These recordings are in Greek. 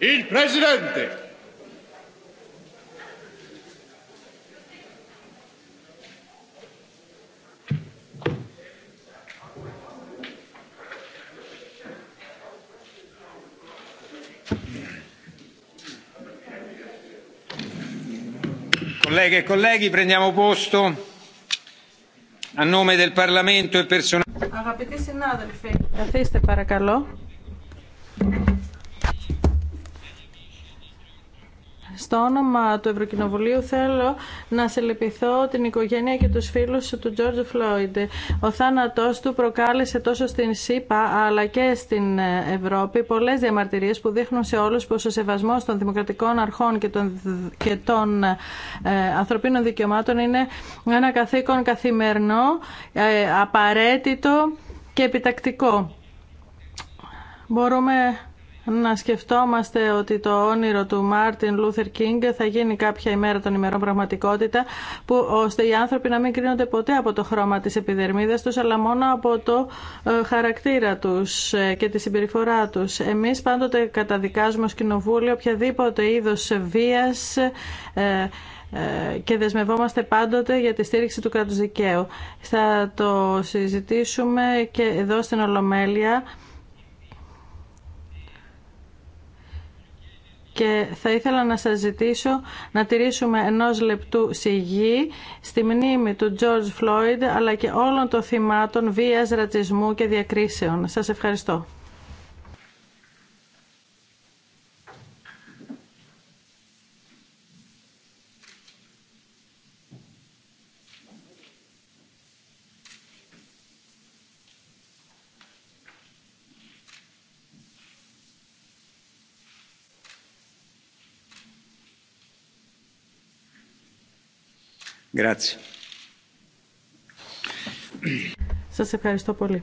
Il Presidente! Colleghe e colleghi, prendiamo posto. A nome del Parlamento e personale. Αγαπητοί συνάδελφοι, Στο όνομα του Ευρωκοινοβουλίου θέλω να σε λυπηθώ την οικογένεια και τους φίλους του Τζόρτζ Φλόιντ. Ο θάνατός του προκάλεσε τόσο στην ΣΥΠΑ αλλά και στην Ευρώπη πολλές διαμαρτυρίες που δείχνουν σε όλους πως ο σεβασμός των δημοκρατικών αρχών και των, και ε, ανθρωπίνων δικαιωμάτων είναι ένα καθήκον καθημερινό, ε, απαραίτητο και επιτακτικό. Μπορούμε να σκεφτόμαστε ότι το όνειρο του Μάρτιν Λούθερ Κίνγκ θα γίνει κάποια ημέρα των ημερών πραγματικότητα, που, ώστε οι άνθρωποι να μην κρίνονται ποτέ από το χρώμα της επιδερμίδας του, αλλά μόνο από το ε, χαρακτήρα τους ε, και τη συμπεριφορά τους. Εμείς πάντοτε καταδικάζουμε ως Κοινοβούλιο οποιαδήποτε είδος βίας, ε, και δεσμευόμαστε πάντοτε για τη στήριξη του κράτους δικαίου. Θα το συζητήσουμε και εδώ στην Ολομέλεια. και θα ήθελα να σας ζητήσω να τηρήσουμε ενός λεπτού σιγή στη μνήμη του George Floyd αλλά και όλων των θυμάτων βίας, ρατσισμού και διακρίσεων. Σας ευχαριστώ. Σας ευχαριστώ πολύ.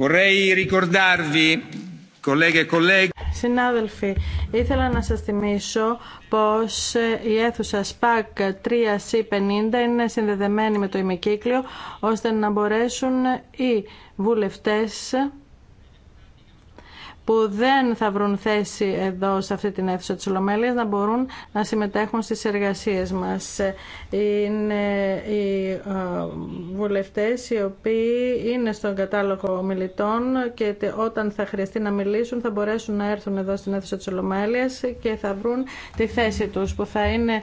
E Συνάδελφοι, ήθελα να σας θυμίσω πως η αίθουσα SPAC 3C50 είναι συνδεδεμένη με το ημικύκλιο ώστε να μπορέσουν οι βουλευτές που δεν θα βρουν θέση εδώ σε αυτή την αίθουσα της Ολομέλειας να μπορούν να συμμετέχουν στις εργασίες μας. Είναι οι ε, βουλευτές οι οποίοι είναι στον κατάλογο μιλητών και όταν θα χρειαστεί να μιλήσουν θα μπορέσουν να έρθουν εδώ στην αίθουσα της Ολομέλειας και θα βρουν τη θέση τους που θα είναι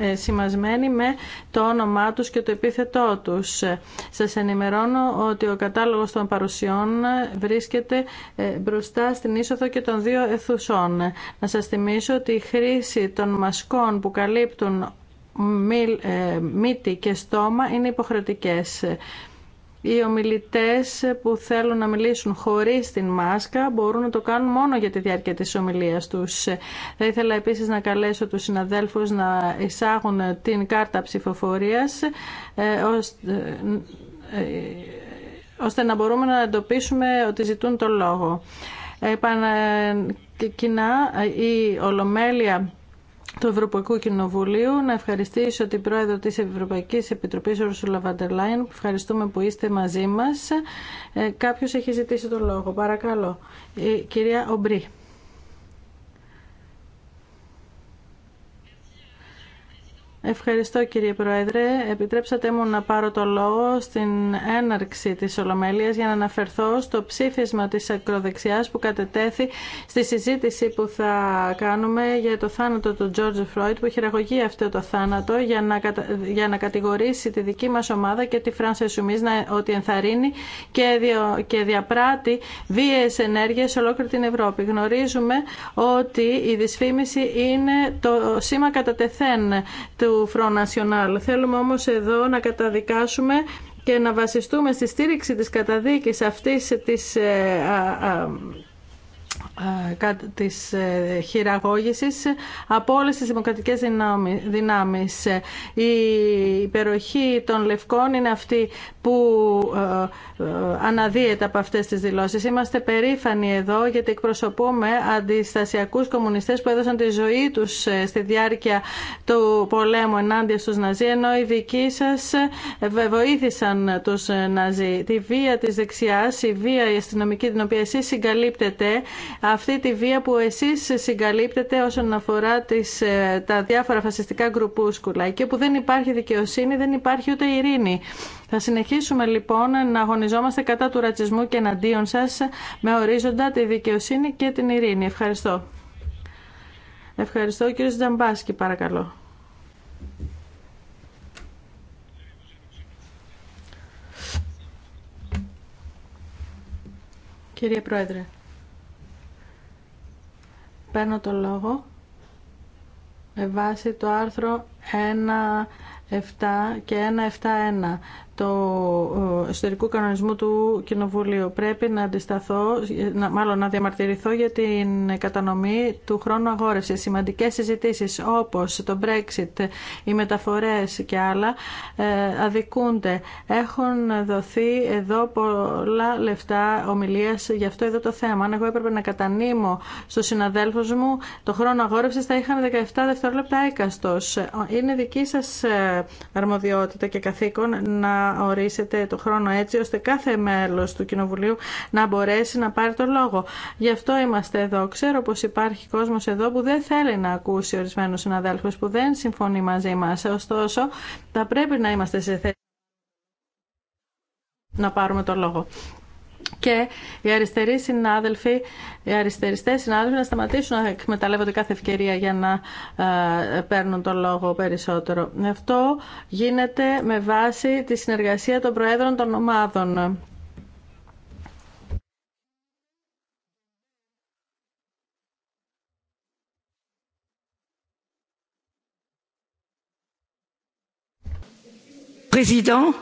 ε, σημασμένη με το όνομά τους και το επίθετό τους. Σας ενημερώνω ότι ο κατάλογος των παρουσιών βρίσκεται ε, μπροστά στην είσοδο και των δύο αιθουσών. Να σας θυμίσω ότι η χρήση των μασκών που καλύπτουν ε, μύτη και στόμα είναι υποχρεωτικές. Οι ομιλητές που θέλουν να μιλήσουν χωρίς την μάσκα μπορούν να το κάνουν μόνο για τη διάρκεια της ομιλίας τους. Θα ήθελα επίσης να καλέσω τους συναδέλφους να εισάγουν την κάρτα ψηφοφορίας ε, ε, ώστε να μπορούμε να εντοπίσουμε ότι ζητούν το λόγο επανακοινά η Ολομέλεια του Ευρωπαϊκού Κοινοβουλίου. Να ευχαριστήσω την πρόεδρο της Ευρωπαϊκής Επιτροπής, Ρουσούλα Βαντελάιν. Ευχαριστούμε που είστε μαζί μας. Ε, κάποιος έχει ζητήσει το λόγο. Παρακαλώ. Η κυρία Ομπρί. Ευχαριστώ κύριε Πρόεδρε. Επιτρέψατε μου να πάρω το λόγο στην έναρξη της Ολομέλειας για να αναφερθώ στο ψήφισμα της ακροδεξιάς που κατετέθη στη συζήτηση που θα κάνουμε για το θάνατο του Τζόρτζ Φρόιτ που χειραγωγεί αυτό το θάνατο για να, για να κατηγορήσει τη δική μας ομάδα και τη Φράνσα να... ότι ενθαρρύνει και, και διαπράττει βίαιες ενέργειες σε ολόκληρη την Ευρώπη. Γνωρίζουμε ότι η δυσφήμιση είναι το σήμα κατατεθέν του Θέλουμε όμως εδώ να καταδικάσουμε και να βασιστούμε στη στήριξη της καταδίκης αυτής της ε, της ε, χειραγώγησης από όλες τις δημοκρατικές δυνάμεις. Η υπεροχή των Λευκών είναι αυτή που ε, ε, αναδύεται από αυτές τις δηλώσεις. Είμαστε περήφανοι εδώ γιατί εκπροσωπούμε αντιστασιακούς κομμουνιστές που έδωσαν τη ζωή τους ε, στη διάρκεια του πολέμου ενάντια στους Ναζί, ενώ οι δικοί σας βοήθησαν τους Ναζί. Τη βία της δεξιάς, η βία η αστυνομική την οποία εσείς συγκαλύπτετε, αυτή τη βία που εσείς συγκαλύπτετε όσον αφορά τις, τα διάφορα φασιστικά γκρουπούσκουλα. Εκεί που δεν υπάρχει δικαιοσύνη δεν υπάρχει ούτε ειρήνη. Θα συνεχίσουμε λοιπόν να αγωνιζόμαστε κατά του ρατσισμού και εναντίον σα με ορίζοντα τη δικαιοσύνη και την ειρήνη. Ευχαριστώ. Ευχαριστώ. Κύριος Τζαμπάσκη, παρακαλώ. Κύριε Πρόεδρε, παίρνω το λόγο με βάση το άρθρο 1.7 και 1.7.1 το ε, εσωτερικό κανονισμού του Κοινοβουλίου. Πρέπει να αντισταθώ, να, μάλλον να διαμαρτυρηθώ για την κατανομή του χρόνου αγόρευση. Σημαντικέ συζητήσει, όπω το Brexit, οι μεταφορέ και άλλα ε, αδικούνται. Έχουν δοθεί εδώ πολλά λεφτά ομιλία για αυτό εδώ το θέμα. Αν εγώ έπρεπε να κατανείμω στου συναδέλφου μου το χρόνο αγόρευση θα είχαν 17 δευτερόλεπτα έκαστο. Είναι δική σας ε, αρμοδιότητα και καθήκον να ορίσετε το χρόνο έτσι ώστε κάθε μέλος του Κοινοβουλίου να μπορέσει να πάρει το λόγο. Γι' αυτό είμαστε εδώ. Ξέρω πως υπάρχει κόσμος εδώ που δεν θέλει να ακούσει ορισμένους συναδέλφους που δεν συμφωνεί μαζί μας. Ωστόσο, θα πρέπει να είμαστε σε θέση να πάρουμε το λόγο και οι αριστεροί συνάδελφοι, οι αριστεριστές συνάδελφοι να σταματήσουν να εκμεταλλεύονται κάθε ευκαιρία για να ε, παίρνουν τον λόγο περισσότερο. Αυτό γίνεται με βάση τη συνεργασία των προέδρων των ομάδων. Président,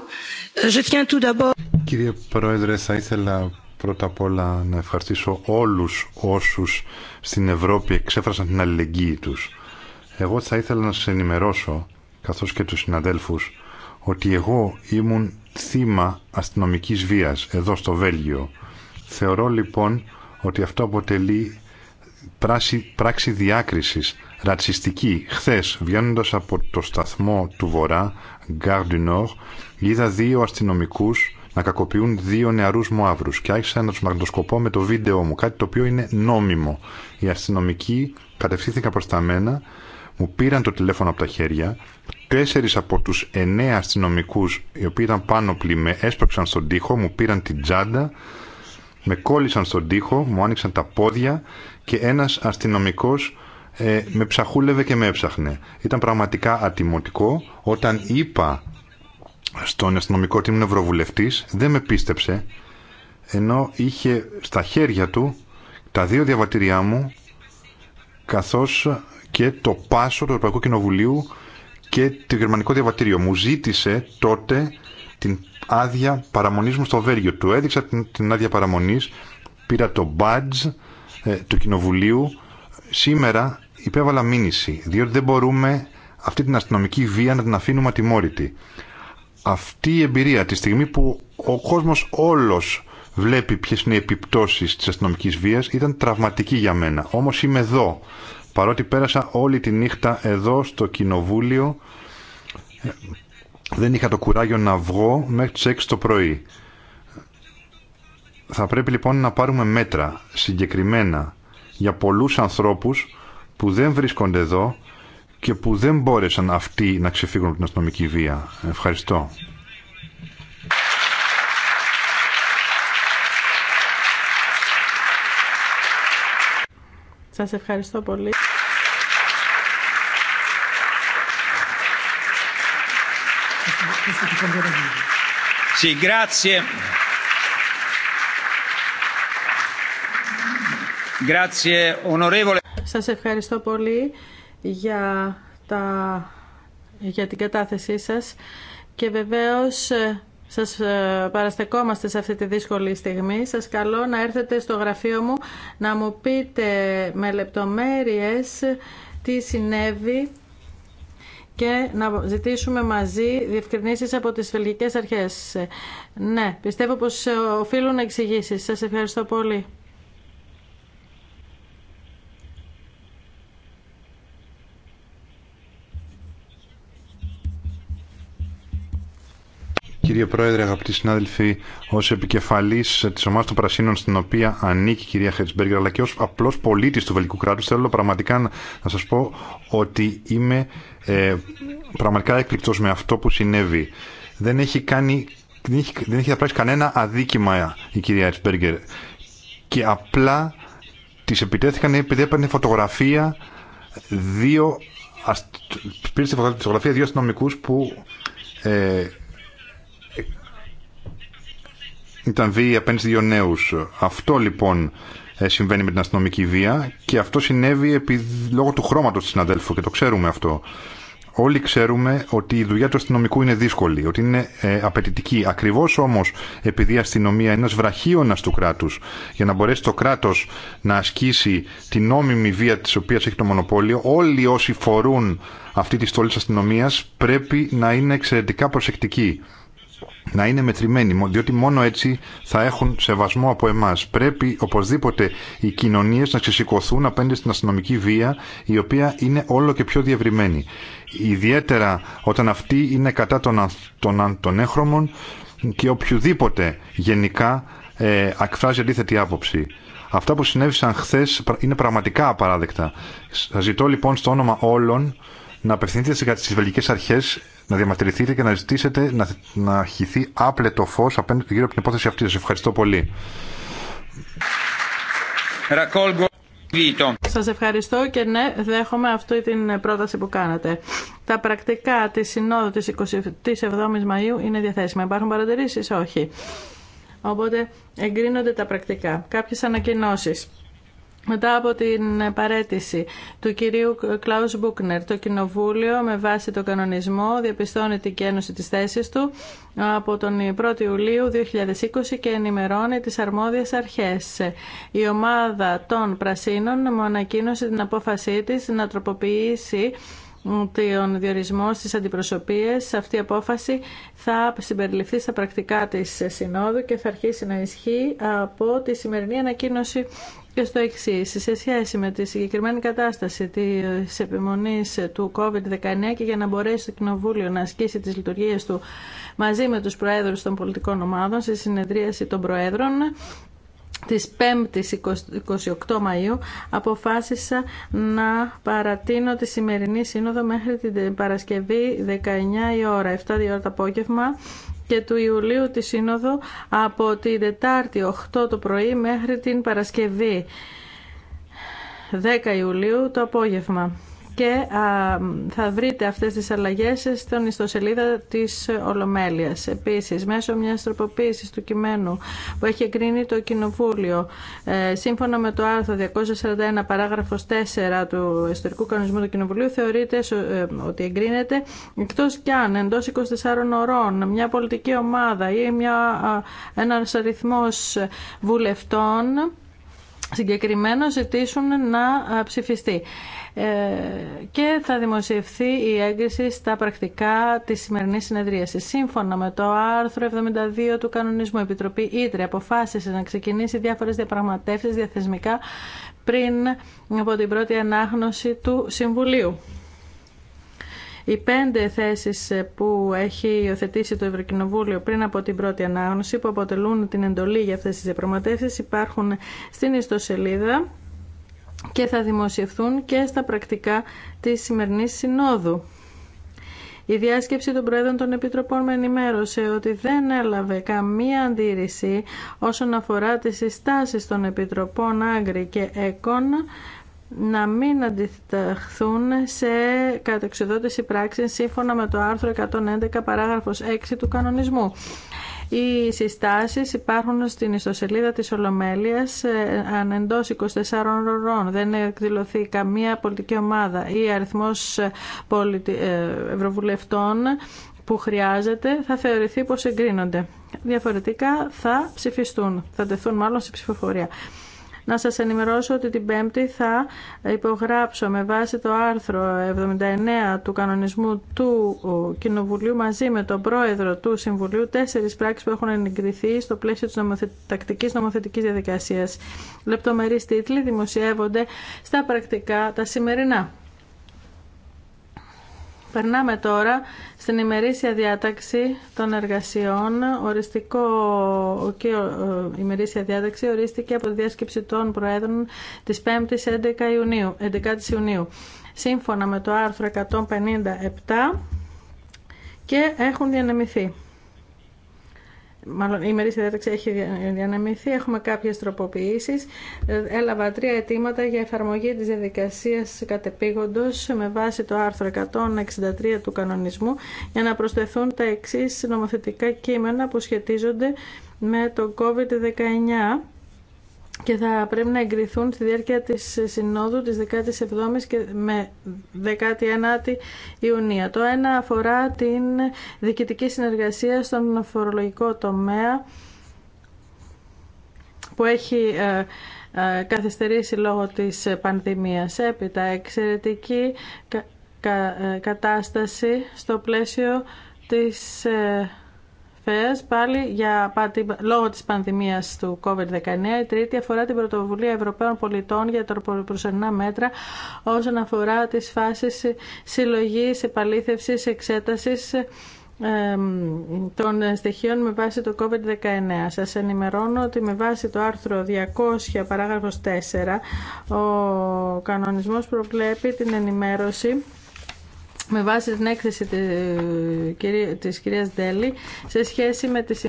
je tiens tout d'abord Κύριε Πρόεδρε, θα ήθελα πρώτα απ' όλα να ευχαριστήσω όλους όσους στην Ευρώπη εξέφρασαν την αλληλεγγύη τους. Εγώ θα ήθελα να σας ενημερώσω, καθώς και τους συναδέλφους, ότι εγώ ήμουν θύμα αστυνομικής βίας εδώ στο Βέλγιο. Θεωρώ λοιπόν ότι αυτό αποτελεί πράξη, πράξη διάκρισης, ρατσιστική. Χθες, βγαίνοντας από το σταθμό του Βορρά, Gare du Nord, είδα δύο αστυνομικούς να κακοποιούν δύο νεαρούς μου και άρχισα να του μαγνητοσκοπώ με το βίντεο μου, κάτι το οποίο είναι νόμιμο. Οι αστυνομικοί κατευθύνθηκαν προς τα μένα, μου πήραν το τηλέφωνο από τα χέρια, τέσσερις από τους εννέα αστυνομικού οι οποίοι ήταν πάνω πλημέ έσπρωξαν στον τοίχο, μου πήραν την τσάντα, με κόλλησαν στον τοίχο, μου άνοιξαν τα πόδια και ένα αστυνομικό ε, με ψαχούλευε και με έψαχνε. Ήταν πραγματικά ατιμωτικό. Όταν είπα στον αστυνομικό ότι ήμουν ευρωβουλευτή, δεν με πίστεψε ενώ είχε στα χέρια του τα δύο διαβατηριά μου καθώς και το πάσο του Ευρωπαϊκού Κοινοβουλίου και το γερμανικό διαβατήριο. Μου ζήτησε τότε την άδεια παραμονής μου στο Βέργιο Του έδειξα την, άδεια παραμονής, πήρα το badge ε, του Κοινοβουλίου. Σήμερα υπέβαλα μήνυση, διότι δεν μπορούμε αυτή την αστυνομική βία να την αφήνουμε ατιμόρυτη αυτή η εμπειρία τη στιγμή που ο κόσμος όλος βλέπει ποιες είναι οι επιπτώσεις της αστυνομικής βίας ήταν τραυματική για μένα. Όμως είμαι εδώ, παρότι πέρασα όλη τη νύχτα εδώ στο κοινοβούλιο, δεν είχα το κουράγιο να βγω μέχρι τις 6 το πρωί. Θα πρέπει λοιπόν να πάρουμε μέτρα συγκεκριμένα για πολλούς ανθρώπους που δεν βρίσκονται εδώ και που δεν μπόρεσαν αυτοί να ξεφύγουν από την αστυνομική βία. Ευχαριστώ. Σας ευχαριστώ πολύ. Sì, Grazie, ευχαριστώ πολύ για, τα, για την κατάθεσή σας και βεβαίως ε, σας ε, παραστεκόμαστε σε αυτή τη δύσκολη στιγμή. Σας καλώ να έρθετε στο γραφείο μου να μου πείτε με λεπτομέρειες τι συνέβη και να ζητήσουμε μαζί διευκρινήσεις από τις βελγικές αρχές. Ναι, πιστεύω πως ε, οφείλουν εξηγήσεις. Σας ευχαριστώ πολύ. κύριε Πρόεδρε, αγαπητοί συνάδελφοι, ω επικεφαλή τη ομάδα των Πρασίνων, στην οποία ανήκει η κυρία Χερτσμπέργκερ, αλλά και ω απλό πολίτη του Βελγικού κράτου, θέλω πραγματικά να σα πω ότι είμαι ε, πραγματικά έκπληκτο με αυτό που συνέβη. Δεν έχει κάνει. Δεν έχει, δεν κανένα αδίκημα η κυρία Χερτσμπέργκερ. Και απλά τη επιτέθηκαν επειδή έπαιρνε φωτογραφία δύο. Πήρε φωτογραφία δύο αστυνομικού που ε, ήταν βίαιη απέναντι σε δύο νέου. Αυτό λοιπόν ε, συμβαίνει με την αστυνομική βία και αυτό συνέβη επί, λόγω του χρώματο τη συναδέλφου και το ξέρουμε αυτό. Όλοι ξέρουμε ότι η δουλειά του αστυνομικού είναι δύσκολη, ότι είναι ε, απαιτητική. Ακριβώ όμω επειδή η αστυνομία είναι ένα βραχίωνα του κράτου, για να μπορέσει το κράτο να ασκήσει την νόμιμη βία τη οποία έχει το μονοπόλιο, όλοι όσοι φορούν αυτή τη στολή τη αστυνομία πρέπει να είναι εξαιρετικά προσεκτικοί να είναι μετρημένοι, διότι μόνο έτσι θα έχουν σεβασμό από εμά. Πρέπει οπωσδήποτε οι κοινωνίε να ξεσηκωθούν απέναντι στην αστυνομική βία, η οποία είναι όλο και πιο διευρυμένη. Ιδιαίτερα όταν αυτή είναι κατά των, των, έχρωμων και οποιοδήποτε γενικά ε, αντίθετη άποψη. Αυτά που συνέβησαν χθε είναι πραγματικά απαράδεκτα. ζητώ λοιπόν στο όνομα όλων να απευθυνθείτε στι βελγικέ αρχέ, να διαμαρτυρηθείτε και να ζητήσετε να, να χυθεί άπλετο φω απέναντι γύρω από την υπόθεση αυτή. Σα ευχαριστώ πολύ. Σας ευχαριστώ και ναι, δέχομαι αυτή την πρόταση που κάνατε. Τα πρακτικά της Συνόδου της 27 η Μαΐου είναι διαθέσιμα. Υπάρχουν παρατηρήσει Όχι. Οπότε εγκρίνονται τα πρακτικά. Κάποιε ανακοινώσει μετά από την παρέτηση του κυρίου Κλάους Μπούκνερ, το Κοινοβούλιο με βάση τον κανονισμό διαπιστώνει την κένωση της θέσης του από τον 1η Ιουλίου 2020 και ενημερώνει τις αρμόδιες αρχές. Η ομάδα των Πρασίνων μου ανακοίνωσε την απόφασή της να τροποποιήσει τον διορισμό στις αντιπροσωπείες. Αυτή η απόφαση θα συμπεριληφθεί στα πρακτικά της Συνόδου και θα αρχίσει να ισχύει από τη σημερινή ανακοίνωση και στο εξή. Σε σχέση με τη συγκεκριμένη κατάσταση τη επιμονή του COVID-19 και για να μπορέσει το Κοινοβούλιο να ασκήσει τι λειτουργίε του μαζί με του Προέδρου των πολιτικών ομάδων σε συνεδρίαση των Προέδρων, της 5ης 28 Μαΐου αποφάσισα να παρατείνω τη σημερινή σύνοδο μέχρι την Παρασκευή 19 η ώρα, 7 η ώρα το απόγευμα και του Ιουλίου τη Σύνοδο από την Δετάρτη 8 το πρωί μέχρι την Παρασκευή 10 Ιουλίου το απόγευμα και θα βρείτε αυτές τις αλλαγές στον ιστοσελίδα της Ολομέλειας. Επίσης, μέσω μιας τροποποίησης του κειμένου που έχει εγκρίνει το Κοινοβούλιο, ε, σύμφωνα με το άρθρο 241 παράγραφος 4 του ιστορικού κανονισμού του Κοινοβουλίου, θεωρείται ε, ότι εγκρίνεται εκτός κι αν εντός 24 ωρών μια πολιτική ομάδα ή μια, ένας αριθμός βουλευτών συγκεκριμένο ζητήσουν να ε, ψηφιστεί. Ε, και θα δημοσιευθεί η έγκριση στα πρακτικά της σημερινής συνεδρίασης. Σύμφωνα με το άρθρο 72 του κανονισμού, η Επιτροπή Ήτρε αποφάσισε να ξεκινήσει διάφορες διαπραγματεύσεις διαθεσμικά πριν από την πρώτη ανάγνωση του Συμβουλίου. Οι πέντε θέσεις που έχει υιοθετήσει το Ευρωκοινοβούλιο πριν από την πρώτη ανάγνωση που αποτελούν την εντολή για αυτές τις διαπραγματεύσεις υπάρχουν στην ιστοσελίδα και θα δημοσιευθούν και στα πρακτικά της σημερινής συνόδου. Η διάσκεψη των Προέδρων των Επιτροπών με ενημέρωσε ότι δεν έλαβε καμία αντίρρηση όσον αφορά τις συστάσεις των Επιτροπών Άγκρη και ΕΚΟΝ να μην αντιταχθούν σε κατεξοδότηση πράξη σύμφωνα με το άρθρο 111 παράγραφος 6 του κανονισμού. Οι συστάσεις υπάρχουν στην ιστοσελίδα της Ολομέλειας ε, αν εντός 24 ώρων δεν εκδηλωθεί καμία πολιτική ομάδα ή αριθμός ε, ε, ευρωβουλευτών που χρειάζεται θα θεωρηθεί πως εγκρίνονται. Διαφορετικά θα ψηφιστούν, θα τεθούν μάλλον σε ψηφοφορία. Να σας ενημερώσω ότι την Πέμπτη θα υπογράψω με βάση το άρθρο 79 του κανονισμού του Κοινοβουλίου μαζί με τον πρόεδρο του Συμβουλίου τέσσερις πράξεις που έχουν εγκριθεί στο πλαίσιο της νομοθε... τακτικής νομοθετικής διαδικασίας. Λεπτομερείς τίτλοι δημοσιεύονται στα πρακτικά τα σημερινά. Περνάμε τώρα στην ημερήσια διάταξη των εργασιών. Οριστικό και η ημερήσια διάταξη ορίστηκε από τη διάσκεψη των Προέδρων της 5ης 11 Ιουνίου, 11 Ιουνίου. Σύμφωνα με το άρθρο 157 και έχουν διανεμηθεί μάλλον η ημερήσια διάταξη έχει διανεμηθεί, έχουμε κάποιες τροποποιήσεις. Έλαβα τρία αιτήματα για εφαρμογή της διαδικασίας κατεπήγοντος με βάση το άρθρο 163 του κανονισμού για να προσθεθούν τα εξής νομοθετικά κείμενα που σχετίζονται με το COVID-19 και θα πρέπει να εγκριθούν στη διάρκεια της Συνόδου της 17ης και με 19η Ιουνία. Το ένα αφορά την διοικητική συνεργασία στον φορολογικό τομέα που έχει ε, ε, καθυστερήσει λόγω της πανδημίας. Έπειτα, εξαιρετική ε, κατάσταση στο πλαίσιο της πάλι για, λόγω της πανδημίας του COVID-19. Η τρίτη αφορά την πρωτοβουλία Ευρωπαίων πολιτών για τα προσωρινά μέτρα όσον αφορά τι φάσει συλλογή, επαλήθευση, εξέταση των στοιχείων με βάση το COVID-19. Σας ενημερώνω ότι με βάση το άρθρο 200 παράγραφος 4 ο κανονισμός προβλέπει την ενημέρωση με βάση την έκθεση της κυρίας Ντέλη σε σχέση με τη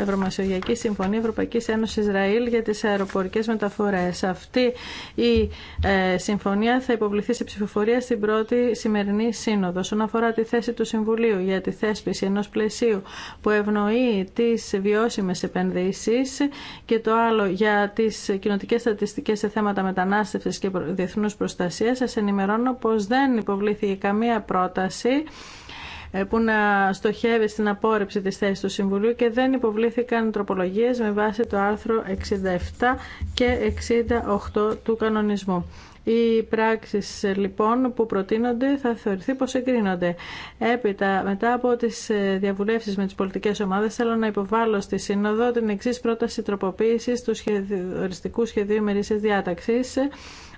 Ευρωμασιογειακή Συμφωνία Ευρωπαϊκής Ένωσης Ισραήλ για τις αεροπορικές μεταφορές. Αυτή η ε, συμφωνία θα υποβληθεί σε ψηφοφορία στην πρώτη σημερινή σύνοδο. Όσον αφορά τη θέση του Συμβουλίου για τη θέσπιση ενός πλαισίου που ευνοεί τις βιώσιμες επενδύσεις και το άλλο για τις κοινοτικές στατιστικές σε θέματα μετανάστευσης και διεθνούς προστασίας, σας ενημερώνω πως δεν υποβλήθηκε καμία πρόταση ε, που να στοχεύει στην απόρριψη της θέσης του Συμβουλίου και δεν υποβλήθηκαν τροπολογίες με βάση το άρθρο 67 και 68 του κανονισμού. Οι πράξεις λοιπόν που προτείνονται θα θεωρηθεί πως εγκρίνονται. Έπειτα, μετά από τις ε, διαβουλεύσεις με τις πολιτικές ομάδες, θέλω να υποβάλω στη Σύνοδο την εξής πρόταση τροποποίησης του οριστικού σχεδίου μερίσης διάταξης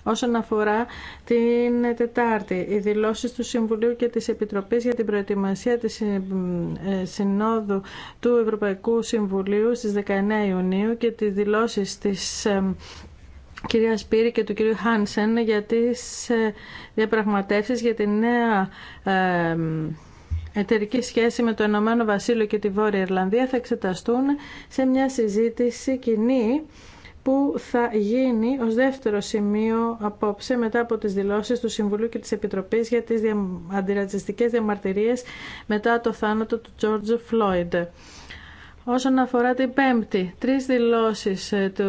Όσον αφορά την Τετάρτη, οι δηλώσεις του Συμβουλίου και της Επιτροπής για την προετοιμασία της ε, ε, Συνόδου του Ευρωπαϊκού Συμβουλίου στις 19 Ιουνίου και τις δηλώσεις της ε, κυρία Σπύρη και του κυρίου Χάνσεν για τις διαπραγματεύσεις για τη νέα εταιρική σχέση με το Ενωμένο Βασίλειο και τη Βόρεια Ιρλανδία θα εξεταστούν σε μια συζήτηση κοινή που θα γίνει ως δεύτερο σημείο απόψε μετά από τις δηλώσεις του Συμβουλίου και της Επιτροπής για τις αντιρατσιστικές διαμαρτυρίες μετά το θάνατο του George Φλόιντ. Όσον αφορά την πέμπτη, τρεις δηλώσεις ε, του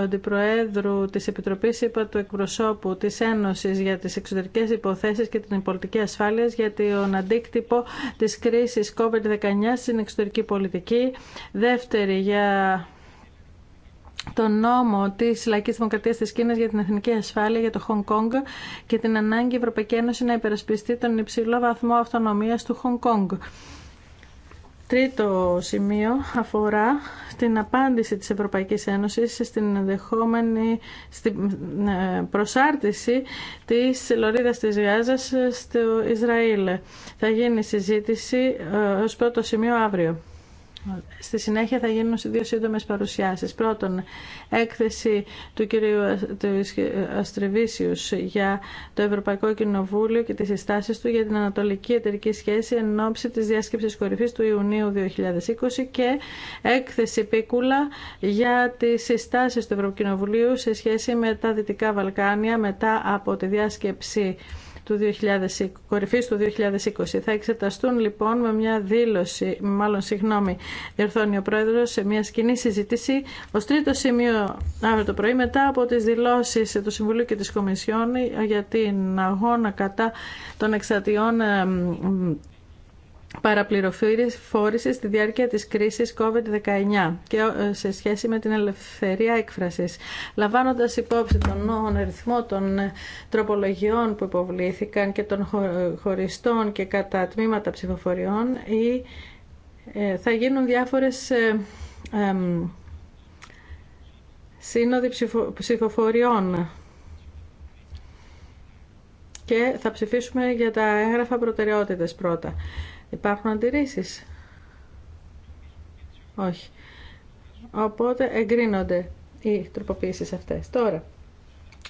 Αντιπροέδρου της Επιτροπής είπα του εκπροσώπου της Ένωσης για τις εξωτερικές υποθέσεις και την πολιτική ασφάλεια για τον αντίκτυπο της κρίσης COVID-19 στην εξωτερική πολιτική. Δεύτερη, για το νόμο τη Λαϊκή Δημοκρατία τη Κίνα για την εθνική ασφάλεια για το Χονγκ Κόνγκ και την ανάγκη η Ευρωπαϊκή Ένωση να υπερασπιστεί τον υψηλό βαθμό αυτονομία του Χονγκ Κόνγκ. Τρίτο σημείο αφορά την απάντηση της Ευρωπαϊκής Ένωσης στην ενδεχόμενη στην ε, προσάρτηση της Λωρίδας της Γάζας στο Ισραήλ. Θα γίνει συζήτηση ε, ως πρώτο σημείο αύριο. Στη συνέχεια θα γίνουν δύο σύντομε παρουσιάσει. Πρώτον, έκθεση του κυρίου Αστρεβίσιου για το Ευρωπαϊκό Κοινοβούλιο και τι συστάσει του για την Ανατολική Εταιρική Σχέση εν ώψη τη διάσκεψη κορυφή του Ιουνίου 2020 και έκθεση Πίκουλα για τι συστάσει του Ευρωκοινοβουλίου σε σχέση με τα Δυτικά Βαλκάνια μετά από τη διάσκεψη του 2020, κορυφής του 2020. Θα εξεταστούν λοιπόν με μια δήλωση, μάλλον συγγνώμη, διορθώνει ο Πρόεδρος σε μια σκηνή συζήτηση ω τρίτο σημείο αύριο το πρωί μετά από τις δηλώσεις του Συμβουλίου και της Κομισιόν για την αγώνα κατά των εξατιών παραπληροφόρηση στη διάρκεια της κρίσης COVID-19 και ε, σε σχέση με την ελευθερία έκφρασης. Λαμβάνοντας υπόψη τον αριθμό των ε, τροπολογιών που υποβλήθηκαν και των ε, χωριστών και κατά τμήματα ψηφοφοριών θα γίνουν διάφορες σύνοδοι ψηφοφοριών και θα ψηφίσουμε για τα έγγραφα προτεραιότητες πρώτα. Υπάρχουν αντιρρήσεις. Όχι. Οπότε εγκρίνονται οι τροποποίησεις αυτές. Τώρα,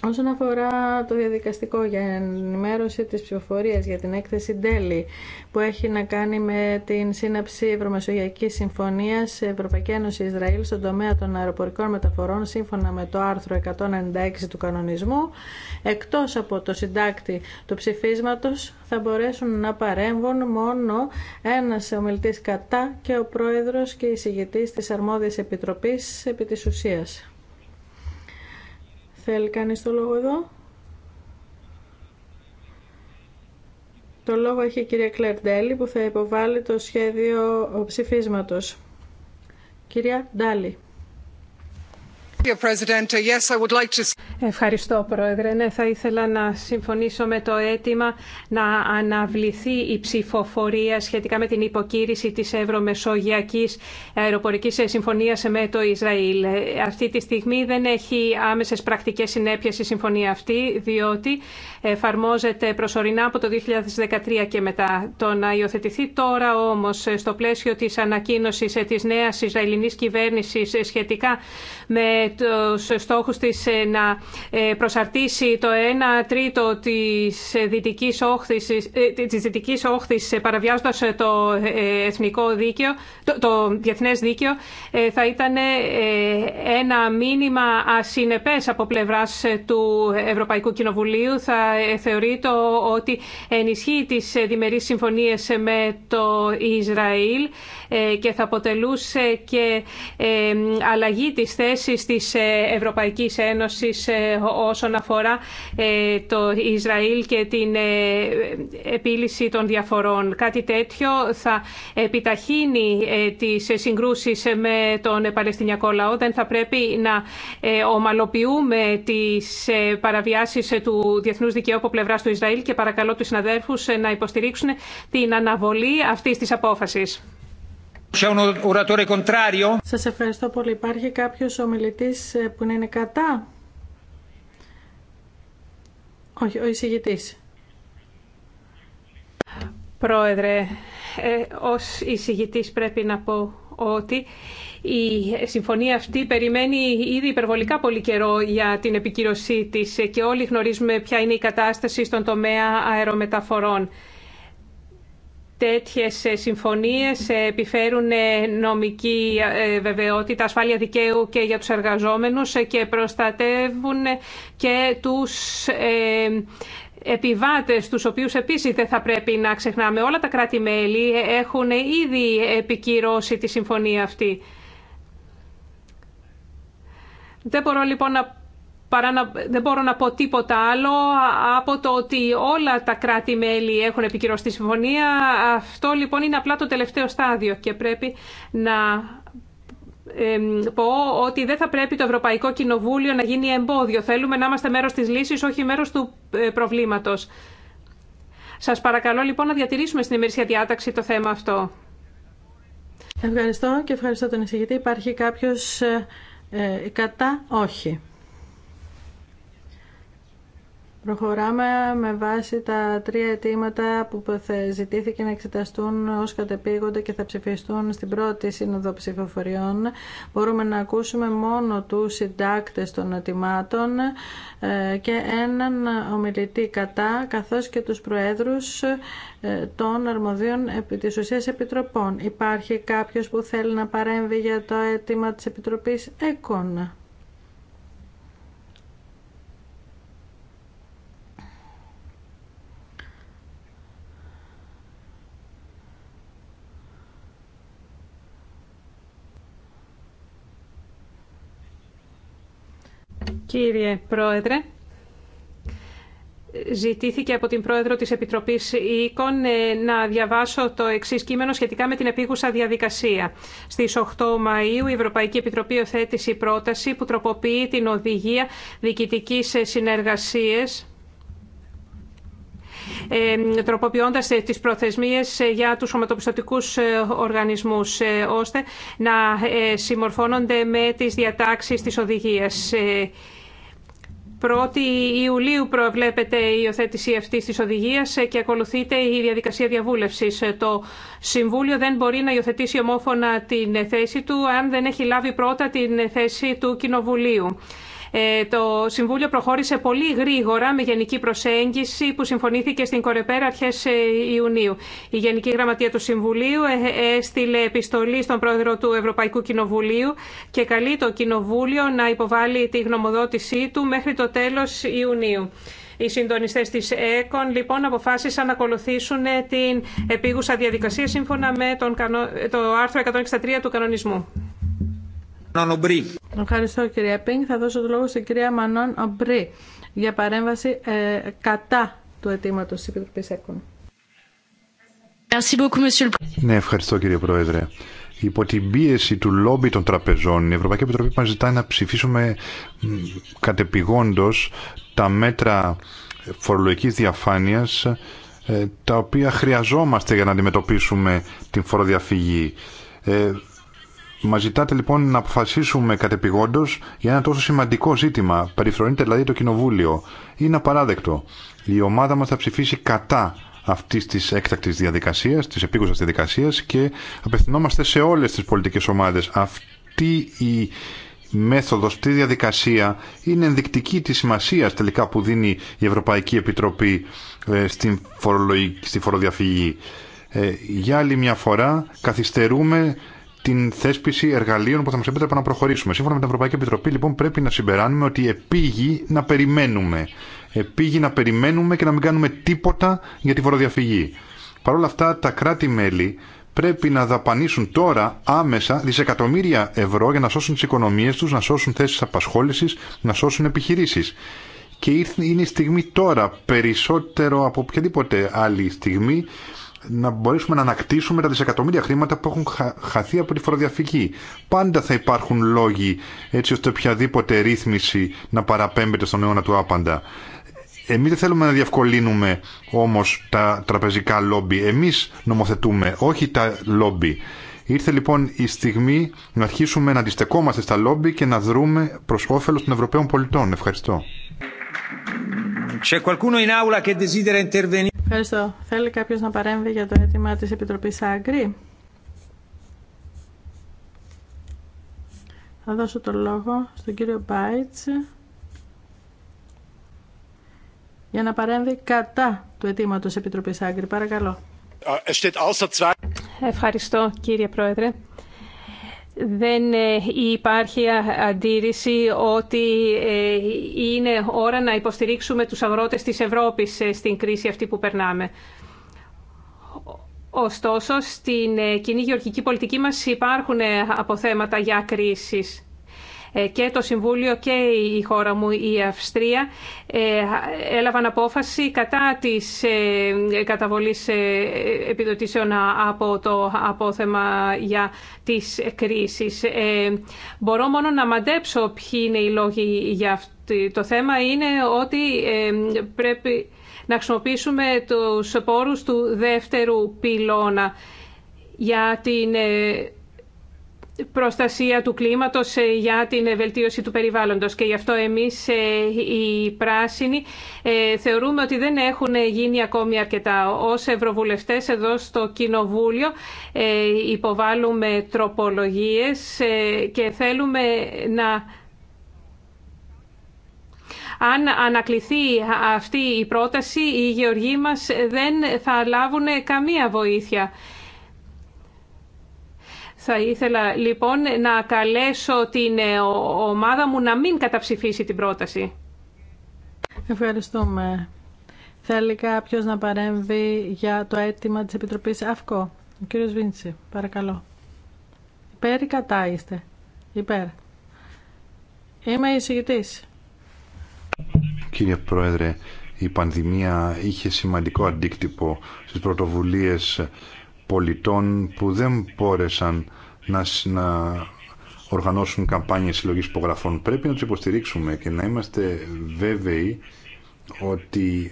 Όσον αφορά το διαδικαστικό για ενημέρωση της ψηφοφορίας για την έκθεση τέλη που έχει να κάνει με την σύναψη Ευρωμεσογειακής Συμφωνίας Ευρωπαϊκή Ένωση Ισραήλ στον τομέα των αεροπορικών μεταφορών σύμφωνα με το άρθρο 196 του κανονισμού εκτός από το συντάκτη του ψηφίσματος θα μπορέσουν να παρέμβουν μόνο ένας ομιλητής κατά και ο πρόεδρος και η της αρμόδιας επιτροπής επί της Θέλει κανείς το λόγο εδώ. Το λόγο έχει η κυρία Κλέρ που θα υποβάλει το σχέδιο ψηφίσματος. Κυρία Ντάλη. Ευχαριστώ, Πρόεδρε. Ναι, θα ήθελα να συμφωνήσω με το αίτημα να αναβληθεί η ψηφοφορία σχετικά με την υποκήρυξη της Ευρωμεσογειακής Αεροπορικής Συμφωνίας με το Ισραήλ. Αυτή τη στιγμή δεν έχει άμεσες πρακτικές συνέπειες η συμφωνία αυτή, διότι εφαρμόζεται προσωρινά από το 2013 και μετά. Το να υιοθετηθεί τώρα όμως ε, στο πλαίσιο της ανακοίνωση ε, της νέας Ισραηλινής κυβέρνησης ε, σχετικά με του στόχους της να προσαρτήσει το 1 τρίτο τη, δυτική όχθη παραβιάζοντα παραβιάζοντας το εθνικό δίκαιο, το, το διεθνές δίκαιο, θα ήταν ένα μήνυμα ασυνεπές από πλευρά του Ευρωπαϊκού Κοινοβουλίου. Θα θεωρείται ότι ενισχύει τις διμερείς συμφωνίες με το Ισραήλ ε, και θα αποτελούσε και ε, αλλαγή της θέσης της Ευρωπαϊκής Ένωσης ε, όσον αφορά το Ισραήλ και την επίλυση των διαφορών. Κάτι τέτοιο θα επιταχύνει τις συγκρούσεις με τον Παλαιστινιακό λαό. Δεν θα πρέπει να ομαλοποιούμε τις παραβιάσεις του διεθνούς και από πλευρά του Ισραήλ και παρακαλώ του συναδέλφου ε, να υποστηρίξουν την αναβολή αυτή τη απόφαση. Σα ευχαριστώ πολύ. Υπάρχει κάποιο ομιλητή ε, που να είναι κατά. Όχι, ο εισηγητή. Πρόεδρε, ε, ως εισηγητής πρέπει να πω ότι η συμφωνία αυτή περιμένει ήδη υπερβολικά πολύ καιρό για την επικύρωσή της και όλοι γνωρίζουμε ποια είναι η κατάσταση στον τομέα αερομεταφορών. Τέτοιες συμφωνίες επιφέρουν νομική ε, βεβαιότητα, ασφάλεια δικαίου και για τους εργαζόμενους και προστατεύουν και τους ε, επιβάτες, τους οποίους επίσης δεν θα πρέπει να ξεχνάμε. Όλα τα κράτη-μέλη έχουν ήδη επικυρώσει τη συμφωνία αυτή. Δεν μπορώ λοιπόν να δεν μπορώ να πω τίποτα άλλο από το ότι όλα τα κράτη-μέλη έχουν επικυρώσει τη συμφωνία. Αυτό λοιπόν είναι απλά το τελευταίο στάδιο και πρέπει να πω ότι δεν θα πρέπει το Ευρωπαϊκό Κοινοβούλιο να γίνει εμπόδιο. Θέλουμε να είμαστε μέρος της λύσης, όχι μέρος του ε, προβλήματος. Σας παρακαλώ λοιπόν να διατηρήσουμε στην ημερήσια διάταξη το θέμα αυτό. Ευχαριστώ και ευχαριστώ τον εισηγητή. Υπάρχει κάποιος ε, ε, κατά όχι. Προχωράμε με βάση τα τρία αιτήματα που θα ζητήθηκε να εξεταστούν ως κατεπήγοντα και θα ψηφιστούν στην πρώτη σύνοδο ψηφοφοριών. Μπορούμε να ακούσουμε μόνο του συντάκτες των αιτημάτων ε, και έναν ομιλητή κατά, καθώς και τους προέδρους ε, των αρμοδίων τη ουσία επιτροπών. Υπάρχει κάποιος που θέλει να παρέμβει για το αίτημα τη Επιτροπής ΕΚΟΝ. Κύριε Πρόεδρε, ζητήθηκε από την Πρόεδρο της Επιτροπής ΙΚΟΝ ε, να διαβάσω το εξή κείμενο σχετικά με την επίγουσα διαδικασία. Στις 8 Μαΐου η Ευρωπαϊκή Επιτροπή οθέτησε πρόταση που τροποποιεί την οδηγία διοικητικής συνεργασίας ε, τροποποιώντας ε, τις προθεσμίες για τους σωματοπιστωτικούς οργανισμούς ώστε να συμμορφώνονται με τις διατάξεις της οδηγίας. 1η Ιουλίου προβλέπεται η υιοθέτηση αυτή τη οδηγία και ακολουθείται η διαδικασία διαβούλευση. Το Συμβούλιο δεν μπορεί να υιοθετήσει ομόφωνα την θέση του αν δεν έχει λάβει πρώτα την θέση του Κοινοβουλίου. Ε, το Συμβούλιο προχώρησε πολύ γρήγορα με γενική προσέγγιση που συμφωνήθηκε στην Κορεπέρα αρχέ ε, Ιουνίου. Η Γενική Γραμματεία του Συμβουλίου ε, έστειλε επιστολή στον πρόεδρο του Ευρωπαϊκού Κοινοβουλίου και καλεί το Κοινοβούλιο να υποβάλει τη γνωμοδότησή του μέχρι το τέλος Ιουνίου. Οι συντονιστές της ΕΚΟΝ λοιπόν αποφάσισαν να ακολουθήσουν την επίγουσα διαδικασία σύμφωνα με τον, το άρθρο 163 του κανονισμού. Ευχαριστώ κυρία Πίνγκ. Θα δώσω το λόγο στην κυρία Μανών Ομπρί για παρέμβαση ε, κατά του αιτήματο τη Επιτροπή ΕΚΟΝ. Ναι, ευχαριστώ κύριε Πρόεδρε. Υπό την πίεση του λόμπι των τραπεζών, η Ευρωπαϊκή Επιτροπή μας ζητάει να ψηφίσουμε κατεπηγόντως τα μέτρα φορολογικής διαφάνειας ε, τα οποία χρειαζόμαστε για να αντιμετωπίσουμε την φοροδιαφυγή. Ε, Μα ζητάτε λοιπόν να αποφασίσουμε κατεπηγόντω για ένα τόσο σημαντικό ζήτημα. Περιφρονείται δηλαδή το Κοινοβούλιο. Είναι απαράδεκτο. Η ομάδα μα θα ψηφίσει κατά αυτή τη έκτακτη διαδικασία, τη επίγουσα διαδικασία και απευθυνόμαστε σε όλε τι πολιτικέ ομάδε. Αυτή η μέθοδο, αυτή η διαδικασία είναι ενδεικτική τη σημασία τελικά που δίνει η Ευρωπαϊκή Επιτροπή ε, στην, στη φοροδιαφυγή. Ε, για άλλη μια φορά καθυστερούμε την θέσπιση εργαλείων που θα μα επέτρεπαν να προχωρήσουμε. Σύμφωνα με την Ευρωπαϊκή Επιτροπή, λοιπόν, πρέπει να συμπεράνουμε ότι επίγει να περιμένουμε. Επήγει να περιμένουμε και να μην κάνουμε τίποτα για τη φοροδιαφυγή. Παρ' όλα αυτά, τα κράτη-μέλη πρέπει να δαπανίσουν τώρα άμεσα δισεκατομμύρια ευρώ για να σώσουν τι οικονομίε του, να σώσουν θέσει απασχόληση, να σώσουν επιχειρήσει. Και είναι η στιγμή τώρα, περισσότερο από οποιαδήποτε άλλη στιγμή, να μπορέσουμε να ανακτήσουμε τα δισεκατομμύρια χρήματα που έχουν χα, χαθεί από τη φοροδιαφυγή. Πάντα θα υπάρχουν λόγοι έτσι ώστε οποιαδήποτε ρύθμιση να παραπέμπεται στον αιώνα του άπαντα. Εμεί δεν θέλουμε να διευκολύνουμε όμω τα τραπεζικά λόμπι. Εμεί νομοθετούμε, όχι τα λόμπι. Ήρθε λοιπόν η στιγμή να αρχίσουμε να αντιστεκόμαστε στα λόμπι και να δρούμε προ όφελο των Ευρωπαίων πολιτών. Ευχαριστώ. Ευχαριστώ. Θέλει κάποιος να παρέμβει για το αίτημα της Επιτροπής Άγκρη. Θα δώσω το λόγο στον κύριο Μπάιτς για να παρέμβει κατά του αιτήματο Επιτροπής Άγκρη. Παρακαλώ. Äh, Ευχαριστώ κύριε Πρόεδρε δεν ε, υπάρχει αντίρρηση ότι ε, είναι ώρα να υποστηρίξουμε τους αγρότες της Ευρώπης ε, στην κρίση αυτή που περνάμε. Ωστόσο, στην κοινή γεωργική πολιτική μας υπάρχουν αποθέματα για κρίσεις. Ε, και το Συμβούλιο και η χώρα μου, η Αυστρία, ε, έλαβαν απόφαση κατά της ε, καταβολής επιδοτήσεων από το απόθεμα για τις κρίσεις. Μπορώ μόνο να μαντέψω ποιοι είναι οι λόγοι για αυτό. Το θέμα είναι ότι πρέπει να χρησιμοποιήσουμε τους πόρους του δεύτερου πυλώνα για την προστασία του κλίματος ε, για την ε, βελτίωση του περιβάλλοντος και γι' αυτό εμείς ε, οι πράσινοι θεωρούμε ότι δεν έχουν γίνει ακόμη αρκετά. Ως ευρωβουλευτές εδώ στο Κοινοβούλιο υποβάλλουμε τροπολογίες και θέλουμε να αν ανακληθεί αυτή η πρόταση, οι γεωργοί μας δεν θα λάβουν καμία βοήθεια. Θα ήθελα λοιπόν να καλέσω την ε, ομάδα μου να μην καταψηφίσει την πρόταση. Ευχαριστούμε. Θέλει κάποιο να παρέμβει για το αίτημα της Επιτροπής ΑΦΚΟ. Ο κύριος Βίντσι, παρακαλώ. Υπέρ ή κατά είστε. Υπέρ. Είμαι εισηγητής. Κύριε Πρόεδρε, η πανδημία είχε η σημαντικό αντίκτυπο στις πρωτοβουλίες πολιτών που δεν πόρεσαν να, να οργανώσουν καμπάνιες συλλογής υπογραφών. Πρέπει να τους υποστηρίξουμε και να είμαστε βέβαιοι ότι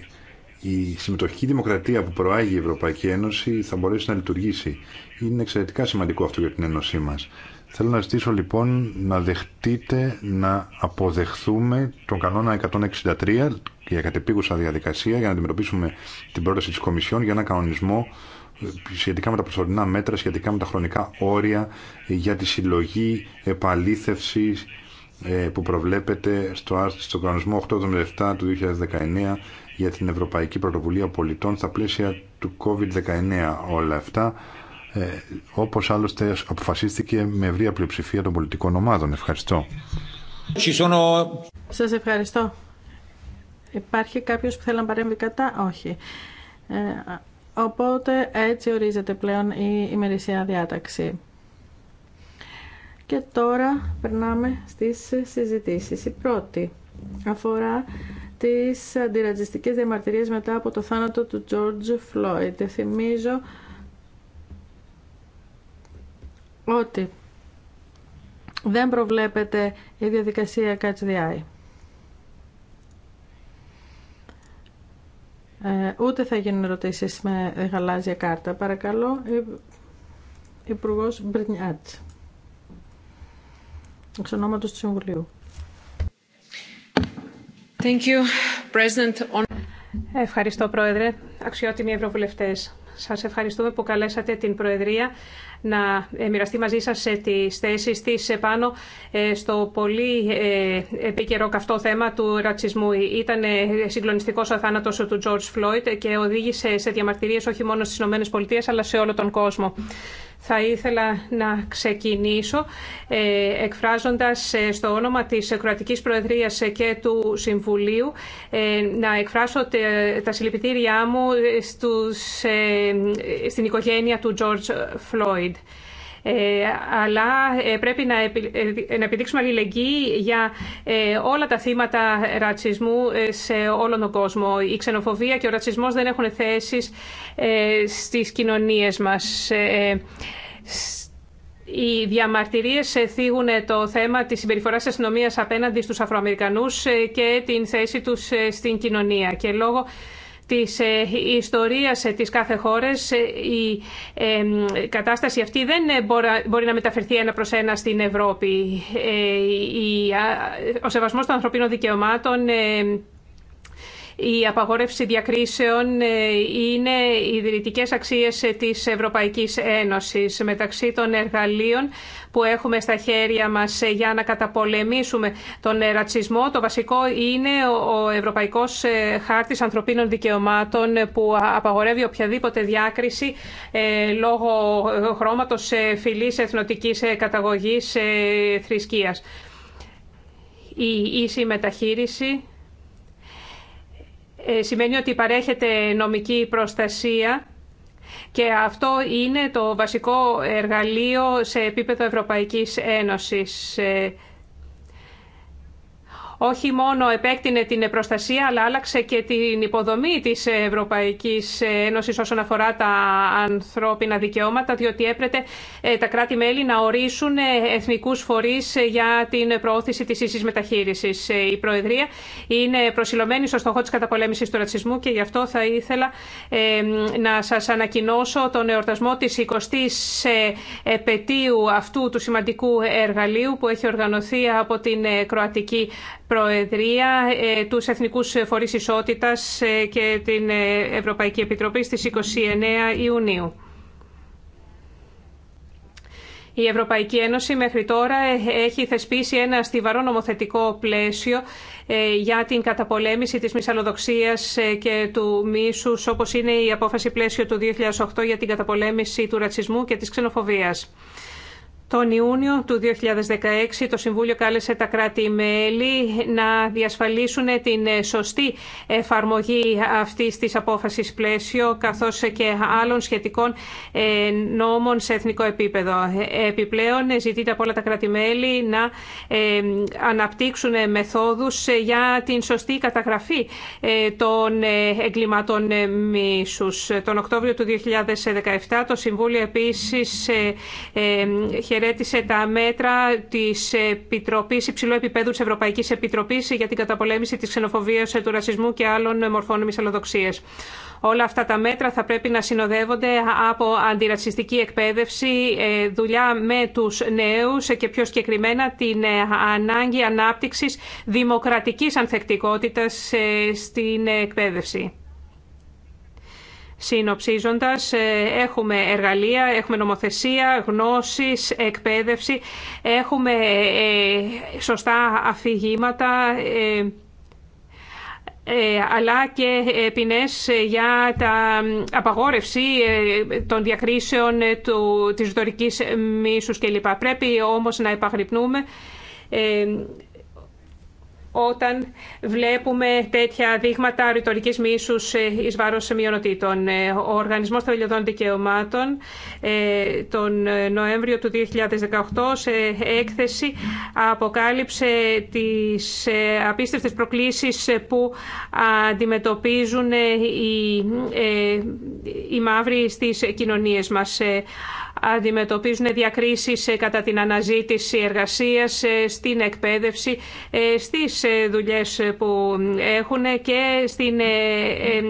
η συμμετοχική δημοκρατία που προάγει η Ευρωπαϊκή Ένωση θα μπορέσει να λειτουργήσει. Είναι εξαιρετικά σημαντικό αυτό για την Ένωσή μας. Θέλω να ζητήσω λοιπόν να δεχτείτε να αποδεχθούμε τον κανόνα 163 για κατεπίγουσα διαδικασία για να αντιμετωπίσουμε την πρόταση της Κομισιόν για ένα κανονισμό σχετικά με τα προσωρινά μέτρα, σχετικά με τα χρονικά όρια για τη συλλογή επαλήθευση ε, που προβλέπεται στο, στο κανονισμό 877 του 2019 για την Ευρωπαϊκή Πρωτοβουλία Πολιτών στα πλαίσια του COVID-19 όλα αυτά ε, όπως άλλωστε αποφασίστηκε με ευρία πλειοψηφία των πολιτικών ομάδων. Ευχαριστώ. Σας ευχαριστώ. Υπάρχει κάποιος που θέλει να παρέμβει κατά? Όχι. Ε, Οπότε έτσι ορίζεται πλέον η ημερησία διάταξη. Και τώρα περνάμε στις συζητήσεις. Η πρώτη αφορά τις αντιρατζιστικές διαμαρτυρίες μετά από το θάνατο του George Floyd. Θυμίζω ότι δεν προβλέπεται η διαδικασία Catch the Eye. Ε, ούτε θα γίνουν ερωτήσει με γαλάζια κάρτα. Παρακαλώ, Υπουργό Μπρινιάτ. Εξ ονόματο του Συμβουλίου. Thank you, Ευχαριστώ, Πρόεδρε. Αξιότιμοι Ευρωβουλευτέ. Σας ευχαριστούμε που καλέσατε την Προεδρία να ε, μοιραστεί μαζί σας ε, τις θέσει τη πάνω ε, στο πολύ επίκαιρο καυτό θέμα του ρατσισμού. Ήταν συγκλονιστικό ο θάνατο του George Floyd και οδήγησε σε διαμαρτυρίες όχι μόνο στις ΗΠΑ αλλά σε όλο τον κόσμο. Θα ήθελα να ξεκινήσω ε, εκφράζοντας ε, στο όνομα της Κροατικής Προεδρίας ε, και του Συμβουλίου να εκφράσω τα συλληπιτήριά μου στους, στην οικογένεια του George Floyd. Ε, αλλά ε, πρέπει ε, να επιδείξουμε αλληλεγγύη για όλα τα θύματα ρατσισμού σε όλο τον κόσμο. Η ξενοφοβία και ο ρατσισμός δεν έχουν θέσεις στις κοινωνίες μας. Οι διαμαρτυρίες θίγουν το θέμα της συμπεριφοράς της αστυνομίας απέναντι στους Αφροαμερικανούς και την θέση τους στην κοινωνία. Και λόγω της ε, ιστορία ε, της κάθε χώρας ε, η κατάσταση αυτή δεν μπορεί να μεταφερθεί ένα προς ένα στην Ευρώπη. Ο σεβασμός των ανθρωπίνων δικαιωμάτων η απαγόρευση διακρίσεων είναι οι ιδρυτικές αξίες της Ευρωπαϊκής Ένωσης. Μεταξύ των εργαλείων που έχουμε στα χέρια μας ε, για να καταπολεμήσουμε τον ε, ρατσισμό. Το βασικό είναι ο Ευρωπαϊκός ε, Χάρτης Ανθρωπίνων Δικαιωμάτων που απαγορεύει οποιαδήποτε διάκριση λόγω χρώματος φυλής, εθνοτικής καταγωγής, θρησκείας. Η ίση μεταχείριση σημαίνει ότι παρέχεται νομική προστασία και αυτό είναι το βασικό εργαλείο σε επίπεδο Ευρωπαϊκής Ένωσης. Ε, όχι μόνο επέκτηνε την προστασία, αλλά άλλαξε και την υποδομή της Ευρωπαϊκής Ένωσης όσον αφορά τα ανθρώπινα δικαιώματα, διότι έπρεπε ε, τα κράτη-μέλη να ορίσουν ε, εθνικούς φορείς ε, για την προώθηση της ίσης μεταχείρισης. Η Προεδρία είναι προσιλωμένη στο στόχο της καταπολέμησης του ρατσισμού και γι' αυτό θα ήθελα να σας ανακοινώσω τον εορτασμό της 20ης επαιτίου αυτού του σημαντικού εργαλείου που έχει οργανωθεί από την Κροατική Προεδρία, ε, τους Εθνικούς Φορείς Ισότητας ε, και την ε, Ευρωπαϊκή Επιτροπή στις 29 Ιουνίου. Η Ευρωπαϊκή Ένωση μέχρι τώρα έχει θεσπίσει ένα στιβαρό νομοθετικό πλαίσιο για την καταπολέμηση της μυσαλλοδοξίας και του μίσους, όπως είναι η απόφαση πλαίσιο του 2008 για την καταπολέμηση του ρατσισμού και της ξενοφοβίας. Τον Ιούνιο του 2016 το Συμβούλιο κάλεσε τα κράτη-μέλη να διασφαλίσουν την σωστή εφαρμογή αυτής της απόφασης πλαίσιο καθώς και άλλων σχετικών ε, νόμων σε εθνικό επίπεδο. Επιπλέον ζητείται από όλα τα κράτη-μέλη να ε, αναπτύξουν μεθόδους για την σωστή καταγραφή ε, των εγκληματών μίσους. Τον Οκτώβριο του 2017 το Συμβούλιο επίσης χαιρέτησε τα μέτρα τη επιτροπή Υψηλού Επιπέδου τη Ευρωπαϊκής Επιτροπής για την καταπολέμηση τη ξενοφοβία του ρασισμού και άλλων μορφών μυσαλλοδοξίας. Όλα αυτά τα μέτρα θα πρέπει να συνοδεύονται από αντιρατσιστική εκπαίδευση, ε, δουλειά με τους νέους και πιο συγκεκριμένα την ε, ανάγκη ανάπτυξης δημοκρατικής ανθεκτικότητας ε, στην εκπαίδευση. Συνοψίζοντας, ε, έχουμε εργαλεία, έχουμε νομοθεσία, γνώσεις, εκπαίδευση, έχουμε ε, σωστά αφηγήματα, ε, αλλά και ποινές για τα απαγόρευση των διακρίσεων του, της δωρικής μίσους κλπ. Πρέπει όμως να επαγρυπνούμε όταν βλέπουμε τέτοια δείγματα ρητορικής μίσους ε, εις βάρος μειονοτήτων. Ε, ο Οργανισμός Θεμελιωδών Δικαιωμάτων ε, τον Νοέμβριο του 2018 σε έκθεση αποκάλυψε τις απίστευτες προκλήσεις που αντιμετωπίζουν οι, οι μαύροι στις κοινωνίες μας αντιμετωπίζουν διακρίσεις ε, κατά την αναζήτηση εργασίας, ε, στην εκπαίδευση, ε, στις δουλειές που έχουν και στην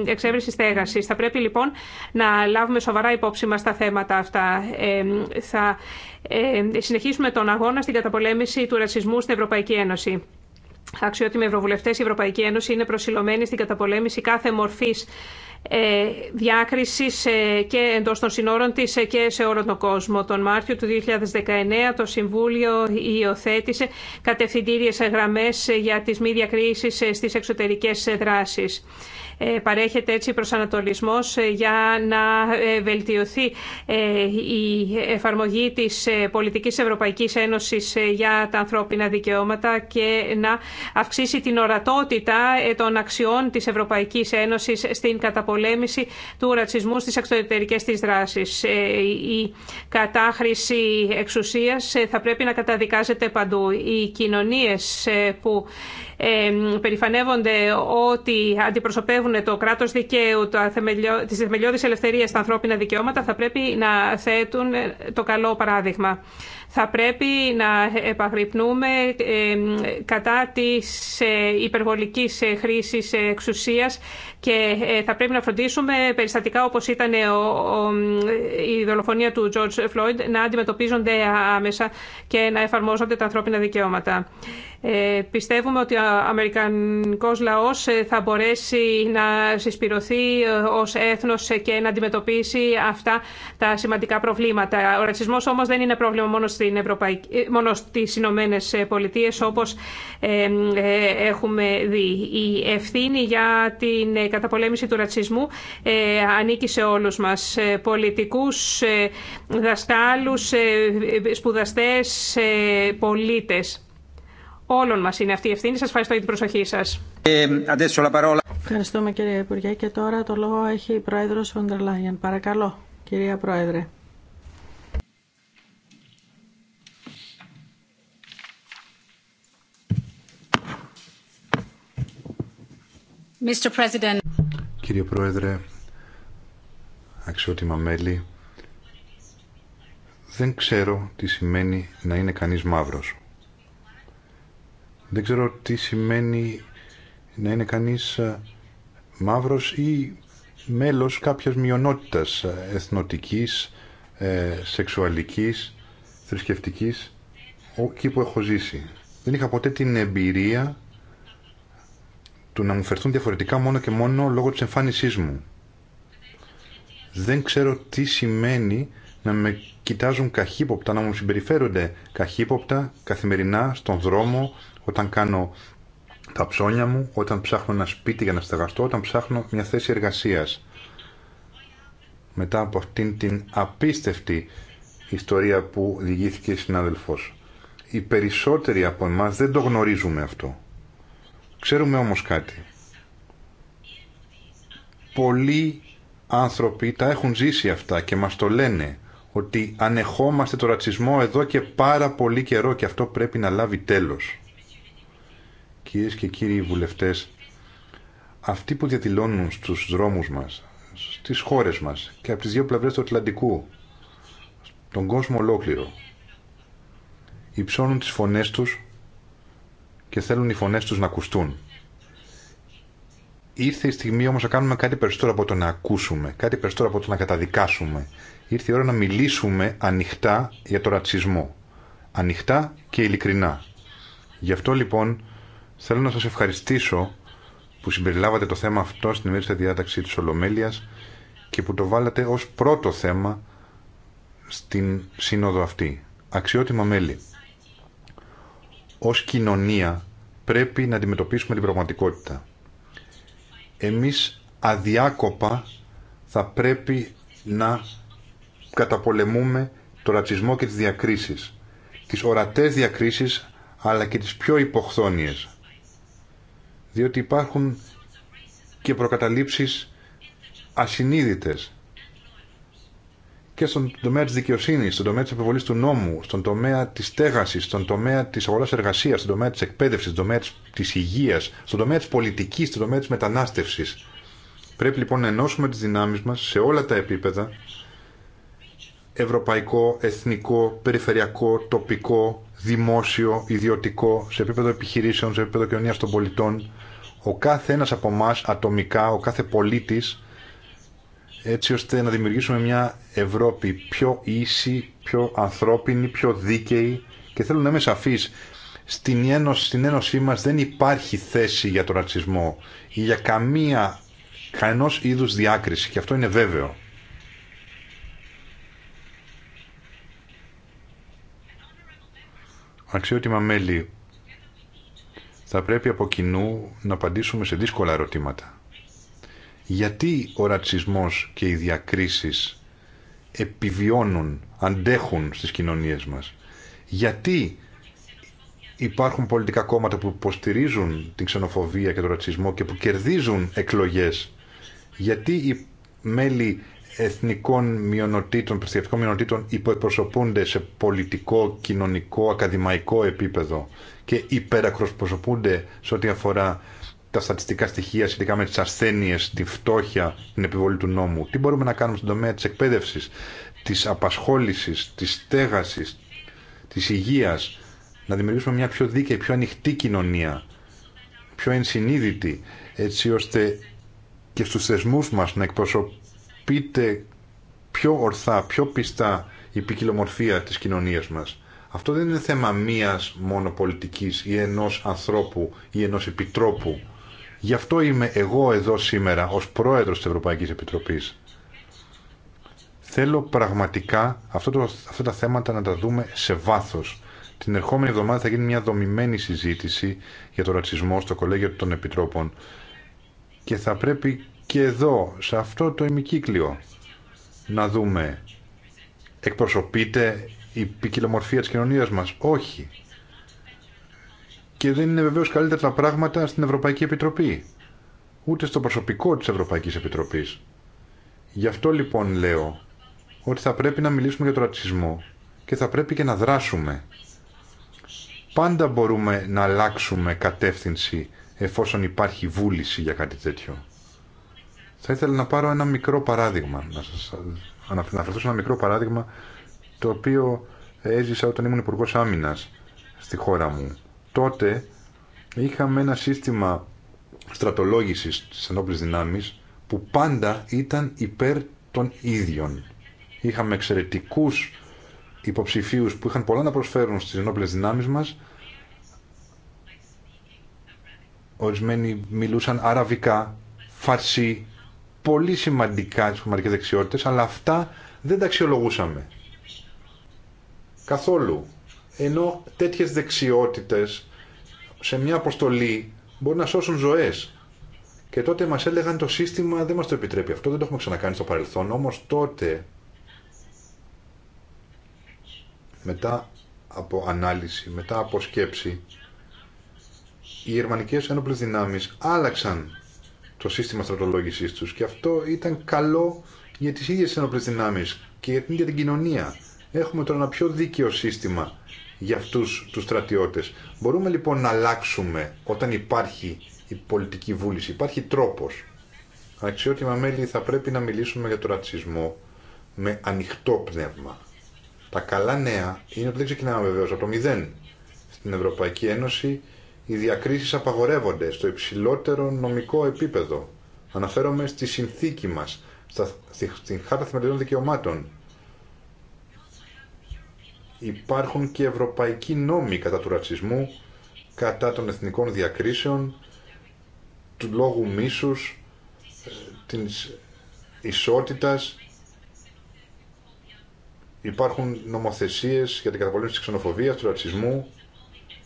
εξέβριση στέγασης. Θα πρέπει λοιπόν να λάβουμε σοβαρά υπόψη μας τα θέματα αυτά. Θα συνεχίσουμε τον αγώνα στην καταπολέμηση του ρατσισμού στην Ευρωπαϊκή Ένωση. Αξιότιμοι Ευρωβουλευτές, η Ευρωπαϊκή Ένωση είναι προσιλωμένη στην καταπολέμηση κάθε μορφής ε, Διάκριση ε, και εντός των συνόρων της ε, και σε όλο τον κόσμο. Τον Μάρτιο του 2019 το Συμβούλιο υιοθέτησε κατευθυντήριες γραμμές για τις μη διακρίσεις στις εξωτερικές δράσεις. Ε, παρέχεται έτσι προσανατολισμός ε, για να ε, βελτιωθεί η εφαρμογή της πολιτικής Ευρωπαϊκής Ένωσης για τα ανθρώπινα δικαιώματα και να αυξήσει την ορατότητα των αξιών της Ευρωπαϊκής Ένωσης στην καταπολέμηση του ρατσισμού στις εξωτερικές της δράσεις. Η κατάχρηση εξουσίας θα πρέπει να καταδικάζεται παντού. Οι κοινωνίες που περηφανεύονται ότι αντιπροσωπεύουν το κράτος δικαίου, τι θεμελιώδει ελευθερίες, τα ανθρώπινα δικαιώματα, θα πρέπει να θέτουν το καλό παράδειγμα. Θα πρέπει να επαγρυπνούμε κατά της ε, υπερβολικής ε, χρήσης ε, εξουσίας και θα πρέπει να φροντίσουμε περιστατικά όπως ήταν η δολοφονία του George Floyd να αντιμετωπίζονται άμεσα και να εφαρμόζονται τα ανθρώπινα δικαιώματα. Ε, πιστεύουμε ότι ο Αμερικανικός λαός ε, θα μπορέσει να συσπηρωθεί ε, ως έθνος και να αντιμετωπίσει αυτά τα σημαντικά προβλήματα. Ο ρατσισμός όμως δεν είναι πρόβλημα μόνο, στην μόνο στις Ηνωμένε Πολιτείε, όπως έχουμε δει. Η ευθύνη για την καταπολέμηση του ρατσισμού ανήκει σε όλους μας. Πολιτικούς, δασκάλους, σπουδαστές, πολίτες. Όλων μα είναι αυτή η ευθύνη. Σας ευχαριστώ για την προσοχή σας. Ε, Ευχαριστούμε κύριε Υπουργέ. Και τώρα το λόγο έχει η Πρόεδρος Φοντερ Λάγιαν. Παρακαλώ, κυρία Πρόεδρε. Mr. Κύριε Πρόεδρε, αξιότιμα μέλη, δεν ξέρω τι σημαίνει να είναι κανείς μαύρος. Δεν ξέρω τι σημαίνει να είναι κανείς ε, μαύρος ή μέλος κάποιας μειονότητας ε, εθνοτικής, ε, σεξουαλικής, θρησκευτικής, εκεί που έχω ζήσει. Δεν είχα ποτέ την εμπειρία του να μου φερθούν διαφορετικά μόνο και μόνο λόγω της εμφάνισής μου. Δεν ξέρω τι σημαίνει να με κοιτάζουν καχύποπτα, να μου συμπεριφέρονται καχύποπτα καθημερινά στον δρόμο, όταν κάνω τα ψώνια μου, όταν ψάχνω ένα σπίτι για να στεγαστώ, όταν ψάχνω μια θέση εργασίας. Μετά από αυτήν την απίστευτη ιστορία που διηγήθηκε η συνάδελφός. Οι περισσότεροι από εμάς δεν το γνωρίζουμε αυτό. Ξέρουμε όμως κάτι. Πολλοί άνθρωποι τα έχουν ζήσει αυτά και μας το λένε ότι ανεχόμαστε το ρατσισμό εδώ και πάρα πολύ καιρό και αυτό πρέπει να λάβει τέλος κυρίες και κύριοι βουλευτές, αυτοί που διαδηλώνουν στους δρόμους μας, στις χώρες μας και από τις δύο πλευρές του Ατλαντικού, τον κόσμο ολόκληρο, υψώνουν τις φωνές τους και θέλουν οι φωνές τους να ακουστούν. Ήρθε η στιγμή όμως να κάνουμε κάτι περισσότερο από το να ακούσουμε, κάτι περισσότερο από το να καταδικάσουμε. Ήρθε η ώρα να μιλήσουμε ανοιχτά για το ρατσισμό. Ανοιχτά και ειλικρινά. Γι' αυτό λοιπόν Θέλω να σας ευχαριστήσω που συμπεριλάβατε το θέμα αυτό στην τη διάταξη της Ολομέλειας και που το βάλατε ως πρώτο θέμα στην σύνοδο αυτή. Αξιότιμα μέλη. Ως κοινωνία πρέπει να αντιμετωπίσουμε την πραγματικότητα. Εμείς αδιάκοπα θα πρέπει να καταπολεμούμε το ρατσισμό και τις διακρίσεις. Τις ορατές διακρίσεις αλλά και τις πιο υποχθόνιες διότι υπάρχουν και προκαταλήψεις ασυνείδητες και στον τομέα της δικαιοσύνης, στον τομέα της επιβολής του νόμου, στον τομέα της στέγασης, στον τομέα της αγοράς εργασίας, στον τομέα της εκπαίδευσης, στον τομέα της υγείας, στον τομέα της πολιτικής, στον τομέα της μετανάστευσης. Πρέπει λοιπόν να ενώσουμε τις δυνάμεις μας σε όλα τα επίπεδα, ευρωπαϊκό, εθνικό, περιφερειακό, τοπικό, δημόσιο, ιδιωτικό, σε επίπεδο επιχειρήσεων, σε επίπεδο κοινωνίας των πολιτών. Ο κάθε ένας από εμά ατομικά, ο κάθε πολίτης, έτσι ώστε να δημιουργήσουμε μια Ευρώπη πιο ίση, πιο ανθρώπινη, πιο δίκαιη και θέλω να είμαι σαφής, στην, ένωση, στην ένωσή μας δεν υπάρχει θέση για τον ρατσισμό ή για καμία, κανένας είδους διάκριση και αυτό είναι βέβαιο. Αξιότιμα μέλη, θα πρέπει από κοινού να απαντήσουμε σε δύσκολα ερωτήματα. Γιατί ο ρατσισμός και οι διακρίσεις επιβιώνουν, αντέχουν στις κοινωνίες μας. Γιατί υπάρχουν πολιτικά κόμματα που υποστηρίζουν την ξενοφοβία και τον ρατσισμό και που κερδίζουν εκλογές. Γιατί οι μέλη εθνικών μειονοτήτων, προσθετικών μειονοτήτων υποεκπροσωπούνται σε πολιτικό, κοινωνικό, ακαδημαϊκό επίπεδο και υπερακροσπροσωπούνται σε ό,τι αφορά τα στατιστικά στοιχεία σχετικά με τι ασθένειε, τη φτώχεια, την επιβολή του νόμου. Τι μπορούμε να κάνουμε στην τομέα τη εκπαίδευση, τη απασχόληση, τη στέγαση, τη υγεία, να δημιουργήσουμε μια πιο δίκαιη, πιο ανοιχτή κοινωνία, πιο ενσυνείδητη, έτσι ώστε και στους θεσμού μας να, εκπροσωπούν είτε πιο ορθά, πιο πιστά η ποικιλομορφία της κοινωνίας μας. Αυτό δεν είναι θέμα μίας μόνο πολιτικής ή ενός ανθρώπου ή ενός επιτρόπου. Γι' αυτό είμαι εγώ εδώ σήμερα ως πρόεδρος της Ευρωπαϊκής Επιτροπής. Θέλω πραγματικά αυτό το, αυτά τα θέματα να τα δούμε σε βάθος. Την ερχόμενη εβδομάδα θα γίνει μια δομημένη συζήτηση για τον ρατσισμό στο Κολέγιο των Επιτρόπων και θα πρέπει και εδώ, σε αυτό το ημικύκλιο, να δούμε εκπροσωπείται η ποικιλομορφία της κοινωνίας μας. Όχι. Και δεν είναι βεβαίως καλύτερα τα πράγματα στην Ευρωπαϊκή Επιτροπή. Ούτε στο προσωπικό της Ευρωπαϊκής Επιτροπής. Γι' αυτό λοιπόν λέω ότι θα πρέπει να μιλήσουμε για τον ρατσισμό και θα πρέπει και να δράσουμε. Πάντα μπορούμε να αλλάξουμε κατεύθυνση εφόσον υπάρχει βούληση για κάτι τέτοιο. Θα ήθελα να πάρω ένα μικρό παράδειγμα, να σας αναφερθώ σε ένα μικρό παράδειγμα το οποίο έζησα όταν ήμουν υπουργό Άμυνα στη χώρα μου. Τότε είχαμε ένα σύστημα στρατολόγησης της ενόπλης δυνάμεις που πάντα ήταν υπέρ των ίδιων. Είχαμε εξαιρετικού υποψηφίους που είχαν πολλά να προσφέρουν στις ενόπλες δυνάμεις μας. Ορισμένοι μιλούσαν αραβικά, φαρσί, πολύ σημαντικά πνευματικές δεξιότητες, αλλά αυτά δεν τα αξιολογούσαμε. Καθόλου. Ενώ τέτοιες δεξιότητες σε μια αποστολή μπορεί να σώσουν ζωές. Και τότε μας έλεγαν το σύστημα δεν μας το επιτρέπει. Αυτό δεν το έχουμε ξανακάνει στο παρελθόν. Όμως τότε, μετά από ανάλυση, μετά από σκέψη, οι γερμανικές ένοπλες δυνάμεις άλλαξαν το σύστημα στρατολόγησής τους και αυτό ήταν καλό για τις ίδιε ενόπλε δυνάμεις και για την ίδια την κοινωνία. Έχουμε τώρα ένα πιο δίκαιο σύστημα για αυτού τους στρατιώτες. Μπορούμε λοιπόν να αλλάξουμε όταν υπάρχει η πολιτική βούληση, υπάρχει τρόπος. Αξιότιμα μέλη θα πρέπει να μιλήσουμε για τον ρατσισμό με ανοιχτό πνεύμα. Τα καλά νέα είναι ότι δεν ξεκινάμε βεβαίω από το μηδέν. Στην Ευρωπαϊκή Ένωση οι διακρίσεις απαγορεύονται στο υψηλότερο νομικό επίπεδο. Αναφέρομαι στη συνθήκη μας, στην Χάρτα Θεμελιών Δικαιωμάτων. Υπάρχουν και ευρωπαϊκοί νόμοι κατά του ρατσισμού, κατά των εθνικών διακρίσεων, του λόγου μίσους, της ισότητας. Υπάρχουν νομοθεσίες για την καταπολέμηση της ξενοφοβίας, του ρατσισμού,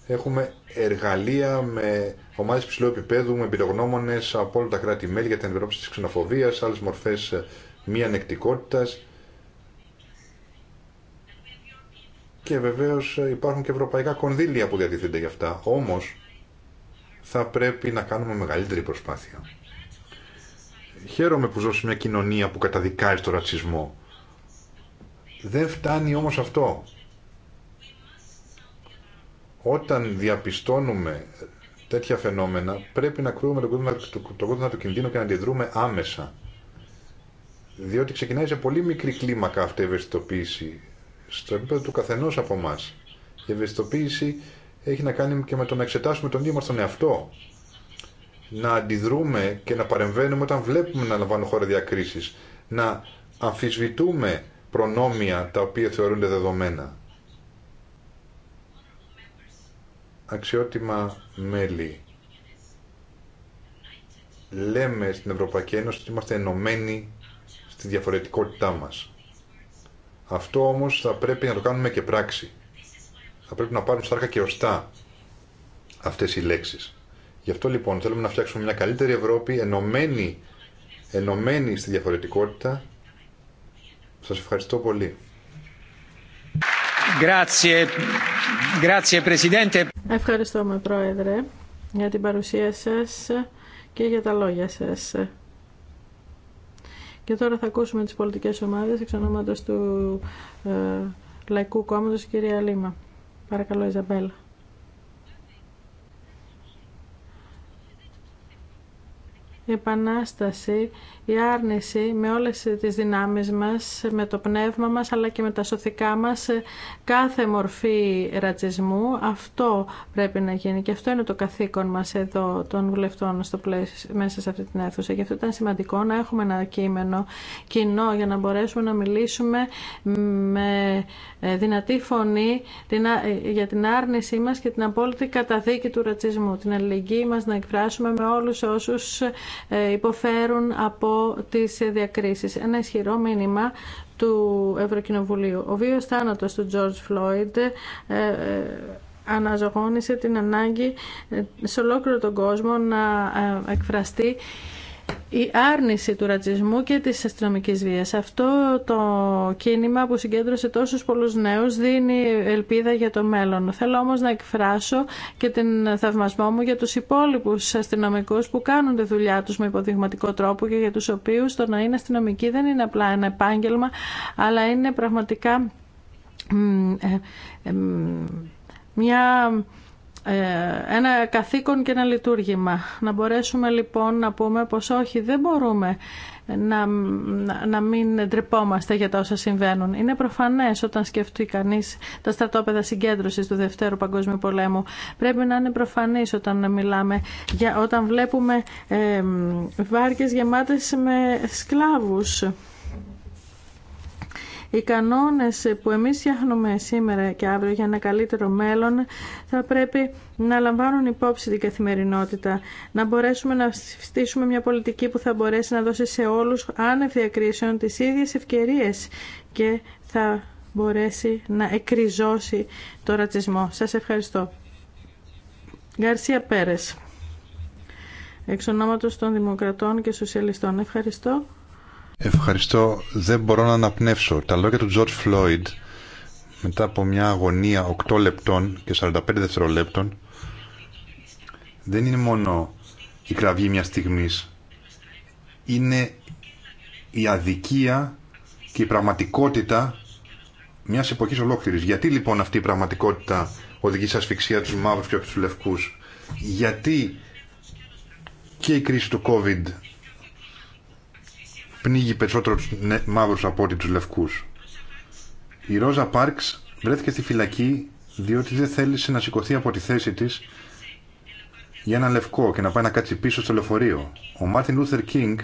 Έχουμε εργαλεία με ομάδε ψηλού επίπεδου, με εμπειρογνώμονε από όλα τα κράτη-μέλη για την αντιμετώπιση τη ξενοφοβία, άλλε μορφέ ε, μη ανεκτικότητα. Και βεβαίω ε, υπάρχουν και ευρωπαϊκά κονδύλια που διατίθενται για αυτά. Όμω θα πρέπει να κάνουμε μεγαλύτερη προσπάθεια. Χαίρομαι που ζω σε μια κοινωνία που καταδικάζει το ρατσισμό. Δεν φτάνει όμως αυτό. Όταν διαπιστώνουμε τέτοια φαινόμενα πρέπει να κρούμε τον κόδωνα το, το του κινδύνου και να αντιδρούμε άμεσα. Διότι ξεκινάει σε πολύ μικρή κλίμακα αυτή η ευαισθητοποίηση στο επίπεδο του καθενό από εμά. Η ευαισθητοποίηση έχει να κάνει και με το να εξετάσουμε τον ίδιο μα τον εαυτό. Να αντιδρούμε και να παρεμβαίνουμε όταν βλέπουμε να λαμβάνουν χώρα διακρίσει. Να αμφισβητούμε προνόμια τα οποία θεωρούνται δεδομένα. αξιότιμα μέλη. Λέμε στην Ευρωπαϊκή Ένωση ότι είμαστε ενωμένοι στη διαφορετικότητά μας. Αυτό όμως θα πρέπει να το κάνουμε και πράξη. Θα πρέπει να πάρουμε σάρκα και ωστά αυτές οι λέξεις. Γι' αυτό λοιπόν θέλουμε να φτιάξουμε μια καλύτερη Ευρώπη ενωμένη, ενωμένη στη διαφορετικότητα. Σας ευχαριστώ πολύ. Grazie. Grazie Presidente. Ευχαριστώ, Πρόεδρε για την παρουσία σας και για τα λόγια σας. Και τώρα θα ακούσουμε τις πολιτικές ομάδες εξ του ε, Λαϊκού Κόμματος, κυρία Λίμα. Παρακαλώ, Ιζαμπέλα. η επανάσταση, η άρνηση με όλες τις δυνάμεις μας, με το πνεύμα μας αλλά και με τα σωθικά μας κάθε μορφή ρατσισμού. Αυτό πρέπει να γίνει και αυτό είναι το καθήκον μας εδώ των βουλευτών στο πλαίσιο, μέσα σε αυτή την αίθουσα. Γι' αυτό ήταν σημαντικό να έχουμε ένα κείμενο κοινό για να μπορέσουμε να μιλήσουμε με ε, δυνατή φωνή ε, για την άρνησή μας και την απόλυτη καταδίκη του ρατσισμού. Την αλληλεγγύη μας να εκφράσουμε με όλους όσους ε, υποφέρουν από τις διακρίσεις. Ένα ισχυρό μήνυμα του Ευρωκοινοβουλίου. Ο βίος θάνατος του George Floyd ε, ε, αναζωγόνησε την ανάγκη σε ολόκληρο τον κόσμο να εκφραστεί η άρνηση του ρατσισμού και της αστυνομική βίας. Αυτό το κίνημα που συγκέντρωσε τόσους πολλούς νέους δίνει ελπίδα για το μέλλον. Θέλω όμως να εκφράσω και την θαυμασμό μου για τους υπόλοιπους αστυνομικούς που κάνουν τη δουλειά τους με υποδειγματικό τρόπο και για τους οποίους το να είναι αστυνομικοί δεν είναι απλά ένα επάγγελμα, αλλά είναι πραγματικά ε, ε, μια ε, ένα καθήκον και ένα λειτουργήμα. Να μπορέσουμε λοιπόν να πούμε πως όχι δεν μπορούμε να, να μην ντρεπόμαστε για τα όσα συμβαίνουν. Είναι προφανές όταν σκεφτεί κανείς τα στρατόπεδα συγκέντρωσης του Δευτέρου Παγκόσμιου Πολέμου. Πρέπει να είναι προφανή όταν μιλάμε, για, όταν βλέπουμε ε, βάρκες γεμάτες με σκλάβους. Οι κανόνες που εμείς φτιάχνουμε σήμερα και αύριο για ένα καλύτερο μέλλον θα πρέπει να λαμβάνουν υπόψη την καθημερινότητα, να μπορέσουμε να στήσουμε μια πολιτική που θα μπορέσει να δώσει σε όλους άνευ διακρίσεων τις ίδιες ευκαιρίες και θα μπορέσει να εκριζώσει το ρατσισμό. Σας ευχαριστώ. Γκαρσία Πέρες, εξ των Δημοκρατών και Σοσιαλιστών. Ευχαριστώ. Ευχαριστώ. Δεν μπορώ να αναπνεύσω. Τα λόγια του George Floyd μετά από μια αγωνία 8 λεπτών και 45 δευτερολέπτων δεν είναι μόνο η κραυγή μια στιγμής. Είναι η αδικία και η πραγματικότητα μια εποχή ολόκληρη. Γιατί λοιπόν αυτή η πραγματικότητα οδηγεί σε ασφυξία του μαύρους και του λευκού, λευκούς. Γιατί και η κρίση του COVID πνίγει περισσότερο τους μαύρους από ό,τι τους λευκούς. Η Ρόζα Πάρξ βρέθηκε στη φυλακή διότι δεν θέλησε να σηκωθεί από τη θέση της για ένα λευκό και να πάει να κάτσει πίσω στο λεωφορείο. Ο Μάρτιν Λούθερ Κίνγκ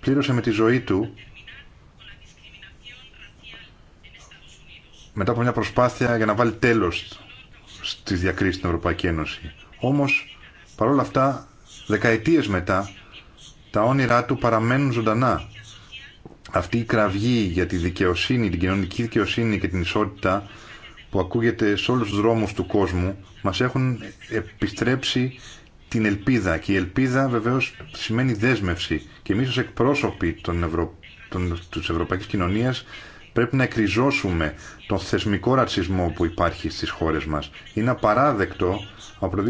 πλήρωσε με τη ζωή του μετά από μια προσπάθεια για να βάλει τέλος στις διακρίσεις στην Ευρωπαϊκή Ένωση. Όμως, παρόλα αυτά, δεκαετίες μετά, τα όνειρά του παραμένουν ζωντανά. Αυτή η κραυγή για τη δικαιοσύνη, την κοινωνική δικαιοσύνη και την ισότητα που ακούγεται σε όλους τους δρόμους του κόσμου μας έχουν επιστρέψει την ελπίδα και η ελπίδα βεβαίως σημαίνει δέσμευση και εμείς ως εκπρόσωποι των Ευρω... των... της Ευρωπαϊκής Κοινωνίας πρέπει να εκριζώσουμε τον θεσμικό ρατσισμό που υπάρχει στις χώρες μας. Είναι απαράδεκτο από το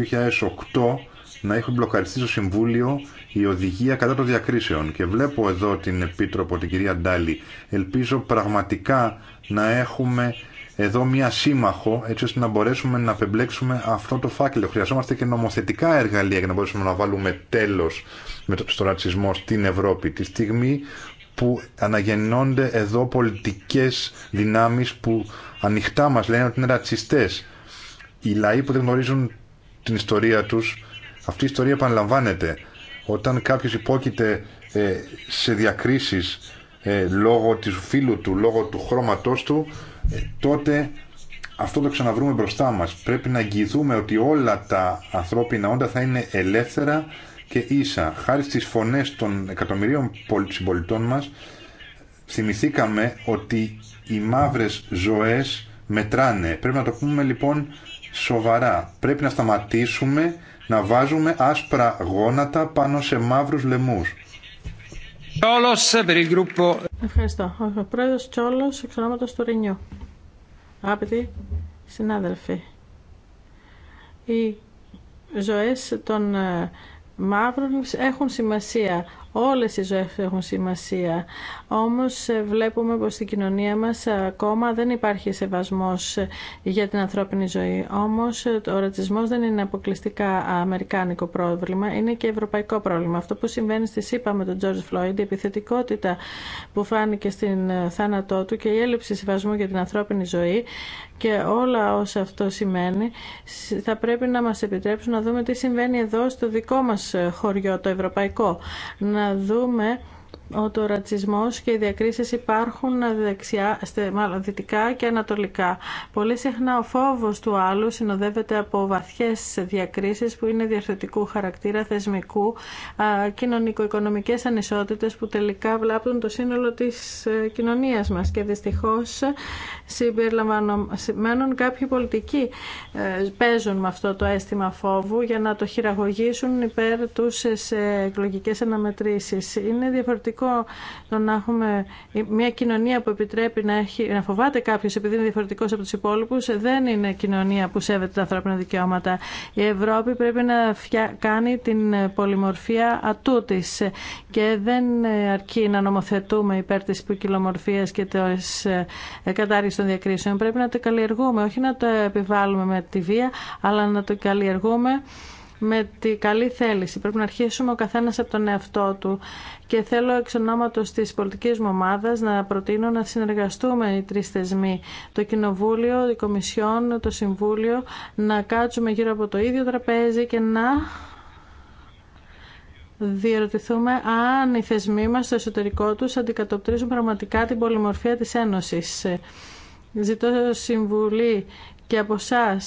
2008 να έχουν μπλοκαριστεί στο Συμβούλιο η οδηγία κατά των διακρίσεων. Και βλέπω εδώ την Επίτροπο, την κυρία Ντάλη. Ελπίζω πραγματικά να έχουμε εδώ μία σύμμαχο, έτσι ώστε να μπορέσουμε να απεμπλέξουμε αυτό το φάκελο. Χρειαζόμαστε και νομοθετικά εργαλεία για να μπορέσουμε να βάλουμε τέλο στο ρατσισμό στην Ευρώπη. Τη στιγμή που αναγεννώνται εδώ πολιτικές δυνάμεις που ανοιχτά μας λένε ότι είναι ρατσιστές. Οι λαοί που δεν γνωρίζουν την ιστορία τους, αυτή η ιστορία επαναλαμβάνεται. Όταν κάποιος υπόκειται ε, σε διακρίσεις ε, λόγω της φίλου του, λόγω του χρώματός του, ε, τότε αυτό το ξαναβρούμε μπροστά μας. Πρέπει να εγγυηθούμε ότι όλα τα ανθρώπινα όντα θα είναι ελεύθερα και ίσα. Χάρη στις φωνές των εκατομμυρίων συμπολιτών μας, θυμηθήκαμε ότι οι μαύρες ζωές μετράνε. Πρέπει να το πούμε λοιπόν σοβαρά. Πρέπει να σταματήσουμε να βάζουμε άσπρα γόνατα πάνω σε μαύρους λαιμούς. Ε, Ευχαριστώ. Ο πρόεδρος Τσόλος, εξ ονόματο του Ρινιού. Αγαπητοί συνάδελφοι, οι ζωές των ε, μαύρων έχουν σημασία. Όλες οι ζωές έχουν σημασία. Όμως ε, βλέπουμε πως στην κοινωνία μας ακόμα δεν υπάρχει σεβασμός ε, για την ανθρώπινη ζωή. Όμως ε, ο ρατσισμός δεν είναι αποκλειστικά αμερικάνικο πρόβλημα, είναι και ευρωπαϊκό πρόβλημα. Αυτό που συμβαίνει στη ΣΥΠΑ με τον Τζόρτζ Φλόιντ, η επιθετικότητα που φάνηκε στην θάνατό του και η έλλειψη σεβασμού για την ανθρώπινη ζωή και όλα όσα αυτό σημαίνει θα πρέπει να μας επιτρέψουν να δούμε τι συμβαίνει εδώ στο δικό μας χωριό, το ευρωπαϊκό. Να να δούμε ότι ο ρατσισμός και οι διακρίσεις υπάρχουν δεξιά, μάλλον δυτικά και ανατολικά. Πολύ συχνά ο φόβος του άλλου συνοδεύεται από βαθιές διακρίσεις που είναι διαρθρωτικού χαρακτήρα, θεσμικού, κοινωνικο-οικονομικές ανισότητες που τελικά βλάπτουν το σύνολο της ε, κοινωνίας μας και δυστυχώς συμπεριλαμβανομένων κάποιοι πολιτικοί ε, παίζουν με αυτό το αίσθημα φόβου για να το χειραγωγήσουν υπέρ του σε εκλογικέ αναμετρήσεις. Είναι διαφορετικό το να έχουμε μια κοινωνία που επιτρέπει να, έχει, να φοβάται κάποιο επειδή είναι διαφορετικό από του υπόλοιπου δεν είναι κοινωνία που σέβεται τα ανθρώπινα δικαιώματα. Η Ευρώπη πρέπει να κάνει την πολυμορφία ατού τη και δεν αρκεί να νομοθετούμε υπέρ της ποικιλομορφίας και της ε, κατάρρησης των διακρίσεων. Πρέπει να το καλλιεργούμε, όχι να το επιβάλλουμε με τη βία, αλλά να το καλλιεργούμε με τη καλή θέληση. Πρέπει να αρχίσουμε ο καθένα από τον εαυτό του. Και θέλω εξ ονόματο τη πολιτική μου ομάδα να προτείνω να συνεργαστούμε οι τρει θεσμοί. Το Κοινοβούλιο, η Κομισιόν, το Συμβούλιο, να κάτσουμε γύρω από το ίδιο τραπέζι και να διερωτηθούμε αν οι θεσμοί μας στο εσωτερικό τους αντικατοπτρίζουν πραγματικά την πολυμορφία της Ένωσης. Ζητώ συμβουλή και από εσά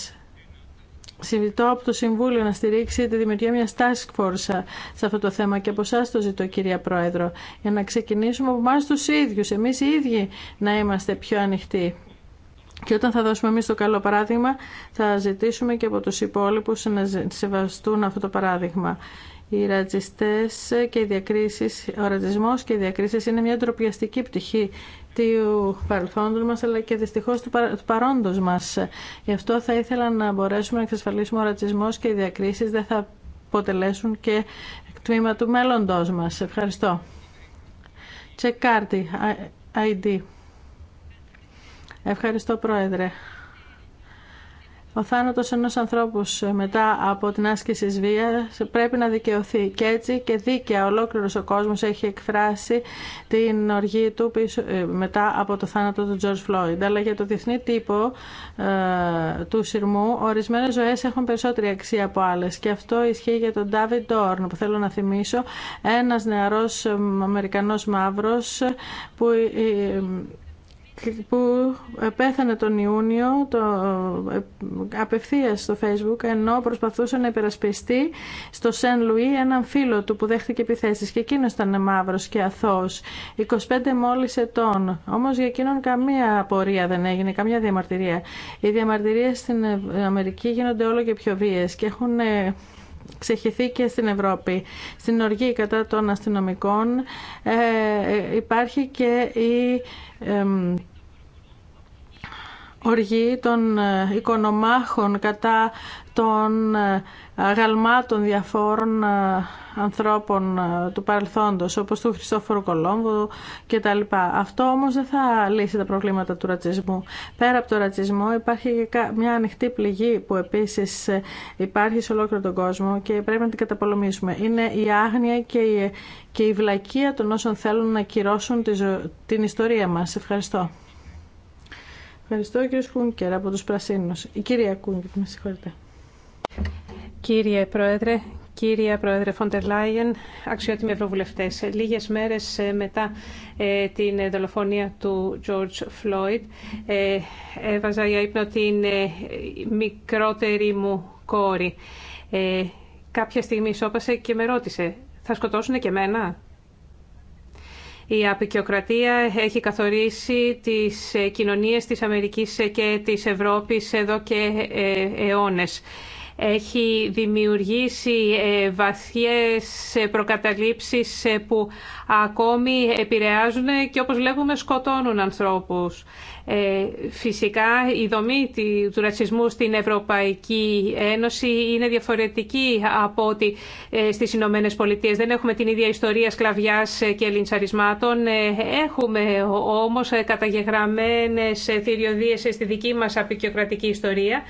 Συμβητώ από το Συμβούλιο να στηρίξει τη δημιουργία μια task force σε αυτό το θέμα και από εσά το ζητώ, κυρία Πρόεδρο, για να ξεκινήσουμε από εμά του ίδιου, εμεί οι ίδιοι να είμαστε πιο ανοιχτοί. Και όταν θα δώσουμε εμεί το καλό παράδειγμα, θα ζητήσουμε και από του υπόλοιπου να σεβαστούν αυτό το παράδειγμα. Οι και οι διακρίσει, ο ρατσισμό και οι διακρίσει είναι μια ντροπιαστική πτυχή του παρελθόντος μας αλλά και δυστυχώς του παρόντος μας. Γι' αυτό θα ήθελα να μπορέσουμε να εξασφαλίσουμε ο ρατσισμός και οι διακρίσεις δεν θα αποτελέσουν και τμήμα του μέλλοντός μας. Ευχαριστώ. Τσεκάρτη, ID. Ευχαριστώ Πρόεδρε. Ο θάνατος ενός ανθρώπου ε, μετά από την άσκηση της βίας πρέπει να δικαιωθεί και έτσι και δίκαια ολόκληρος ο κόσμος έχει εκφράσει την οργή του ε, μετά από το θάνατο του George Φλόιντ. Αλλά για το διεθνή τύπο ε, του σειρμού ορισμένες ζωές έχουν περισσότερη αξία από άλλες και αυτό ισχύει για τον David Dorn που θέλω να θυμίσω ένας νεαρός Αμερικανός μαύρος που που πέθανε τον Ιούνιο το, απευθείας στο facebook ενώ προσπαθούσε να υπερασπιστεί στο Σεν Λουί έναν φίλο του που δέχτηκε επιθέσεις και εκείνος ήταν μαύρος και αθώος 25 μόλις ετών όμως για εκείνον καμία απορία δεν έγινε καμία διαμαρτυρία οι διαμαρτυρίες στην Αμερική γίνονται όλο και πιο βίες και έχουν ξεχυθεί και στην Ευρώπη. Στην οργή κατά των αστυνομικών ε, ε, υπάρχει και η οργή των ε, οικονομάχων κατά των ε, αγαλμάτων διαφόρων ε, ανθρώπων του παρελθόντος, όπως του Χριστόφορου Κολόμβου και τα Αυτό όμως δεν θα λύσει τα προβλήματα του ρατσισμού. Πέρα από το ρατσισμό υπάρχει μια ανοιχτή πληγή που επίσης υπάρχει σε ολόκληρο τον κόσμο και πρέπει να την καταπολεμήσουμε. Είναι η άγνοια και η, και η βλακεία των όσων θέλουν να κυρώσουν την ιστορία μας. Ευχαριστώ. Ευχαριστώ κύριε Σκούνκερ από τους Πρασίνους. Η κυρία Κούνκερ, με συγχωρείτε. Κύριε Πρόεδρε, κύρια Πρόεδρε Φόντερ Λάιεν, αξιότιμοι ευρωβουλευτές, λίγες μέρες ε, μετά ε, την δολοφονία του George Floyd, ε, έβαζα για ύπνο την μικρότερη μου κόρη. κάποια στιγμή σώπασε και με ρώτησε, θα σκοτώσουν και μένα. Η απεικιοκρατία έχει καθορίσει τις ε, κοινωνίες της Αμερικής ε, και της Ευρώπης εδώ και ε, αιώνες έχει δημιουργήσει ε, βαθιές ε, προκαταλήψεις ε, που ακόμη επηρεάζουν και όπως βλέπουμε σκοτώνουν ανθρώπους. Φυσικά η δομή του ρατσισμού στην Ευρωπαϊκή Ένωση είναι διαφορετική από ότι στις Ηνωμένε Πολιτείες. Δεν έχουμε την ίδια ιστορία σκλαβιάς και λιντσαρισμάτων. Έχουμε όμως καταγεγραμμένες θηριωδίες στη δική μας απεικιοκρατική ιστορία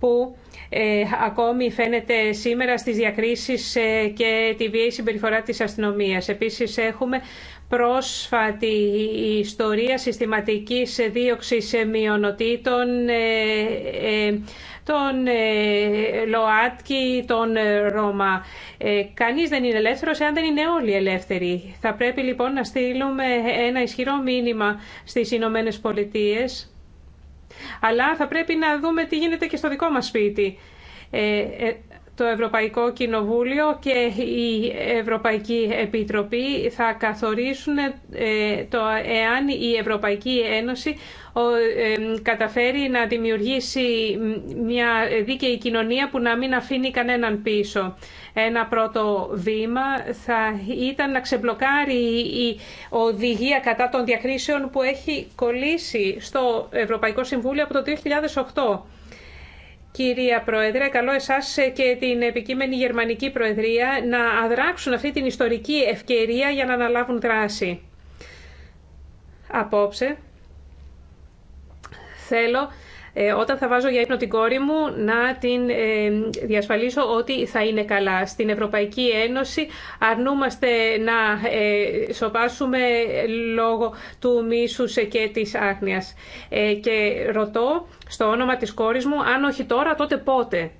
που ε, ακόμη φαίνεται σήμερα στις διακρίσεις ε, και τη βία συμπεριφορά της αστυνομίας. Επίσης έχουμε πρόσφατη ιστορία συστηματικής δίωξης μειονοτήτων ε, τον ΛΟΑΤΚΙ, τον Ρώμα. Κανείς δεν είναι ελεύθερος εάν δεν είναι όλοι ελεύθεροι. Θα πρέπει λοιπόν να στείλουμε ένα ισχυρό μήνυμα στις Ηνωμένε Πολιτείες αλλά θα πρέπει να δούμε τι γίνεται και στο δικό μας σπίτι. Ε, ε, το Ευρωπαϊκό Κοινοβούλιο και η Ευρωπαϊκή Επιτροπή θα καθορίσουν ε, το εάν η Ευρωπαϊκή Ένωση ε, καταφέρει να δημιουργήσει μια δίκαιη κοινωνία που να μην αφήνει κανέναν πίσω. Ένα πρώτο βήμα θα ήταν να ξεμπλοκάρει η οδηγία κατά των διακρίσεων που έχει κολλήσει στο Ευρωπαϊκό Συμβούλιο από το 2008. Κυρία Πρόεδρε, καλώ εσά και την επικείμενη Γερμανική Προεδρία να αδράξουν αυτή την ιστορική ευκαιρία για να αναλάβουν δράση. Απόψε, θέλω ε, όταν θα βάζω για ύπνο την κόρη μου να την ε, διασφαλίσω ότι θα είναι καλά. Στην Ευρωπαϊκή Ένωση αρνούμαστε να ε, σοπάσουμε λόγω του μίσους και της άγνοιας. Και ρωτώ στο όνομα της κόρης μου, αν όχι τώρα, τότε πότε.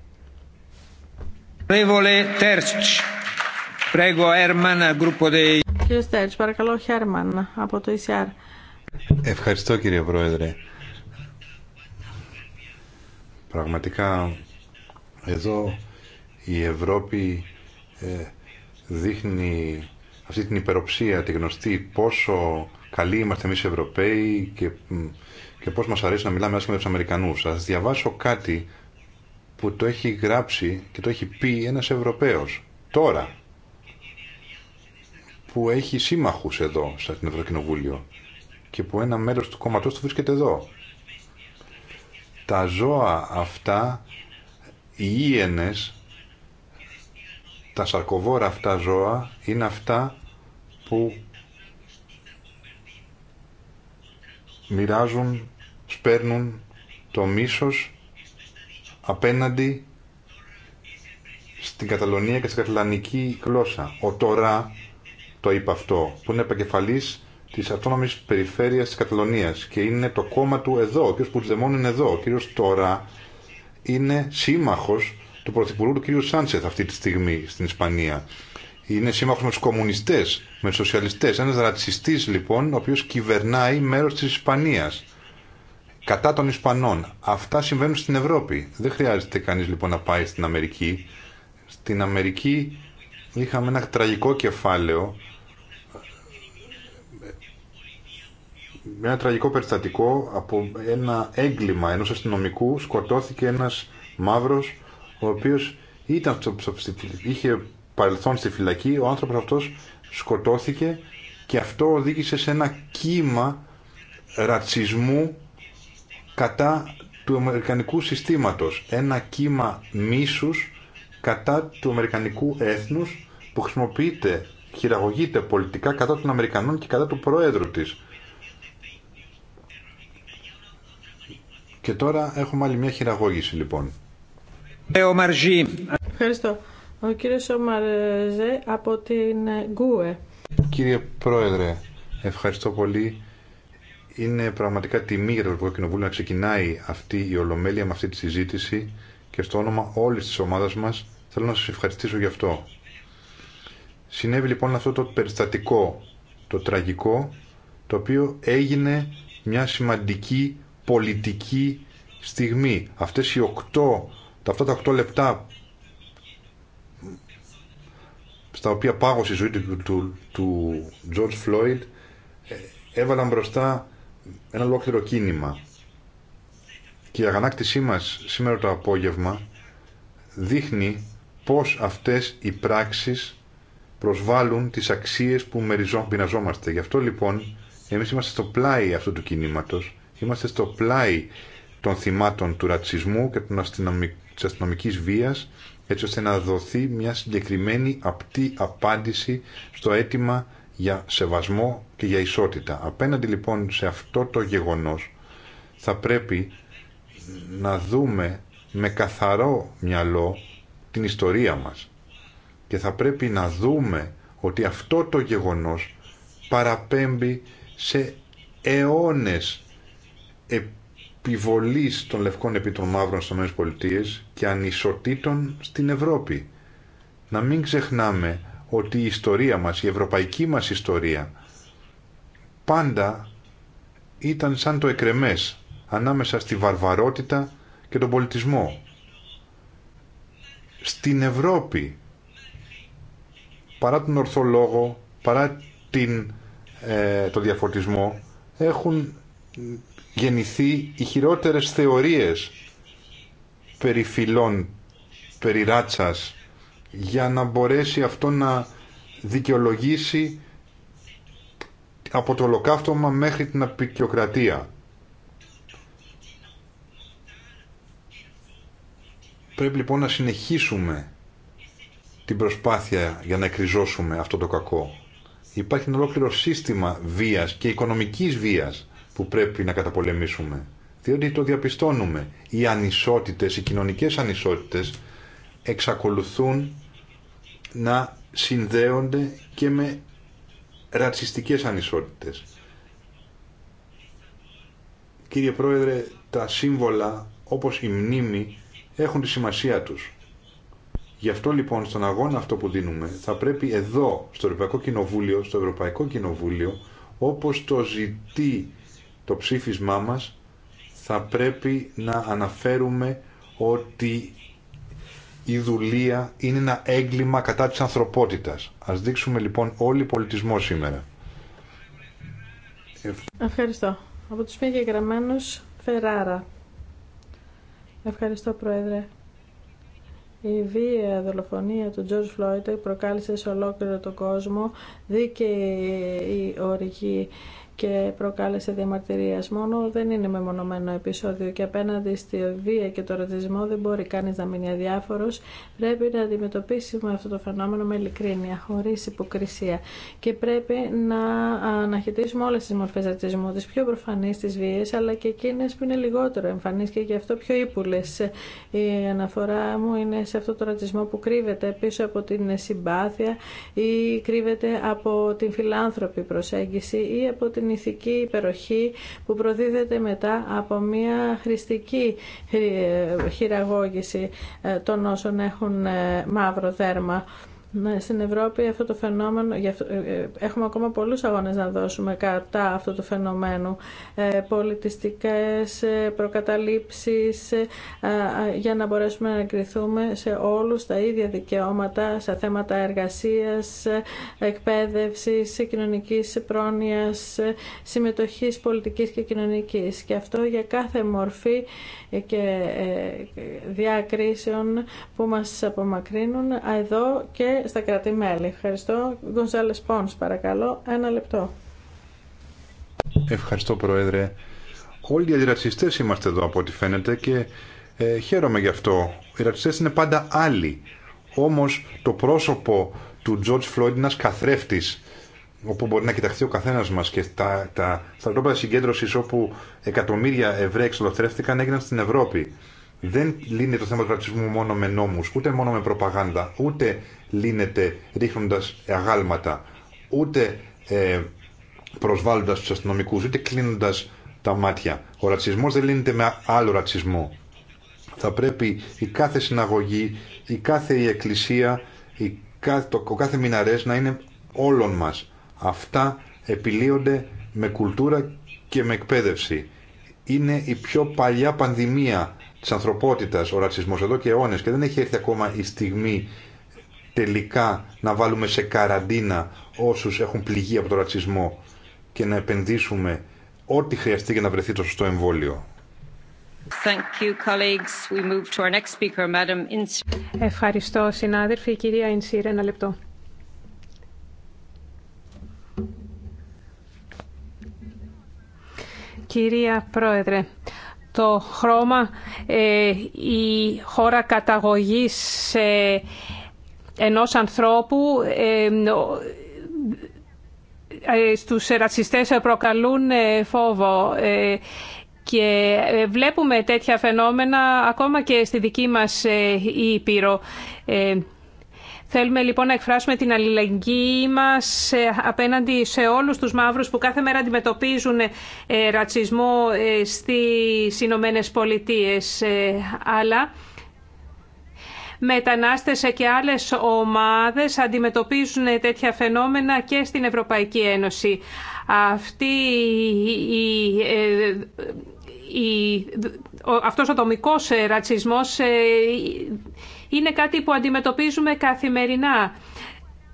παρακαλώ, Χέρμαν από το e Ευχαριστώ κύριε Πρόεδρε. Πραγματικά εδώ η Ευρώπη ε, δείχνει αυτή την υπεροψία, τη γνωστή πόσο καλοί είμαστε εμείς Ευρωπαίοι και, και πώς μας αρέσει να μιλάμε άσχημα με τους Αμερικανούς. Θα διαβάσω κάτι που το έχει γράψει και το έχει πει ένας Ευρωπαίος τώρα που έχει σύμμαχους εδώ στην Ευρωκοινοβούλιο και που ένα μέλος του κόμματός του βρίσκεται εδώ τα ζώα αυτά, οι ίενες, τα σαρκοβόρα αυτά ζώα είναι αυτά που μοιράζουν, σπέρνουν το μίσος απέναντι στην Καταλωνία και στην καταλανική γλώσσα. Ο Τωρά το είπε αυτό, που είναι επικεφαλής Τη αυτόνομη περιφέρεια τη Καταλωνία και είναι το κόμμα του εδώ, ο κ. Πουτζεμόν είναι εδώ, ο κ. Τώρα είναι σύμμαχος του Πρωθυπουργού του κ. Σάντσεθ αυτή τη στιγμή στην Ισπανία. Είναι σύμμαχος με του κομμουνιστές, με τους σοσιαλιστές, ένας ρατσιστής λοιπόν, ο οποίο κυβερνάει μέρο τη Ισπανία, κατά των Ισπανών. Αυτά συμβαίνουν στην Ευρώπη. Δεν χρειάζεται κανεί λοιπόν να πάει στην Αμερική. Στην Αμερική είχαμε ένα τραγικό κεφάλαιο με ένα τραγικό περιστατικό από ένα έγκλημα ενός αστυνομικού σκοτώθηκε ένας μαύρος ο οποίος ήταν, είχε παρελθόν στη φυλακή, ο άνθρωπος αυτός σκοτώθηκε και αυτό οδήγησε σε ένα κύμα ρατσισμού κατά του Αμερικανικού συστήματος. Ένα κύμα μίσους κατά του Αμερικανικού έθνους που χρησιμοποιείται, χειραγωγείται πολιτικά κατά των Αμερικανών και κατά του Προέδρου της. Και τώρα έχουμε άλλη μια χειραγώγηση λοιπόν. Ε, ευχαριστώ. Ο κύριος Ομαρζέ από την ε, Γκούε. Κύριε Πρόεδρε, ευχαριστώ πολύ. Είναι πραγματικά τιμή για το Ευρωπαϊκό Κοινοβούλιο να ξεκινάει αυτή η ολομέλεια με αυτή τη συζήτηση και στο όνομα όλη τη ομάδας μας θέλω να σα ευχαριστήσω γι' αυτό. Συνέβη λοιπόν αυτό το περιστατικό, το τραγικό, το οποίο έγινε μια σημαντική πολιτική στιγμή. Αυτές οι οκτώ, τα αυτά τα οκτώ λεπτά στα οποία πάγωσε η ζωή του, του, του George Floyd ε, έβαλαν μπροστά ένα ολόκληρο κίνημα. Και η αγανάκτησή μας σήμερα το απόγευμα δείχνει πώς αυτές οι πράξεις προσβάλλουν τις αξίες που μεριζόμαστε. Γι' αυτό λοιπόν εμείς είμαστε στο πλάι αυτού του κινήματος Είμαστε στο πλάι των θυμάτων του ρατσισμού και τη αστυνομική βία έτσι ώστε να δοθεί μια συγκεκριμένη απτή απάντηση στο αίτημα για σεβασμό και για ισότητα. Απέναντι λοιπόν σε αυτό το γεγονός θα πρέπει να δούμε με καθαρό μυαλό την ιστορία μας και θα πρέπει να δούμε ότι αυτό το γεγονός παραπέμπει σε αιώνες επιβολής των λευκών επί των μαύρων στις ΗΠΑ και ανισοτήτων στην Ευρώπη. Να μην ξεχνάμε ότι η ιστορία μας, η ευρωπαϊκή μας ιστορία, πάντα ήταν σαν το εκρεμές ανάμεσα στη βαρβαρότητα και τον πολιτισμό. Στην Ευρώπη, παρά τον ορθολόγο, παρά την, ε, το διαφωτισμό, έχουν γεννηθεί οι χειρότερες θεωρίες περί φυλών, περί ράτσας, για να μπορέσει αυτό να δικαιολογήσει από το ολοκαύτωμα μέχρι την απεικιοκρατία. Πρέπει λοιπόν να συνεχίσουμε την προσπάθεια για να εκριζώσουμε αυτό το κακό. Υπάρχει ένα ολόκληρο σύστημα βίας και οικονομικής βίας που πρέπει να καταπολεμήσουμε. Διότι το διαπιστώνουμε. Οι ανισότητες, οι κοινωνικές ανισότητες εξακολουθούν να συνδέονται και με ρατσιστικές ανισότητες. Κύριε Πρόεδρε, τα σύμβολα όπως η μνήμη έχουν τη σημασία τους. Γι' αυτό λοιπόν στον αγώνα αυτό που δίνουμε θα πρέπει εδώ στο Ευρωπαϊκό Κοινοβούλιο, στο Ευρωπαϊκό Κοινοβούλιο όπως το ζητεί το ψήφισμά μας θα πρέπει να αναφέρουμε ότι η δουλεία είναι ένα έγκλημα κατά της ανθρωπότητας. Ας δείξουμε λοιπόν όλοι πολιτισμό σήμερα. Ευχαριστώ. Από τους πήγε γραμμένους Φεράρα. Ευχαριστώ Πρόεδρε. Η βία δολοφονία του George Floyd προκάλεσε σε ολόκληρο το κόσμο δίκαιη η και προκάλεσε διαμαρτυρία. Μόνο δεν είναι μεμονωμένο επεισόδιο και απέναντι στη βία και το ρατσισμό δεν μπορεί κανεί να μείνει αδιάφορο. Πρέπει να αντιμετωπίσουμε αυτό το φαινόμενο με ειλικρίνεια, χωρί υποκρισία. Και πρέπει να αναχαιτήσουμε όλε τι μορφέ ρατσισμού, τι πιο προφανεί, τι βίε, αλλά και εκείνε που είναι λιγότερο εμφανεί και γι' αυτό πιο ύπουλε. Η αναφορά μου είναι σε αυτό το ρατσισμό που κρύβεται πίσω από την συμπάθεια ή κρύβεται από την φιλάνθρωπη προσέγγιση ή από την την ηθική υπεροχή που προδίδεται μετά από μια χρηστική χειραγώγηση ε, των όσων έχουν ε, μαύρο δέρμα. Ναι, στην Ευρώπη αυτό το φαινόμενο, ε, ε, έχουμε ακόμα πολλούς αγώνες να δώσουμε κατά αυτό το φαινομένο, ε, πολιτιστικές προκαταλήψεις, για να μπορέσουμε να εγκριθούμε σε όλους τα ίδια δικαιώματα, σε θέματα εργασίας, εκπαίδευσης, κοινωνικής πρόνοιας, συμμετοχής πολιτικής και κοινωνικής. Και αυτό για κάθε μορφή και ε, διακρίσεων που μας απομακρύνουν εδώ και στα κρατημέλη. Ευχαριστώ. Γκονσάλες Πόνς, παρακαλώ. Ένα λεπτό. Ευχαριστώ, Πρόεδρε. Όλοι οι αντιρατσιστές είμαστε εδώ, από ό,τι φαίνεται, και ε, χαίρομαι γι' αυτό. Οι ρατσιστές είναι πάντα άλλοι. Όμως το πρόσωπο του George Floyd είναι ένας καθρέφτης όπου μπορεί να κοιταχθεί ο καθένα μα και τα, τα στρατόπεδα συγκέντρωση όπου εκατομμύρια Εβραίοι εξολοθρεύτηκαν έγιναν στην Ευρώπη. Δεν λύνεται το θέμα του ρατσισμού μόνο με νόμου, ούτε μόνο με προπαγάνδα, ούτε λύνεται ρίχνοντα αγάλματα, ούτε ε, προσβάλλοντα του αστυνομικού, ούτε κλείνοντα τα μάτια. Ο ρατσισμό δεν λύνεται με άλλο ρατσισμό. Θα πρέπει η κάθε συναγωγή, η κάθε η εκκλησία, η, το, ο κάθε μιναρές να είναι όλων μας Αυτά επιλύονται με κουλτούρα και με εκπαίδευση. Είναι η πιο παλιά πανδημία της ανθρωπότητας ο ρατσισμός εδώ και αιώνες και δεν έχει έρθει ακόμα η στιγμή τελικά να βάλουμε σε καραντίνα όσους έχουν πληγεί από τον ρατσισμό και να επενδύσουμε ό,τι χρειαστεί για να βρεθεί το σωστό εμβόλιο. Ευχαριστώ συνάδελφοι. κυρία Ινσίρε, ένα λεπτό. Κυρία Πρόεδρε, το χρώμα, ε, η χώρα καταγωγής ε, ενός ανθρώπου ε, στους ρατσιστές προκαλούν φόβο και βλέπουμε τέτοια φαινόμενα ακόμα και στη δική μας Ήπειρο. Θέλουμε λοιπόν να εκφράσουμε την αλληλεγγύη μας ε, απέναντι σε όλους τους μαύρους που κάθε μέρα αντιμετωπίζουν ε, ρατσισμό ε, στις Ηνωμένε Πολιτείες. Αλλά μετανάστες και άλλες ομάδες αντιμετωπίζουν τέτοια φαινόμενα και στην Ευρωπαϊκή Ένωση. Αυτή η αυτός ο δομικός ρατσισμός είναι κάτι που αντιμετωπίζουμε καθημερινά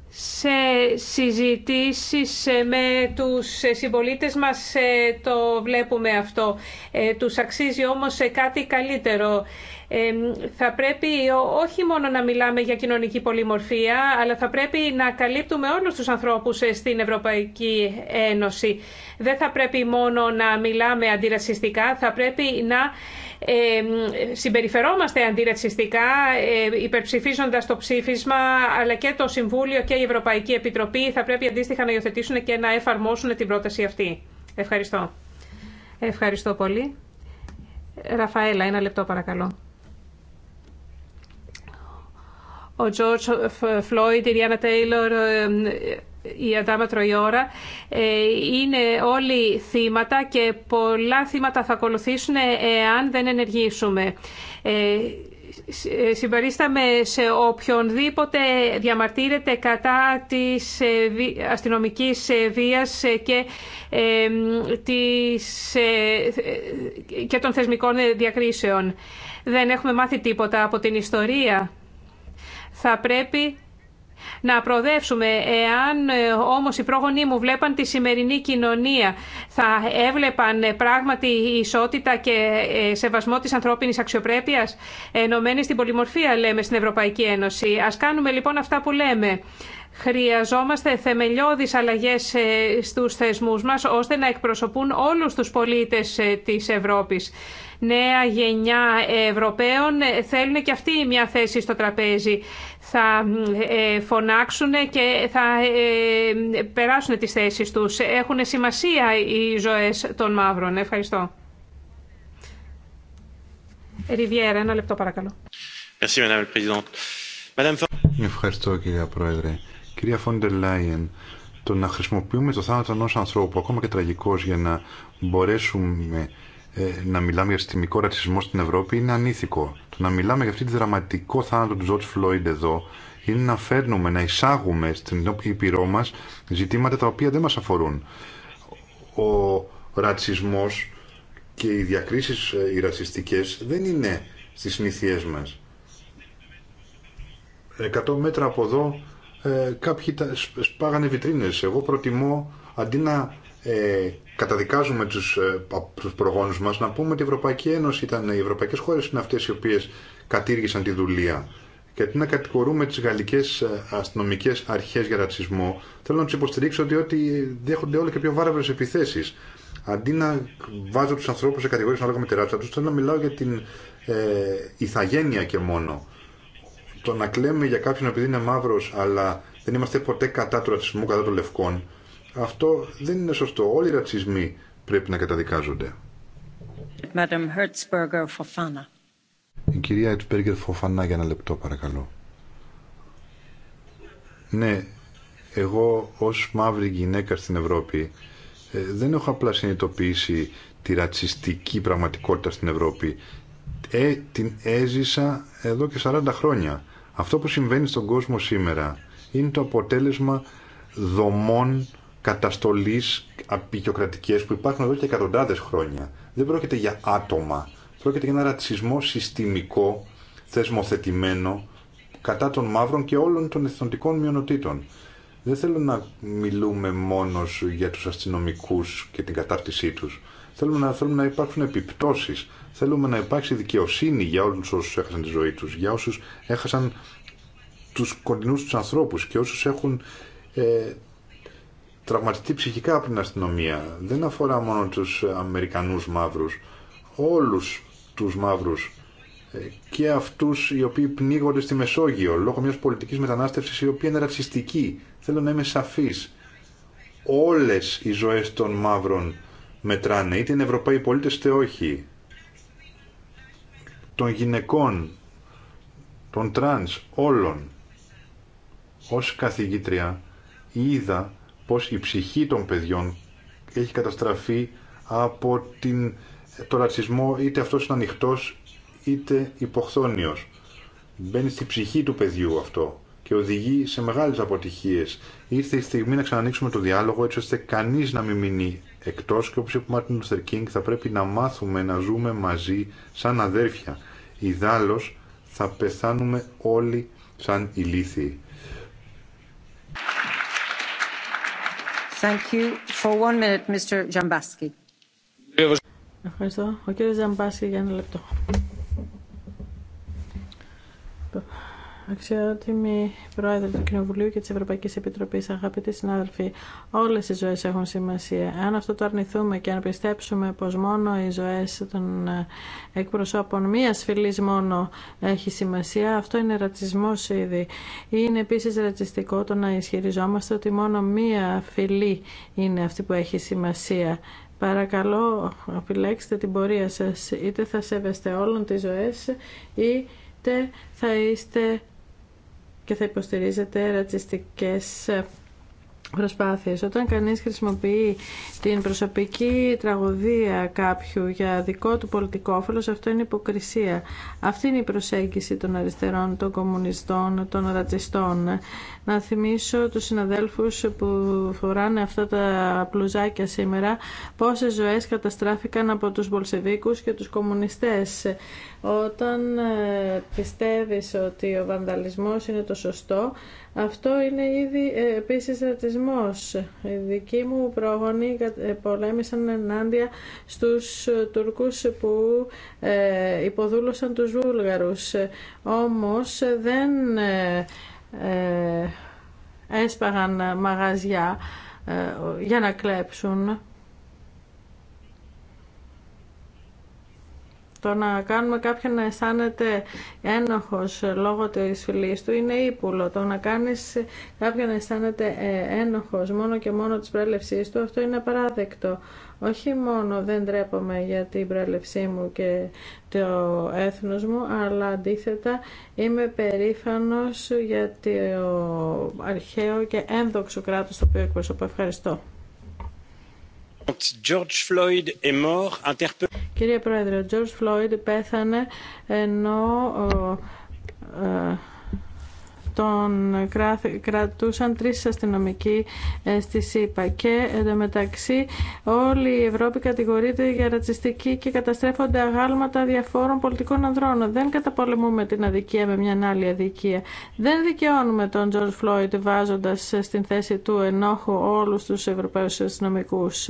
σε συζητήσεις ε, με τους ε, συμπολίτες μας ε, το βλέπουμε αυτό. Τους αξίζει όμως κάτι καλύτερο θα πρέπει όχι μόνο να μιλάμε για κοινωνική πολυμορφία, αλλά θα πρέπει να καλύπτουμε όλους τους ανθρώπους ε, στην Ευρωπαϊκή Ένωση. Δεν θα πρέπει μόνο να μιλάμε αντιρασιστικά, θα πρέπει να συμπεριφερόμαστε αντιρατσιστικά ε, υπερψηφίζοντας το ψήφισμα αλλά και το Συμβούλιο και η Ευρωπαϊκή Επιτροπή θα πρέπει αντίστοιχα να υιοθετήσουν και να εφαρμόσουν την πρόταση αυτή. Ευχαριστώ. Ευχαριστώ πολύ. Ραφαέλα, ένα λεπτό παρακαλώ. ο Τζορτζ Φλόιντ, η Ριάννα Τέιλορ, η Αντάμα Τροϊόρα ε, είναι όλοι θύματα και πολλά θύματα θα ακολουθήσουν εάν δεν ενεργήσουμε. Ε, ε, Συμπαρίσταμε σε οποιονδήποτε διαμαρτύρεται κατά της αστυνομικής βίας και, της, και των θεσμικών διακρίσεων. Δεν έχουμε μάθει τίποτα από την ιστορία. Θα πρέπει να προοδεύσουμε. Εάν ε, όμως οι πρόγονοί μου βλέπαν τη σημερινή κοινωνία, θα έβλεπαν ε, πράγματι ισότητα και ε, σεβασμό της ανθρώπινης αξιοπρέπειας, ενωμένη στην πολυμορφία λέμε στην Ευρωπαϊκή Ένωση. Ας κάνουμε λοιπόν αυτά που λέμε. Χρειαζόμαστε θεμελιώδεις αλλαγές στους θεσμούς μας, ώστε να εκπροσωπούν όλους τους πολίτες της Ευρώπης νέα γενιά Ευρωπαίων θέλουν και αυτοί μια θέση στο τραπέζι. Θα ε, φωνάξουν και θα ε, περάσουν τις θέσεις τους. Έχουν σημασία οι ζωές των μαύρων. Ευχαριστώ. Ριβιέρα, ένα λεπτό παρακαλώ. Ευχαριστώ κυρία Πρόεδρε. Κυρία Φόντερ Λάιεν, το να χρησιμοποιούμε το θάνατο ενό ανθρώπου, ακόμα και τραγικό, για να μπορέσουμε ε, να μιλάμε για συστημικό ρατσισμό στην Ευρώπη είναι ανήθικο. Το να μιλάμε για αυτή τη δραματικό θάνατο του George Floyd εδώ είναι να φέρνουμε, να εισάγουμε στην ήπειρό μα ζητήματα τα οποία δεν μα αφορούν. Ο ρατσισμό και οι διακρίσει ε, οι ρατσιστικέ δεν είναι στι συνήθειέ μα. Εκατό μέτρα από εδώ ε, κάποιοι σπάγανε βιτρίνες. Εγώ προτιμώ αντί να ε, καταδικάζουμε του ε, προγόνου προγόνους μας να πούμε ότι η Ευρωπαϊκή Ένωση ήταν, οι Ευρωπαϊκέ χώρε είναι αυτέ οι οποίε κατήργησαν τη δουλεία Γιατί να κατηγορούμε τι γαλλικέ ε, αστυνομικέ αρχέ για ρατσισμό θέλω να του υποστηρίξω ότι δέχονται όλο και πιο βάραβε επιθέσει. αντί να βάζω του ανθρώπου σε κατηγορίε ανάλογα με τη ράτσα του θέλω να μιλάω για την ε, ηθαγένεια και μόνο το να κλαίμε για κάποιον επειδή είναι μαύρο, αλλά δεν είμαστε ποτέ κατά του ρατσισμού, κατά των λευκών αυτό δεν είναι σωστό. Όλοι οι ρατσισμοί πρέπει να καταδικάζονται. Η κυρία Ετσπέργκερ Φοφανά για ένα λεπτό παρακαλώ. Ναι, εγώ ως μαύρη γυναίκα στην Ευρώπη ε, δεν έχω απλά συνειδητοποιήσει τη ρατσιστική πραγματικότητα στην Ευρώπη. Ε, την έζησα εδώ και 40 χρόνια. Αυτό που συμβαίνει στον κόσμο σήμερα είναι το αποτέλεσμα δομών Καταστολή απεικιοκρατικέ που υπάρχουν εδώ και εκατοντάδε χρόνια. Δεν πρόκειται για άτομα. Πρόκειται για ένα ρατσισμό συστημικό, θεσμοθετημένο, κατά των μαύρων και όλων των εθνοτικών μειονοτήτων. Δεν θέλω να μιλούμε μόνο για του αστυνομικού και την κατάρτισή του. Θέλουμε να, θέλουμε να υπάρξουν επιπτώσεις. Θέλουμε να υπάρξει δικαιοσύνη για όλου όσου έχασαν τη ζωή του, για όσου έχασαν του κοντινού του ανθρώπου και όσου έχουν ε, τραυματιστεί ψυχικά από την αστυνομία. Δεν αφορά μόνο τους Αμερικανούς μαύρους, όλους τους μαύρους ε, και αυτούς οι οποίοι πνίγονται στη Μεσόγειο λόγω μιας πολιτικής μετανάστευσης η οποία είναι ρατσιστική. Θέλω να είμαι σαφής. Όλες οι ζωές των μαύρων μετράνε, είτε είναι Ευρωπαίοι πολίτες είτε όχι. Των γυναικών, των τρανς, όλων. Ως καθηγήτρια είδα πως η ψυχή των παιδιών έχει καταστραφεί από την, το ρατσισμό είτε αυτός είναι ανοιχτό είτε υποχθόνιος. Μπαίνει στη ψυχή του παιδιού αυτό και οδηγεί σε μεγάλες αποτυχίες. Ήρθε η στιγμή να ξανανοίξουμε το διάλογο έτσι ώστε κανείς να μην μείνει εκτός και όπως είπε ο Μάρτιν Λουθερ Κίνγκ θα πρέπει να μάθουμε να ζούμε μαζί σαν αδέρφια. Ιδάλλως θα πεθάνουμε όλοι σαν ηλίθιοι. Ευχαριστώ. Ο κύριος Ζαμπάσκη για ένα λεπτό. Αξιότιμη πρόεδρε του Κοινοβουλίου και τη Ευρωπαϊκή Επιτροπή, αγαπητοί συνάδελφοι, όλε οι ζωέ έχουν σημασία. Αν αυτό το αρνηθούμε και αν πιστέψουμε πω μόνο οι ζωέ των ε, εκπροσώπων μία φυλή μόνο έχει σημασία, αυτό είναι ρατσισμό ήδη. Είναι επίση ρατσιστικό το να ισχυριζόμαστε ότι μόνο μία φυλή είναι αυτή που έχει σημασία. Παρακαλώ, επιλέξτε την πορεία σας. Είτε θα σέβεστε όλων τις ζωές, είτε θα είστε και θα υποστηρίζετε ρατσιστικές προσπάθειες. Όταν κανείς χρησιμοποιεί την προσωπική τραγωδία κάποιου για δικό του πολιτικό όφελος, αυτό είναι υποκρισία. Αυτή είναι η προσέγγιση των αριστερών, των κομμουνιστών, των ρατσιστών. Να θυμίσω τους συναδέλφους που φοράνε αυτά τα πλουζάκια σήμερα, πόσες ζωές καταστράφηκαν από τους Μπολσεβίκους και τους κομμουνιστές. Όταν ε, πιστεύεις ότι ο βανδαλισμός είναι το σωστό, αυτό είναι ήδη ε, επίση ρατισμός. Οι δικοί μου πρόγονοι ε, πολέμησαν ενάντια στους ε, Τουρκούς που υποδούλωσαν τους Βούλγαρους. Όμως δεν έσπαγαν μαγαζιά για να κλέψουν Το να κάνουμε κάποιον να αισθάνεται ένοχος λόγω της φυλής του είναι ύπουλο. Το να κάνεις κάποιον να αισθάνεται ε, ένοχος μόνο και μόνο της πρέλευσής του, αυτό είναι απαράδεκτο. Όχι μόνο δεν τρέπομαι για την πρέλευσή μου και το έθνος μου, αλλά αντίθετα είμαι περήφανος για το αρχαίο και ένδοξο κράτος το οποίο εκπροσωπώ. Ευχαριστώ. Κύριε Πρόεδρε, ο Τζορτζ Φλόιντ πέθανε ενώ ε, τον κρατούσαν τρεις αστυνομικοί ε, στη ΣΥΠΑ και μεταξύ όλη η Ευρώπη κατηγορείται για ρατσιστική και καταστρέφονται αγάλματα διαφόρων πολιτικών ανδρών. Δεν καταπολεμούμε την αδικία με μια άλλη αδικία. Δεν δικαιώνουμε τον Τζορτ Φλόιτ βάζοντας στην θέση του ενόχου όλους τους Ευρωπαίους αστυνομικούς.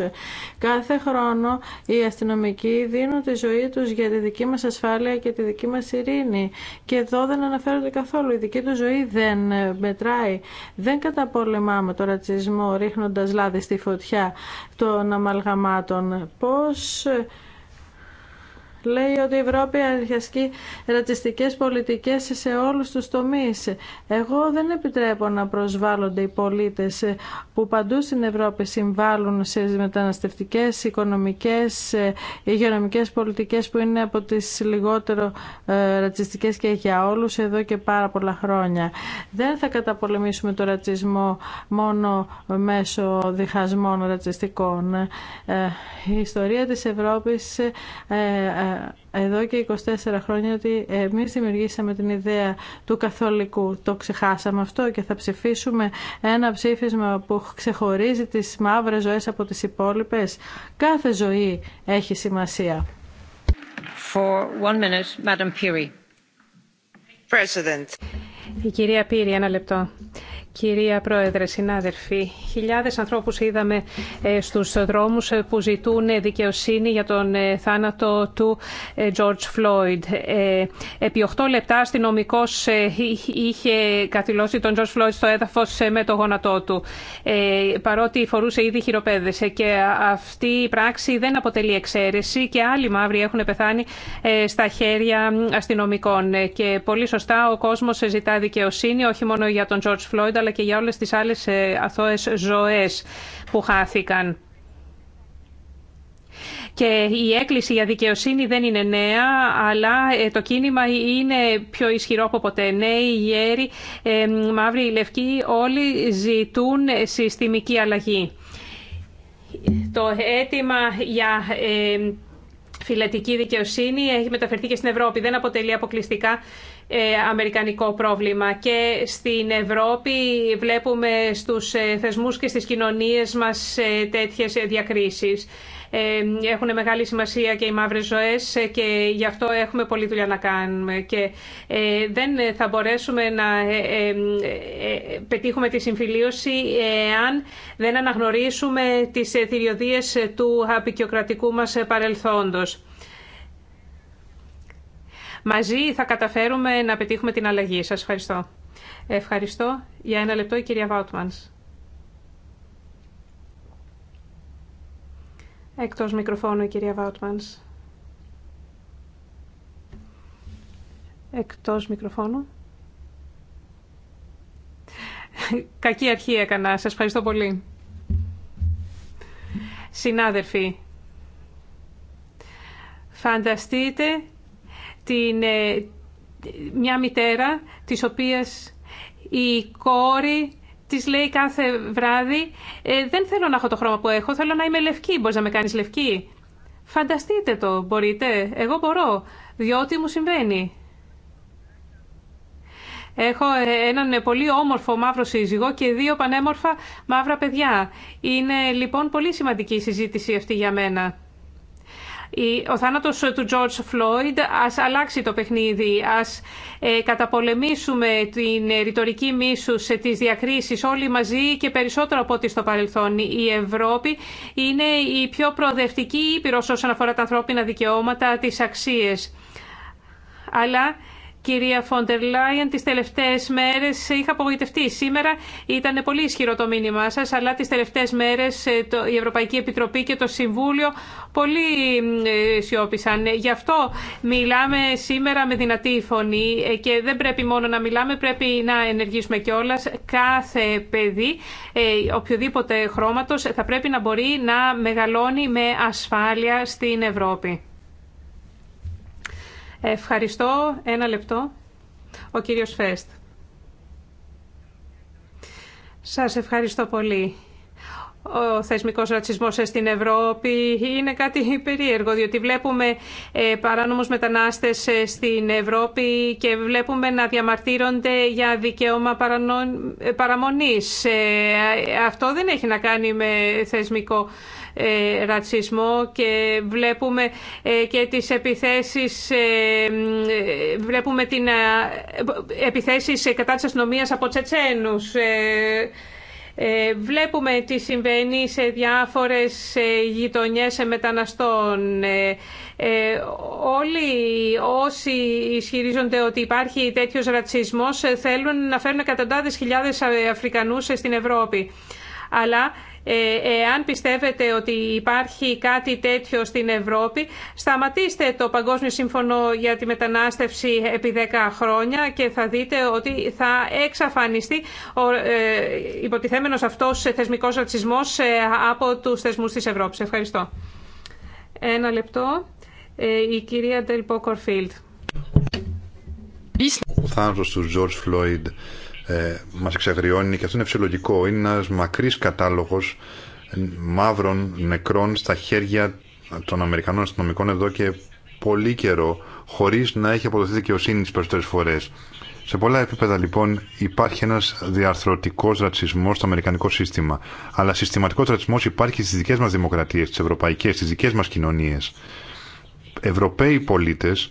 Κάθε χρόνο οι αστυνομικοί δίνουν τη ζωή τους για τη δική μας ασφάλεια και τη δική μας ειρήνη και εδώ δεν αναφέρονται καθόλου. Η δική του ζωή δεν ε, μετράει. Δεν καταπολεμάμε το ρατσισμό ρίχνοντας λάδι στη φωτιά των αμαλγαμάτων. Πώς ε, Λέει ότι η Ευρώπη αρχιασκεί ρατσιστικέ πολιτικέ σε όλους του τομεί. Εγώ δεν επιτρέπω να προσβάλλονται οι πολίτε που παντού στην Ευρώπη συμβάλλουν σε μεταναστευτικέ, οικονομικές, ε, υγειονομικέ πολιτικέ που είναι από τι λιγότερο ε, ρατσιστικέ και για όλου εδώ και πάρα πολλά χρόνια. Δεν θα καταπολεμήσουμε το ρατσισμό μόνο μέσω διχασμών ρατσιστικών. Ε, η ιστορία της Ευρώπης εδώ και 24 χρόνια ότι εμείς δημιουργήσαμε την ιδέα του καθολικού. Το ξεχάσαμε αυτό και θα ψηφίσουμε ένα ψήφισμα που ξεχωρίζει τις μαύρες ζωές από τις υπόλοιπες. Κάθε ζωή έχει σημασία. For one minute, Madam Piri. President. Η κυρία Πύρη, ένα λεπτό. Κυρία Πρόεδρε, συνάδελφοι, χιλιάδες ανθρώπους είδαμε ε, στους δρόμους ε, που ζητούν ε, δικαιοσύνη για τον θάνατο του George Floyd. Επί 8 λεπτά αστυνομικός είχε καθυλώσει τον George Floyd στο έδαφος με το γόνατό του, παρότι φορούσε ήδη χειροπέδες. Και αυτή η πράξη δεν αποτελεί εξαίρεση και άλλοι μαύροι έχουν πεθάνει στα χέρια αστυνομικών. Και πολύ σωστά ο κόσμος ζητά δικαιοσύνη, όχι μόνο για τον George Floyd, αλλά και για όλες τις άλλες ε, αθώες ζωές που χάθηκαν. Και η έκκληση για δικαιοσύνη δεν είναι νέα, αλλά ε, το κίνημα είναι πιο ισχυρό από ποτέ. Νέοι, γέροι, ε, μαύροι, λευκοί, όλοι ζητούν συστημική αλλαγή. Το αίτημα για φυλετική δικαιοσύνη έχει μεταφερθεί και στην Ευρώπη. Δεν αποτελεί αποκλειστικά ε, αμερικανικό πρόβλημα. Και στην Ευρώπη βλέπουμε στους ε, θεσμούς και στις κοινωνίες μας ε, τέτοιες διακρίσεις. Ε, έχουν μεγάλη σημασία και οι μαύρες ζωές ε, και γι' αυτό έχουμε πολλή δουλειά να κάνουμε και ε, δεν θα μπορέσουμε να πετύχουμε τη συμφιλίωση εάν δεν αναγνωρίσουμε τις θηριωδίες του απεικιοκρατικού μας παρελθόντος. Μαζί θα καταφέρουμε να πετύχουμε την αλλαγή. Σας ευχαριστώ. Ευχαριστώ. Για ένα λεπτό η κυρία Βάουτμανς. Εκτός μικροφώνου η κυρία Βάουτμανς. Εκτός μικροφώνου. Κακή αρχή έκανα. Σας ευχαριστώ πολύ. Συνάδελφοι, φανταστείτε την, ε, μια μητέρα της οποίας η κόρη Τη λέει κάθε βράδυ ε, «Δεν θέλω να έχω το χρώμα που έχω, θέλω να είμαι λευκή, μπορεί να με κάνεις λευκή». Φανταστείτε το, μπορείτε, εγώ μπορώ, διότι μου συμβαίνει. Έχω ε, έναν ε, πολύ όμορφο μαύρο σύζυγο και δύο πανέμορφα μαύρα παιδιά. Είναι λοιπόν πολύ σημαντική η συζήτηση αυτή για μένα. Ο θάνατος ε, του George Floyd ας αλλάξει το παιχνίδι, ας ε, καταπολεμήσουμε την ε, ρητορική μίσους της διακρίσεις όλοι μαζί και περισσότερο από ό,τι στο παρελθόν. Η Ευρώπη είναι η πιο προοδευτική ήπειρος όσον αφορά τα ανθρώπινα δικαιώματα, τις αξίες. Αλλά κυρία Φόντερ Λάιεν τις τελευταίες μέρες είχα απογοητευτεί. Σήμερα ήταν πολύ ισχυρό το μήνυμά σα, αλλά τις τελευταίες μέρες ε, η Ευρωπαϊκή Επιτροπή και το Συμβούλιο πολύ ε, σιώπησαν. Γι' αυτό μιλάμε σήμερα με δυνατή φωνή ε, και δεν πρέπει μόνο να μιλάμε, πρέπει να ενεργήσουμε κιόλα. Κάθε παιδί, οποιοδήποτε χρώματο θα πρέπει να μπορεί να μεγαλώνει με ασφάλεια στην Ευρώπη. Ευχαριστώ. Ένα λεπτό. Ο κύριος Φέστ. Σας ευχαριστώ πολύ. Ο θεσμικός ρατσισμός στην Ευρώπη είναι κάτι περίεργο, διότι βλέπουμε ε, παράνομους μετανάστες ε, στην Ευρώπη και βλέπουμε να διαμαρτύρονται για δικαίωμα παραμονής. Ε, αυτό δεν έχει να κάνει με θεσμικό ε, ρατσισμό και βλέπουμε ε, και τις επιθέσεις, ε, βλέπουμε την επιθέσεις κατά της αστυνομίας από Τσετσένους. Βλέπουμε τι συμβαίνει σε διάφορες γειτονιές μεταναστών. Όλοι όσοι ισχυρίζονται ότι υπάρχει τέτοιος ρατσισμός θέλουν να φέρουν εκατοντάδες χιλιάδες Αφρικανούς στην Ευρώπη. Αλλά αν ε, πιστεύετε ότι υπάρχει κάτι τέτοιο στην Ευρώπη, σταματήστε το Παγκόσμιο Σύμφωνο για τη Μετανάστευση επί 10 χρόνια και θα δείτε ότι θα εξαφανιστεί ο ε, υποτιθέμενος αυτός θεσμικός ρατσισμός ε, από τους θεσμούς της Ευρώπης. Ευχαριστώ. Ένα λεπτό. Ε, η κυρία Ντελπό Ο θάνατος του George Floyd ε, μας εξαγριώνει και αυτό είναι φυσιολογικό. Είναι ένας μακρύς κατάλογος μαύρων νεκρών στα χέρια των Αμερικανών αστυνομικών εδώ και πολύ καιρό χωρίς να έχει αποδοθεί δικαιοσύνη τις περισσότερες φορές. Σε πολλά επίπεδα λοιπόν υπάρχει ένας διαρθρωτικός ρατσισμός στο αμερικανικό σύστημα. Αλλά συστηματικός ρατσισμός υπάρχει στις δικές μας δημοκρατίες, στις ευρωπαϊκές, στις δικές μας κοινωνίες. Ευρωπαίοι πολίτες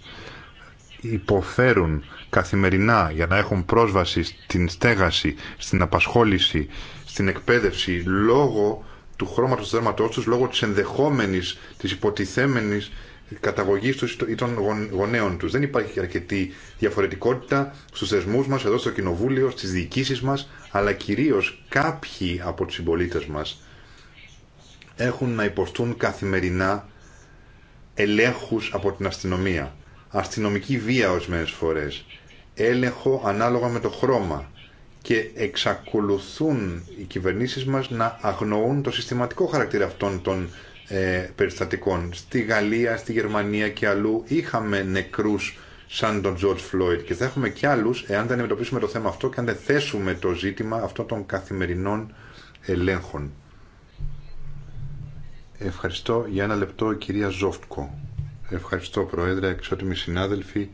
υποφέρουν καθημερινά για να έχουν πρόσβαση στην στέγαση, στην απασχόληση, στην εκπαίδευση λόγω του χρώματος του δέρματός τους, λόγω της ενδεχόμενης, της υποτιθέμενης καταγωγής τους ή των γονέων τους. Δεν υπάρχει αρκετή διαφορετικότητα στους θεσμούς μας, εδώ στο Κοινοβούλιο, στις διοικήσεις μας, αλλά κυρίως κάποιοι από τους συμπολίτε μας έχουν να υποστούν καθημερινά ελέγχους από την αστυνομία αστυνομική βία ορισμένε φορές, έλεγχο ανάλογα με το χρώμα και εξακολουθούν οι κυβερνήσεις μας να αγνοούν το συστηματικό χαρακτήρα αυτών των ε, περιστατικών. Στη Γαλλία, στη Γερμανία και αλλού είχαμε νεκρούς σαν τον George Floyd και θα έχουμε και άλλους εάν δεν αντιμετωπίσουμε το θέμα αυτό και αν δεν θέσουμε το ζήτημα αυτών των καθημερινών ελέγχων. Ευχαριστώ. Για ένα λεπτό κυρία Ζόφτκο. Ευχαριστώ Πρόεδρε, εξότιμοι συνάδελφοι.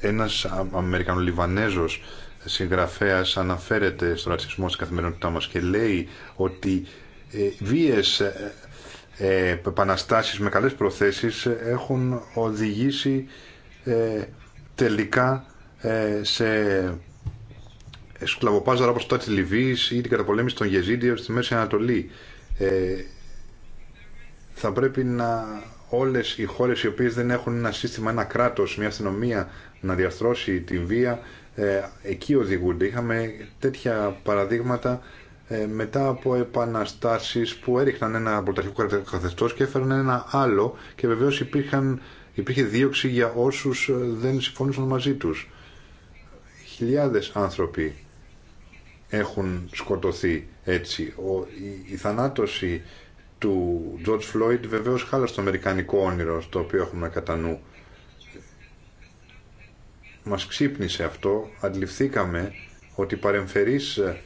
Ένας Αμερικανολιβανέζος συγγραφέας αναφέρεται στον ρατσισμό στην καθημερινότητά μας και λέει ότι ε, βίες ε, ε, επαναστάσεις με καλές προθέσεις έχουν οδηγήσει τελικά σε σκλαβοπάζαρα όπως το Τάτι Λιβύης ή την καταπολέμηση των Γεζίντιων στη Μέση Ανατολή θα πρέπει να όλες οι χώρες οι οποίες δεν έχουν ένα σύστημα, ένα κράτος, μια αστυνομία να διαστρώσει την βία, ε, εκεί οδηγούνται. Είχαμε τέτοια παραδείγματα ε, μετά από επαναστάσεις που έριχναν ένα πρωταρχικό καθεστώς και έφεραν ένα άλλο και βεβαίως υπήρχαν, υπήρχε δίωξη για όσους ε, δεν συμφωνούσαν μαζί τους. Χιλιάδες άνθρωποι έχουν σκοτωθεί έτσι. Ο, η, η θανάτωση του George Floyd βεβαίως χάλα το αμερικανικό όνειρο στο οποίο έχουμε κατά νου. Μας ξύπνησε αυτό, αντιληφθήκαμε ότι παρεμφερείς ε,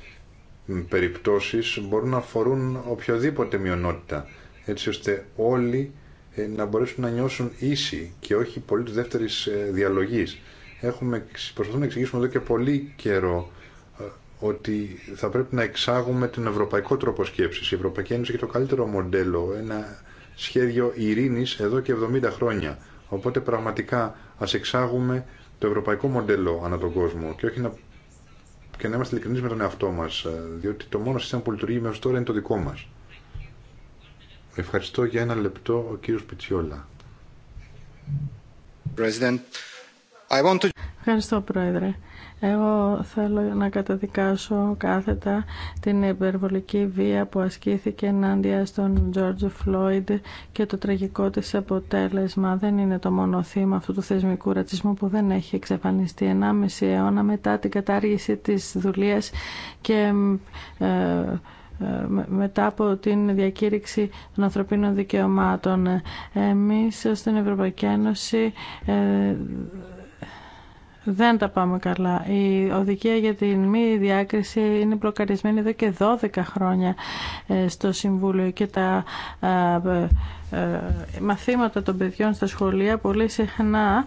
περιπτώσεις μπορούν να αφορούν οποιοδήποτε μειονότητα, έτσι ώστε όλοι ε, να μπορέσουν να νιώσουν ίση και όχι πολύ του δεύτερης ε, διαλογής. Έχουμε, προσπαθούμε να εξηγήσουμε εδώ και πολύ καιρό ότι θα πρέπει να εξάγουμε τον ευρωπαϊκό τρόπο σκέψης. Η Ευρωπαϊκή Ένωση έχει το καλύτερο μοντέλο, ένα σχέδιο ειρήνης εδώ και 70 χρόνια. Οπότε πραγματικά ας εξάγουμε το ευρωπαϊκό μοντέλο ανά τον κόσμο και όχι να και να είμαστε ειλικρινεί με τον εαυτό μα, ε, διότι το μόνο σύστημα που λειτουργεί μέχρι τώρα είναι το δικό μα. Ευχαριστώ για ένα λεπτό ο κύριο Πιτσιόλα. Ευχαριστώ, Πρόεδρε. Εγώ θέλω να καταδικάσω κάθετα την υπερβολική βία που ασκήθηκε ενάντια στον Τζόρτζο Φλόιντ και το τραγικό της αποτέλεσμα δεν είναι το μόνο θύμα αυτού του θεσμικού ρατσισμού που δεν έχει εξαφανιστεί ενάμιση αιώνα μετά την κατάργηση της δουλείας και ε, ε, μετά από την διακήρυξη των ανθρωπίνων δικαιωμάτων. Εμείς στην Ευρωπαϊκή Ένωση ε, δεν τα πάμε καλά. Η οδηγία για την μη διάκριση είναι μπλοκαρισμένη εδώ και 12 χρόνια ε, στο Συμβούλιο και τα ε, ε, μαθήματα των παιδιών στα σχολεία πολύ συχνά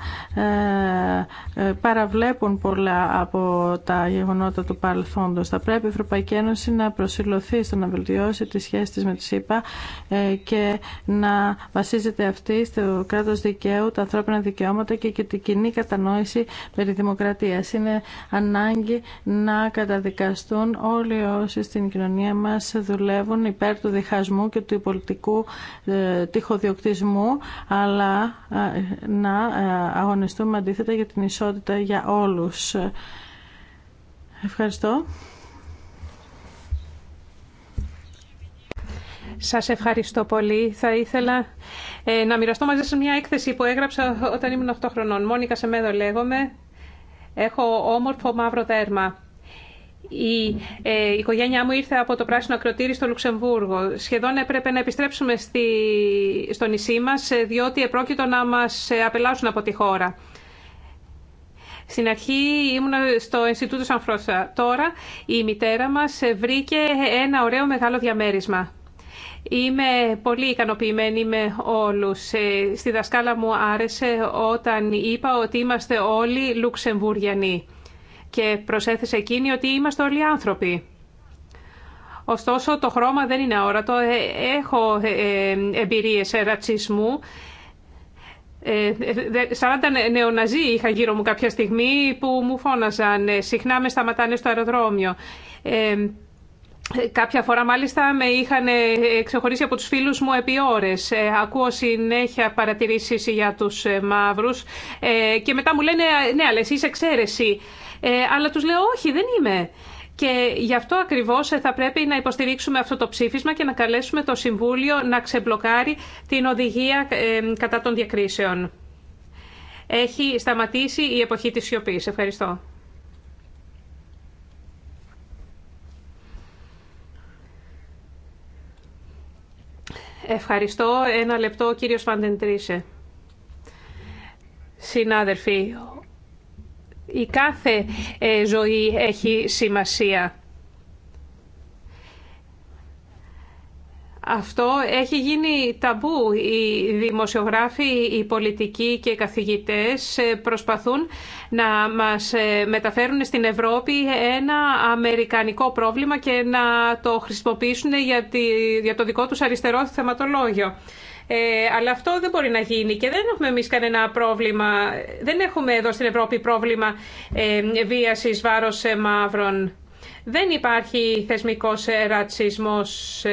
ε, ε, παραβλέπουν πολλά από τα γεγονότα του παρελθόντος. Θα πρέπει η Ευρωπαϊκή Ένωση να προσιλωθεί στο να βελτιώσει τις σχέσεις της με τη ΣΥΠΑ και να βασίζεται αυτή στο κράτος δικαίου, τα ανθρώπινα δικαιώματα και, και την κοινή κατανόηση περί δημοκρατίας. Είναι ανάγκη να καταδικαστούν όλοι όσοι στην κοινωνία μας δουλεύουν υπέρ του διχασμού και του πολιτικού τυχοδιοκτισμού, αλλά ε, να ε, αγωνιστούμε αντίθετα για την ισότητα για όλους. Ευχαριστώ. Σας ευχαριστώ πολύ. Θα ήθελα ε, να μοιραστώ μαζί σας μια έκθεση που έγραψα όταν ήμουν 8 χρονών. Μόνικα Σεμέδο λέγομαι. Έχω όμορφο μαύρο δέρμα. Ε, η οικογένειά μου ήρθε από το Πράσινο Ακροτήρι στο Λουξεμβούργο. Σχεδόν έπρεπε να επιστρέψουμε στη... στο νησί μας, ε, διότι επρόκειτο να μας ε, απελάσουν από τη χώρα. Στην αρχή ήμουν στο Ινστιτούτο Σανφρόσα. Τώρα η μητέρα μας βρήκε ένα ωραίο μεγάλο διαμέρισμα. Είμαι πολύ ικανοποιημένη με όλους. Στη δασκάλα μου άρεσε όταν είπα ότι είμαστε όλοι Λουξεμβούριανοι και προσέθεσε εκείνη ότι είμαστε όλοι άνθρωποι. Ωστόσο, το χρώμα δεν είναι αόρατο. Ε, έχω ε, ε, εμπειρίες ρατσισμού. 40 νεοναζί είχα γύρω μου κάποια στιγμή που μου φώναζαν συχνά με σταματάνε στο αεροδρόμιο. Κάποια φορά μάλιστα με είχαν ξεχωρίσει από τους φίλους μου επί ώρες. Ακούω συνέχεια παρατηρήσεις για τους μαύρους και μετά μου λένε «Ναι, αλλά εσύ είσαι εξαίρεση». Ε, αλλά τους λέω όχι, δεν είμαι. Και γι' αυτό ακριβώς ε, θα πρέπει να υποστηρίξουμε αυτό το ψήφισμα και να καλέσουμε το Συμβούλιο να ξεμπλοκάρει την οδηγία ε, κατά των διακρίσεων. Έχει σταματήσει η εποχή της σιωπή. Ευχαριστώ. Ευχαριστώ. Ένα λεπτό, κύριος Φαντεντρίσε. Συνάδελφοι, η κάθε ε, ζωή έχει σημασία. Αυτό έχει γίνει ταμπού. Οι δημοσιογράφοι, οι πολιτικοί και οι καθηγητές ε, προσπαθούν να μας ε, μεταφέρουν στην Ευρώπη ένα αμερικανικό πρόβλημα και να το χρησιμοποιήσουν για το δικό τους αριστερό θεματολόγιο. Ε, αλλά αυτό δεν μπορεί να γίνει και δεν έχουμε εμεί κανένα πρόβλημα. Δεν έχουμε εδώ στην Ευρώπη πρόβλημα ε, βίασης βάρος ε, μαύρων. Δεν υπάρχει θεσμικός ρατσισμός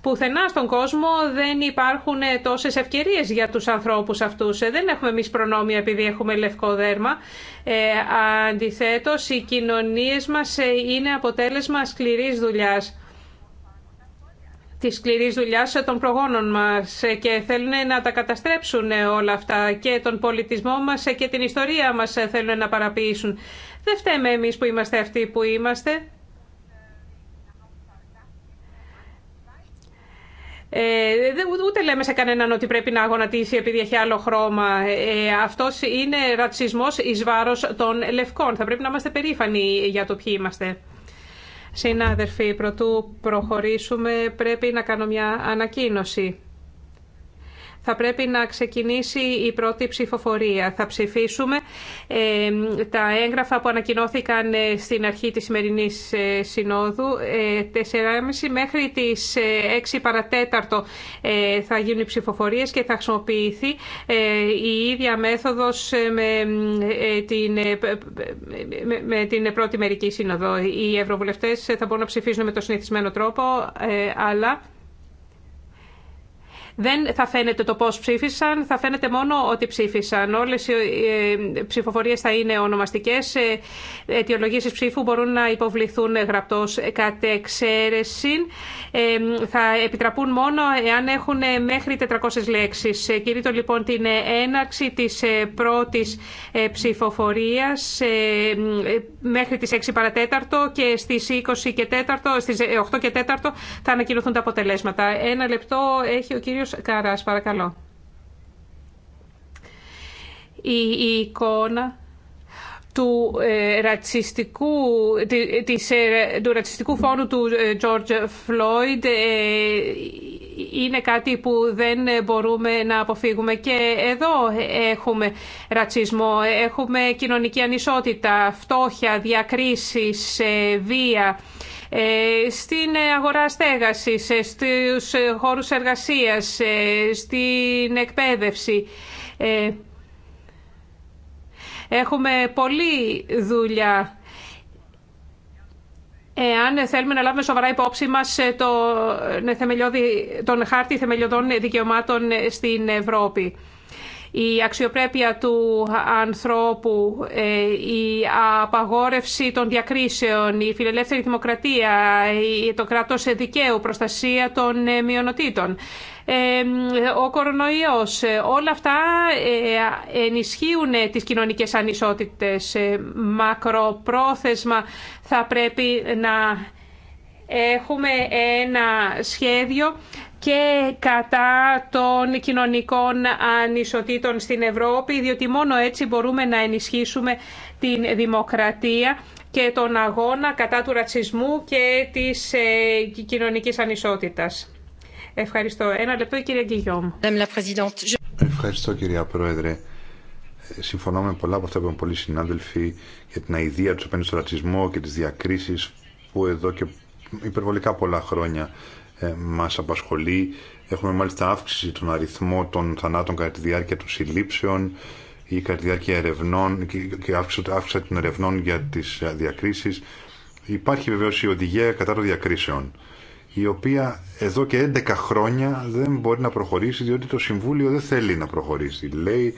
πουθενά στον κόσμο δεν υπάρχουν τόσε ευκαιρίε για του ανθρώπου αυτού. Δεν έχουμε εμεί προνόμια επειδή έχουμε λευκό δέρμα. Ε, Αντιθέτω, οι κοινωνίε μα είναι αποτέλεσμα σκληρή δουλειά. Τη σκληρή δουλειά των προγόνων μας και θέλουν να τα καταστρέψουν όλα αυτά και τον πολιτισμό μας και την ιστορία μας θέλουν να παραποιήσουν. Δεν φταίμε εμείς που είμαστε αυτοί που είμαστε. Ε, ούτε λέμε σε κανέναν ότι πρέπει να αγωνατίσει επειδή έχει άλλο χρώμα. Ε, αυτός είναι ρατσισμός ει βάρο των λευκών. Θα πρέπει να είμαστε περήφανοι για το ποιοι είμαστε. Συνάδελφοι, προτού προχωρήσουμε πρέπει να κάνω μια ανακοίνωση θα πρέπει να ξεκινήσει η πρώτη ψηφοφορία. Θα ψηφίσουμε ε, τα έγγραφα που ανακοινώθηκαν ε, στην αρχή της σημερινής ε, συνόδου. 4.30 μέχρι τις 6 παρατέταρτο θα γίνουν οι ψηφοφορίες και θα χρησιμοποιηθεί η ίδια μέθοδος με την, με την πρώτη μερική σύνοδο. Οι ευρωβουλευτές θα μπορούν να ψηφίσουν με το συνηθισμένο τρόπο, αλλά δεν θα φαίνεται το πώς ψήφισαν, θα φαίνεται μόνο ότι ψήφισαν. Όλες οι ε, ψηφοφορίες θα είναι ονομαστικές, ε, αιτιολογήσεις ψήφου μπορούν να υποβληθούν γραπτός κατ' εξαίρεση. Ε, θα επιτραπούν μόνο εάν έχουν μέχρι 400 λέξεις. Κηρύττω λοιπόν την έναρξη της πρώτης ψηφοφορίας μέχρι τις 6 παρατέταρτο και στις 20 και 4, 8 και 4 θα ανακοινωθούν τα αποτελέσματα. Ένα λεπτό έχει ο κύριος κύριος Καράς, Η, η εικόνα του, ε, ρατσιστικού, της, ε, του ρατσιστικού φόνου του ε, George Floyd ε, είναι κάτι που δεν μπορούμε να αποφύγουμε. Και εδώ έχουμε ρατσισμό, έχουμε κοινωνική ανισότητα, φτώχεια, διακρίσεις, βία. Ε, στην αγορά στέγασης, ε, στους ε, χώρους εργασίας, στην εκπαίδευση. Έχουμε πολλή δουλειά. Εάν θέλουμε να λάβουμε σοβαρά υπόψη μας το, τον χάρτη θεμελιωδών δικαιωμάτων στην Ευρώπη η αξιοπρέπεια του ανθρώπου, ε, η απαγόρευση των διακρίσεων, η φιλελεύθερη δημοκρατία, το κράτος δικαίου, προστασία των ε, μειονοτήτων, ε, ο κορονοϊός. Όλα αυτά ενισχύουν τις κοινωνικές ανισότητες. Μακροπρόθεσμα θα πρέπει να έχουμε ένα σχέδιο και κατά των κοινωνικών ανισοτήτων στην Ευρώπη, διότι μόνο έτσι μπορούμε να ενισχύσουμε την δημοκρατία και τον αγώνα κατά του ρατσισμού και της ε, κοινωνικής ανισότητας. Ευχαριστώ. Ένα λεπτό, η κυρία Γκυγιόμ. Ευχαριστώ, κυρία Πρόεδρε. Συμφωνώ με πολλά από αυτά που είπαν πολλοί συνάδελφοι για την αηδία του απέναντι στο ρατσισμό και τις διακρίσεις που εδώ και υπερβολικά πολλά χρόνια ε, μας απασχολεί. Έχουμε μάλιστα αύξηση των αριθμών των θανάτων κατά τη διάρκεια των συλλήψεων ή κατά τη διάρκεια ερευνών και αύξηση των ερευνών για τις ε, διακρίσεις. Υπάρχει βεβαίως η οδηγία κατά των διακρίσεων η οποία εδώ και 11 χρόνια δεν μπορεί να προχωρήσει διότι το Συμβούλιο δεν θέλει να προχωρήσει. Λέει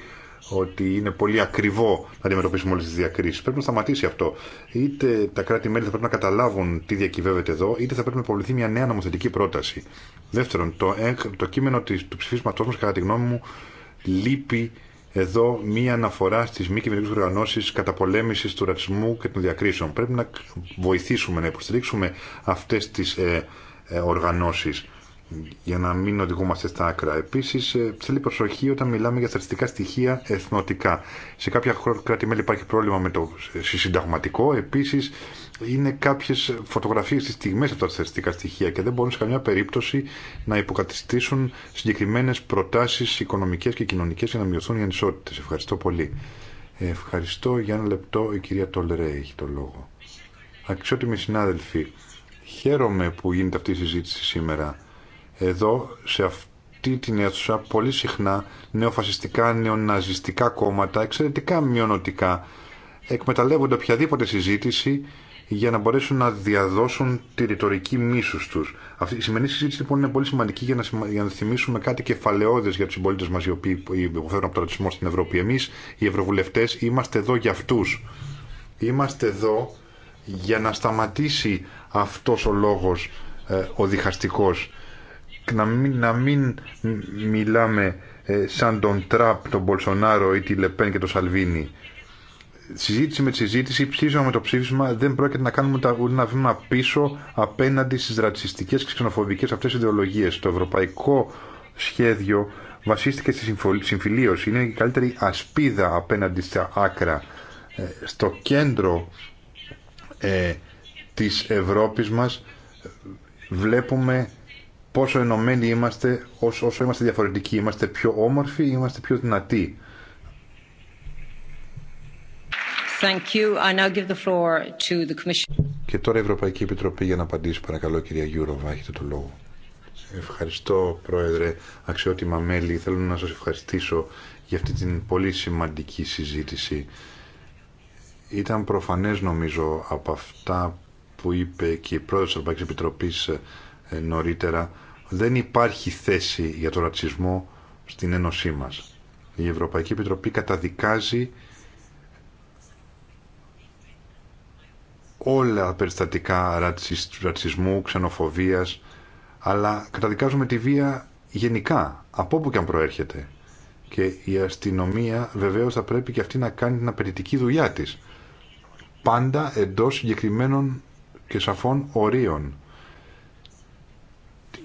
ότι είναι πολύ ακριβό να αντιμετωπίσουμε όλε τι διακρίσει. Πρέπει να σταματήσει αυτό. Είτε τα κράτη-μέλη θα πρέπει να καταλάβουν τι διακυβεύεται εδώ, είτε θα πρέπει να υποβληθεί μια νέα νομοθετική πρόταση. Δεύτερον, το, το κείμενο του ψηφίσματό μα, κατά τη γνώμη μου, λείπει εδώ μία αναφορά στι μη κυβερνητικέ οργανώσει πολέμηση του ρατσισμού και των διακρίσεων. Πρέπει να βοηθήσουμε, να υποστηρίξουμε αυτέ τι ε, ε οργανώσει για να μην οδηγούμαστε στα άκρα. Επίση, θέλει ε, προσοχή όταν μιλάμε για στατιστικά στοιχεία εθνοτικά. Σε κάποια κράτη-μέλη υπάρχει πρόβλημα με το ε, συνταγματικό. Επίση, είναι κάποιε φωτογραφίε στι στιγμέ από τα στατιστικά στοιχεία και δεν μπορούν σε καμιά περίπτωση να υποκατηστήσουν συγκεκριμένε προτάσει οικονομικέ και κοινωνικέ για να μειωθούν οι ανισότητε. Ευχαριστώ πολύ. Ευχαριστώ. Για ένα λεπτό η κυρία Τόλερε έχει το λόγο. Αξιότιμοι συνάδελφοι, χαίρομαι που γίνεται αυτή η συζήτηση σήμερα εδώ, σε αυτή την αίθουσα, πολύ συχνά νεοφασιστικά, νεοναζιστικά κόμματα, εξαιρετικά μειονοτικά, εκμεταλλεύονται οποιαδήποτε συζήτηση για να μπορέσουν να διαδώσουν τη ρητορική μίσου του. η σημερινή συζήτηση λοιπόν είναι πολύ σημαντική για να, για να θυμίσουμε κάτι κεφαλαιώδε για του συμπολίτε μα οι οποίοι υποφέρουν από το ρατσισμό στην Ευρώπη. Εμεί, οι Ευρωβουλευτέ, είμαστε εδώ για αυτού. Είμαστε εδώ για να σταματήσει αυτό ο λόγο ε, ο διχαστικός να μην, μιλάμε ε, σαν τον Τραπ, τον Μπολσονάρο ή τη Λεπέν και τον Σαλβίνη. Συζήτηση με τη συζήτηση, ψήφισμα με το ψήφισμα, δεν πρόκειται να κάνουμε τα, ένα βήμα πίσω απέναντι στις ρατσιστικέ και ξενοφοβικέ αυτές ιδεολογίε. Το ευρωπαϊκό σχέδιο βασίστηκε στη συμφιλίωση. Είναι η καλύτερη ασπίδα απέναντι στα άκρα. Ε, στο κέντρο ε, της Ευρώπης μας ε, βλέπουμε πόσο ενωμένοι είμαστε, όσο, όσο είμαστε διαφορετικοί. Είμαστε πιο όμορφοι ή είμαστε πιο δυνατοί. Thank you. I now give the floor to the Commission. Και τώρα η Ευρωπαϊκή Επιτροπή για να απαντήσει, παρακαλώ κυρία Γιούροβα, έχετε το λόγο. Ευχαριστώ Πρόεδρε, αξιότιμα μέλη. Θέλω να σας ευχαριστήσω για αυτή την πολύ σημαντική συζήτηση. Ήταν προφανές νομίζω από αυτά που είπε και η πρόεδρος της Ευρωπαϊκής Επιτροπής ε, νωρίτερα δεν υπάρχει θέση για τον ρατσισμό στην Ένωσή μας. Η Ευρωπαϊκή Επιτροπή καταδικάζει όλα τα περιστατικά ρατσισμού, ξενοφοβίας, αλλά καταδικάζουμε τη βία γενικά, από όπου και αν προέρχεται. Και η αστυνομία βεβαίως θα πρέπει και αυτή να κάνει την απαιτητική δουλειά της. Πάντα εντός συγκεκριμένων και σαφών ορίων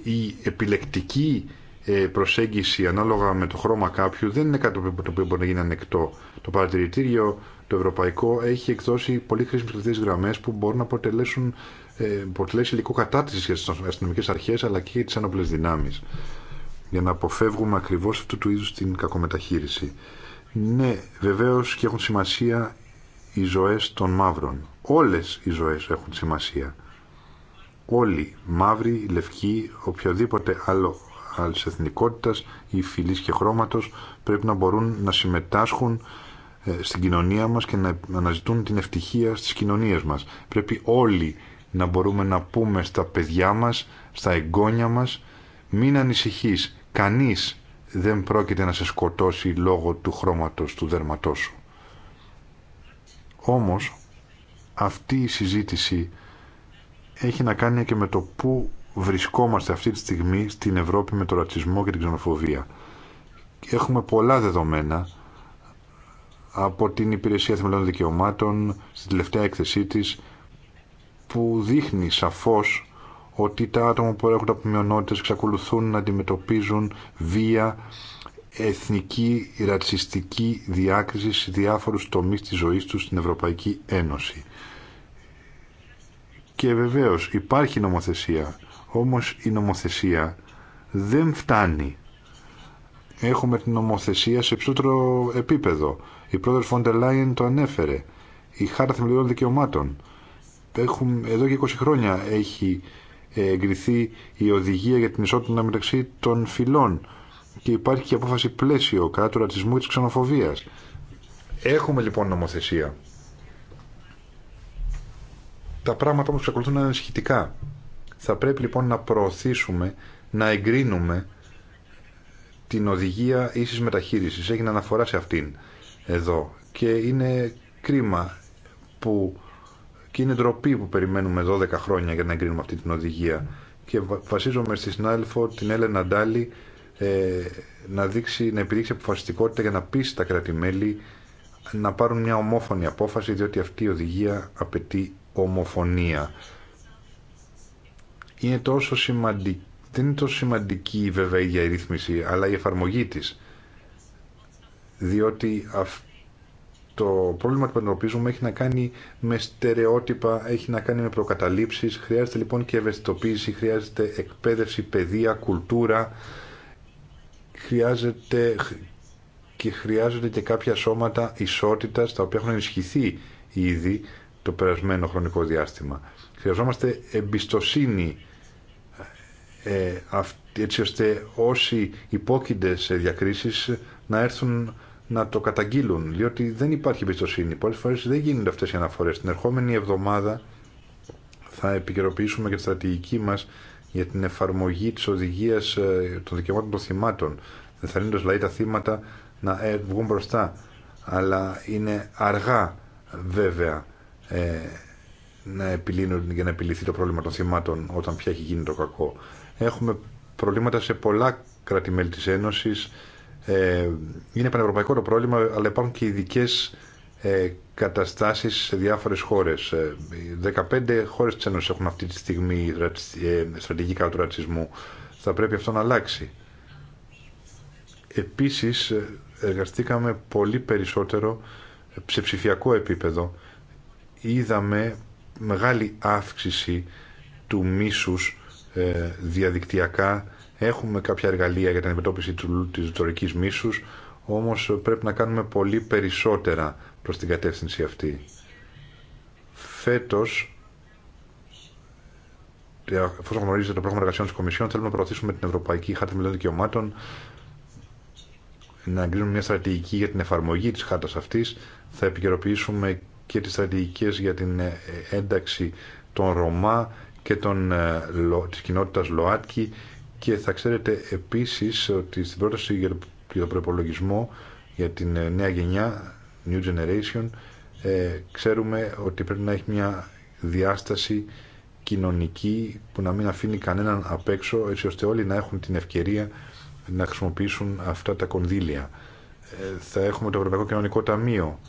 η επιλεκτική ε, προσέγγιση ανάλογα με το χρώμα κάποιου δεν είναι κάτι το οποίο μπορεί να γίνει ανεκτό. Το παρατηρητήριο το ευρωπαϊκό έχει εκδώσει πολύ χρήσιμε κριτικέ γραμμέ που μπορούν να αποτελέσουν ε, αποτελέσει υλικό κατάρτιση για τι αστυνομικέ αρχέ αλλά και για τι άνοπλε δυνάμει. Για να αποφεύγουμε ακριβώ αυτού του είδου την κακομεταχείριση. Ναι, βεβαίω και έχουν σημασία οι ζωέ των μαύρων. Όλε οι ζωέ έχουν σημασία όλοι, μαύροι, λευκοί, οποιοδήποτε άλλο άλλης εθνικότητας ή φυλής και χρώματος πρέπει να μπορούν να συμμετάσχουν ε, στην κοινωνία μας και να αναζητούν την ευτυχία στις κοινωνίες μας. Πρέπει όλοι να μπορούμε να πούμε στα παιδιά μας, στα εγγόνια μας μην ανησυχείς, κανείς δεν πρόκειται να σε σκοτώσει λόγω του χρώματος του δέρματός σου. Όμως αυτή η συζήτηση έχει να κάνει και με το πού βρισκόμαστε αυτή τη στιγμή στην Ευρώπη με τον ρατσισμό και την ξενοφοβία. Έχουμε πολλά δεδομένα από την Υπηρεσία Θεμελών Δικαιωμάτων στην τελευταία έκθεσή της που δείχνει σαφώς ότι τα άτομα που έρχονται από μειονότητες εξακολουθούν να αντιμετωπίζουν βία, εθνική, ρατσιστική διάκριση σε διάφορους τομείς της ζωής τους στην Ευρωπαϊκή Ένωση. Και βεβαίως υπάρχει νομοθεσία, όμως η νομοθεσία δεν φτάνει. Έχουμε την νομοθεσία σε ψηλότερο επίπεδο. Η πρόεδρος Φόντε Λάιεν το ανέφερε. Η Χάρτα Θεμελιών Δικαιωμάτων. Έχουμε, εδώ και 20 χρόνια έχει ε, εγκριθεί η οδηγία για την ισότητα μεταξύ των φυλών και υπάρχει και απόφαση πλαίσιο κατά του ρατσισμού και της ξενοφοβίας. Έχουμε λοιπόν νομοθεσία. Τα πράγματα όμως εξακολουθούν να είναι ανησυχητικά. Θα πρέπει λοιπόν να προωθήσουμε, να εγκρίνουμε την οδηγία ίσης μεταχείρισης. Έγινε αναφορά σε αυτήν εδώ και είναι κρίμα που και είναι ντροπή που περιμένουμε 12 χρόνια για να εγκρίνουμε αυτή την οδηγία και βασίζομαι στη συνάδελφο την Έλενα Ντάλη ε, να, δείξει, να επιδείξει αποφασιστικότητα για να πείσει τα κράτη-μέλη να πάρουν μια ομόφωνη απόφαση διότι αυτή η οδηγία απαιτεί ομοφωνία. Είναι τόσο σημαντική, δεν είναι τόσο σημαντική βέβαια η διαρρύθμιση αλλά η εφαρμογή της. Διότι το πρόβλημα που αντιμετωπίζουμε έχει να κάνει με στερεότυπα, έχει να κάνει με προκαταλήψεις, χρειάζεται λοιπόν και ευαισθητοποίηση, χρειάζεται εκπαίδευση, παιδεία, κουλτούρα, χρειάζεται και χρειάζονται και κάποια σώματα ισότητας τα οποία έχουν ενισχυθεί ήδη το περασμένο χρονικό διάστημα. Χρειαζόμαστε εμπιστοσύνη ε, έτσι ώστε όσοι υπόκεινται σε διακρίσεις να έρθουν να το καταγγείλουν, διότι δεν υπάρχει εμπιστοσύνη. Πολλές φορές δεν γίνονται αυτές οι αναφορές. Την ερχόμενη εβδομάδα θα επικαιροποιήσουμε και τη στρατηγική μας για την εφαρμογή της οδηγίας ε, των δικαιωμάτων των θυμάτων. Δεν θα είναι δηλαδή τα θύματα να ε, βγουν μπροστά, αλλά είναι αργά βέβαια ε, να επιλύνουν για να επιληθεί το πρόβλημα των θυμάτων όταν πια έχει γίνει το κακό. Έχουμε προβλήματα σε πολλά κράτη-μέλη της Ένωσης. Ε, είναι πανευρωπαϊκό το πρόβλημα, αλλά υπάρχουν και ειδικέ ε, καταστάσεις σε διάφορες χώρες. 15 ε, χώρες της Ένωσης έχουν αυτή τη στιγμή ε, στρατηγική του ρατσισμού. Θα πρέπει αυτό να αλλάξει. Επίσης, ε, εργαστήκαμε πολύ περισσότερο σε ψηφιακό επίπεδο είδαμε μεγάλη αύξηση του μίσους ε, διαδικτυακά. Έχουμε κάποια εργαλεία για την αντιμετώπιση του, της ρητορικής μίσους, όμως πρέπει να κάνουμε πολύ περισσότερα προς την κατεύθυνση αυτή. Φέτος, ε, εφόσον γνωρίζετε το πρόγραμμα εργασιών της Κομισιόν, θέλουμε να προωθήσουμε την Ευρωπαϊκή Χάρτα Μελών Δικαιωμάτων, να εγκρίνουμε μια στρατηγική για την εφαρμογή της χάρτας αυτής. Θα επικαιροποιήσουμε και τις στρατηγικές για την ε, ένταξη των Ρωμά και των, ε, της κοινότητας ΛΟΑΤΚΙ και θα ξέρετε επίσης ότι στην πρόταση για τον προπολογισμό για την ε, νέα γενιά, New Generation, ξέρουμε ότι πρέπει να έχει μια διάσταση κοινωνική που να μην αφήνει κανέναν απ' έξω έτσι ώστε όλοι να έχουν την ευκαιρία να χρησιμοποιήσουν αυτά τα κονδύλια. θα έχουμε το Ευρωπαϊκό Κοινωνικό Ταμείο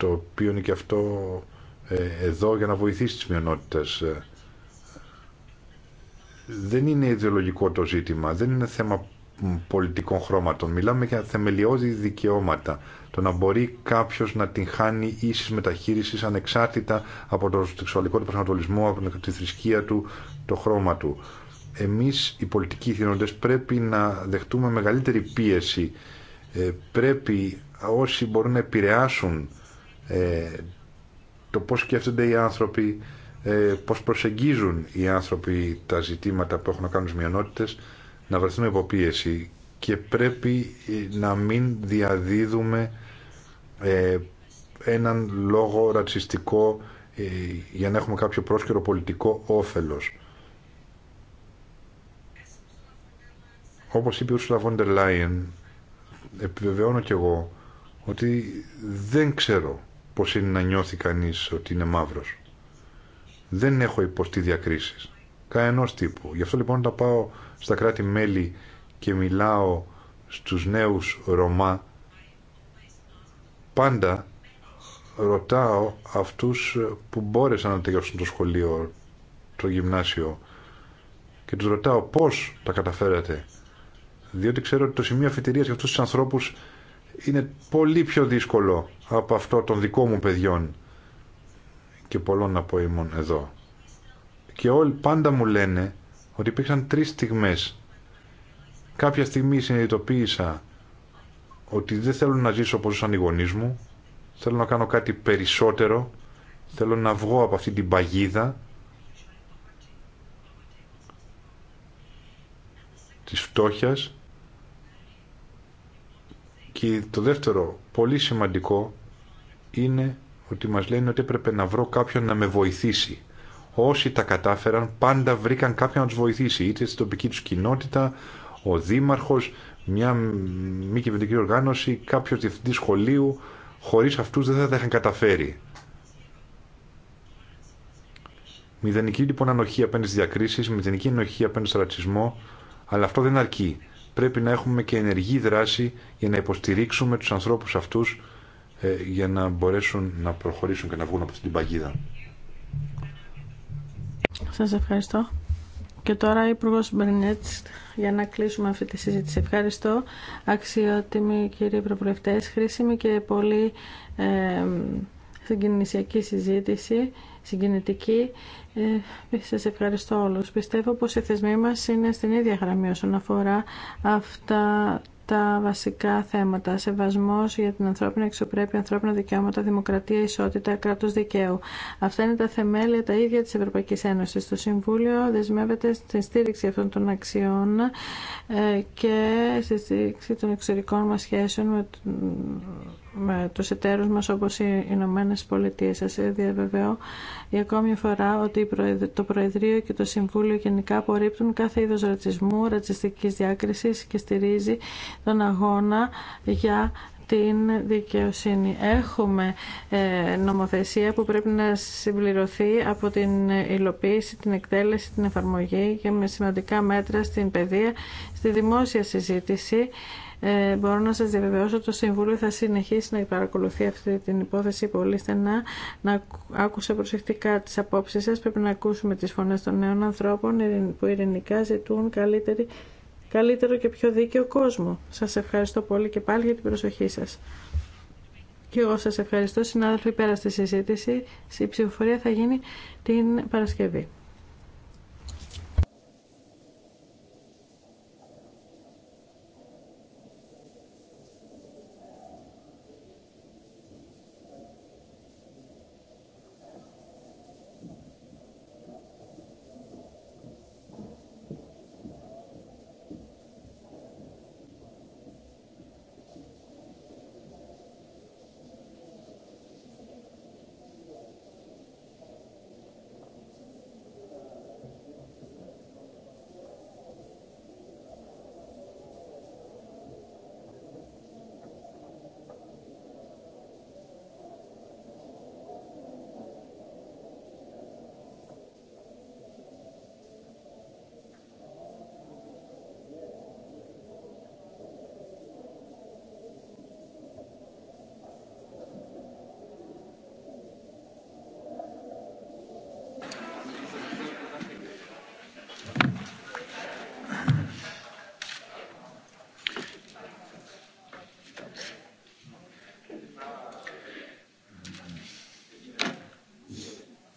το οποίο είναι και αυτό ε, εδώ για να βοηθήσει τις μειονότητες. Ε, δεν είναι ιδεολογικό το ζήτημα, δεν είναι θέμα πολιτικών χρώματων. Μιλάμε για θεμελιώδη δικαιώματα. Το να μπορεί κάποιο να την χάνει ίση μεταχείριση ανεξάρτητα από το σεξουαλικό του προσανατολισμό, από τη θρησκεία του, το χρώμα του. Εμεί οι πολιτικοί θυνοντέ πρέπει να δεχτούμε μεγαλύτερη πίεση. Ε, πρέπει όσοι μπορούν να επηρεάσουν ε, το πώς σκέφτονται οι άνθρωποι, ε, πώς προσεγγίζουν οι άνθρωποι τα ζητήματα που έχουν να κάνουν στις μειονότητες, να βρεθούν πίεση και πρέπει ε, να μην διαδίδουμε ε, έναν λόγο ρατσιστικό ε, για να έχουμε κάποιο πρόσκαιρο πολιτικό όφελος. Όπως είπε ο Σλαβόντερ Λάιεν, επιβεβαιώνω κι εγώ ότι δεν ξέρω πώς είναι να νιώθει κανείς ότι είναι μαύρος. Δεν έχω υποστεί διακρίσεις. Κανενός τύπου. Γι' αυτό λοιπόν όταν πάω στα κράτη-μέλη και μιλάω στους νέους Ρωμά, πάντα ρωτάω αυτούς που μπόρεσαν να τελειώσουν το σχολείο, το γυμνάσιο και τους ρωτάω πώς τα καταφέρατε. Διότι ξέρω ότι το σημείο αφετηρίας για αυτούς τους ανθρώπους είναι πολύ πιο δύσκολο από αυτό των δικών μου παιδιών και πολλών από εδώ. Και όλοι πάντα μου λένε ότι υπήρξαν τρεις στιγμές. Κάποια στιγμή συνειδητοποίησα ότι δεν θέλω να ζήσω όπως ζούσαν οι γονείς μου, θέλω να κάνω κάτι περισσότερο, θέλω να βγω από αυτή την παγίδα της φτώχειας και το δεύτερο, πολύ σημαντικό, είναι ότι μας λένε ότι έπρεπε να βρω κάποιον να με βοηθήσει. Όσοι τα κατάφεραν πάντα βρήκαν κάποιον να τους βοηθήσει, είτε στην τοπική τους κοινότητα, ο δήμαρχος, μια μη κυβερνητική οργάνωση, κάποιο διευθυντή σχολείου, χωρίς αυτούς δεν θα τα είχαν καταφέρει. Μηδενική λοιπόν ανοχή απέναντι στι διακρίσει, μηδενική ανοχή απέναντι στο ρατσισμό, αλλά αυτό δεν αρκεί πρέπει να έχουμε και ενεργή δράση για να υποστηρίξουμε τους ανθρώπους αυτούς ε, για να μπορέσουν να προχωρήσουν και να βγουν από την παγίδα. Σας ευχαριστώ. Και τώρα ο Υπουργός Μπερνέτς για να κλείσουμε αυτή τη συζήτηση. Ευχαριστώ αξιότιμοι κύριοι Ευρωβουλευτές, χρήσιμη και πολύ ε, συγκινησιακή συζήτηση, συγκινητική. Ε, ναι, Σα ευχαριστώ όλους. Πιστεύω πως οι θεσμοί μας είναι στην ίδια γραμμή όσον αφορά αυτά τα βασικά θέματα. Σεβασμό για την ανθρώπινη αξιοπρέπεια, ανθρώπινα δικαιώματα, δημοκρατία, ισότητα, κράτο δικαίου. Αυτά είναι τα θεμέλια τα ίδια τη Ευρωπαϊκή Ένωση. Το Συμβούλιο δεσμεύεται στη στήριξη αυτών των αξιών ε, και στη στήριξη των εξωτερικών μα σχέσεων με με τους εταίρους μας όπως οι Ηνωμένε Πολιτείες. Σας διαβεβαιώ για ακόμη φορά ότι το Προεδρείο και το Συμβούλιο γενικά απορρίπτουν κάθε είδος ρατσισμού, ρατσιστικής διάκρισης και στηρίζει τον αγώνα για την δικαιοσύνη. Έχουμε ε, νομοθεσία που πρέπει να συμπληρωθεί από την υλοποίηση, την εκτέλεση, την εφαρμογή και με σημαντικά μέτρα στην παιδεία, στη δημόσια συζήτηση ε, μπορώ να σας διαβεβαιώσω ότι το Συμβούλιο θα συνεχίσει να παρακολουθεί αυτή την υπόθεση πολύ στενά, να άκουσα προσεκτικά τις απόψεις σας. Πρέπει να ακούσουμε τις φωνές των νέων ανθρώπων που ειρηνικά ζητούν καλύτερη, καλύτερο και πιο δίκαιο κόσμο. Σας ευχαριστώ πολύ και πάλι για την προσοχή σας. Και εγώ σας ευχαριστώ συνάδελφοι πέρα στη συζήτηση. Η ψηφοφορία θα γίνει την Παρασκευή.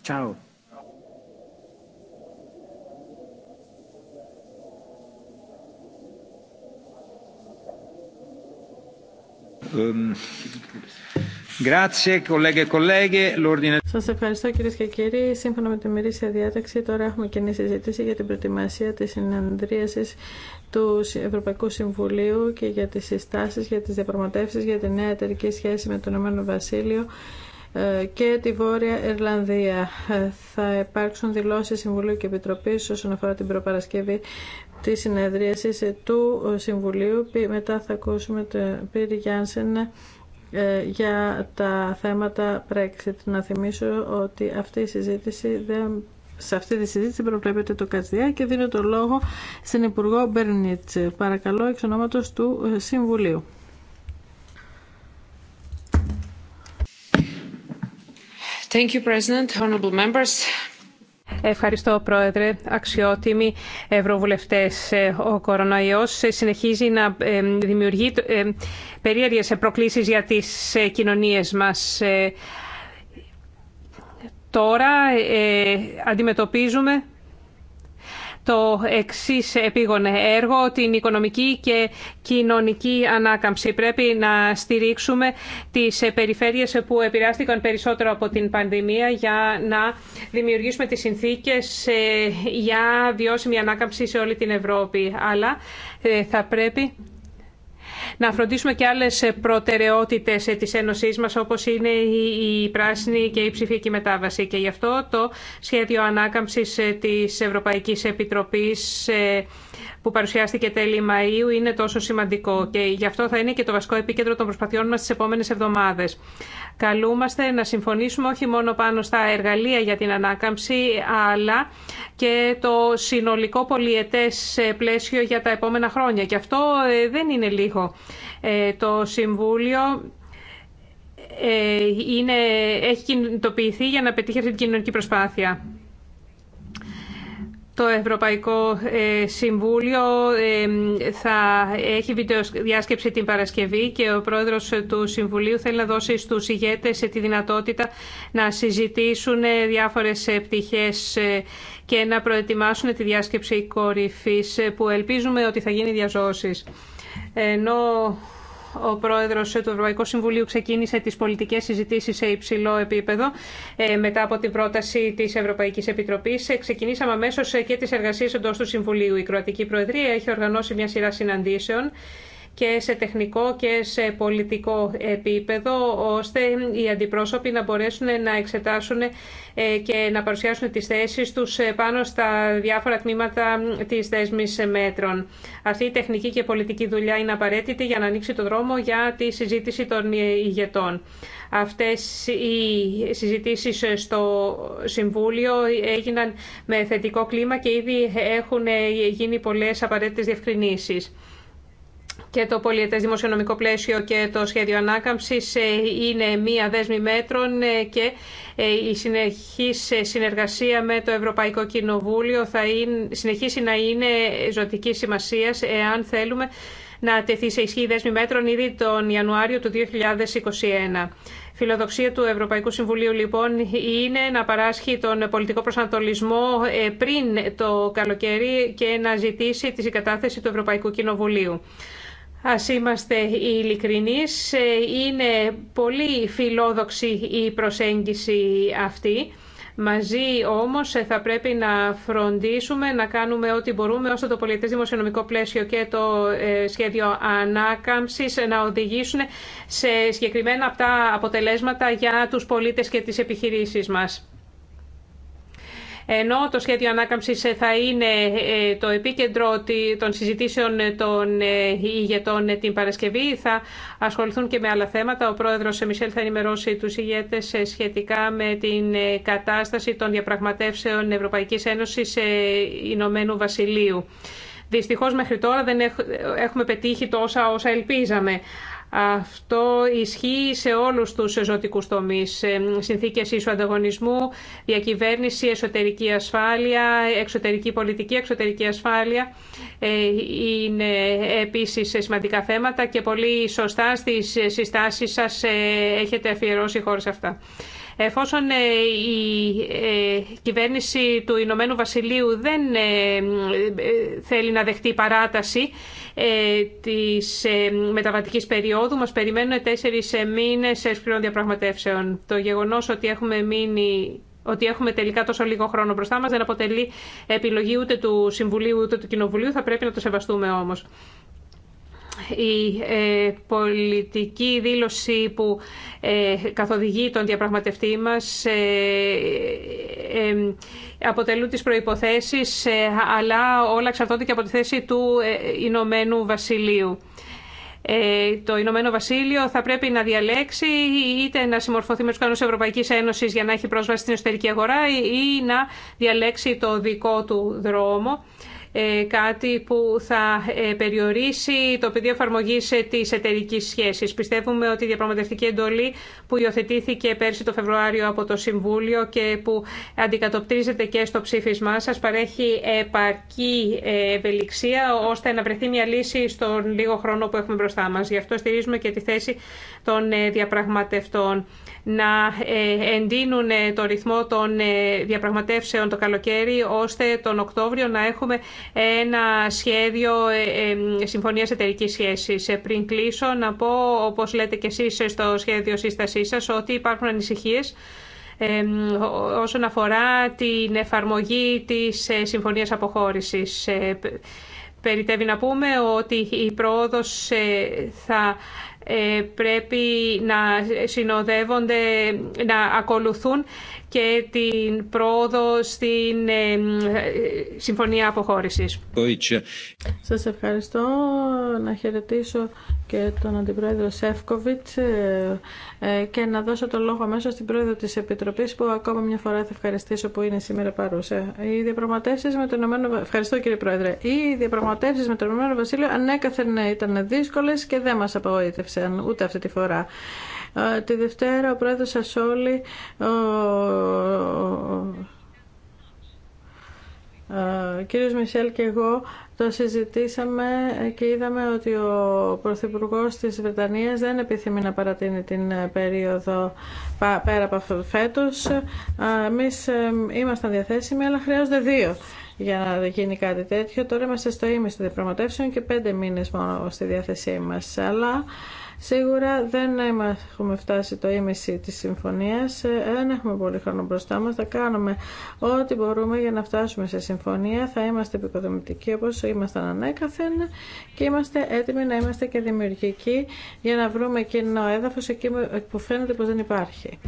Ehm, e Σας Σα ευχαριστώ κυρίε και κύριοι. Σύμφωνα με τη μερίσια διάταξη, τώρα έχουμε κοινή συζήτηση για την προετοιμασία τη συναντρίαση του Ευρωπαϊκού Συμβουλίου και για τι συστάσει για τι διαπραγματεύσει για τη νέα εταιρική σχέση με το Ηνωμένο Βασίλειο ε, και τη Βόρεια Ιρλανδία. Ε, θα υπάρξουν δηλώσεις Συμβουλίου και Επιτροπής όσον αφορά την προπαρασκευή της συνεδρίασης του Συμβουλίου. Μετά θα ακούσουμε τον Πύρη Γιάνσεν ε, για τα θέματα Brexit. Να θυμίσω ότι αυτή η συζήτηση δεν σε αυτή τη συζήτηση προβλέπεται το ΚΑΤΣΔΙΑ και δίνω το λόγο στην Υπουργό Μπερνίτσε. Παρακαλώ, εξ ονόματος του Συμβουλίου. Ευχαριστώ, Πρόεδρε. Αξιότιμοι Ευρωβουλευτές, ε, ο κορονοϊός συνεχίζει να ε, δημιουργεί ε, περίεργες προκλήσεις για τις κοινωνίες μας. Τώρα αντιμετωπίζουμε το εξή επίγον έργο, την οικονομική και κοινωνική ανάκαμψη. Πρέπει να στηρίξουμε τις περιφέρειες που επηρεάστηκαν περισσότερο από την πανδημία για να δημιουργήσουμε τις συνθήκες ε, για βιώσιμη ανάκαμψη σε όλη την Ευρώπη. Αλλά ε, θα πρέπει να φροντίσουμε και άλλες προτεραιότητες ε, της Ένωσής μας όπως είναι η πράσινη και η ψηφιακή μετάβαση. Και γι' αυτό το σχέδιο ανάκαμψης ε, της Ευρωπαϊκής Επιτροπής ε, που παρουσιάστηκε τέλη Μαΐου είναι τόσο σημαντικό και γι' αυτό θα είναι και το βασικό επίκεντρο των προσπαθειών μας τις επόμενες εβδομάδες. Καλούμαστε να συμφωνήσουμε όχι μόνο πάνω στα εργαλεία για την ανάκαμψη, αλλά και το συνολικό πολιετές ε, πλαίσιο για τα επόμενα χρόνια. Και αυτό ε, δεν είναι λίγο. Ε, το Συμβούλιο έχει κινητοποιηθεί για να πετύχει αυτή την κοινωνική προσπάθεια το Ευρωπαϊκό ε, Συμβούλιο ε, θα έχει βιντεοδιάσκεψη την Παρασκευή και ο πρόεδρος του Συμβουλίου θέλει να δώσει στους ηγέτες τη δυνατότητα να συζητήσουν ε, διάφορες πτυχές και να προετοιμάσουν τη διάσκεψη κορυφής που ελπίζουμε ότι θα γίνει διαζώσεις. Ενώ ο πρόεδρο του Ευρωπαϊκού Συμβουλίου ξεκίνησε τις πολιτικές συζητήσει σε υψηλό επίπεδο ε, μετά από την πρόταση της Ευρωπαϊκής Επιτροπής. Ε, ξεκινήσαμε αμέσω ε, και τι εργασίε εντό του Συμβουλίου. Η Κροατική Προεδρία έχει οργανώσει μια σειρά συναντήσεων και σε τεχνικό και σε πολιτικό επίπεδο, ώστε οι αντιπρόσωποι να μπορέσουν να εξετάσουν ε, και να παρουσιάσουν τις θέσεις τους ε, πάνω στα διάφορα τμήματα της δέσμης μέτρων. Αυτή η τεχνική και πολιτική δουλειά είναι απαραίτητη για να ανοίξει το δρόμο για τη συζήτηση των ηγετών. Αυτές οι συζητήσεις στο Συμβούλιο έγιναν με θετικό κλίμα και ήδη έχουν γίνει πολλές απαραίτητες διευκρινήσεις και το πολιετές δημοσιονομικό πλαίσιο και το σχέδιο ανάκαμψης ε, είναι μία δέσμη μέτρων ε, και ε, η συνεχής συνεργασία με το Ευρωπαϊκό Κοινοβούλιο θα είναι, συνεχίσει να είναι ζωτική σημασίας εάν θέλουμε να τεθεί σε ισχύ η δέσμη μέτρων ήδη τον Ιανουάριο του 2021. Φιλοδοξία του Ευρωπαϊκού Συμβουλίου λοιπόν είναι να παράσχει τον πολιτικό προσανατολισμό πριν το καλοκαίρι και να ζητήσει τη συγκατάθεση του Ευρωπαϊκού Κοινοβουλίου. Ας είμαστε ειλικρινεί, ε, είναι πολύ φιλόδοξη η προσέγγιση αυτή. Μαζί όμως ε, θα πρέπει να φροντίσουμε να κάνουμε ό,τι μπορούμε ώστε το πολιτικό δημοσιονομικό πλαίσιο και το ε, σχέδιο ανάκαμψης να οδηγήσουν σε συγκεκριμένα αυτά αποτελέσματα για τους πολίτες και τις επιχειρήσεις μας ενώ το σχέδιο ανάκαμψης θα είναι ε, το επίκεντρο των συζητήσεων των ε, ηγετών την Παρασκευή, θα ασχοληθούν και με άλλα θέματα. Ο πρόεδρος Μισελ θα ενημερώσει τους ηγέτες ε, σχετικά με την κατάσταση των διαπραγματεύσεων Ευρωπαϊκής Ένωσης Ηνωμένου Βασιλείου. Δυστυχώς μέχρι τώρα δεν έχουμε πετύχει τόσα όσα ελπίζαμε. Αυτό ισχύει σε όλους τους ζωτικούς τομείς. Συνθήκες ίσου ανταγωνισμού, διακυβέρνηση, εσωτερική ασφάλεια, εξωτερική πολιτική, εξωτερική ασφάλεια ε, είναι επίσης σημαντικά θέματα και πολύ σωστά στις συστάσεις σας ε, έχετε αφιερώσει χώρες αυτά. Εφόσον ε, η ε, κυβέρνηση του Ηνωμένου Βασιλείου δεν ε, θέλει να δεχτεί παράταση της μεταβατικής περίοδου, μας περιμένουν τέσσερις μήνες έσπληρων διαπραγματεύσεων. Το γεγονός ότι έχουμε μείνει ότι έχουμε τελικά τόσο λίγο χρόνο μπροστά μας δεν αποτελεί επιλογή ούτε του Συμβουλίου ούτε του Κοινοβουλίου, θα πρέπει να το σεβαστούμε όμως η ε, πολιτική δήλωση που ε, καθοδηγεί τον διαπραγματευτή μας ε, αποτελούν τις προϋποθέσεις, αλλά όλα εξαρτώνται και από τη θέση του Ηνωμένου Βασιλείου. Το Ηνωμένο Βασίλειο θα πρέπει να διαλέξει είτε να συμμορφωθεί με τους κανόνες Ευρωπαϊκής Ένωσης για να έχει πρόσβαση στην εσωτερική αγορά ή να διαλέξει το δικό του δρόμο ε, κάτι που θα ε, περιορίσει το πεδίο εφαρμογή ε, τη εταιρική σχέση. Πιστεύουμε ότι η διαπραγματευτική εντολή που υιοθετήθηκε πέρσι το Φεβρουάριο από το Συμβούλιο και που αντικατοπτρίζεται και στο ψήφισμά σα παρέχει επαρκή ευελιξία ώστε να βρεθεί μια λύση στον λίγο χρόνο που έχουμε μπροστά μα. Γι' αυτό στηρίζουμε και τη θέση των διαπραγματευτών να ε, εντείνουν ε, το ρυθμό των ε, διαπραγματεύσεων το καλοκαίρι, ώστε τον Οκτώβριο να έχουμε ένα σχέδιο συμφωνία εταιρικής σχέσης. Πριν κλείσω, να πω, όπως λέτε και εσείς στο σχέδιο σύστασή σας, ότι υπάρχουν ανησυχίες όσον αφορά την εφαρμογή της συμφωνίας αποχώρησης. Περιτεύει να πούμε ότι η πρόοδος θα ε, πρέπει να συνοδεύονται, να ακολουθούν και την πρόοδο στην ε, Συμφωνία Αποχώρησης. Σας ευχαριστώ. Να χαιρετήσω και τον Αντιπρόεδρο Σεύκοβιτ ε, ε, και να δώσω το λόγο μέσα στην Πρόεδρο της Επιτροπής που ακόμα μια φορά θα ευχαριστήσω που είναι σήμερα παρούσα. Οι διαπραγματεύσεις με τον Ηνωμένο... Ευχαριστώ κύριε Πρόεδρε. Οι διαπραγματεύσεις με τον Ηνωμένο Βασίλειο ανέκαθεν ήταν δύσκολε και δεν μα απογοήτευσαν ούτε αυτή τη φορά. Ε, τη Δευτέρα ο πρόεδρος όλοι, ο κύριος Μισελ και εγώ το συζητήσαμε και είδαμε ότι ο Πρωθυπουργό της Βρετανίας δεν επιθυμεί να παρατείνει την περίοδο πέρα από αυτό το φέτος. Ε, εμείς ε, ήμασταν διαθέσιμοι, αλλά χρειάζονται δύο για να γίνει κάτι τέτοιο. Τώρα είμαστε στο ίμιση των διαπραγματεύσεων και πέντε μήνες μόνο στη διάθεσή μας. Αλλά Σίγουρα δεν έχουμε φτάσει το ίμιση της συμφωνίας, ε, δεν έχουμε πολύ χρόνο μπροστά μας, θα κάνουμε ό,τι μπορούμε για να φτάσουμε σε συμφωνία, θα είμαστε επικοδομητικοί όπως ήμασταν ανέκαθεν και είμαστε έτοιμοι να είμαστε και δημιουργικοί για να βρούμε κοινό έδαφος εκεί που φαίνεται πως δεν υπάρχει.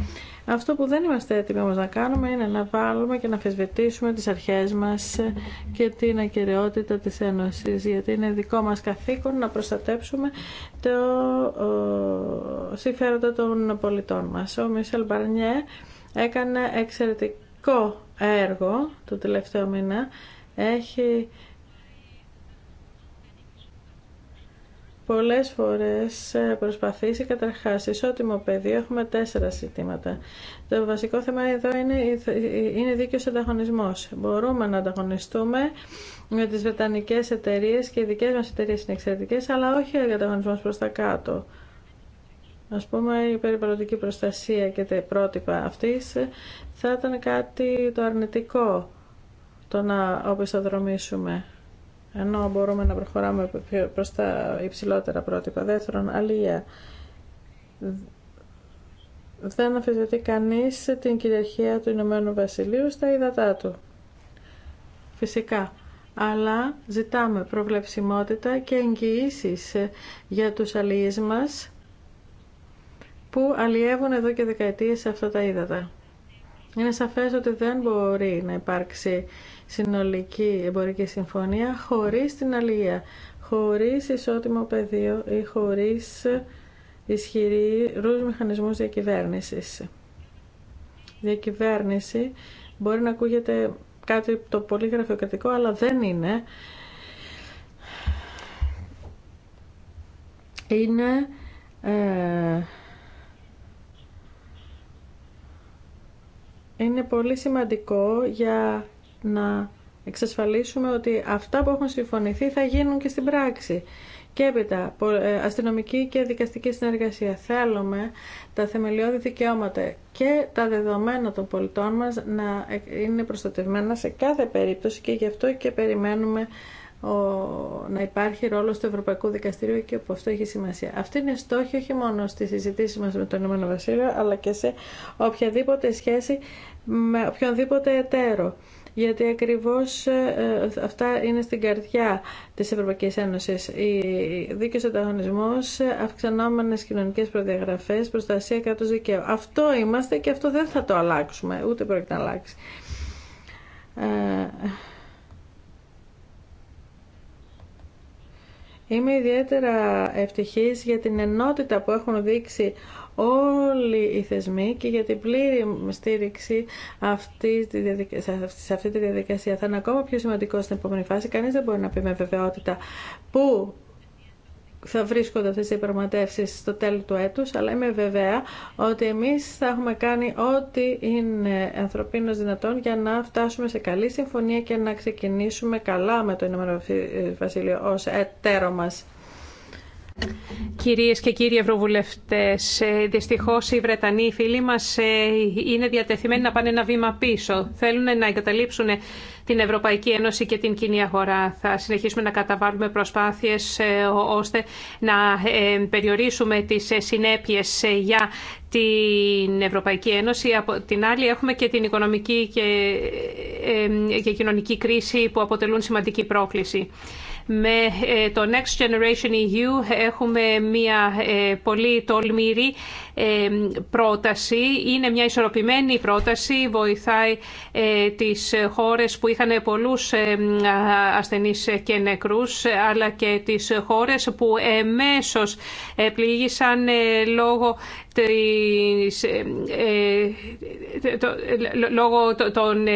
Αυτό που δεν είμαστε έτοιμοι όμως να κάνουμε είναι να βάλουμε και να αφισβητήσουμε τις αρχές μας και την ακεραιότητα της Ένωσης, γιατί είναι δικό μας καθήκον να προστατέψουμε το συμφέροντα των πολιτών μας. Ο Μισελ Μπαρνιέ έκανε εξαιρετικό έργο το τελευταίο μήνα. Έχει πολλές φορές προσπαθήσει καταρχάς ισότιμο πεδίο έχουμε τέσσερα ζητήματα το βασικό θέμα εδώ είναι, είναι δίκαιος ανταγωνισμός μπορούμε να ανταγωνιστούμε με τις βρετανικές εταιρείες και οι δικές μας εταιρείες είναι εξαιρετικέ, αλλά όχι ο διαταγωνισμός προς τα κάτω. Ας πούμε η περιβαλλοντική προστασία και τα πρότυπα αυτής θα ήταν κάτι το αρνητικό το να οπισθοδρομήσουμε ενώ μπορούμε να προχωράμε προς τα υψηλότερα πρότυπα. Δεύτερον, αλληλεία. Δεν αφιερωθεί κανείς την κυριαρχία του Ηνωμένου Βασιλείου στα υδατά του. Φυσικά, αλλά ζητάμε προβλεψιμότητα και εγγυήσει ε, για τους αλληλείς μας που αλλιεύουν εδώ και δεκαετίες σε αυτά τα ύδατα. Είναι σαφές ότι δεν μπορεί να υπάρξει συνολική εμπορική συμφωνία χωρίς την αλληλεία, χωρίς ισότιμο πεδίο ή χωρίς ισχυρούς μηχανισμούς διακυβέρνησης. Διακυβέρνηση μπορεί να ακούγεται κάτι το πολύ γραφειοκρατικό, αλλά δεν είναι. Είναι... Ε, είναι πολύ σημαντικό για να εξασφαλίσουμε ότι αυτά που έχουν συμφωνηθεί θα γίνουν και στην πράξη. Και έπειτα, ε, αστυνομική και δικαστική συνεργασία. Θέλουμε τα θεμελιώδη δικαιώματα και τα δεδομένα των πολιτών μας να είναι προστατευμένα σε κάθε περίπτωση και γι' αυτό και περιμένουμε να υπάρχει ρόλο του Ευρωπαϊκού Δικαστηρίου και που αυτό έχει σημασία. Αυτή είναι στόχη όχι μόνο στι συζητήσει μα με τον Ηνωμένο Βασίλειο, αλλά και σε οποιαδήποτε σχέση με οποιονδήποτε εταίρο γιατί ακριβώς ε, ε, αυτά είναι στην καρδιά της Ευρωπαϊκής Ένωσης. Η δίκαιος ανταγωνισμός, αυξανόμενες κοινωνικές προδιαγραφές, προστασία κράτους δικαίου. Αυτό είμαστε και αυτό δεν θα το αλλάξουμε, ούτε πρόκειται να αλλάξει. Ε, Είμαι ιδιαίτερα ευτυχής για την ενότητα που έχουν δείξει όλοι οι θεσμοί και για την πλήρη στήριξη αυτή, σε αυτή τη διαδικασία. Θα είναι ακόμα πιο σημαντικό στην επόμενη φάση. Κανείς δεν μπορεί να πει με βεβαιότητα πού θα βρίσκονται αυτές οι διαπραγματεύσεις στο τέλος του έτους, αλλά είμαι βεβαία ότι εμείς θα έχουμε κάνει ό,τι είναι ανθρωπίνως δυνατόν για να φτάσουμε σε καλή συμφωνία και να ξεκινήσουμε καλά με το Ηνωμένο Βασίλειο ως εταίρο μας. Κυρίες και κύριοι Ευρωβουλευτές, ε, δυστυχώς οι Βρετανοί φίλοι μας ε, είναι διατεθειμένοι να πάνε ένα βήμα πίσω. Θέλουν να εγκαταλείψουν την Ευρωπαϊκή Ένωση και την κοινή αγορά. Θα συνεχίσουμε να καταβάλουμε προσπάθειες ε, ώστε να περιορίσουμε τις συνέπειες για την Ευρωπαϊκή Ένωση. Από την άλλη έχουμε και την οικονομική και, και κοινωνική κρίση που αποτελούν σημαντική πρόκληση. Με ε, το Next Generation EU έχουμε μια ε, πολύ τολμηρή ε, πρόταση. Είναι μια ισορροπημένη πρόταση. Βοηθάει τις χώρες που είχαν πολλούς ασθενείς και νεκρούς αλλά και τις χώρες που εμέσως πλήγησαν λόγω της, λόγω των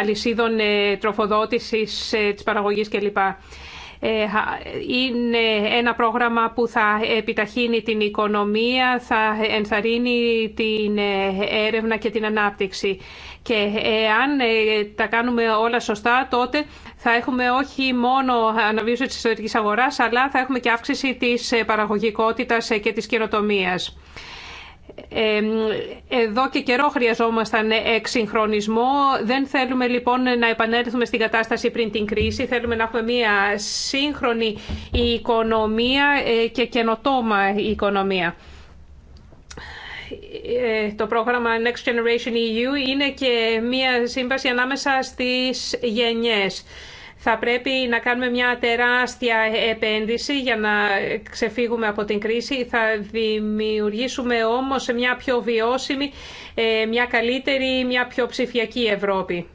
αλυσίδων τροφοδότησης της παραγωγής κλπ. Ε, είναι ένα πρόγραμμα που θα επιταχύνει την οικονομία, θα ενθαρρύνει την ε, έρευνα και την ανάπτυξη. Και αν ε, τα κάνουμε όλα σωστά, τότε θα έχουμε όχι μόνο αναβίωση της εσωτερικής αγοράς, αλλά θα έχουμε και αύξηση της παραγωγικότητας και της καινοτομίας εδώ και καιρό χρειαζόμασταν εξυγχρονισμό. Δεν θέλουμε λοιπόν να επανέλθουμε στην κατάσταση πριν την κρίση. Θέλουμε να έχουμε μια σύγχρονη οικονομία ε, και καινοτόμα οικονομία. Ε, το πρόγραμμα Next Generation EU είναι και μια σύμβαση ανάμεσα στις γενιές θα πρέπει να κάνουμε μια τεράστια επένδυση για να ξεφύγουμε από την κρίση. Θα δημιουργήσουμε όμως μια πιο βιώσιμη, ε, μια καλύτερη, μια πιο ψηφιακή Ευρώπη.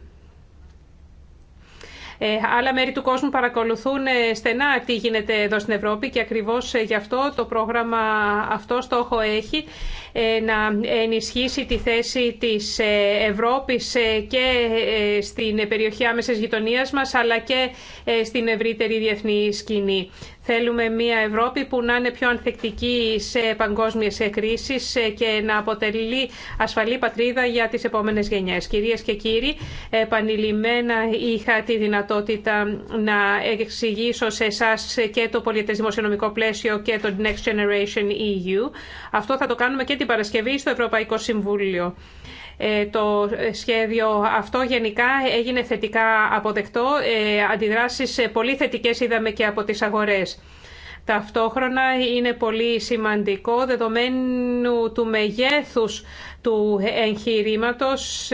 Ε, άλλα μέρη του κόσμου παρακολουθούν ε, στενά τι γίνεται εδώ στην Ευρώπη και ακριβώς γι' αυτό το πρόγραμμα αυτό στόχο έχει ε, να ενισχύσει τη θέση της ε, Ευρώπης ε, και στην περιοχή άμεσης γειτονίας μας αλλά και στην ευρύτερη διεθνή σκηνή. Θέλουμε μια Ευρώπη που να είναι πιο ανθεκτική σε παγκόσμιες κρίσεις και να αποτελεί ασφαλή πατρίδα για τις επόμενες γενιές. Κυρίες και κύριοι, επανειλημμένα είχα τη δυνατότητα να εξηγήσω σε εσά και το πολιτες πλαίσιο και το Next Generation EU. Αυτό θα το κάνουμε και την την Παρασκευή στο Ευρωπαϊκό Συμβούλιο. Ε, το σχέδιο αυτό γενικά έγινε θετικά αποδεκτό. Ε, αντιδράσεις ε, πολύ θετικές είδαμε και από τις αγορές. Ταυτόχρονα είναι πολύ σημαντικό δεδομένου του μεγέθους του εγχειρήματος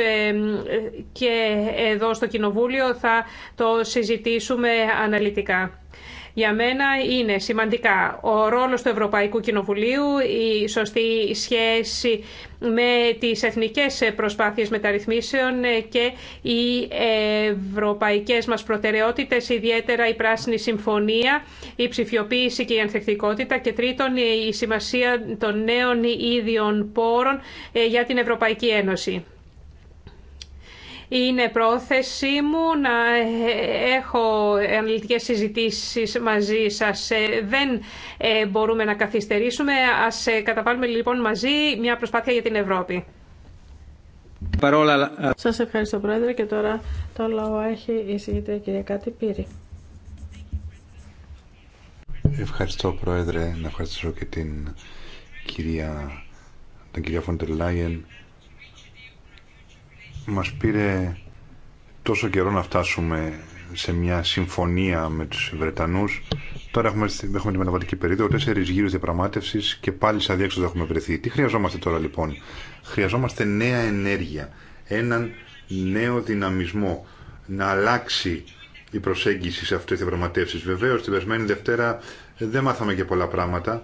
και εδώ στο Κοινοβούλιο θα το συζητήσουμε αναλυτικά για μένα είναι σημαντικά ο ρόλος του Ευρωπαϊκού Κοινοβουλίου, η σωστή σχέση με τις εθνικές προσπάθειες μεταρρυθμίσεων και οι ευρωπαϊκές μας προτεραιότητες, ιδιαίτερα η Πράσινη Συμφωνία, η ψηφιοποίηση και η ανθεκτικότητα και τρίτον η σημασία των νέων ίδιων πόρων ε, για την Ευρωπαϊκή Ένωση. Είναι πρόθεσή μου να έχω αναλυτικές συζητήσεις μαζί σας. Ε, δεν ε, μπορούμε να καθυστερήσουμε. Ας ε, καταβάλουμε λοιπόν μαζί μια προσπάθεια για την Ευρώπη. Σας ευχαριστώ Πρόεδρε και τώρα το λόγο έχει η συγκεκριμένη κυρία Κάτι Πύρη. Ευχαριστώ Πρόεδρε, να ευχαριστήσω και την κυρία, τον κυρία Φόντερ μας πήρε τόσο καιρό να φτάσουμε σε μια συμφωνία με τους Βρετανούς. Τώρα έχουμε, έχουμε τη μεταβατική περίοδο, τέσσερις γύρους διαπραγμάτευσης και πάλι σε διέξοδο έχουμε βρεθεί. Τι χρειαζόμαστε τώρα λοιπόν. Χρειαζόμαστε νέα ενέργεια, έναν νέο δυναμισμό, να αλλάξει η προσέγγιση σε αυτές τις διαπραγματεύσεις. Βεβαίως, την περσμένη Δευτέρα δεν μάθαμε και πολλά πράγματα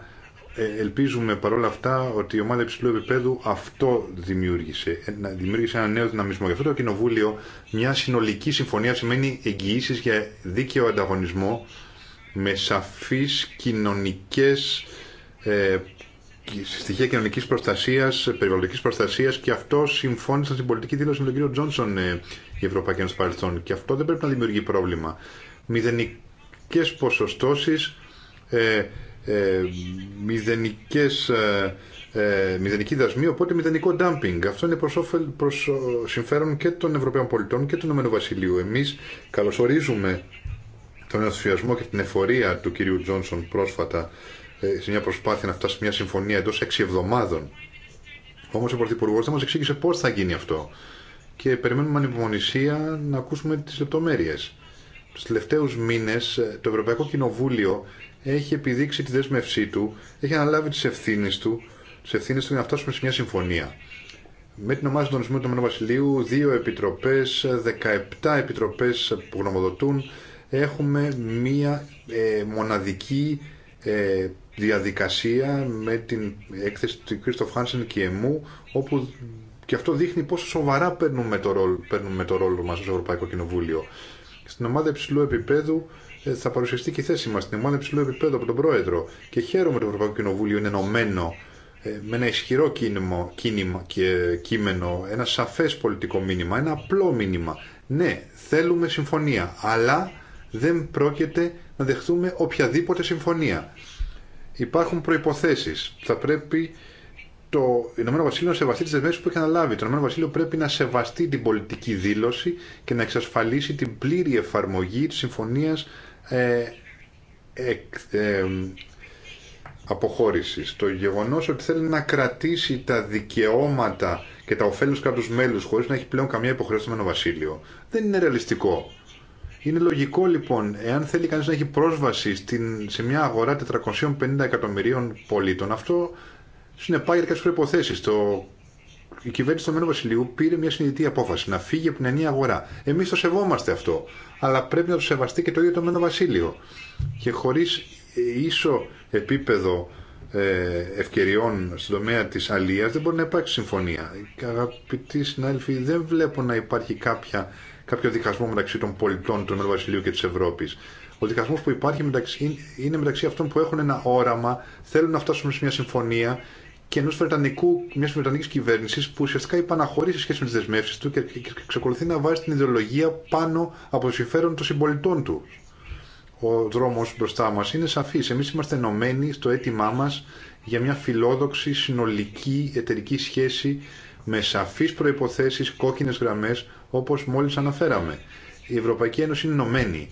ε, ελπίζουμε παρόλα αυτά ότι η ομάδα υψηλού επίπεδου αυτό δημιούργησε. Ε, δημιούργησε ένα νέο δυναμισμό. Γι' αυτό το Κοινοβούλιο μια συνολική συμφωνία σημαίνει εγγυήσει για δίκαιο ανταγωνισμό με σαφεί κοινωνικέ. ε, στοιχεία κοινωνική προστασία, περιβαλλοντική προστασία, και αυτό συμφώνησαν στην πολιτική δήλωση με τον κύριο Τζόνσον ε, η Ευρωπαϊκή Ένωση παρελθόν και αυτό δεν πρέπει να δημιουργεί πρόβλημα. Μηδενικέ ποσοστώσει. ε, ε, μηδενικές, ε, ε μηδενική δασμή, οπότε μηδενικό ντάμπινγκ. Αυτό είναι προς, όφελ, προς ε, συμφέρον και των Ευρωπαίων πολιτών και του Ηνωμένου Βασιλείου. Εμείς καλωσορίζουμε τον ενθουσιασμό και την εφορία του κυρίου Τζόνσον πρόσφατα ε, σε μια προσπάθεια να φτάσει μια συμφωνία εντός έξι εβδομάδων. Όμως ο Πρωθυπουργός δεν μας εξήγησε πώς θα γίνει αυτό και περιμένουμε ανυπομονησία να ακούσουμε τις λεπτομέρειες. Τους τελευταίους μήνες το Ευρωπαϊκό Κοινοβούλιο έχει επιδείξει τη δέσμευσή του, έχει αναλάβει τι ευθύνε του, τις ευθύνες του για να φτάσουμε σε μια συμφωνία. Με την ομάδα των Ισμού του Μενού Βασιλείου, δύο επιτροπέ, 17 επιτροπέ που γνωμοδοτούν, έχουμε μια ε, μοναδική ε, διαδικασία με την έκθεση του Κρίστοφ Χάνσεν και εμού, όπου και αυτό δείχνει πόσο σοβαρά παίρνουμε το ρόλο, παίρνουμε το ρόλο μας ως Ευρωπαϊκό Κοινοβούλιο. Στην ομάδα υψηλού επίπεδου ε, θα παρουσιαστεί και η θέση μα στην ομάδα υψηλού επίπεδου από τον Πρόεδρο. Και χαίρομαι ότι το Ευρωπαϊκό Κοινοβούλιο είναι ενωμένο ε, με ένα ισχυρό κίνημα, κίνημα και κείμενο, ένα σαφέ πολιτικό μήνυμα, ένα απλό μήνυμα. Ναι, θέλουμε συμφωνία, αλλά δεν πρόκειται να δεχθούμε οποιαδήποτε συμφωνία. Υπάρχουν προποθέσει. Θα πρέπει το Ηνωμένο Βασίλειο να σεβαστεί τι δεσμεύσει που έχει αναλάβει. Το Ηνωμένο Βασίλειο πρέπει να σεβαστεί την πολιτική δήλωση και να εξασφαλίσει την πλήρη εφαρμογή τη συμφωνία. Ε, ε, αποχώρησης. Το γεγονός ότι θέλει να κρατήσει τα δικαιώματα και τα ωφέλη του κράτους μέλους χωρίς να έχει πλέον καμία υποχρέωση το βασίλειο δεν είναι ρεαλιστικό. Είναι λογικό λοιπόν, εάν θέλει κανείς να έχει πρόσβαση στην, σε μια αγορά 450 εκατομμυρίων πολίτων, αυτό συνεπάγεται κάποιες προϋποθέσεις. Το η κυβέρνηση του μένου Βασιλείου πήρε μια συνειδητή απόφαση να φύγει από την ενία αγορά. Εμεί το σεβόμαστε αυτό. Αλλά πρέπει να το σεβαστεί και το ίδιο το Μένο Βασίλειο. Και χωρί ε, ίσο επίπεδο ε, ευκαιριών στον τομέα τη αλληλεία, δεν μπορεί να υπάρξει συμφωνία. Αγαπητοί συνάδελφοι, δεν βλέπω να υπάρχει κάποια, κάποιο δικασμό μεταξύ των πολιτών του ΕΒ Βασιλείου και τη Ευρώπη. Ο δικασμό που υπάρχει μεταξύ, είναι μεταξύ αυτών που έχουν ένα όραμα, θέλουν να φτάσουν σε μια συμφωνία και ενό Βρετανικού, μια Βρετανική κυβέρνηση που ουσιαστικά υπαναχωρεί σε σχέση με τι δεσμεύσει του και εξακολουθεί να βάζει την ιδεολογία πάνω από το συμφέρον των συμπολιτών του. Ο δρόμο μπροστά μα είναι σαφή. Εμεί είμαστε ενωμένοι στο αίτημά μα για μια φιλόδοξη συνολική εταιρική σχέση με σαφεί προποθέσει, κόκκινε γραμμέ, όπω μόλι αναφέραμε. Η Ευρωπαϊκή Ένωση είναι ενωμένη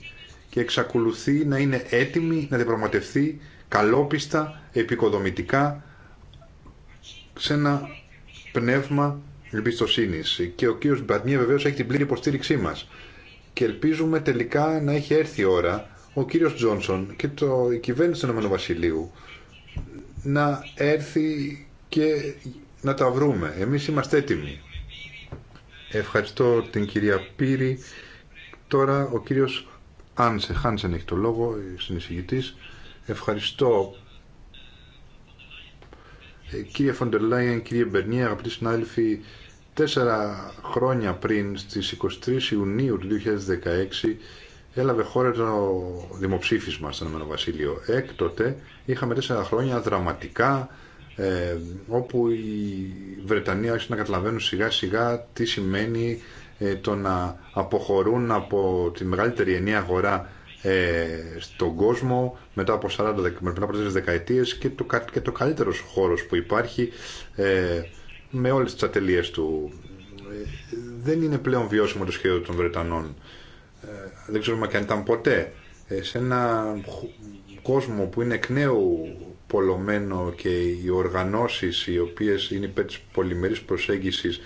και εξακολουθεί να είναι έτοιμη να διαπραγματευτεί καλόπιστα, επικοδομητικά σε ένα πνεύμα εμπιστοσύνη. Και ο κύριος Μπαρνιέ βεβαίω έχει την πλήρη υποστήριξή μα. Και ελπίζουμε τελικά να έχει έρθει η ώρα ο κύριος Τζόνσον και το, η κυβέρνηση του ΕΒ να έρθει και να τα βρούμε. Εμείς είμαστε έτοιμοι. Ευχαριστώ την κυρία Πύρη. Τώρα ο κύριος Άνσε Χάνσεν έχει το λόγο, συνεισηγητής. Ευχαριστώ ε, κύριε Φοντερ Λάιεν, κύριε Μπερνία, αγαπητοί συνάδελφοι, τέσσερα χρόνια πριν, στις 23 Ιουνίου του 2016, έλαβε χώρα το δημοψήφισμα στον Ηνωμένο Βασίλειο. Έκτοτε είχαμε τέσσερα χρόνια δραματικά, ε, όπου οι Βρετανοί άρχισαν να καταλαβαίνουν σιγά σιγά τι σημαίνει ε, το να αποχωρούν από τη μεγαλύτερη ενία αγορά ε, στον κόσμο μετά από 40, μετά δεκαετίες και το, και το καλύτερος χώρος που υπάρχει ε, με όλες τις ατελείες του. Ε, δεν είναι πλέον βιώσιμο το σχέδιο των Βρετανών. Ε, δεν ξέρουμε και αν ήταν ποτέ. σε ένα κόσμο που είναι εκ νέου πολλωμένο και οι οργανώσεις οι οποίες είναι υπέρ της πολυμερής προσέγγισης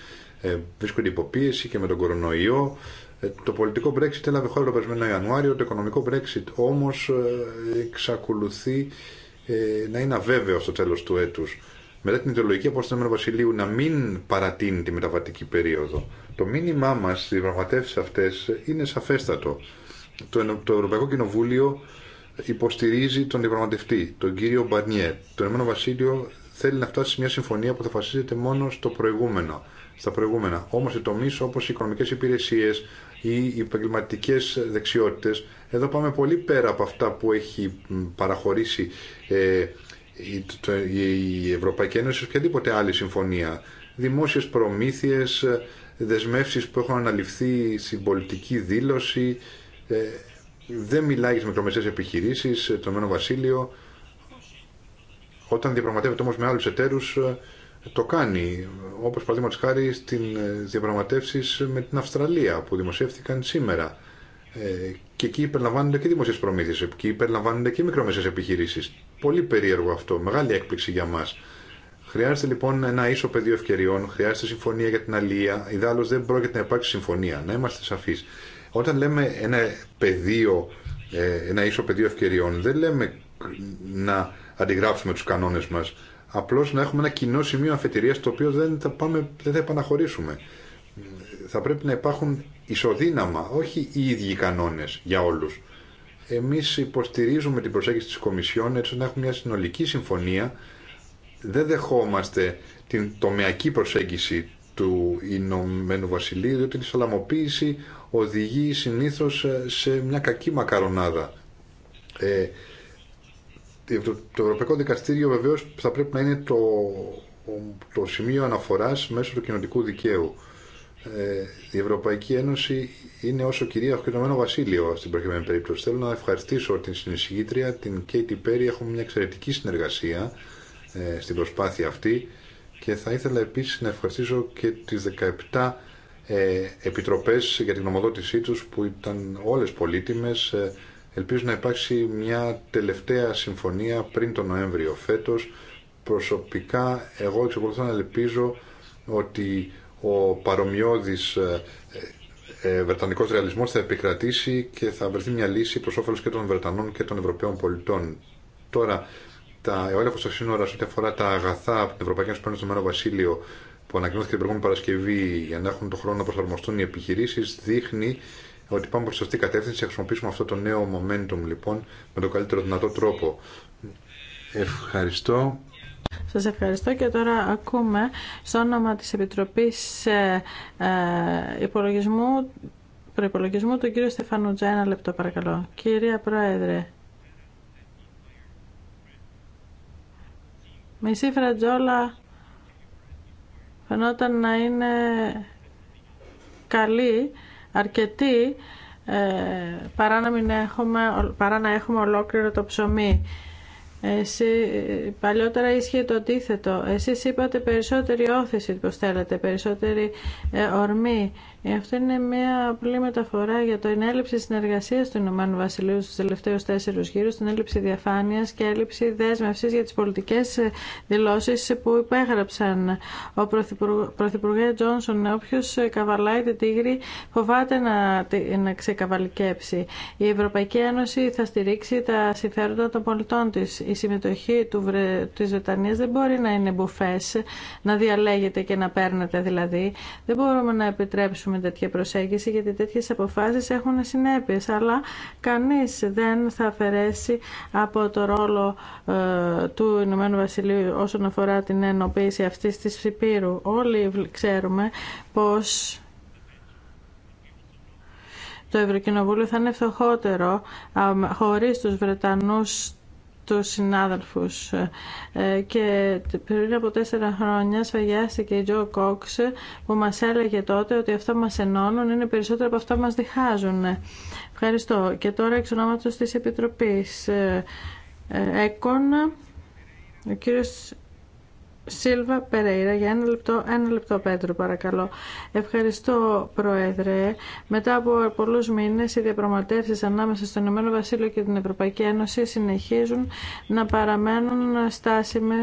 βρίσκονται υποπίεση και με τον κορονοϊό ε, το πολιτικό Brexit έλαβε χώρα το περσμένο Ιανουάριο, το οικονομικό Brexit όμως ε, εξακολουθεί ε, να είναι αβέβαιο στο τέλος του έτους. Μετά την ιδεολογική απόσταση του Βασιλείου να μην παρατείνει τη μεταβατική περίοδο. Το μήνυμά μας στις διπραγματεύσεις αυτές είναι σαφέστατο. Το, το Ευρωπαϊκό Κοινοβούλιο υποστηρίζει τον διαπραγματευτή, τον κύριο Μπαρνιέ. Το Ηνωμένο Βασίλειο θέλει να φτάσει σε μια συμφωνία που θα φασίζεται μόνο στο προηγούμενο. Στα προηγούμενα. Όμω οι τομεί όπω οι οικονομικέ υπηρεσίε, ή επαγγελματικέ δεξιότητες. Εδώ πάμε πολύ πέρα από αυτά που έχει παραχωρήσει ε, η, η Ευρωπαϊκή Ένωση οποιαδήποτε άλλη συμφωνία. Δημόσιες προμήθειες, ε, δεσμεύσει που έχουν αναλυφθεί στην πολιτική δήλωση. Ε, δεν μιλάει για τις μικρομεσαίες επιχειρήσεις, το Μένο Βασίλειο. Όταν διαπραγματεύεται όμως με άλλους εταίρους το κάνει, όπως παραδείγματος χάρη στις ε, διαπραγματεύσεις με την Αυστραλία που δημοσιεύτηκαν σήμερα. Ε, και εκεί περιλαμβάνονται και δημοσίες προμήθειες, εκεί περιλαμβάνονται και μικρομεσαίες επιχειρήσεις. Πολύ περίεργο αυτό, μεγάλη έκπληξη για μας. Χρειάζεται λοιπόν ένα ίσο πεδίο ευκαιριών, χρειάζεται συμφωνία για την αλληλεία, ιδάλω δεν πρόκειται να υπάρξει συμφωνία, να είμαστε σαφεί. Όταν λέμε ένα πεδίο, ε, ένα ίσο πεδίο ευκαιριών, δεν λέμε να αντιγράψουμε του κανόνε μα απλώς να έχουμε ένα κοινό σημείο αφετηρίας το οποίο δεν θα, πάμε, δεν θα επαναχωρήσουμε. Θα πρέπει να υπάρχουν ισοδύναμα, όχι οι ίδιοι κανόνες για όλους. Εμείς υποστηρίζουμε την προσέγγιση της Κομισιόν έτσι να έχουμε μια συνολική συμφωνία. Δεν δεχόμαστε την τομεακή προσέγγιση του Ηνωμένου Βασιλείου, διότι η σαλαμοποίηση οδηγεί συνήθως σε μια κακή μακαρονάδα. Ε, το Ευρωπαϊκό Δικαστήριο βεβαίω θα πρέπει να είναι το, το σημείο αναφορά μέσω του κοινωνικού δικαίου. Ε, η Ευρωπαϊκή Ένωση είναι όσο κυρία και το Βασίλειο στην προκειμένη περίπτωση. Θέλω να ευχαριστήσω την συνεισηγήτρια, την Κέιτι Πέρι. Έχουμε μια εξαιρετική συνεργασία ε, στην προσπάθεια αυτή και θα ήθελα επίση να ευχαριστήσω και τι 17 ε, επιτροπές για την γνωμοδότησή του που ήταν όλε πολύτιμε. Ε, Ελπίζω να υπάρξει μια τελευταία συμφωνία πριν τον Νοέμβριο φέτος. Προσωπικά εγώ εξακολουθώ να ελπίζω ότι ο παρομοιώδης ε, ε, ε, βρετανικός ρεαλισμός θα επικρατήσει και θα βρεθεί μια λύση προς όφελος και των Βρετανών και των Ευρωπαίων πολιτών. Τώρα, τα, ο έλεγχος σύνορα σε ό,τι αφορά τα αγαθά από την Ευρωπαϊκή Ένωση στο Βασίλειο που ανακοινώθηκε την προηγούμενη Παρασκευή για να έχουν τον χρόνο να προσαρμοστούν οι επιχειρήσει, δείχνει ότι πάμε προς αυτή την κατεύθυνση, χρησιμοποιήσουμε αυτό το νέο momentum λοιπόν με τον καλύτερο δυνατό τρόπο. Ευχαριστώ. Σας ευχαριστώ και τώρα ακούμε στο όνομα της Επιτροπής ε, ε υπολογισμού, Προϋπολογισμού τον κύριο Στεφανούτζα. Ένα λεπτό παρακαλώ. Κύρια Πρόεδρε. Μισή φρατζόλα φαινόταν να είναι καλή αρκετοί ε, παρά να, έχουμε, παρά να έχουμε ολόκληρο το ψωμί. Εσύ, παλιότερα ίσχυε το αντίθετο. Εσείς είπατε περισσότερη όθηση, πως θέλετε, περισσότερη ε, ορμή. Ε, αυτό είναι μια απλή μεταφορά για το έλλειψη συνεργασία του Ηνωμένου Βασιλείου στου τελευταίου τέσσερου γύρου, την έλλειψη διαφάνεια και έλλειψη δέσμευση για τι πολιτικέ ε, δηλώσει που υπέγραψαν. Ο Πρωθυπουργέ Τζόνσον, ε, όποιο καβαλάει την τίγρη, φοβάται να, να ξεκαβαλικέψει. Η Ευρωπαϊκή Ένωση θα στηρίξει τα συμφέροντα των πολιτών τη. Η συμμετοχή τη Βρετανία δεν μπορεί να είναι μπουφέ, να διαλέγεται και να παίρνετε δηλαδή. Δεν μπορούμε να επιτρέψουμε με τέτοια προσέγγιση γιατί τέτοιες αποφάσεις έχουν συνέπειες αλλά κανείς δεν θα αφαιρέσει από το ρόλο ε, του Ηνωμένου Βασιλείου όσον αφορά την ενοποίηση αυτής της φυπήρου. Όλοι ξέρουμε πως το Ευρωκοινοβούλιο θα είναι φτωχότερο χωρίς τους Βρετανούς του συνάδελφους ε, και πριν από τέσσερα χρόνια σφαγιάστηκε η Τζο Κόξ που μας έλεγε τότε ότι αυτά μας ενώνουν είναι περισσότερο από αυτά μας διχάζουν. Ευχαριστώ. Και τώρα εξ ονόματος της Επιτροπής ε, ε, ΕΚΟΝ ο κύριος Σίλβα Περέιρα για ένα λεπτό, ένα λεπτό Πέτρο παρακαλώ. Ευχαριστώ Πρόεδρε. Μετά από πολλούς μήνες οι διαπραγματεύσει ανάμεσα στον Ηνωμένο Βασίλειο και την Ευρωπαϊκή Ένωση συνεχίζουν να παραμένουν στάσιμε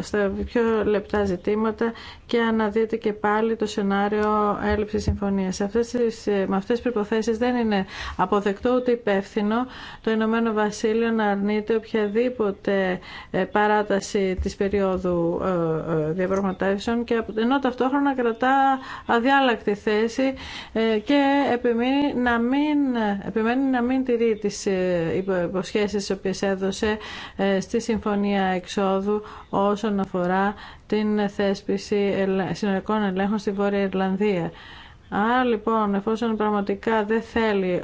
στα πιο λεπτά ζητήματα και αναδείται και πάλι το σενάριο έλλειψης συμφωνίας. Αυτές με αυτές τις προϋποθέσεις δεν είναι αποδεκτό ούτε υπεύθυνο το Ηνωμένο Βασίλειο να αρνείται οποιαδήποτε ε, παράταση της περίοδου του διαπραγματεύσεων και ενώ ταυτόχρονα κρατά αδιάλακτη θέση ε, και επιμένει να μην, επιμένει να μην τηρεί τις ε, υποσχέσεις τις οποίες έδωσε ε, στη Συμφωνία Εξόδου όσον αφορά την θέσπιση συνολικών ελέγχων στη Βόρεια Ιρλανδία. Άρα λοιπόν, εφόσον πραγματικά δεν θέλει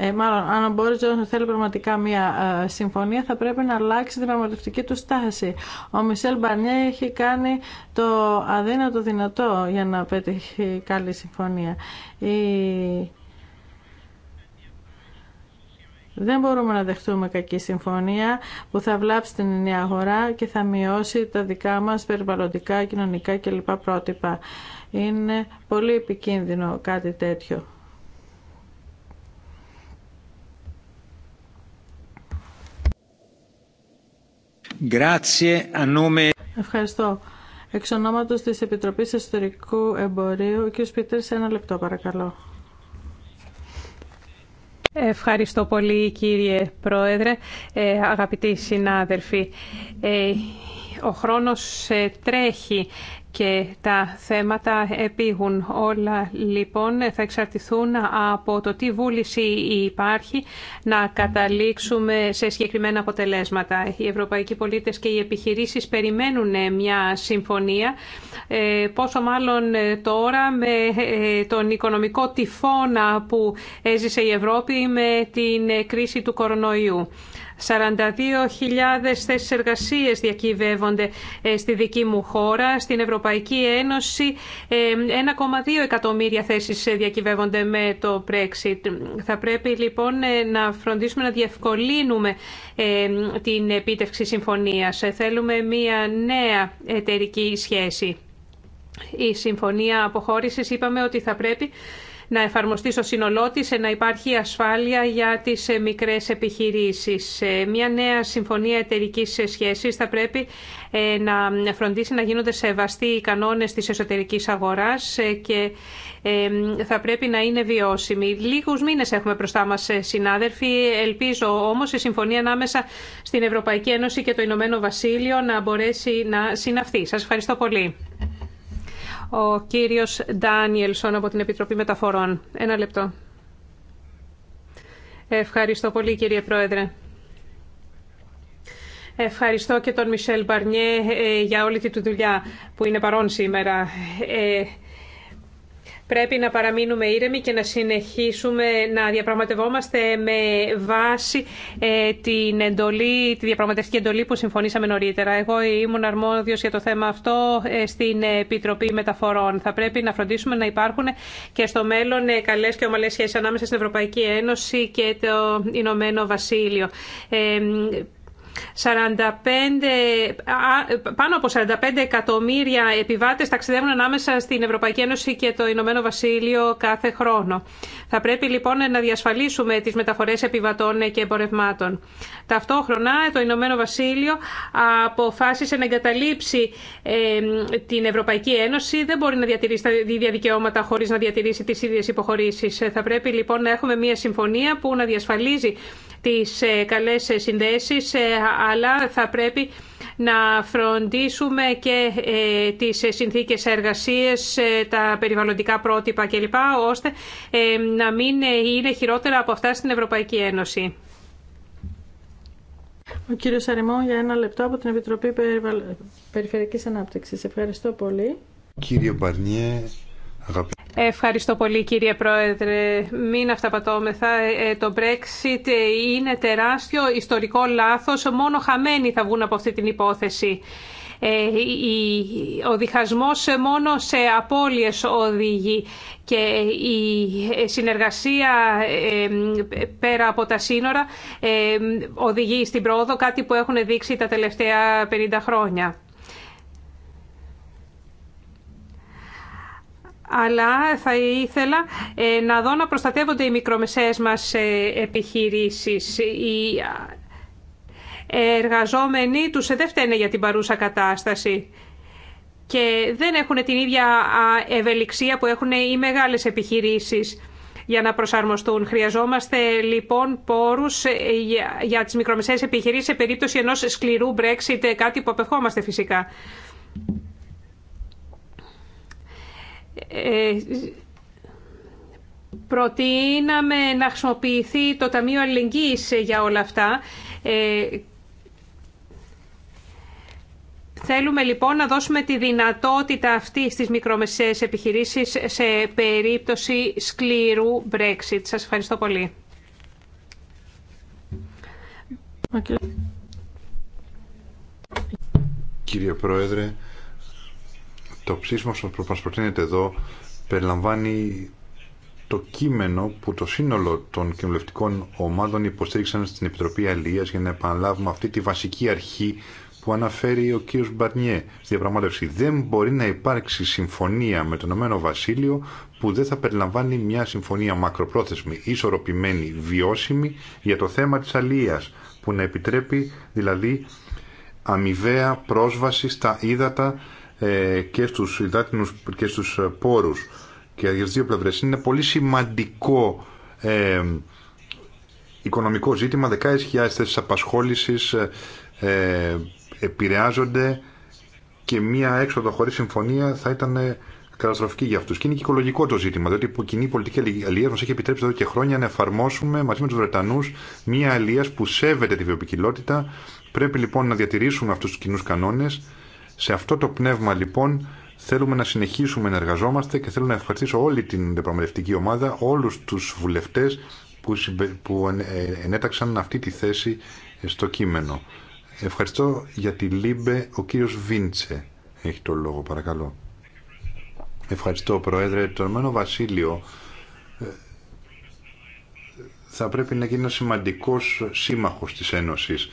ε, μάλλον αν ο Μπόρις θέλει πραγματικά μια ε, συμφωνία θα πρέπει να αλλάξει την πραγματευτική του στάση. Ο Μισελ Μπαρνιέ έχει κάνει το αδύνατο δυνατό για να πετύχει καλή συμφωνία. Δεν μπορούμε να δεχτούμε κακή συμφωνία που θα βλάψει την νέα αγορά και θα μειώσει τα δικά μας περιβαλλοντικά, κοινωνικά κλπ. πρότυπα. Είναι πολύ επικίνδυνο κάτι τέτοιο. Ευχαριστώ. Εξ ονόματος της Επιτροπής Ιστορικού Εμπορίου, ο κ. Πίτερς, ένα λεπτό παρακαλώ. Ευχαριστώ πολύ κύριε Πρόεδρε, ε, αγαπητοί συνάδελφοι. Ε, ο χρόνος ε, τρέχει και τα θέματα επίγουν όλα λοιπόν θα εξαρτηθούν από το τι βούληση υπάρχει να καταλήξουμε σε συγκεκριμένα αποτελέσματα. Οι ευρωπαϊκοί πολίτες και οι επιχειρήσεις περιμένουν μια συμφωνία ε, πόσο μάλλον τώρα με ε, τον οικονομικό τυφώνα που έζησε η Ευρώπη με την κρίση του κορονοϊού. 42.000 θέσεις εργασίες διακυβεύονται ε, στη δική μου χώρα. Στην Ευρωπαϊκή Ένωση 1,2 ε, εκατομμύρια θέσεις ε, διακυβεύονται με το Brexit. Θα πρέπει λοιπόν να φροντίσουμε να διευκολύνουμε την επίτευξη συμφωνίας. Θέλουμε μια νέα εταιρική σχέση. Η συμφωνία αποχώρησης είπαμε ότι θα πρέπει να εφαρμοστεί στο σύνολό τη, ε, να υπάρχει ασφάλεια για τις ε, μικρέ επιχειρήσεις. Ε, μια νέα συμφωνία εταιρική σχέσης θα πρέπει να φροντίσει να γίνονται σεβαστοί οι κανόνες τη εσωτερική αγορά και θα πρέπει να είναι βιώσιμη. Λίγους μήνες έχουμε μπροστά μα συνάδελφοι. Ελπίζω όμως η συμφωνία ανάμεσα στην Ευρωπαϊκή Ένωση και το Ηνωμένο Βασίλειο να μπορέσει να συναυθεί. Σα ευχαριστώ πολύ. Ο κύριος Ντάνιελσον από την Επιτροπή Μεταφορών. Ένα λεπτό. Ευχαριστώ πολύ κύριε Πρόεδρε. Ευχαριστώ και τον Μισελ Μπαρνιέ ε, για όλη τη του δουλειά που είναι παρόν σήμερα. Ε, Πρέπει να παραμείνουμε ήρεμοι και να συνεχίσουμε να διαπραγματευόμαστε με βάση ε, την εντολή, τη διαπραγματευτική εντολή που συμφωνήσαμε νωρίτερα. Εγώ ήμουν αρμόδιο για το θέμα αυτό ε, στην Επιτροπή Μεταφορών. Θα πρέπει να φροντίσουμε να υπάρχουν και στο μέλλον ε, καλέ και ομαλές σχέσεις ανάμεσα στην Ευρωπαϊκή Ένωση και το Ηνωμένο Βασίλειο. 45, πάνω από 45 εκατομμύρια επιβάτες ταξιδεύουν ανάμεσα στην Ευρωπαϊκή Ένωση και το Ηνωμένο Βασίλειο κάθε χρόνο. Θα πρέπει λοιπόν να διασφαλίσουμε τις μεταφορές επιβατών και εμπορευμάτων. Ταυτόχρονα το Ηνωμένο Βασίλειο αποφάσισε να εγκαταλείψει την Ευρωπαϊκή Ένωση. Δεν μπορεί να διατηρήσει τα ίδια δικαιώματα χωρίς να διατηρήσει τις ίδιες υποχωρήσεις. Θα πρέπει λοιπόν να έχουμε μια συμφωνία που να διασφαλίζει τις ε, καλές συνδέσεις, ε, αλλά θα πρέπει να φροντίσουμε και ε, τις συνθήκες εργασίες, τα περιβαλλοντικά πρότυπα κλπ, ώστε να μην είναι χειρότερα από αυτά στην Ευρωπαϊκή Ένωση. Ο κύριος Αρημό για ένα λεπτό από την Επιτροπή Περιφερειακής Ανάπτυξης. Ευχαριστώ πολύ. Κύριε Μπαρνιέ, αγαπητοί Ευχαριστώ πολύ κύριε Πρόεδρε. Μην αυταπατώμεθα. Ε, το Brexit είναι τεράστιο ιστορικό λάθος. Μόνο χαμένοι θα βγουν από αυτή την υπόθεση. Ε, ο διχασμός μόνο σε απώλειες οδηγεί και η συνεργασία ε, πέρα από τα σύνορα οδηγεί στην πρόοδο, κάτι που έχουν δείξει τα τελευταία 50 χρόνια. αλλά θα ήθελα ε, να δω να προστατεύονται οι μικρομεσαίες μας ε, επιχειρήσεις. Οι εργαζόμενοι τους ε, δεν φταίνε για την παρούσα κατάσταση και δεν έχουν την ίδια ευελιξία που έχουν οι μεγάλες επιχειρήσεις για να προσαρμοστούν. Χρειαζόμαστε λοιπόν πόρους για τις μικρομεσαίες επιχειρήσεις σε περίπτωση ενός σκληρού Brexit, κάτι που απευχόμαστε φυσικά. Ε, προτείναμε να χρησιμοποιηθεί το Ταμείο Αλληλεγγύης για όλα αυτά. Ε, θέλουμε λοιπόν να δώσουμε τη δυνατότητα αυτή στις μικρομεσαίες επιχειρήσεις σε περίπτωση σκληρού Brexit. Σας ευχαριστώ πολύ. Okay. Κύριε Πρόεδρε, το ψήσιμο που μας προτείνεται εδώ περιλαμβάνει το κείμενο που το σύνολο των κοινοβουλευτικών ομάδων υποστήριξαν στην Επιτροπή Αλίας για να επαναλάβουμε αυτή τη βασική αρχή που αναφέρει ο κ. Μπαρνιέ στη διαπραγμάτευση. Δεν μπορεί να υπάρξει συμφωνία με το Ηνωμένο Βασίλειο που δεν θα περιλαμβάνει μια συμφωνία μακροπρόθεσμη, ισορροπημένη, βιώσιμη για το θέμα της αλίας που να επιτρέπει δηλαδή αμοιβαία πρόσβαση στα ύδατα ε, και στους υδάτινους και στους ε, πόρους και για τις δύο πλευρές είναι πολύ σημαντικό ε, οικονομικό ζήτημα δεκάδες χιλιάδες θέσεις απασχόλησης ε, επηρεάζονται και μία έξοδο χωρίς συμφωνία θα ήταν ε, καταστροφική για αυτούς Και είναι και οικολογικό το ζήτημα, διότι η κοινή πολιτική αλληλεία μας έχει επιτρέψει εδώ και χρόνια να εφαρμόσουμε μαζί με του Βρετανού μία αλληλεία που σέβεται τη βιοπικιλότητα. Πρέπει λοιπόν να διατηρήσουμε αυτού του κοινού κανόνε σε αυτό το πνεύμα λοιπόν θέλουμε να συνεχίσουμε να εργαζόμαστε και θέλω να ευχαριστήσω όλη την διαπραγματευτική ομάδα, όλους τους βουλευτές που, που ε, ενέταξαν αυτή τη θέση στο κείμενο. Ευχαριστώ για τη Λίμπε. Ο κύριος Βίντσε έχει το λόγο, παρακαλώ. Ευχαριστώ, Πρόεδρε. Το Ενωμένο Βασίλειο ε, θα πρέπει να γίνει ένα σημαντικός σύμμαχος της Ένωσης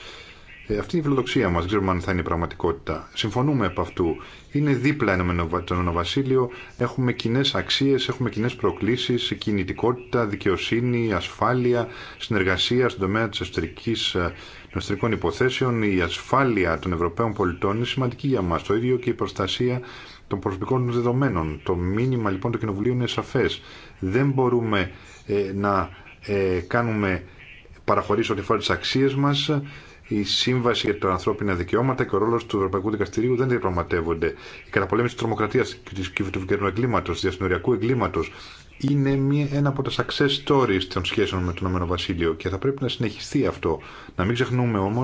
ε, αυτή είναι η φιλοδοξία μα. Ξέρουμε αν θα είναι η πραγματικότητα. Συμφωνούμε από αυτού. Είναι δίπλα το βασίλειο. Έχουμε κοινέ αξίε, έχουμε κοινέ προκλήσει, κινητικότητα, δικαιοσύνη, ασφάλεια, συνεργασία στον τομέα τη εσωτερική ε, των εσωτερικών υποθέσεων. Η ασφάλεια των Ευρωπαίων πολιτών είναι σημαντική για μας. Το ίδιο και η προστασία των προσωπικών δεδομένων. Το μήνυμα λοιπόν του Κοινοβουλίου είναι σαφέ. Δεν μπορούμε ε, να ε, κάνουμε παραχωρήσει ό,τι αφορά τις η Σύμβαση για τα Ανθρώπινα Δικαιώματα και ο ρόλο του Ευρωπαϊκού Δικαστηρίου δεν διαπραγματεύονται. Η καταπολέμηση τη τρομοκρατία και του κυβερνού εγκλήματο, του διασυνοριακού εγκλήματο, είναι μία, ένα από τα success stories των σχέσεων με το Ηνωμένο Βασίλειο και θα πρέπει να συνεχιστεί αυτό. Να μην ξεχνούμε όμω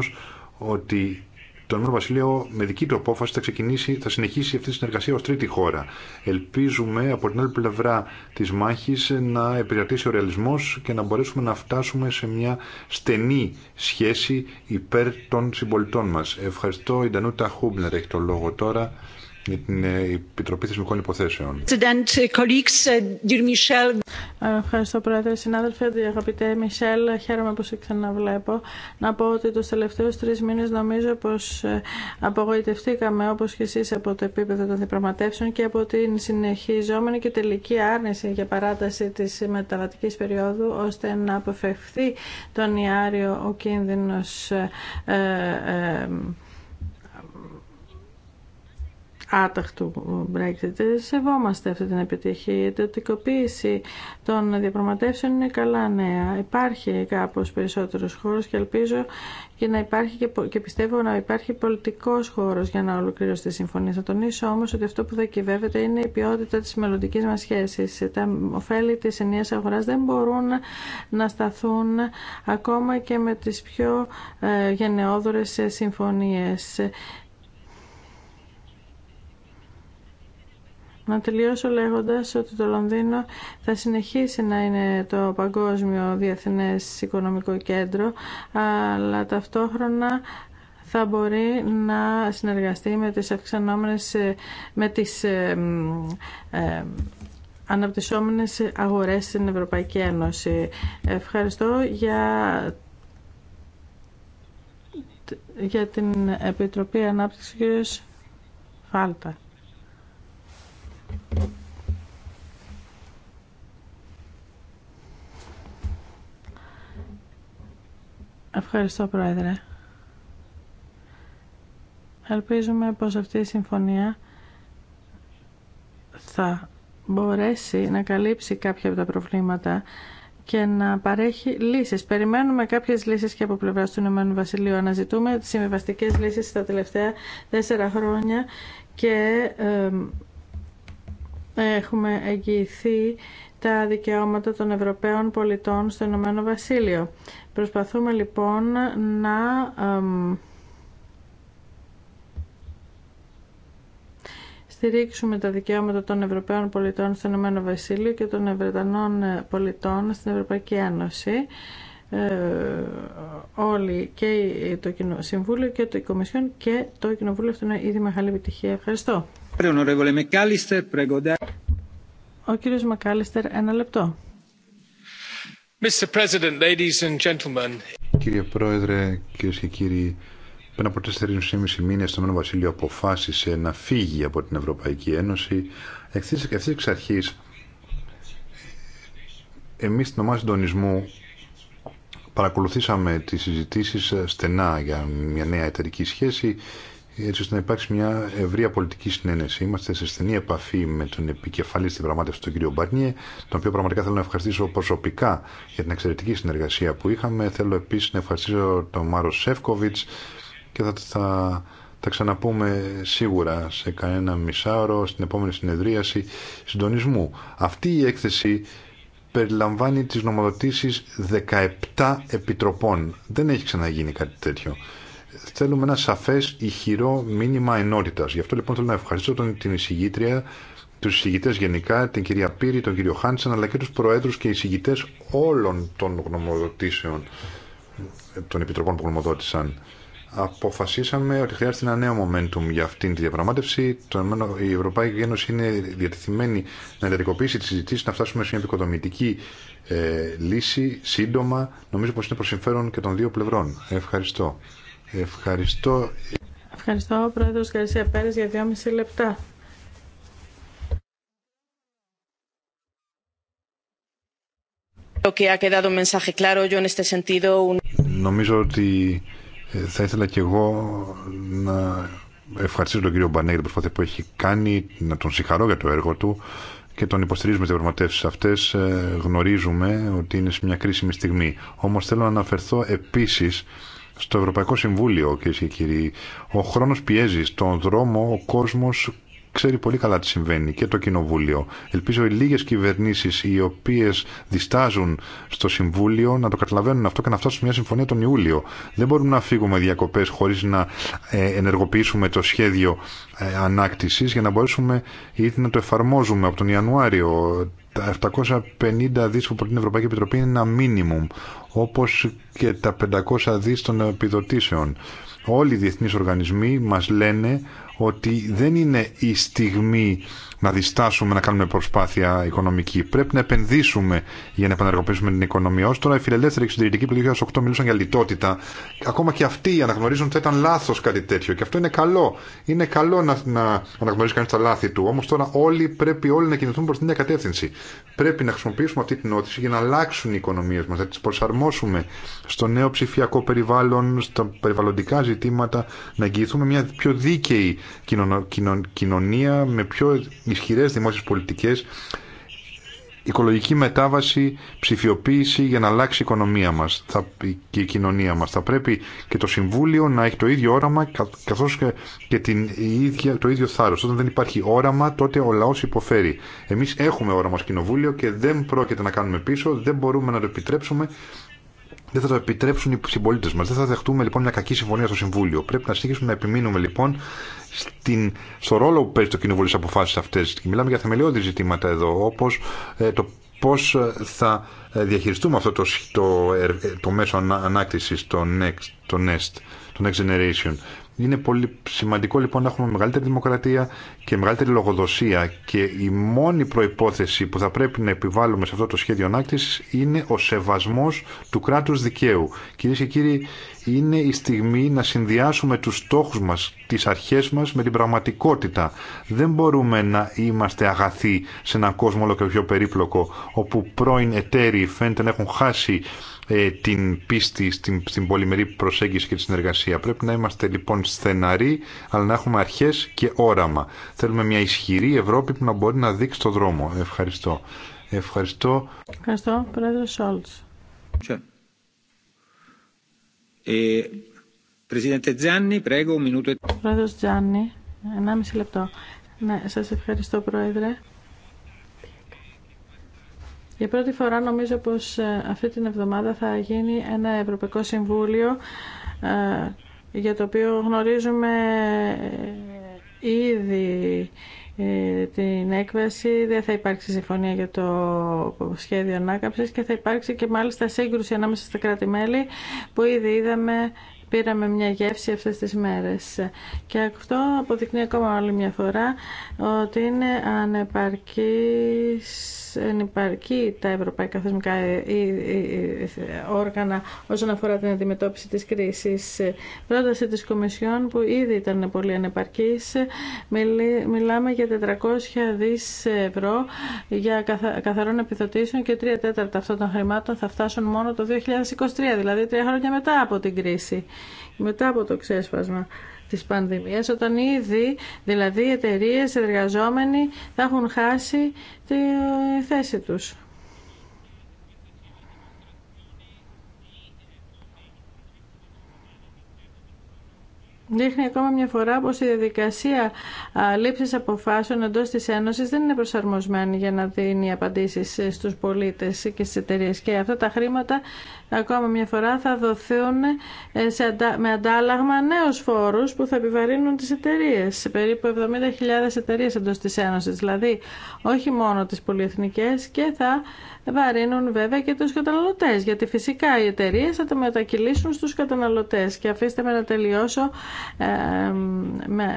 ότι το Ηνωμένο Βασίλειο με δική του απόφαση θα, ξεκινήσει, θα συνεχίσει αυτή τη συνεργασία ως τρίτη χώρα. Ελπίζουμε από την άλλη πλευρά της μάχης να επικρατήσει ο ρεαλισμός και να μπορέσουμε να φτάσουμε σε μια στενή σχέση υπέρ των συμπολιτών μας. Ευχαριστώ. Η Ντανούτα Χούμπνερ έχει το λόγο τώρα με την ε, Επιτροπή Θεσμικών Υποθέσεων. Ε, ε, ευχαριστώ, Πρόεδρε. Συνάδελφε, αγαπητέ Μισελ, χαίρομαι που σε ξαναβλέπω. Να πω ότι του τελευταίου τρει μήνε νομίζω πω απογοητευτήκαμε όπω και εσεί από το επίπεδο των διαπραγματεύσεων και από την συνεχιζόμενη και τελική άρνηση για παράταση τη μεταβατική περίοδου ώστε να αποφευθεί τον Ιάριο ο κίνδυνο άταχτου Brexit. Ε, σεβόμαστε αυτή την επιτυχία. Η ιδιωτικοποίηση των διαπραγματεύσεων είναι καλά νέα. Υπάρχει κάπως περισσότερος χώρος και ελπίζω και να υπάρχει και, πιστεύω να υπάρχει πολιτικός χώρος για να ολοκληρώσει τη συμφωνία. Θα τονίσω όμως ότι αυτό που διακυβεύεται είναι η ποιότητα της μελλοντική μας σχέσης. Τα ωφέλη της ενιαίας αγοράς δεν μπορούν να σταθούν ακόμα και με τις πιο ε, γενναιόδορες ε, συμφωνίες. Να τελειώσω λέγοντας ότι το Λονδίνο θα συνεχίσει να είναι το παγκόσμιο διεθνές οικονομικό κέντρο, αλλά ταυτόχρονα θα μπορεί να συνεργαστεί με τις αυξανόμενες, με τις ε, ε αναπτυσσόμενες αγορές στην Ευρωπαϊκή Ένωση. Ευχαριστώ για για την Επιτροπή Ανάπτυξης Φάλτα. Ευχαριστώ, Πρόεδρε. Ελπίζουμε πως αυτή η συμφωνία θα μπορέσει να καλύψει κάποια από τα προβλήματα και να παρέχει λύσεις. Περιμένουμε κάποιες λύσεις και από πλευρά του Ηνωμένου Βασιλείου. Αναζητούμε συμβιβαστικέ λύσεις στα τελευταία τέσσερα χρόνια και έχουμε εγγυηθεί τα δικαιώματα των Ευρωπαίων πολιτών στο Ηνωμένο Βασίλειο. Προσπαθούμε λοιπόν να στηρίξουμε τα δικαιώματα των Ευρωπαίων πολιτών στο Ηνωμένο Βασίλειο και των Βρετανών πολιτών στην Ευρωπαϊκή Ένωση ε, όλοι και το Συμβούλιο και το Κομισιόν και το Κοινοβούλιο αυτό είναι ήδη μεγάλη επιτυχία. Ευχαριστώ. Κύριε Πρόεδρε, κυρίε και κύριοι, πριν από 4,5 μήνε το Μένο Βασίλειο αποφάσισε να φύγει από την Ευρωπαϊκή Ένωση. Ευθύ εξ αρχή, εμεί στην ομάδα συντονισμού παρακολουθήσαμε τι συζητήσει στενά για μια νέα εταιρική σχέση έτσι ώστε να υπάρξει μια ευρεία πολιτική συνένεση. Είμαστε σε στενή επαφή με τον επικεφαλή στην πραγμάτευση, τον κύριο Μπαρνιέ, τον οποίο πραγματικά θέλω να ευχαριστήσω προσωπικά για την εξαιρετική συνεργασία που είχαμε. Θέλω επίση να ευχαριστήσω τον Μάρο Σεύκοβιτ και θα, θα τα ξαναπούμε σίγουρα σε κανένα μισάωρο στην επόμενη συνεδρίαση συντονισμού. Αυτή η έκθεση περιλαμβάνει τις νομοδοτήσεις 17 επιτροπών. Δεν έχει ξαναγίνει κάτι τέτοιο θέλουμε ένα σαφέ ηχηρό μήνυμα ενότητα. Γι' αυτό λοιπόν θέλω να ευχαριστήσω τον, την εισηγήτρια, του εισηγητέ γενικά, την κυρία Πύρη, τον κύριο Χάντσαν, αλλά και του προέδρου και εισηγητέ όλων των γνωμοδοτήσεων των επιτροπών που γνωμοδότησαν. Αποφασίσαμε ότι χρειάζεται ένα νέο momentum για αυτήν τη διαπραγμάτευση. Η Ευρωπαϊκή Ένωση είναι διατεθειμένη να εντατικοποιήσει τη συζήτηση, να φτάσουμε σε μια επικοδομητική ε, λύση σύντομα. Νομίζω πω είναι προ συμφέρον και των δύο πλευρών. Ευχαριστώ. Ευχαριστώ. Ευχαριστώ, Πρόεδρος Γαρσία Πέρες, για μισή λεπτά. Νομίζω ότι ε, θα ήθελα και εγώ να ευχαριστήσω τον κύριο Μπανέ για την προσπάθεια που έχει κάνει, να τον συγχαρώ για το έργο του και τον υποστηρίζουμε τι διαπραγματεύσει αυτέ. Ε, γνωρίζουμε ότι είναι σε μια κρίσιμη στιγμή. Όμω θέλω να αναφερθώ επίση στο Ευρωπαϊκό Συμβούλιο, κυρίε και κύριοι. Ο χρόνο πιέζει. Στον δρόμο ο κόσμο ξέρει πολύ καλά τι συμβαίνει και το Κοινοβούλιο. Ελπίζω οι λίγε κυβερνήσει οι οποίε διστάζουν στο Συμβούλιο να το καταλαβαίνουν αυτό και να φτάσουν σε μια συμφωνία τον Ιούλιο. Δεν μπορούμε να φύγουμε διακοπέ χωρί να ε, ενεργοποιήσουμε το σχέδιο ε, ανάκτηση για να μπορέσουμε ήδη να το εφαρμόζουμε από τον Ιανουάριο τα 750 δις που προτείνει η Ευρωπαϊκή Επιτροπή είναι ένα μίνιμουμ, όπως και τα 500 δις των επιδοτήσεων. Όλοι οι διεθνείς οργανισμοί μας λένε ότι δεν είναι η στιγμή να διστάσουμε να κάνουμε προσπάθεια οικονομική. Πρέπει να επενδύσουμε για να επανεργοποιήσουμε την οικονομία. Ω τώρα οι φιλελεύθεροι εξωτερικοί που το 2008 μιλούσαν για λιτότητα, ακόμα και αυτοί αναγνωρίζουν ότι ήταν λάθο κάτι τέτοιο. Και αυτό είναι καλό. Είναι καλό να, να αναγνωρίζει κανεί τα λάθη του. Όμω τώρα όλοι πρέπει όλοι να κινηθούν προ την ίδια κατεύθυνση. Πρέπει να χρησιμοποιήσουμε αυτή την όθηση για να αλλάξουν οι οικονομίε μα, να τι προσαρμόσουμε στο νέο ψηφιακό περιβάλλον, στα περιβαλλοντικά ζητήματα, να εγγυηθούμε μια πιο δίκαιη κοινωνία με πιο ισχυρές δημόσιες πολιτικές, οικολογική μετάβαση, ψηφιοποίηση για να αλλάξει η οικονομία μας και η κοινωνία μας. Θα πρέπει και το Συμβούλιο να έχει το ίδιο όραμα καθώς και την ίδια, το ίδιο θάρρος. Όταν δεν υπάρχει όραμα τότε ο λαό υποφέρει. Εμείς έχουμε όραμα ως Κοινοβούλιο και δεν πρόκειται να κάνουμε πίσω, δεν μπορούμε να το επιτρέψουμε δεν θα το επιτρέψουν οι συμπολίτε μα. Δεν θα δεχτούμε λοιπόν μια κακή συμφωνία στο Συμβούλιο. Πρέπει να συνεχίσουμε να επιμείνουμε λοιπόν στην, στο ρόλο που παίζει το Κοινοβούλιο στι αποφάσει αυτέ. Μιλάμε για θεμελιώδη ζητήματα εδώ, όπω ε, το πώ ε, θα ε, διαχειριστούμε αυτό το, το, το μέσο ανάκτηση, το, το NEST, το Next Generation. Είναι πολύ σημαντικό λοιπόν να έχουμε μεγαλύτερη δημοκρατία και μεγαλύτερη λογοδοσία και η μόνη προϋπόθεση που θα πρέπει να επιβάλλουμε σε αυτό το σχέδιο ανάκτησης είναι ο σεβασμός του κράτους δικαίου. Κυρίε και κύριοι, είναι η στιγμή να συνδυάσουμε τους στόχους μας, τις αρχές μας με την πραγματικότητα. Δεν μπορούμε να είμαστε αγαθοί σε έναν κόσμο όλο και πιο περίπλοκο όπου πρώην εταίροι φαίνεται να έχουν χάσει ε, την πίστη στην, στην πολυμερή προσέγγιση και τη συνεργασία. Πρέπει να είμαστε λοιπόν στεναροί, αλλά να έχουμε αρχέ και όραμα. Θέλουμε μια ισχυρή Ευρώπη που να μπορεί να δείξει το δρόμο. Ευχαριστώ. Ευχαριστώ. Ευχαριστώ, Πρόεδρε Σόλτ. Τζάνι, πρέγω, μινούτο. Πρόεδρος Τζάνι, λεπτό. Ναι, ευχαριστώ, Πρόεδρε. Για πρώτη φορά νομίζω πως ε, αυτή την εβδομάδα θα γίνει ένα Ευρωπαϊκό Συμβούλιο ε, για το οποίο γνωρίζουμε ε, ήδη την έκβαση, δεν θα υπάρξει συμφωνία για το σχέδιο ανάκαμψη και θα υπάρξει και μάλιστα σύγκρουση ανάμεσα στα κράτη-μέλη που ήδη είδαμε πήραμε μια γεύση αυτές τις μέρες. Και αυτό αποδεικνύει ακόμα άλλη μια φορά ότι είναι ανεπαρκής ενυπαρκεί τα ευρωπαϊκά θεσμικά ε, ε, ε, όργανα όσον αφορά την αντιμετώπιση της κρίσης. Πρόταση της Κομισιόν που ήδη ήταν πολύ ανεπαρκής. Μιλάμε για 400 δις ευρώ για καθαρών επιδοτήσεων και 3 τέταρτα αυτών των χρημάτων θα φτάσουν μόνο το 2023, δηλαδή τρία χρόνια μετά από την κρίση, μετά από το ξέσπασμα της πανδημίας, όταν ήδη δηλαδή οι εταιρείε εργαζόμενοι θα έχουν χάσει τη θέση τους. Δείχνει ακόμα μια φορά πως η διαδικασία λήψης αποφάσεων εντός της Ένωσης δεν είναι προσαρμοσμένη για να δίνει απαντήσεις ε, στους πολίτες και στις εταιρείες. Και αυτά τα χρήματα Ακόμα μια φορά θα δοθούν ε, σε με αντάλλαγμα νέους φόρους που θα επιβαρύνουν τις εταιρείες, περίπου 70.000 εταιρείες εντός της Ένωσης, δηλαδή όχι μόνο τις πολυεθνικές και θα βαρύνουν βέβαια και τους καταναλωτές, γιατί φυσικά οι εταιρείε θα τα μετακυλήσουν στους καταναλωτές. Και αφήστε με να τελειώσω ε, με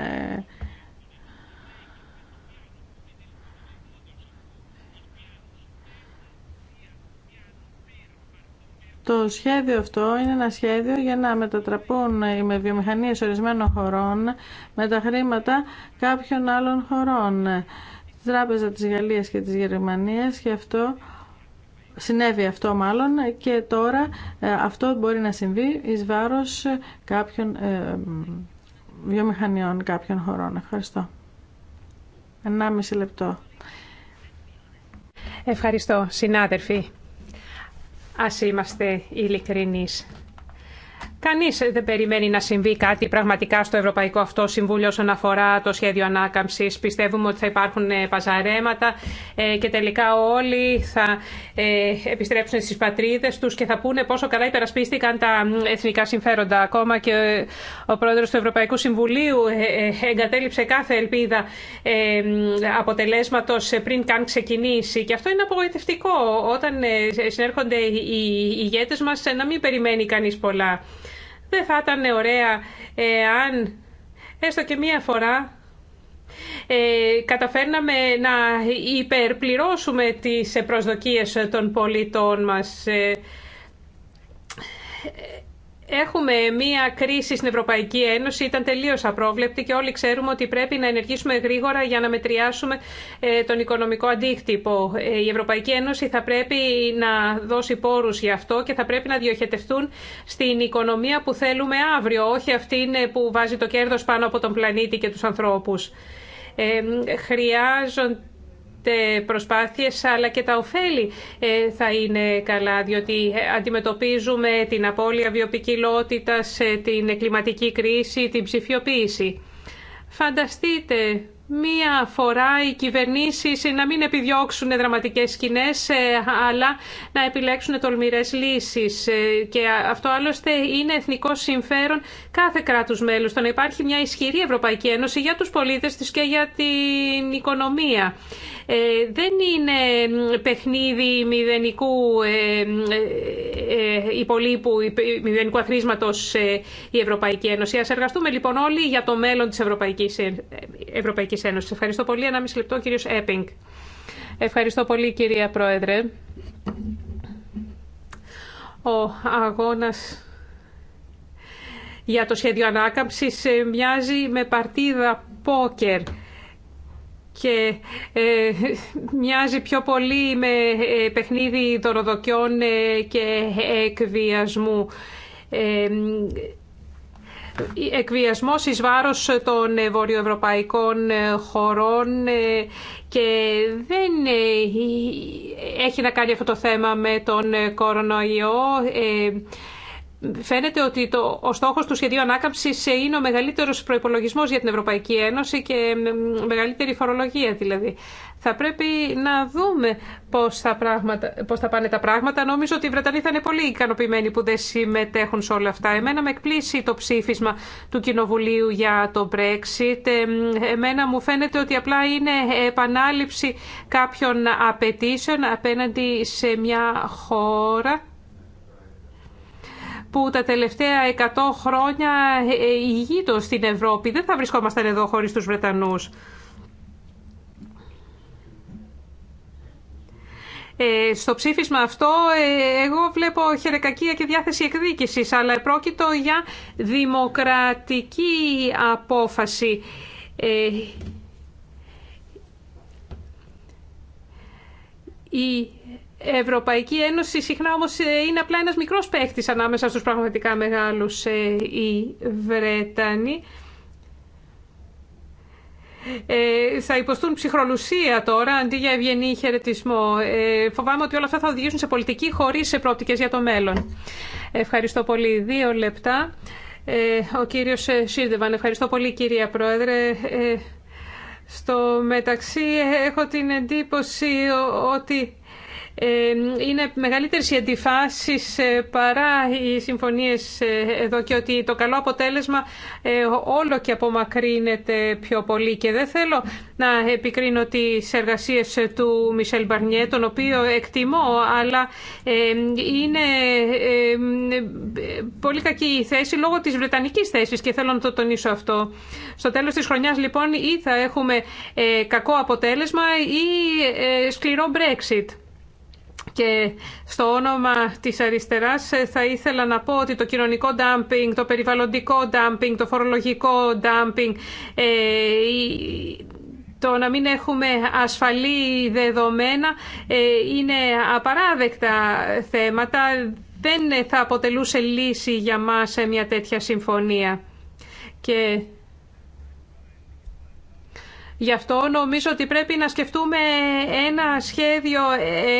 Το σχέδιο αυτό είναι ένα σχέδιο για να μετατραπούν οι με βιομηχανίες ορισμένων χωρών με τα χρήματα κάποιων άλλων χωρών. Τράπεζα της Γαλλίας και της Γερμανίας και αυτό συνέβη αυτό μάλλον και τώρα ε, αυτό μπορεί να συμβεί εις βάρος ε, κάποιων ε, βιομηχανιών κάποιων χωρών. Ευχαριστώ. 1,5 λεπτό. Ευχαριστώ, συνάδελφοι. Ας είμαστε ειλικρινείς. Κανεί δεν περιμένει να συμβεί κάτι πραγματικά στο Ευρωπαϊκό αυτό Συμβούλιο όσον αφορά το σχέδιο ανάκαμψη Πιστεύουμε ότι θα υπάρχουν ε, παζαρέματα ε, και τελικά όλοι θα ε, επιστρέψουν στις πατρίδε του και θα πούνε πόσο καλά υπερασπίστηκαν τα εθνικά συμφέροντα. Ακόμα και ο πρόεδρο του Ευρωπαϊκού Συμβουλίου εγκατέλειψε κάθε ελπίδα αποτελέσματο πριν καν ξεκινήσει. Και αυτό είναι απογοητευτικό όταν συνέρχονται οι ηγέτες μα να μην περιμένει κανεί πολλά. Δεν θα ήταν ωραία ε, αν έστω και μία φορά ε, καταφέρναμε να υπερπληρώσουμε τις προσδοκίες των πολιτών μας. Ε, Έχουμε μία κρίση στην Ευρωπαϊκή Ένωση, ήταν τελείως απρόβλεπτη και όλοι ξέρουμε ότι πρέπει να ενεργήσουμε γρήγορα για να μετριάσουμε ε, τον οικονομικό αντίκτυπο. Ε, η Ευρωπαϊκή Ένωση θα πρέπει να δώσει πόρου γι' αυτό και θα πρέπει να διοχετευτούν στην οικονομία που θέλουμε αύριο, όχι αυτήν ε, που βάζει το κέρδο πάνω από τον πλανήτη και του ανθρώπου προσπάθειες αλλά και τα ωφέλη ε, θα είναι καλά διότι ε, αντιμετωπίζουμε την απώλεια βιοπικιλότητας, ε, την κλιματική κρίση, την ψηφιοποίηση. Φανταστείτε μία φορά οι κυβερνήσεις να μην επιδιώξουν δραματικές σκηνές ε, αλλά να επιλέξουν τολμηρές λύσεις ε, και αυτό άλλωστε είναι εθνικό συμφέρον κάθε κράτους μέλους το να υπάρχει μια ισχυρή Ευρωπαϊκή Ένωση για τους πολίτες της και για την οικονομία. Ε, δεν είναι παιχνίδι μηδενικού υπολείπου, μηδενικού αθροίσματος η Ευρωπαϊκή Ένωση. Ας εργαστούμε λοιπόν όλοι για το μέλλον της Ευρωπαϊκής, Ευρωπαϊκής Ευχαριστώ πολύ. Ένα μισή λεπτό, κύριο Έπινγκ. Ευχαριστώ πολύ, κυρία Πρόεδρε. Ο αγώνα για το σχέδιο ανάκαμψη. μοιάζει με παρτίδα πόκερ και ε, μοιάζει πιο πολύ με ε, παιχνίδι δωροδοκιών ε, και εκβιασμού. Ε, εκβιασμός εις βάρος των βορειοευρωπαϊκών χωρών ε, και δεν ε, έχει να κάνει αυτό το θέμα με τον ε, κορονοϊό. Φαίνεται ότι το, ο στόχο του σχεδίου ανάκαμψη είναι ο μεγαλύτερο προπολογισμό για την Ευρωπαϊκή Ένωση και μεγαλύτερη φορολογία δηλαδή. Θα πρέπει να δούμε πώ θα, πώς θα πάνε τα πράγματα. Νομίζω ότι οι Βρετανοί θα είναι πολύ ικανοποιημένοι που δεν συμμετέχουν σε όλα αυτά. Εμένα με εκπλήσει το ψήφισμα του Κοινοβουλίου για το Brexit. Ε, εμένα μου φαίνεται ότι απλά είναι επανάληψη κάποιων απαιτήσεων απέναντι σε μια χώρα που τα τελευταία 100 χρόνια ηγείτο ε, ε, στην Ευρώπη. Δεν θα βρισκόμασταν εδώ χωρίς τους Βρετανούς. Ε, στο ψήφισμα αυτό ε, εγώ βλέπω χερεκακία και διάθεση εκδίκησης, αλλά πρόκειτο για δημοκρατική απόφαση. Ε, Ευρωπαϊκή Ένωση συχνά όμως ε, είναι απλά ένας μικρός παίχτης ανάμεσα στους πραγματικά μεγάλους ε, οι Βρετανοί. Ε, θα υποστούν ψυχρολουσία τώρα αντί για ευγενή χαιρετισμό. Ε, φοβάμαι ότι όλα αυτά θα οδηγήσουν σε πολιτική χωρίς σε πρόπτικες για το μέλλον. Ευχαριστώ πολύ. Δύο λεπτά. Ε, ο κύριος ε, Σίρδεβαν. Ευχαριστώ πολύ κυρία Πρόεδρε. Στο μεταξύ έχω την εντύπωση ότι ε, είναι μεγαλύτερες οι αντιφάσεις ε, παρά οι συμφωνίες ε, εδώ και ότι το καλό αποτέλεσμα όλο και απομακρύνεται πιο πολύ και δεν θέλω να επικρίνω τις εργασίες του Μισελ Μπαρνιέ τον οποίο εκτιμώ αλλά είναι πολύ κακή η θέση λόγω της βρετανικής θέσης και θέλω να το τονίσω αυτό. Στο τέλος της χρονιάς λοιπόν ή θα έχουμε κακό αποτέλεσμα ή σκληρό Brexit. Και στο όνομα της αριστεράς ε, θα ήθελα να πω ότι το κοινωνικό dumping, το περιβαλλοντικό dumping, το φορολογικό dumping, ε, το να μην έχουμε ασφαλή δεδομένα ε, είναι απαράδεκτα θέματα. Δεν θα αποτελούσε λύση για μας μια τέτοια συμφωνία. Και Γι' αυτό νομίζω ότι πρέπει να σκεφτούμε ένα σχέδιο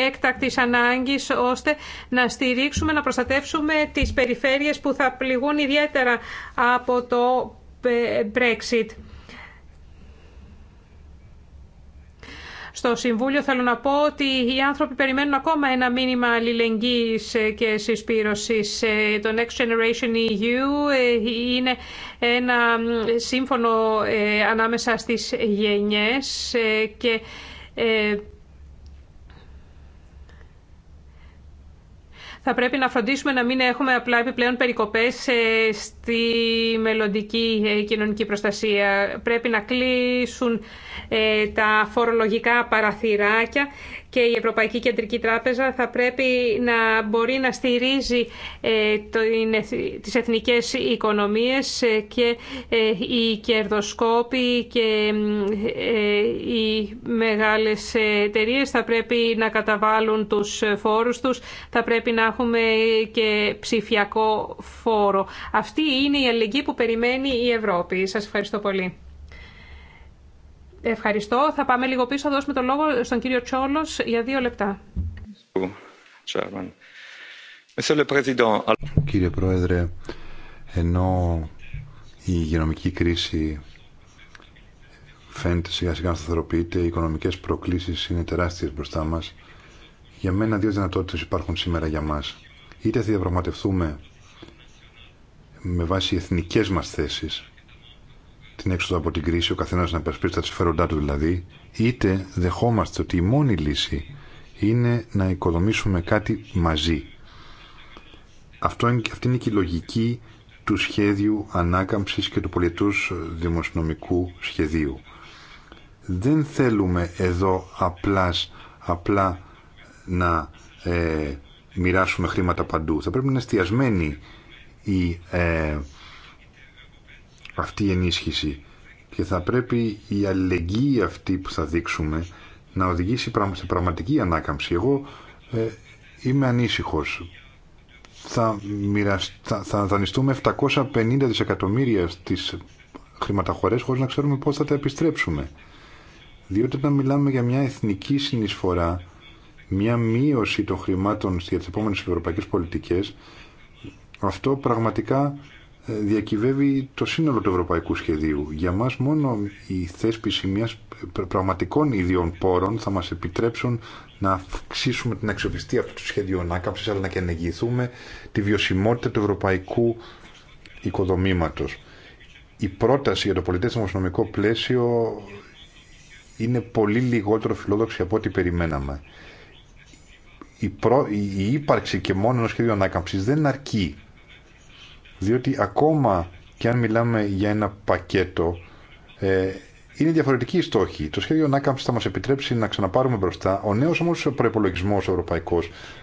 έκτακτης ανάγκης ώστε να στηρίξουμε, να προστατεύσουμε τις περιφέρειες που θα πληγούν ιδιαίτερα από το Brexit. στο Συμβούλιο θέλω να πω ότι οι άνθρωποι περιμένουν ακόμα ένα μήνυμα αλληλεγγύης και συσπήρωσης. Ε, το Next Generation EU ε, είναι ένα σύμφωνο ε, ανάμεσα στις γενιές και θα πρέπει να φροντίσουμε να μην έχουμε απλά επιπλέον περικοπές ε, στη μελλοντική ε, κοινωνική προστασία. Πρέπει να κλείσουν ε, τα φορολογικά παραθυράκια και η Ευρωπαϊκή Κεντρική Τράπεζα θα πρέπει να μπορεί να στηρίζει ε, τις εθνικές οικονομίες ε, και ε, οι κερδοσκόποι και οι μεγάλες εταιρείε θα πρέπει να καταβάλουν τους φόρους τους, θα πρέπει να έχουμε και ψηφιακό φόρο. Αυτή είναι η αλληλεγγύη που περιμένει η Ευρώπη. Σας ευχαριστώ πολύ. Ευχαριστώ. Θα πάμε λίγο πίσω. Θα δώσουμε το λόγο στον κύριο Τσόλο, για δύο λεπτά. Κύριε Πρόεδρε, ενώ η υγειονομική κρίση φαίνεται σιγά σιγά να σταθεροποιείται, οι οικονομικέ προκλήσει είναι τεράστιε μπροστά μα, Για μένα δύο δυνατότητε υπάρχουν σήμερα για μα, Είτε θα διαπραγματευτούμε με βάση εθνικέ μα θέσει την έξοδο από την κρίση, ο καθένα να υπερασπίσει τα συμφέροντά του δηλαδή, είτε δεχόμαστε ότι η μόνη λύση είναι να οικοδομήσουμε κάτι μαζί. Αυτό είναι, αυτή είναι και η λογική του σχέδιου ανάκαμψης και του πολιτού δημοσιονομικού σχεδίου. Δεν θέλουμε εδώ απλάς, απλά να ε, μοιράσουμε χρήματα παντού. Θα πρέπει να είναι εστιασμένη ε, αυτή η ενίσχυση και θα πρέπει η αλληλεγγύη αυτή που θα δείξουμε να οδηγήσει σε πραγματική ανάκαμψη. Εγώ ε, είμαι ανήσυχος. Θα, θα, θα δανειστούμε 750 δισεκατομμύρια στις χρηματαχωρές χωρίς να ξέρουμε πώς θα τα επιστρέψουμε. Διότι όταν μιλάμε για μια εθνική συνεισφορά, μια μείωση των χρημάτων για τις επόμενες ευρωπαϊκές πολιτικές, αυτό πραγματικά διακυβεύει το σύνολο του ευρωπαϊκού σχεδίου. Για μας μόνο η θέσπιση μιας πραγματικών ιδιών πόρων θα μας επιτρέψουν να αυξήσουμε την αξιοπιστία αυτού του σχεδίου ανάκαμψη αλλά να και τη βιωσιμότητα του ευρωπαϊκού οικοδομήματος. Η πρόταση για το πολιτές πλαίσιο είναι πολύ λιγότερο φιλόδοξη από ό,τι περιμέναμε. Η, η ύπαρξη και μόνο ενός σχεδίου ανάκαμψη δεν αρκεί διότι ακόμα και αν μιλάμε για ένα πακέτο ε, είναι διαφορετική η στόχη. Το σχέδιο ανάκαμψη θα μα επιτρέψει να ξαναπάρουμε μπροστά. Ο νέο όμω προπολογισμό ευρωπαϊκό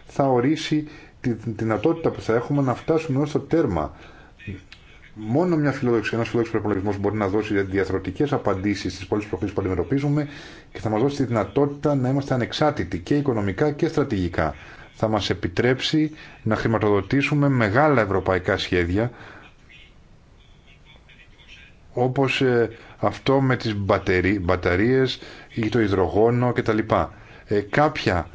θα ορίσει τη δυνατότητα που θα έχουμε να φτάσουμε ω το τέρμα. Μόνο μια φιλόδοξη, ένα φιλόδοξο προπολογισμό μπορεί να δώσει διαθροτικέ απαντήσει στι πολλέ προκλήσει που αντιμετωπίζουμε και θα μα δώσει τη δυνατότητα να είμαστε ανεξάρτητοι και οικονομικά και στρατηγικά θα μας επιτρέψει να χρηματοδοτήσουμε μεγάλα ευρωπαϊκά σχέδια όπως ε, αυτό με τις μπαταρίε μπαταρίες ή το υδρογόνο κτλ. Ε, κάποια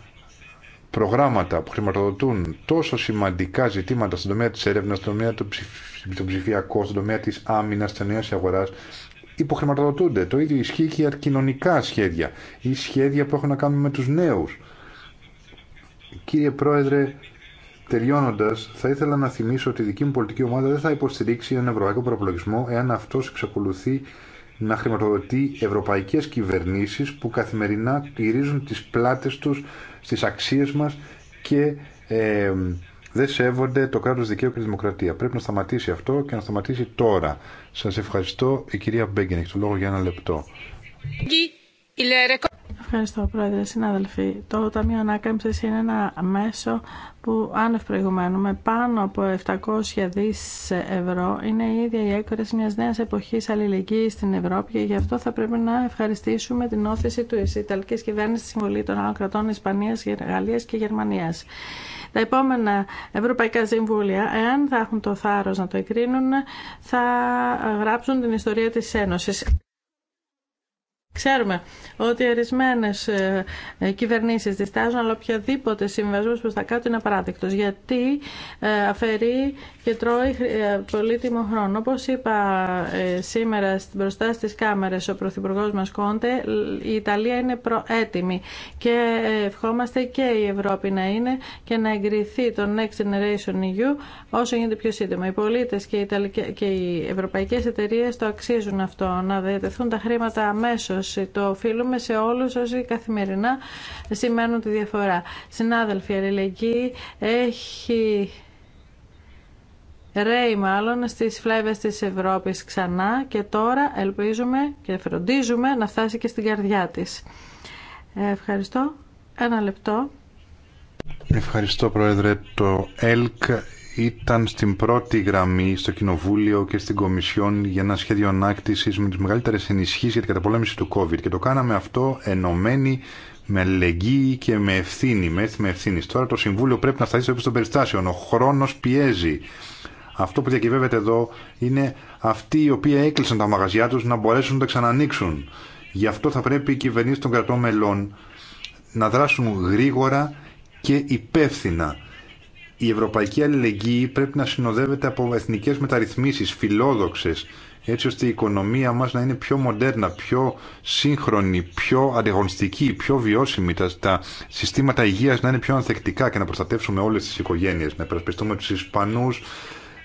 προγράμματα που χρηματοδοτούν τόσο σημαντικά ζητήματα στον τομέα της έρευνας, στον τομέα του ψηφιακού, στον τομέα της άμυνας, της νέας αγοράς, υποχρηματοδοτούνται. Το ίδιο ισχύει και για κοινωνικά σχέδια ή σχέδια που έχουν να κάνουν με τους νέους. Κύριε Πρόεδρε, τελειώνοντα, θα ήθελα να θυμίσω ότι η δική μου πολιτική ομάδα δεν θα υποστηρίξει έναν ευρωπαϊκό προπολογισμό εάν αυτό εξακολουθεί να χρηματοδοτεί ευρωπαϊκές κυβερνήσεις που καθημερινά γυρίζουν τις πλάτες τους στις αξίες μας και ε, δεν σέβονται το κράτος δικαίου και τη δημοκρατία. Πρέπει να σταματήσει αυτό και να σταματήσει τώρα. Σας ευχαριστώ. Η κυρία Μπέγκεν έχει το λόγο για ένα λεπτό. Ευχαριστώ, Πρόεδρε. Συνάδελφοι, το Ταμείο Ανάκαμψη είναι ένα μέσο που άνευ προηγουμένου με πάνω από 700 δις ευρώ είναι η ίδια η έκορες μια νέα εποχή αλληλεγγύης στην Ευρώπη και γι' αυτό θα πρέπει να ευχαριστήσουμε την όθηση του Ιταλικής Κυβέρνησης στη Συμβολή των Άλλων Κρατών Ισπανίας, Γαλλίας και Γερμανίας. Τα επόμενα Ευρωπαϊκά Συμβούλια, εάν θα έχουν το θάρρος να το εκρίνουν, θα γράψουν την ιστορία της Ένωσης. Ξέρουμε ότι ορισμένε ε, κυβερνήσει διστάζουν, αλλά οποιαδήποτε συμβασμό προ τα κάτω είναι απαράδεκτο. Γιατί ε, αφαιρεί και τρώει ε, πολύτιμο χρόνο. Όπω είπα σήμερα μπροστά στι κάμερε ο Πρωθυπουργό μα Κόντε, η Ιταλία είναι προέτοιμη και ευχόμαστε και η Ευρώπη να είναι και να εγκριθεί το Next Generation EU όσο γίνεται πιο σύντομα. Οι πολίτε και οι ευρωπαϊκέ εταιρείε το αξίζουν αυτό, να διατεθούν τα χρήματα αμέσω το οφείλουμε σε όλους όσοι καθημερινά σημαίνουν τη διαφορά. Συνάδελφοι, η αλληλεγγύη έχει ρέει μάλλον στις φλέβες της Ευρώπης ξανά και τώρα ελπίζουμε και φροντίζουμε να φτάσει και στην καρδιά της. Ευχαριστώ. Ένα λεπτό. Ευχαριστώ Πρόεδρε. Το ΕΛΚ ήταν στην πρώτη γραμμή στο Κοινοβούλιο και στην Κομισιόν για ένα σχέδιο ανάκτηση με τι μεγαλύτερε ενισχύσει για την καταπολέμηση του COVID. Και το κάναμε αυτό ενωμένοι με λεγγύη και με ευθύνη, με έθιμη ευθύνη. Τώρα το Συμβούλιο πρέπει να σταθεί στο των περιστάσεων. Ο χρόνο πιέζει. Αυτό που διακυβεύεται εδώ είναι αυτοί οι οποίοι έκλεισαν τα μαγαζιά του να μπορέσουν να τα ξανανοίξουν. Γι' αυτό θα πρέπει οι κυβερνήσει των κρατών μελών να δράσουν γρήγορα και υπεύθυνα η ευρωπαϊκή αλληλεγγύη πρέπει να συνοδεύεται από εθνικές μεταρρυθμίσεις, φιλόδοξες, έτσι ώστε η οικονομία μας να είναι πιο μοντέρνα, πιο σύγχρονη, πιο ανταγωνιστική, πιο βιώσιμη, τα, τα συστήματα υγείας να είναι πιο ανθεκτικά και να προστατεύσουμε όλες τις οικογένειες, να υπερασπιστούμε τους Ισπανούς,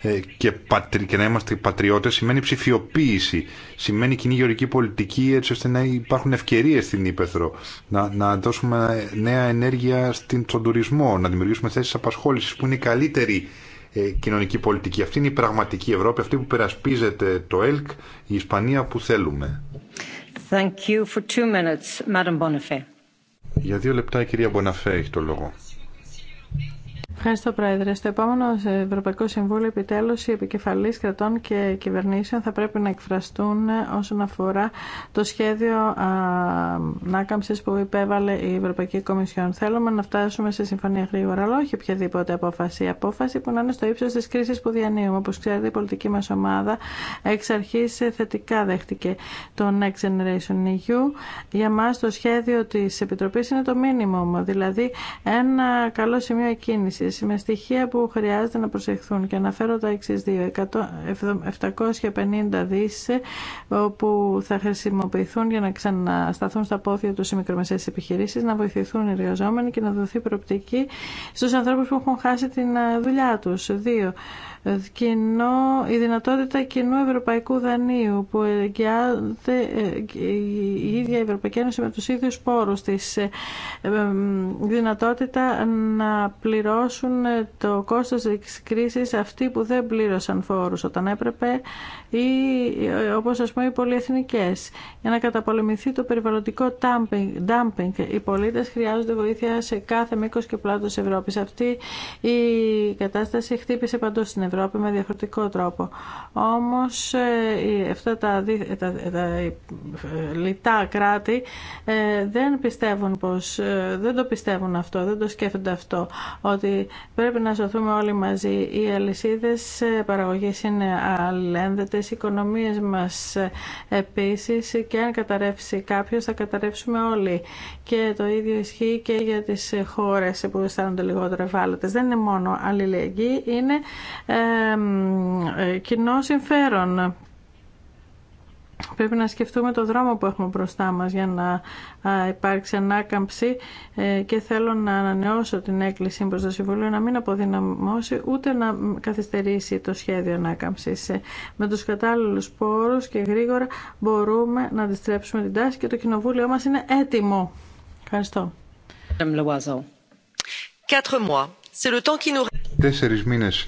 ε, και, πατρι, και να είμαστε πατριώτε σημαίνει ψηφιοποίηση, σημαίνει κοινή γεωρική πολιτική έτσι ώστε να υπάρχουν ευκαιρίες στην Ήπεθρο, να, να δώσουμε νέα ενέργεια στην, στον τουρισμό, να δημιουργήσουμε θέσεις απασχόλησης που είναι η καλύτερη ε, κοινωνική πολιτική. Αυτή είναι η πραγματική Ευρώπη, αυτή που περασπίζεται το ΕΛΚ, η Ισπανία που θέλουμε. Thank you for minutes, Madam Για δύο λεπτά η κυρία Μποναφέ έχει το λόγο. Ευχαριστώ, Πρόεδρε. Στο επόμενο Ευρωπαϊκό Συμβούλιο, επιτέλου, οι επικεφαλεί κρατών και κυβερνήσεων θα πρέπει να εκφραστούν όσον αφορά το σχέδιο ανάκαμψη που υπέβαλε η Ευρωπαϊκή Κομισιόν. Θέλουμε να φτάσουμε σε συμφωνία γρήγορα, αλλά όχι οποιαδήποτε απόφαση. Απόφαση που να είναι στο ύψο τη κρίση που διανύουμε. Όπω ξέρετε, η πολιτική μα ομάδα εξ αρχή θετικά δέχτηκε το Next Generation EU. Για μα το σχέδιο τη Επιτροπή είναι το μήνυμο, δηλαδή ένα καλό σημείο εκκίνηση με στοιχεία που χρειάζεται να προσεχθούν και αναφέρω τα εξής δύο. 750 δις που θα χρησιμοποιηθούν για να ξανασταθούν στα πόδια τους οι μικρομεσαίες επιχειρήσεις, να βοηθηθούν οι εργαζόμενοι και να δοθεί προοπτική στους ανθρώπους που έχουν χάσει την δουλειά τους. Δύο, κοινό, η δυνατότητα κοινού ευρωπαϊκού δανείου που εγγυάται ε, η ίδια η Ευρωπαϊκή Ένωση με τους ίδιους πόρους της ε, ε, δυνατότητα να πληρώσουν το κόστος της κρίσης αυτοί που δεν πλήρωσαν φόρους όταν έπρεπε ή όπως ας πούμε οι πολυεθνικές. Για να καταπολεμηθεί το περιβαλλοντικό dumping, οι πολίτες χρειάζονται βοήθεια σε κάθε μήκος και πλάτος Ευρώπης. Αυτή η κατάσταση χτύπησε παντός στην Ευρώπη. Ευρώπη με διαφορετικό τρόπο. Όμως ε, αυτά τα, τα, τα ε, λιτά κράτη ε, δεν πιστεύουν πως, δεν το πιστεύουν αυτό, δεν το σκέφτονται αυτό, ότι πρέπει να σωθούμε όλοι μαζί. Οι αλυσίδες παραγωγής είναι αλληλένδετες, οι οικονομίες μας επίσης και αν καταρρεύσει κάποιος θα καταρρεύσουμε όλοι. Και το ίδιο ισχύει και για τις χώρες που αισθάνονται λιγότερο ευάλωτες. Δεν είναι μόνο αλληλεγγύη, είναι ε, κοινό συμφέρον. Πρέπει να σκεφτούμε το δρόμο που έχουμε μπροστά μας για να υπάρξει ανάκαμψη ε, και θέλω να ανανεώσω την έκκληση προς το Συμβουλίο να μην αποδυναμώσει ούτε να καθυστερήσει το σχέδιο ανάκαμψης. Ε, με τους κατάλληλους πόρους και γρήγορα μπορούμε να αντιστρέψουμε την τάση και το Κοινοβούλιο μας είναι έτοιμο. Ευχαριστώ. Τέσσερις μήνες,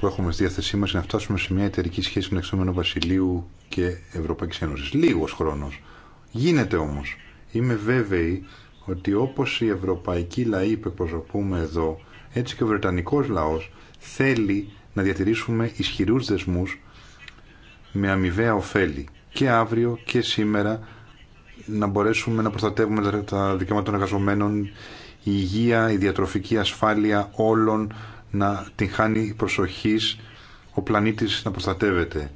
που έχουμε στη διάθεσή μα να φτάσουμε σε μια εταιρική σχέση μεταξύ εξωμένο Βασιλείου και Ευρωπαϊκή Ένωση. Λίγο χρόνο. Γίνεται όμω. Είμαι βέβαιη ότι όπω οι ευρωπαϊκοί λαοί που εκπροσωπούμε εδώ, έτσι και ο Βρετανικό λαό θέλει να διατηρήσουμε ισχυρού δεσμού με αμοιβαία ωφέλη και αύριο και σήμερα να μπορέσουμε να προστατεύουμε τα δικαιώματα των εργαζομένων, η υγεία, η διατροφική ασφάλεια όλων, να την χάνει προσοχής ο πλανήτης να προστατεύεται.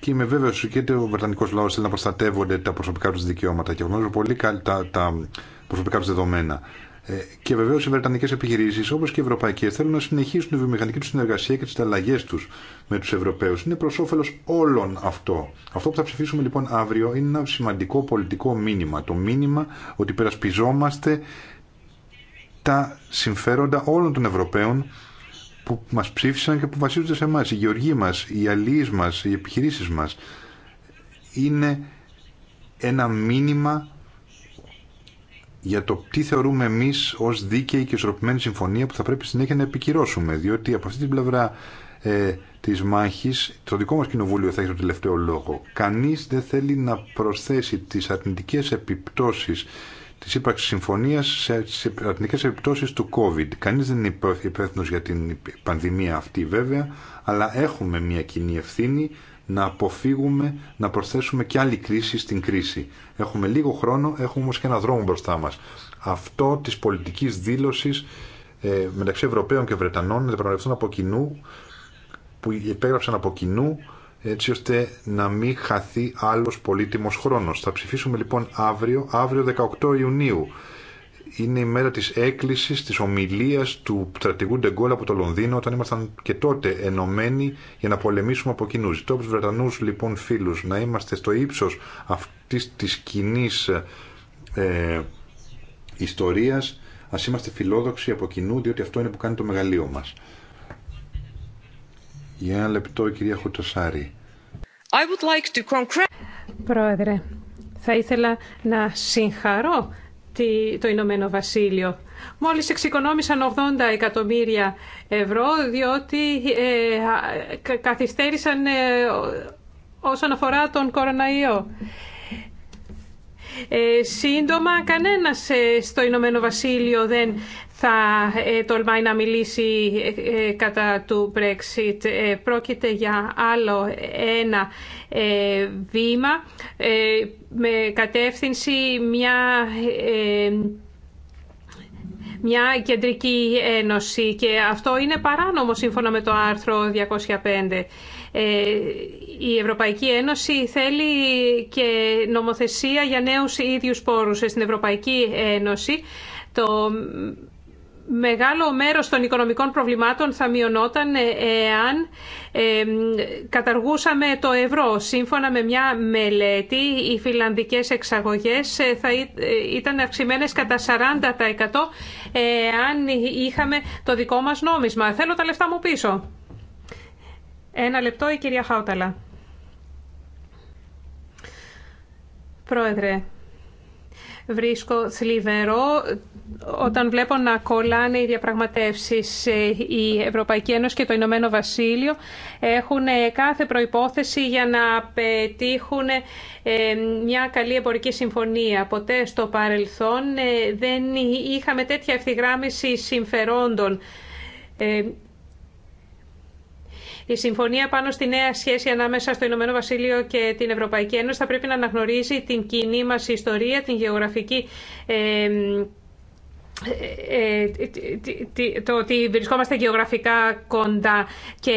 Και είμαι βέβαιο ότι και ο Βρετανικό λαό θέλει να προστατεύονται τα προσωπικά του δικαιώματα και γνωρίζω πολύ καλά τα, τα προσωπικά του δεδομένα. Ε, και βεβαίω οι Βρετανικέ επιχειρήσει, όπω και οι ευρωπαϊκέ, θέλουν να συνεχίσουν τη βιομηχανική του συνεργασία και τι ανταλλαγέ του με του Ευρωπαίου. Είναι προ όφελο όλων αυτό. Αυτό που θα ψηφίσουμε λοιπόν αύριο είναι ένα σημαντικό πολιτικό μήνυμα. Το μήνυμα ότι περασπιζόμαστε τα συμφέροντα όλων των Ευρωπαίων που μας ψήφισαν και που βασίζονται σε εμά. Οι γεωργοί μας, οι αλληλείς μας, οι επιχειρήσεις μας. Είναι ένα μήνυμα για το τι θεωρούμε εμείς ως δίκαιη και ισορροπημένη συμφωνία που θα πρέπει συνέχεια να επικυρώσουμε. Διότι από αυτή την πλευρά ε, της μάχης το δικό μας κοινοβούλιο θα έχει το τελευταίο λόγο. Κανείς δεν θέλει να προσθέσει τις αρνητικές επιπτώσεις Τη ύπαρξη συμφωνίας σε, αρνητικέ αρνητικές του COVID. Κανεί δεν είναι υπεύθυνο για την πανδημία αυτή βέβαια, αλλά έχουμε μια κοινή ευθύνη να αποφύγουμε να προσθέσουμε και άλλη κρίση στην κρίση. Έχουμε λίγο χρόνο, έχουμε όμω και ένα δρόμο μπροστά μας. Αυτό της πολιτική δήλωση ε, μεταξύ Ευρωπαίων και Βρετανών διαπραγματευτούν από κοινού, που υπέγραψαν από κοινού έτσι ώστε να μην χαθεί άλλος πολύτιμος χρόνος. Θα ψηφίσουμε λοιπόν αύριο, αύριο 18 Ιουνίου. Είναι η μέρα της έκκλησης, της ομιλίας του στρατηγού Ντεγκόλ από το Λονδίνο, όταν ήμασταν και τότε ενωμένοι για να πολεμήσουμε από κοινού. Ζητώ από Βρετανούς λοιπόν φίλους να είμαστε στο ύψος αυτής της κοινή ε, ιστορίας. Ας είμαστε φιλόδοξοι από κοινού, διότι αυτό είναι που κάνει το μεγαλείο μας. Για ένα λεπτό, κυρία Χωτοσάρη. Πρόεδρε, θα ήθελα να συγχαρώ το Ηνωμένο Βασίλειο. Μόλις εξοικονόμησαν 80 εκατομμύρια ευρώ, διότι ε, καθυστέρησαν ε, όσον αφορά τον κοροναϊό. Ε, σύντομα, κανένας ε, στο Ηνωμένο Βασίλειο δεν θα ε, τολμάει να μιλήσει ε, ε, κατά του Brexit. Πρόκειται για άλλο ένα βήμα με κατεύθυνση μια μια κεντρική ένωση και αυτό είναι παράνομο σύμφωνα με το άρθρο 205. Η Ευρωπαϊκή Ένωση θέλει και νομοθεσία για νέους ίδιους πόρους στην Ευρωπαϊκή Ένωση. Το μεγάλο μέρος των οικονομικών προβλημάτων θα μειωνόταν εάν ε, καταργούσαμε το ευρώ. Σύμφωνα με μια μελέτη, οι φιλανδικές εξαγωγές ε, θα ε, ήταν αυξημένες κατά 40% εάν είχαμε το δικό μας νόμισμα. Θέλω τα λεφτά μου πίσω. Ένα λεπτό η κυρία Χάουταλα. Πρόεδρε, Βρίσκω θλιβερό όταν βλέπω να κολλάνε οι διαπραγματεύσεις. Ε, η Ευρωπαϊκή Ένωση και το Ηνωμένο Βασίλειο έχουν ε, κάθε προϋπόθεση για να πετύχουν ε, μια καλή εμπορική συμφωνία. Ποτέ στο παρελθόν δεν είχαμε τέτοια ευθυγράμμιση συμφερόντων η συμφωνία πάνω στη νέα σχέση ανάμεσα στο Ηνωμένο Βασίλειο και την Ευρωπαϊκή Ένωση θα πρέπει να αναγνωρίζει την κοινή μας ιστορία, την γεωγραφική ε, ε, ε, το ότι βρισκόμαστε γεωγραφικά κοντά και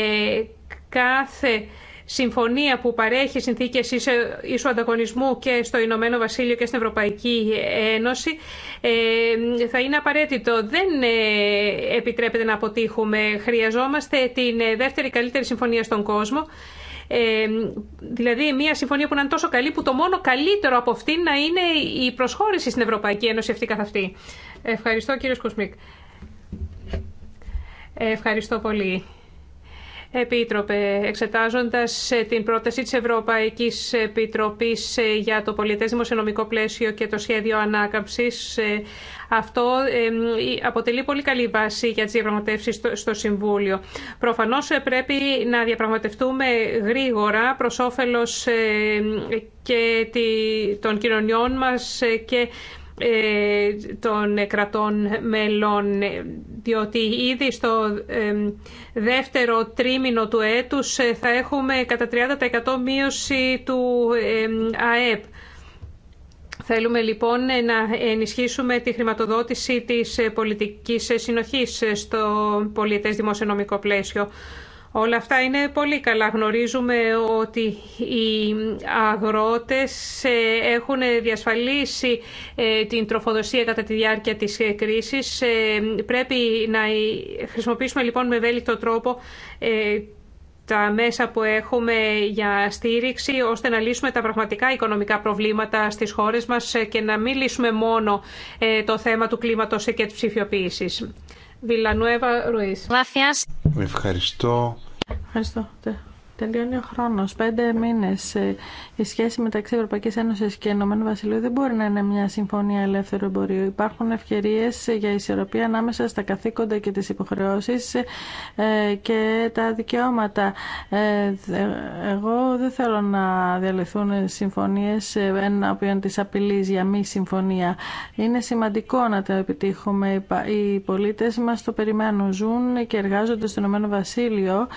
κάθε συμφωνία που παρέχει συνθήκες ίσου ανταγωνισμού και στο Ηνωμένο Βασίλειο και στην Ευρωπαϊκή Ένωση ε, θα είναι απαραίτητο. Δεν ε, επιτρέπεται να αποτύχουμε. Χρειαζόμαστε την ε, δεύτερη καλύτερη συμφωνία στον κόσμο. Ε, δηλαδή μια συμφωνία που να είναι τόσο καλή που το μόνο καλύτερο από αυτή να είναι η προσχώρηση στην Ευρωπαϊκή Ένωση αυτή καθ' αυτή. Ευχαριστώ κύριε Σκουσμίκ. Ευχαριστώ πολύ. Επίτροπε, εξετάζοντας ε, την πρόταση της Ευρωπαϊκής Επιτροπής ε, για το πολιτές δημοσιονομικό πλαίσιο και το σχέδιο ανάκαμψη, ε, αυτό αποτελεί πολύ καλή βάση για τι διαπραγματεύσει στο Συμβούλιο. Προφανώς πρέπει να διαπραγματευτούμε γρήγορα προ όφελο και των κοινωνιών μας και ε, των κρατών μελών, διότι ήδη στο ε, δεύτερο τρίμηνο του έτους ε, θα έχουμε κατά 30% μείωση του ΑΕΠ. Θέλουμε λοιπόν να ενισχύσουμε τη χρηματοδότηση της πολιτικής συνοχής στο πολιτές δημοσιονομικό πλαίσιο. Όλα αυτά είναι πολύ καλά. Γνωρίζουμε ότι οι αγρότες ε, έχουν διασφαλίσει ε, την τροφοδοσία κατά τη διάρκεια της ε, κρίσης. Πρέπει να χρησιμοποιήσουμε λοιπόν με ευέλικτο τρόπο τα μέσα που έχουμε για στήριξη ώστε να λύσουμε τα πραγματικά οικονομικά προβλήματα στις χώρες μας και να μην λύσουμε μόνο το θέμα του κλίματος και της ψηφιοποίησης. Βιλανουέβα Ρουίς. Ευχαριστώ. Ευχαριστώ τελειώνει ο χρόνο. Πέντε μήνε. Ε, η σχέση μεταξύ Ευρωπαϊκή Ένωση και Ηνωμένου Βασιλείου δεν μπορεί να είναι μια συμφωνία ελεύθερου εμπορίου. Υπάρχουν ευκαιρίε για ισορροπία ανάμεσα στα καθήκοντα και τι υποχρεώσει ε, και τα δικαιώματα. Ε, εγώ δεν θέλω να διαλυθούν συμφωνίε ενώπιον τη απειλή για μη συμφωνία. Είναι σημαντικό να το επιτύχουμε. Οι πολίτε μα το περιμένουν. Ζουν και εργάζονται στο Ηνωμένο Βασίλειο.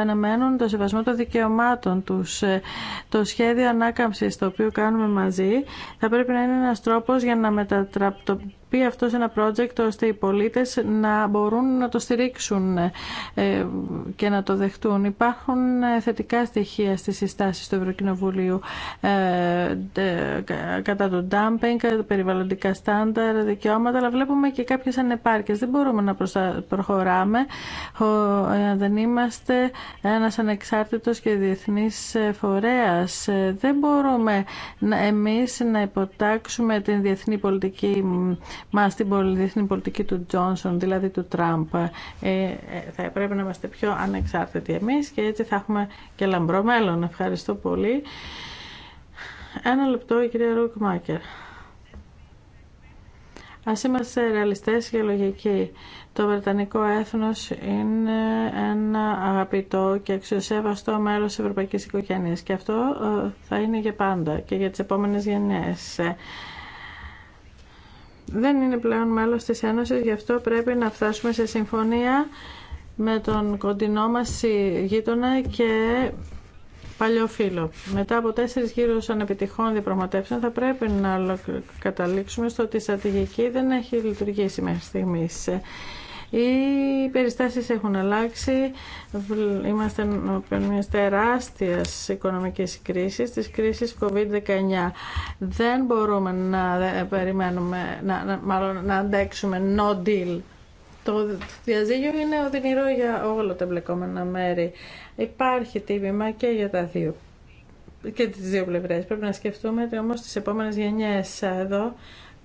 αναμένουν σεβασμό των δικαιωμάτων τους. Ε, το σχέδιο ανάκαμψης το οποίο κάνουμε μαζί θα πρέπει να είναι ένας τρόπος για να μετατραπτοποιήσουμε πει αυτό σε ένα project ώστε οι πολίτες να μπορούν να το στηρίξουν ε, και να το δεχτούν. Υπάρχουν ε, θετικά στοιχεία στις συστάσεις του Ευρωκοινοβουλίου ε, κατά το dumping, περιβαλλοντικά στάνταρ, δικαιώματα, αλλά βλέπουμε και κάποιες ανεπάρκειες. Δεν μπορούμε να προχωράμε αν δεν είμαστε ένας ανεξάρτητος και διεθνής φορέας. Δεν μπορούμε εμείς να υποτάξουμε την διεθνή πολιτική μα στην διεθνή πολιτική του Τζόνσον, δηλαδή του Τραμπ. Ε, ε, θα πρέπει να είμαστε πιο ανεξάρτητοι εμείς και έτσι θα έχουμε και λαμπρό μέλλον. Ευχαριστώ πολύ. Ένα λεπτό η κυρία Ρουκμάκερ. Α είμαστε ρεαλιστέ και λογικοί. Το Βρετανικό Έθνο είναι ένα αγαπητό και αξιοσέβαστο μέλος τη ευρωπαϊκής οικογένεια. και αυτό ε, θα είναι για πάντα και για τι επόμενες γενίε δεν είναι πλέον μέλος της Ένωσης, γι' αυτό πρέπει να φτάσουμε σε συμφωνία με τον κοντινό μας γείτονα και παλιό φίλο. Μετά από τέσσερις γύρους ανεπιτυχών διαπραγματεύσεων θα πρέπει να καταλήξουμε στο ότι η στρατηγική δεν έχει λειτουργήσει μέχρι στιγμής. Οι περιστάσεις έχουν αλλάξει. Είμαστε μια τεράστια οικονομική κρίση, τη κρίση COVID-19. Δεν μπορούμε να ε, περιμένουμε, να, να, μάλλον να αντέξουμε no deal. Το διαζύγιο είναι οδυνηρό για όλα τα μπλεκόμενα μέρη. Υπάρχει τίμημα και για τα δύο και τις δύο πλευρές. Πρέπει να σκεφτούμε ότι όμως τις επόμενες γενιές εδώ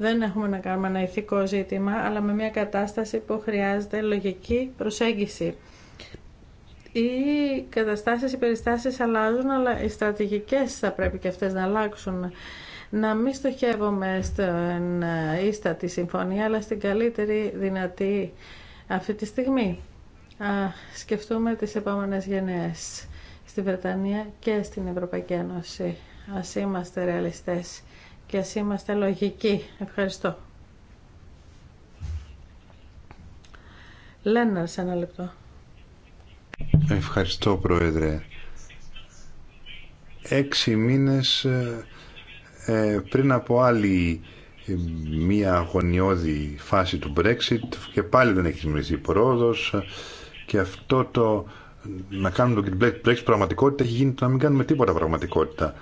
δεν έχουμε να κάνουμε ένα ηθικό ζήτημα, αλλά με μια κατάσταση που χρειάζεται λογική προσέγγιση. Οι καταστάσεις, οι περιστάσεις αλλάζουν, αλλά οι στρατηγικές θα πρέπει και αυτές να αλλάξουν. Να μην στοχεύουμε στην ίστατη συμφωνία, αλλά στην καλύτερη δυνατή αυτή τη στιγμή. σκεφτούμε τις επόμενες γενναίες στη Βρετανία και στην Ευρωπαϊκή Ένωση. Ας είμαστε ρεαλιστές και ας είμαστε λογικοί. Ευχαριστώ. σε ένα λεπτό. Ευχαριστώ, Πρόεδρε. Έξι μήνες ε, ε, πριν από άλλη ε, μία αγωνιώδη φάση του Brexit και πάλι δεν έχει δημιουργηθεί πρόοδος και αυτό το να κάνουμε το Brexit πραγματικότητα έχει γίνει το να μην κάνουμε τίποτα πραγματικότητα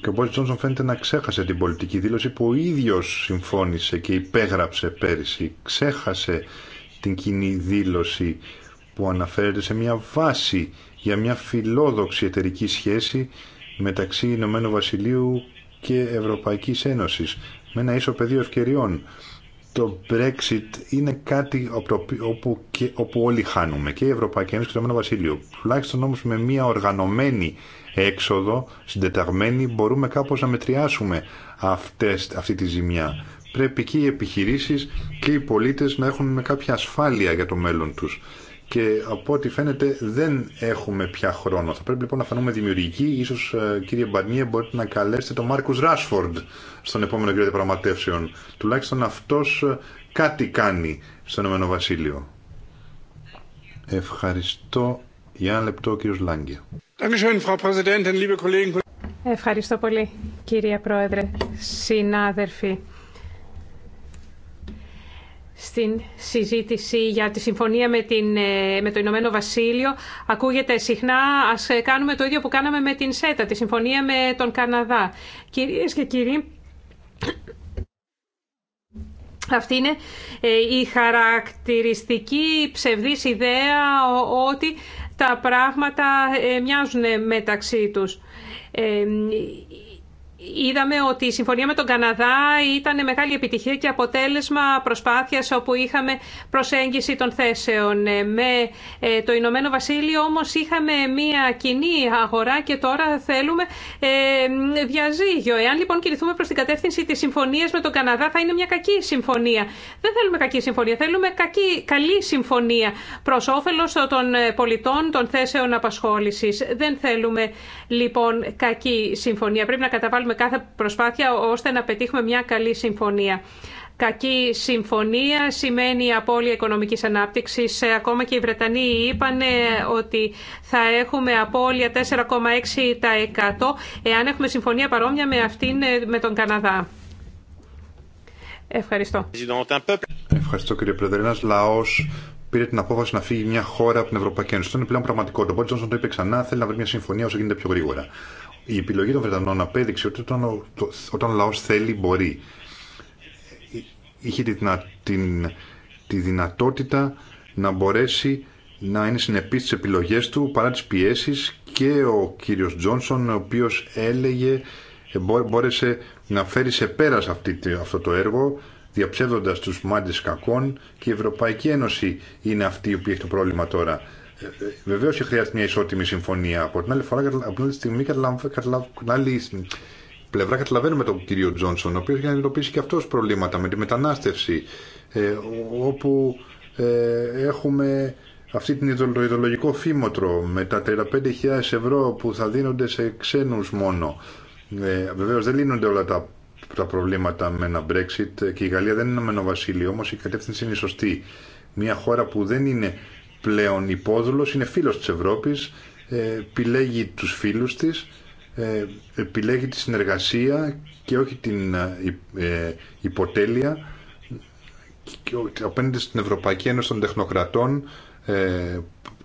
και ο Μπόρις Τζόνσον φαίνεται να ξέχασε την πολιτική δήλωση που ο ίδιος συμφώνησε και υπέγραψε πέρυσι. Ξέχασε την κοινή δήλωση που αναφέρεται σε μια βάση για μια φιλόδοξη εταιρική σχέση μεταξύ Ηνωμένου Βασιλείου και Ευρωπαϊκής Ένωσης με ένα ίσο πεδίο ευκαιριών. Το Brexit είναι κάτι όπου, όλοι χάνουμε και η Ευρωπαϊκή Ένωση και το Ηνωμένο Βασίλειο. Τουλάχιστον όμως με μια οργανωμένη έξοδο συντεταγμένη μπορούμε κάπως να μετριάσουμε αυτές, αυτή τη ζημιά. Πρέπει και οι επιχειρήσεις και οι πολίτες να έχουν κάποια ασφάλεια για το μέλλον τους. Και από ό,τι φαίνεται δεν έχουμε πια χρόνο. Θα πρέπει λοιπόν να φανούμε δημιουργικοί. Ίσως ε, κύριε Μπαρνίε μπορείτε να καλέσετε τον Μάρκους Ράσφορντ στον επόμενο κύριο διαπραγματεύσεων. Τουλάχιστον αυτός ε, κάτι κάνει στον Ηνωμένο Βασίλειο. Ευχαριστώ. Για ένα λεπτό ο κύριος Ευχαριστώ πολύ, κύριε Πρόεδρε, συνάδελφοι. Στην συζήτηση για τη συμφωνία με, την, ε, το Ηνωμένο Βασίλειο ακούγεται συχνά ας ε, κάνουμε το ίδιο που κάναμε με την ΣΕΤΑ, τη συμφωνία με τον Καναδά. Κυρίες και κύριοι, αυτή είναι ε, η χαρακτηριστική ψευδής ιδέα ότι τα πράγματα ε, μοιάζουν μεταξύ τους. Ε, Είδαμε ότι η συμφωνία με τον Καναδά ήταν μεγάλη επιτυχία και αποτέλεσμα προσπάθειας όπου είχαμε προσέγγιση των θέσεων. Ε, με ε, το Ηνωμένο Βασίλειο όμως είχαμε μια κοινή αγορά και τώρα θέλουμε ε, διαζύγιο. Εάν λοιπόν κινηθούμε προς την κατεύθυνση της συμφωνίας με τον Καναδά θα είναι μια κακή συμφωνία. Δεν θέλουμε κακή συμφωνία, θέλουμε καλή συμφωνία προς όφελος των πολιτών των θέσεων απασχόλησης. Δεν θέλουμε λοιπόν κακή συμφωνία. Πρέπει να καταβάλουμε κάθε προσπάθεια ώστε να πετύχουμε μια καλή συμφωνία. Κακή συμφωνία σημαίνει απώλεια οικονομικής ανάπτυξης. Ε, ακόμα και οι Βρετανοί είπαν ότι θα έχουμε απώλεια 4,6% εάν έχουμε συμφωνία παρόμοια με αυτήν ε, με τον Καναδά. Ευχαριστώ. Ευχαριστώ κύριε πήρε την απόφαση να φύγει μια χώρα από την Ευρωπαϊκή Ένωση. Αυτό είναι πλέον πραγματικό. Το Τζόνσον το είπε ξανά, θέλει να βρει μια συμφωνία όσο γίνεται πιο γρήγορα. Η επιλογή των Βρετανών απέδειξε ότι όταν, όταν ο λαός θέλει, μπορεί. Είχε τη, την, τη δυνατότητα να μπορέσει να είναι συνεπή στι επιλογέ του παρά τι πιέσει και ο κύριο Τζόνσον, ο οποίο έλεγε ε, μπόρεσε να φέρει σε πέρα αυτό το έργο διαψεύδοντας τους μάντες κακών και η Ευρωπαϊκή Ένωση είναι αυτή η οποία έχει το πρόβλημα τώρα. Ε, ε, Βεβαίω και χρειάζεται μια ισότιμη συμφωνία. Από την άλλη, φορά, από την άλλη στιγμή, πλευρά, καταλαβαίνουμε τον κύριο Τζόνσον, ο οποίο έχει αντιμετωπίσει και αυτό προβλήματα με τη μετανάστευση, ε, όπου έχουμε αυτή την ιδεολογικό φήμοτρο με τα 35.000 ευρώ που θα δίνονται σε ξένους μόνο. Ε, βεβαίως δεν λύνονται όλα τα τα προβλήματα με ένα Brexit και η Γαλλία δεν είναι ένα βασίλειο, όμως η κατεύθυνση είναι σωστή. Μια χώρα που δεν είναι πλέον υπόδουλος, είναι φίλος της Ευρώπης, ε, επιλέγει τους φίλους της, ε, επιλέγει τη συνεργασία και όχι την ε, υποτέλεια και απέναντι στην Ευρωπαϊκή Ένωση των Τεχνοκρατών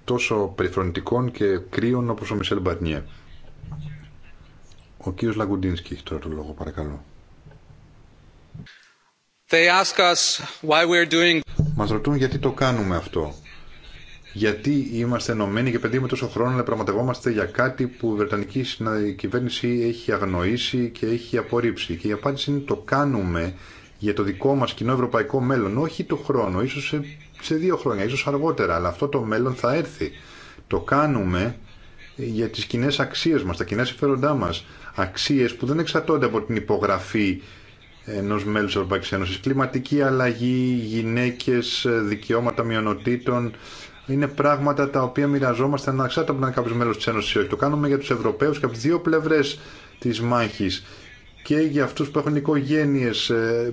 τόσο περιφρονητικών και κρύων όπως ο Μισελ Μπαρνιέ. Ο κύριος Λαγκουντίνσκι έχει τώρα το λόγο, παρακαλώ. They Μας ρωτούν γιατί το κάνουμε αυτό. Γιατί είμαστε ενωμένοι και παιδί με τόσο χρόνο να πραγματευόμαστε για κάτι που η Βρετανική κυβέρνηση έχει αγνοήσει και έχει απορρίψει. Και η απάντηση είναι το κάνουμε για το δικό μας κοινό ευρωπαϊκό μέλλον, όχι το χρόνο, ίσως σε, σε δύο χρόνια, ίσως αργότερα, αλλά αυτό το μέλλον θα έρθει. Το κάνουμε για τις κοινέ αξίες μας, τα κοινά συμφέροντά μας. Αξίες που δεν εξαρτώνται από την υπογραφή ενός μέλους της Ευρωπαϊκής Ένωσης. Κλιματική αλλαγή, γυναίκες, δικαιώματα μειονοτήτων, είναι πράγματα τα οποία μοιραζόμαστε αναξάρτητα από να είναι κάποιο μέλο τη Ένωση Το κάνουμε για του Ευρωπαίου και από τι δύο πλευρέ τη μάχη. Και για αυτού που έχουν οικογένειε, ε,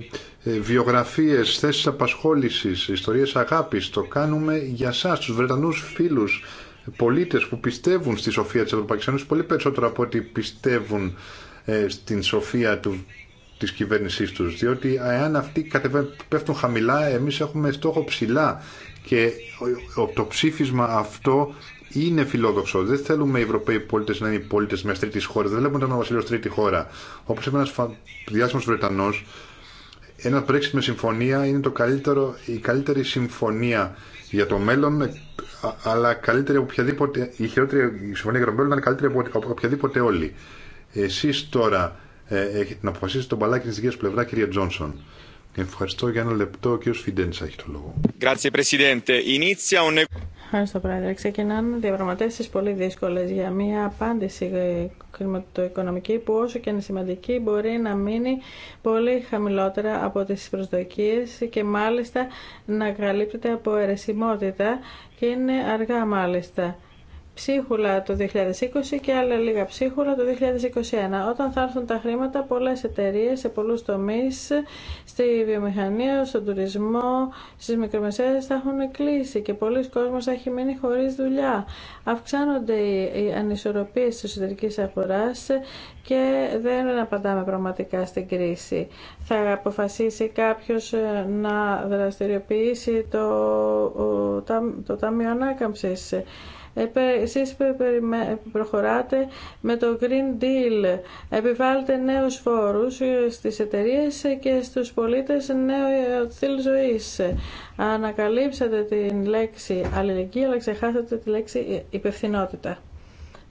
βιογραφίε, θέσει απασχόληση, ιστορίε αγάπη. Το κάνουμε για εσά, του Βρετανού φίλου, πολίτε που πιστεύουν στη σοφία τη Ευρωπαϊκή Ένωση πολύ περισσότερο από ότι πιστεύουν ε, στην σοφία του Τη κυβέρνησή του, διότι εάν αυτοί πέφτουν χαμηλά, εμείς έχουμε στόχο ψηλά και το ψήφισμα αυτό είναι φιλόδοξο. Δεν θέλουμε οι Ευρωπαίοι πολίτε να είναι πολίτε μια τρίτη χώρα. Δεν βλέπουμε τον Βασίλειο τρίτη χώρα. Όπω είπε ένα διάσημο Βρετανό, ένα Brexit με συμφωνία είναι το καλύτερο, η καλύτερη συμφωνία για το μέλλον, αλλά καλύτερη από οποιαδήποτε, η χειρότερη συμφωνία για το μέλλον ήταν καλύτερη από οποιαδήποτε όλη. Εσεί τώρα ε, να αποφασίσετε τον μπαλάκι τη δική πλευρά, κυρία Τζόνσον. Ευχαριστώ για ένα λεπτό. Ο κύριο Φιντέντσα έχει το λόγο. Ευχαριστώ, Πρόεδρε. Ξεκινάνε διαπραγματεύσει πολύ δύσκολε για μια απάντηση κρηματοοικονομική ε, που όσο και είναι σημαντική μπορεί να μείνει πολύ χαμηλότερα από τι προσδοκίε και μάλιστα να καλύπτεται από αιρεσιμότητα και είναι αργά μάλιστα ψίχουλα το 2020 και άλλα λίγα ψίχουλα το 2021. Όταν θα έρθουν τα χρήματα, πολλές εταιρείες σε πολλούς τομείς, στη βιομηχανία, στον τουρισμό, στις μικρομεσαίες θα έχουν κλείσει και πολλοί κόσμος θα έχει μείνει χωρίς δουλειά. Αυξάνονται οι ανισορροπίες της εσωτερική αγοράς και δεν απαντάμε πραγματικά στην κρίση. Θα αποφασίσει κάποιος ε, να δραστηριοποιήσει το, το, το Ταμείο Ανάκαμψης εσείς προχωράτε με το Green Deal, επιβάλλετε νέους φόρους ε, στις εταιρείες και στους πολίτες νέο ε, στυλ ζωής. Ανακαλύψατε την λέξη αλληλεγγύη, αλλά ξεχάσατε τη λέξη ε, υπευθυνότητα.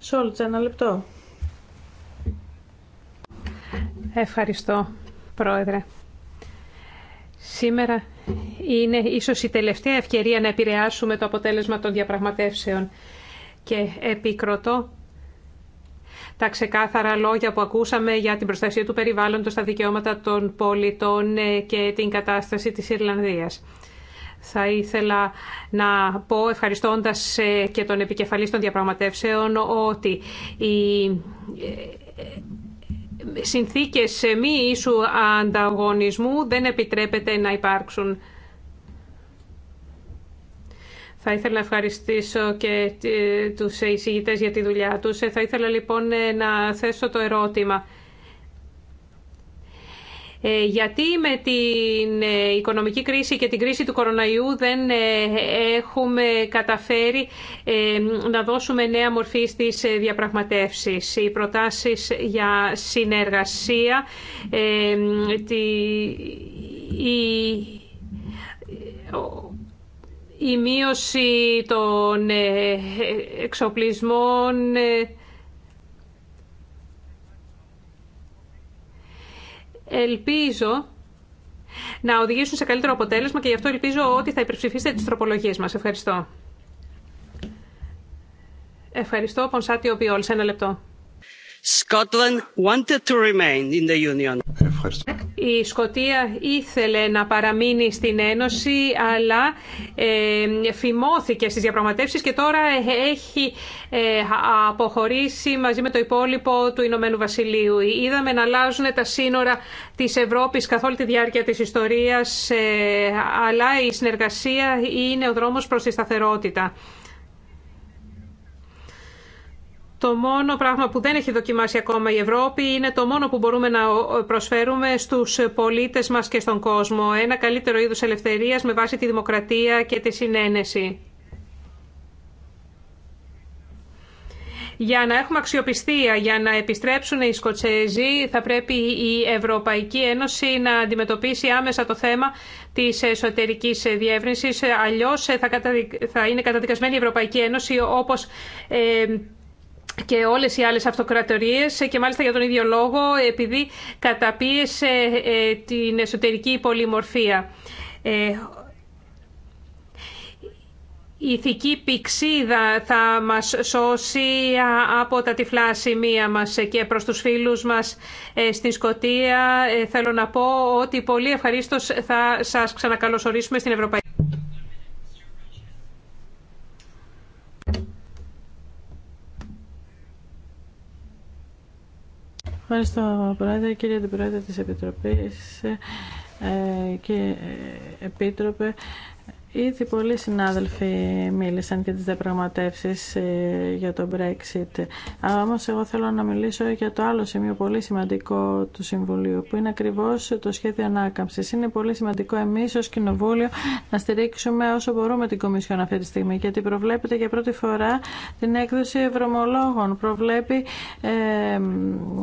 Σόλτς, ένα λεπτό. Ευχαριστώ, Πρόεδρε. Σήμερα είναι ίσως η τελευταία ευκαιρία να επηρεάσουμε το αποτέλεσμα των διαπραγματεύσεων και επικροτώ τα ξεκάθαρα λόγια που ακούσαμε για την προστασία του περιβάλλοντος, τα δικαιώματα των πολιτών ε, και την κατάσταση της Ιρλανδίας. Θα ήθελα να πω, ευχαριστώντας ε, και τον επικεφαλής των διαπραγματεύσεων, ότι η ε, συνθήκες μη ίσου ανταγωνισμού δεν επιτρέπεται να υπάρξουν. Θα ήθελα να ευχαριστήσω και τους εισηγητές για τη δουλειά τους. Ε, θα ήθελα λοιπόν ε, να θέσω το ερώτημα. Ε, γιατί με την οικονομική κρίση και την κρίση του κοροναϊού δεν έχουμε καταφέρει να δώσουμε νέα μορφή στις διαπραγματεύσεις. Οι προτάσεις για συνεργασία, η η μείωση των ε, εξοπλισμών ε, ελπίζω να οδηγήσουν σε καλύτερο αποτέλεσμα και γι' αυτό ελπίζω ότι θα υπερψηφίσετε τις τροπολογίες μας. Ευχαριστώ. Ευχαριστώ, Πονσάτιο Πιόλ. Σε ένα λεπτό. Ε, η Σκοτία ήθελε να παραμείνει στην Ένωση, αλλά ε, φημώθηκε στις διαπραγματεύσεις και τώρα έχει ε, αποχωρήσει μαζί με το υπόλοιπο του Ηνωμένου Βασιλείου. Είδαμε να αλλάζουν τα σύνορα της Ευρώπης καθ' όλη τη διάρκεια της ιστορίας, ε, αλλά η συνεργασία είναι ο δρόμος προς τη σταθερότητα. Το μόνο πράγμα που δεν έχει δοκιμάσει ακόμα η Ευρώπη είναι το μόνο που μπορούμε να προσφέρουμε στους πολίτες μας και στον κόσμο. Ένα καλύτερο είδους ελευθερίας με βάση τη δημοκρατία και τη συνένεση. Για να έχουμε αξιοπιστία, για να επιστρέψουν οι Σκοτσέζοι, θα πρέπει η Ευρωπαϊκή Ένωση να αντιμετωπίσει άμεσα το θέμα της εσωτερικής διεύρυνσης. Αλλιώς θα είναι καταδικασμένη η Ευρωπαϊκή Ένωση όπως ε, και όλες οι άλλες αυτοκρατορίες και μάλιστα για τον ίδιο λόγο επειδή καταπίεσε ε, την εσωτερική πολυμορφία. Ε, η ηθική πηξίδα θα μας σώσει από τα τυφλά σημεία μας και προς τους φίλους μας ε, στην Σκωτία. Θέλω να πω ότι πολύ ευχαρίστως θα σας ξανακαλωσορίσουμε στην Ευρωπαϊκή. Ευχαριστώ, Πρόεδρε, κύριε Αντιπρόεδρε της Επιτροπής ε, και ε, Επίτροπε. Ήδη πολλοί συνάδελφοι μίλησαν για τις διαπραγματεύσεις ε, για το Brexit. Όμω εγώ θέλω να μιλήσω για το άλλο σημείο πολύ σημαντικό του Συμβουλίου, που είναι ακριβώς το σχέδιο ανάκαμψης. Είναι πολύ σημαντικό εμείς ως Κοινοβούλιο να στηρίξουμε όσο μπορούμε την Κομισιόν αυτή τη στιγμή, γιατί προβλέπεται για πρώτη φορά την έκδοση ευρωμολόγων. Προβλέπει ε,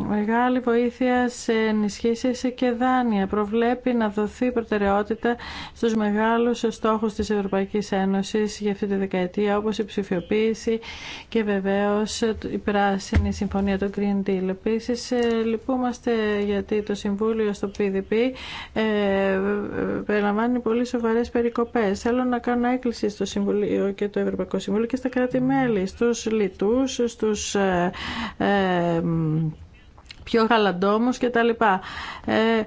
μεγάλη βοήθεια σε ενισχύσεις και δάνεια. Προβλέπει να δοθεί προτεραιότητα στους μεγάλους στόχους της Ευρωπαϊκής Ένωσης για αυτή τη δεκαετία όπως η ψηφιοποίηση και βεβαίως η πράσινη συμφωνία των Green Deal. Επίσης ε, λυπούμαστε γιατί το Συμβούλιο στο PDP ε, περιλαμβάνει πολύ σοβαρές περικοπές. Θέλω να κάνω έκκληση στο Συμβουλίο και το Ευρωπαϊκό Συμβούλιο και στα κράτη-μέλη, στους λιτούς, στους ε, ε πιο γαλαντόμους και τα λοιπά. Ε, ε,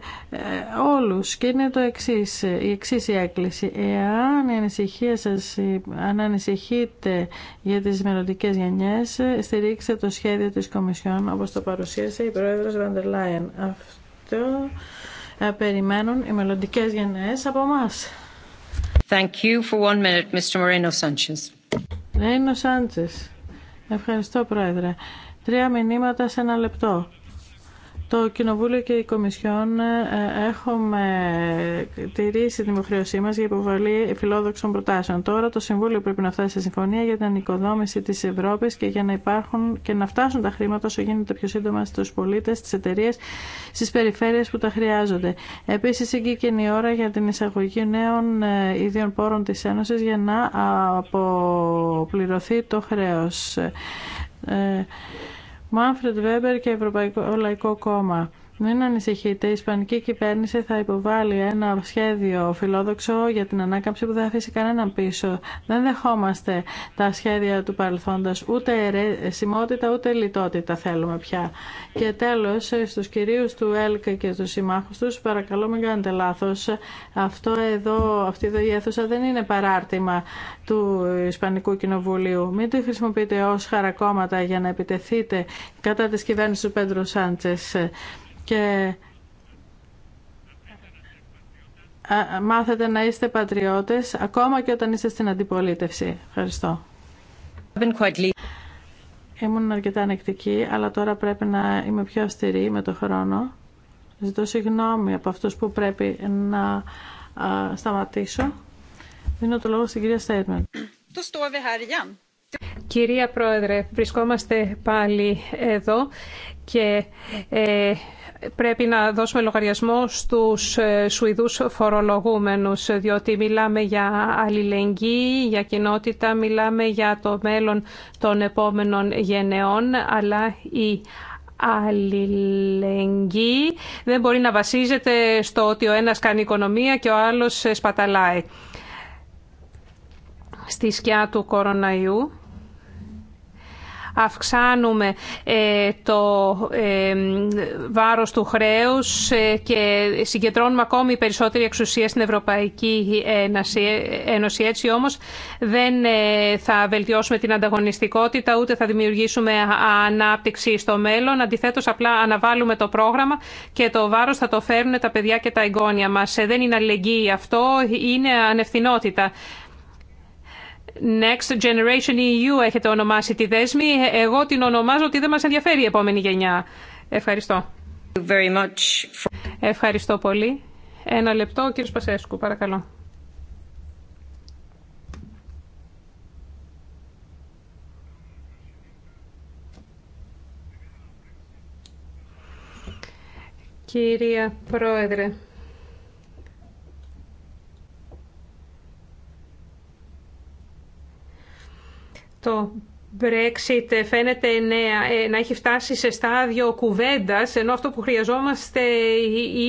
όλους και είναι το εξής, η εξής η έκκληση. Εάν η ανησυχία σας, αν ανησυχείτε για τις μελλοντικές γενιές, στηρίξτε το σχέδιο της Κομισιόν όπως το παρουσίασε η Πρόεδρος Βαντερ Αυτό ε, περιμένουν οι μελλοντικέ γενιές από εμά. Thank you for one minute, Mr. Moreno Sanchez. Moreno-Sánchez. sanchez Ευχαριστώ, Πρόεδρε. Τρία μηνύματα σε ένα λεπτό. Το Κοινοβούλιο και η Κομισιόν ε, έχουμε τηρήσει την υποχρέωσή μα για υποβολή φιλόδοξων προτάσεων. Τώρα το Συμβούλιο πρέπει να φτάσει σε συμφωνία για την οικοδόμηση τη Ευρώπη και για να υπάρχουν και να φτάσουν τα χρήματα όσο γίνεται πιο σύντομα στου πολίτε, στι εταιρείε, στι περιφέρειες που τα χρειάζονται. Επίση, εκεί η ώρα για την εισαγωγή νέων ε, ιδίων πόρων τη Ένωση για να αποπληρωθεί το χρέο. Ε, Μάνφρεντ Βέμπερ και Ευρωπαϊκό Λαϊκό Κόμμα. Μην ανησυχείτε, η Ισπανική κυβέρνηση θα υποβάλει ένα σχέδιο φιλόδοξο για την ανάκαμψη που δεν θα αφήσει κανέναν πίσω. Δεν δεχόμαστε τα σχέδια του παρελθόντος, ούτε ερεσιμότητα ούτε λιτότητα θέλουμε πια. Και τέλος, στους κυρίους του ΕΛΚ και στους συμμάχους τους, παρακαλώ μην κάνετε λάθος. Αυτό εδώ, αυτή εδώ η αίθουσα δεν είναι παράρτημα του Ισπανικού Κοινοβουλίου. Μην το χρησιμοποιείτε ως χαρακόμματα για να επιτεθείτε κατά της κυβέρνησης του Πέντρου Σάντσες και μάθετε να είστε πατριώτες ακόμα και όταν είστε στην αντιπολίτευση. Ευχαριστώ. Ήμουν αρκετά ανεκτική, αλλά τώρα πρέπει να είμαι πιο αυστηρή με το χρόνο. Ζητώ συγγνώμη από αυτούς που πρέπει να σταματήσω. Δίνω το λόγο στην κυρία Στέιτμεν. Κυρία Πρόεδρε, βρισκόμαστε πάλι εδώ και ε, πρέπει να δώσουμε λογαριασμό στους ε, Σουηδούς φορολογούμενους, διότι μιλάμε για αλληλεγγύη, για κοινότητα, μιλάμε για το μέλλον των επόμενων γενεών, αλλά η αλληλεγγύη δεν μπορεί να βασίζεται στο ότι ο ένας κάνει οικονομία και ο άλλος σπαταλάει. Στη σκιά του κοροναϊού αυξάνουμε ε, το ε, βάρος του χρέους ε, και συγκεντρώνουμε ακόμη περισσότερη εξουσία στην Ευρωπαϊκή Ένωση. Έτσι όμως δεν θα βελτιώσουμε την ανταγωνιστικότητα ούτε θα δημιουργήσουμε ανάπτυξη στο μέλλον. Αντιθέτως απλά αναβάλουμε το πρόγραμμα και το βάρος θα το φέρουν τα παιδιά και τα εγγόνια μας. Δεν είναι αλληλεγγύη αυτό, είναι ανευθυνότητα. Next Generation EU έχετε ονομάσει τη δέσμη. Εγώ την ονομάζω ότι δεν μας ενδιαφέρει η επόμενη γενιά. Ευχαριστώ. Very much Ευχαριστώ πολύ. Ένα λεπτό, κύριο Σπασέσκου, Πασέσκου, παρακαλώ. Κυρία Πρόεδρε, Το Brexit φαίνεται ναι, ε, να έχει φτάσει σε στάδιο κουβέντας, ενώ αυτό που χρειαζόμαστε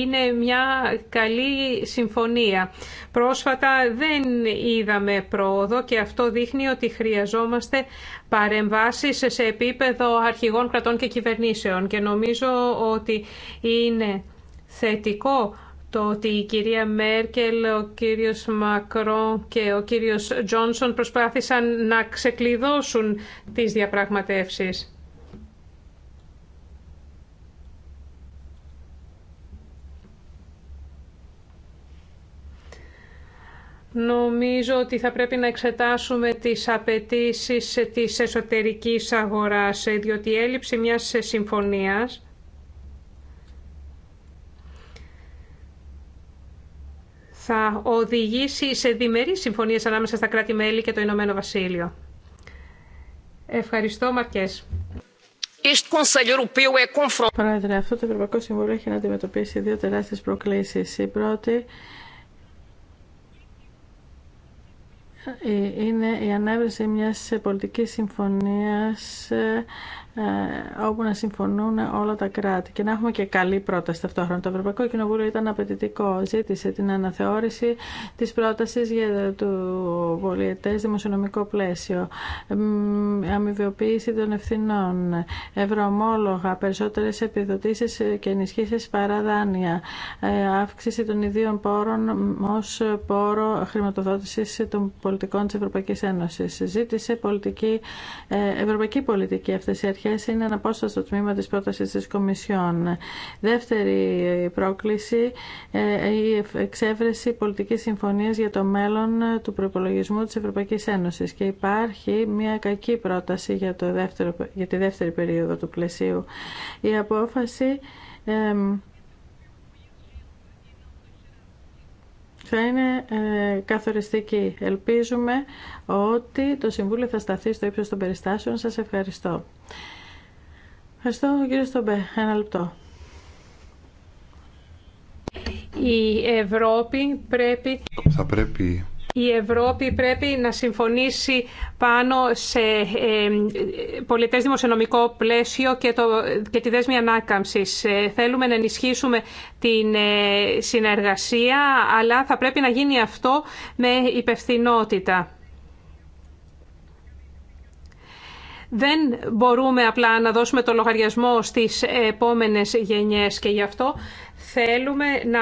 είναι μια καλή συμφωνία. Πρόσφατα δεν είδαμε πρόοδο και αυτό δείχνει ότι χρειαζόμαστε παρεμβάσεις σε επίπεδο αρχηγών κρατών και κυβερνήσεων. Και νομίζω ότι είναι θετικό το ότι η κυρία Μέρκελ, ο κύριος Μακρό και ο κύριος Τζόνσον προσπάθησαν να ξεκλειδώσουν τις διαπραγματεύσεις. Νομίζω ότι θα πρέπει να εξετάσουμε τις απαιτήσεις της εσωτερικής αγοράς, διότι η έλλειψη μιας συμφωνίας θα οδηγήσει σε διμερείς συμφωνίες ανάμεσα στα κράτη-μέλη και το Ηνωμένο Βασίλειο. Ευχαριστώ, Μαρκές. Πρόεδρε, αυτό το Ευρωπαϊκό Συμβούλιο έχει να αντιμετωπίσει δύο τεράστιες προκλήσεις. Η πρώτη ε, είναι η ανέβρεση μιας πολιτικής συμφωνίας ε, ε, όπου να συμφωνούν όλα τα κράτη και να έχουμε και καλή πρόταση ταυτόχρονα. Το Ευρωπαϊκό Κοινοβούλιο ήταν απαιτητικό. Ζήτησε την αναθεώρηση τη πρόταση για το πολιετέ δημοσιονομικό πλαίσιο, αμοιβιοποίηση των ευθυνών, ευρωομόλογα, περισσότερε επιδοτήσει και ενισχύσει παρά δάνεια, ε, αύξηση των ιδίων πόρων ω πόρο χρηματοδότηση των πολιτικών τη Ευρωπαϊκή Ένωση. Ζήτησε πολιτική, ε, ευρωπαϊκή πολιτική αυτές οι αρχέ αρχές είναι στο τμήμα της πρότασης της Κομισιόν. Δεύτερη πρόκληση, ε, η εξέβρεση πολιτικής συμφωνίας για το μέλλον του προπολογισμού της Ευρωπαϊκής Ένωσης και υπάρχει μια κακή πρόταση για, το δεύτερο, για τη δεύτερη περίοδο του πλαισίου. Η απόφαση θα είναι ε, καθοριστική. Ελπίζουμε ότι το Συμβούλιο θα σταθεί στο ύψος των περιστάσεων. Σας ευχαριστώ. Ευχαριστώ κύριε Στομπέ. Ένα λεπτό. Η Ευρώπη πρέπει... Η Ευρώπη πρέπει να συμφωνήσει πάνω σε ε, πολιτές δημοσιονομικό πλαίσιο και, και τη δέσμη ανάκαμψης. Ε, θέλουμε να ενισχύσουμε την ε, συνεργασία, αλλά θα πρέπει να γίνει αυτό με υπευθυνότητα. Δεν μπορούμε απλά να δώσουμε το λογαριασμό στις επόμενες γενιές και γι' αυτό θέλουμε να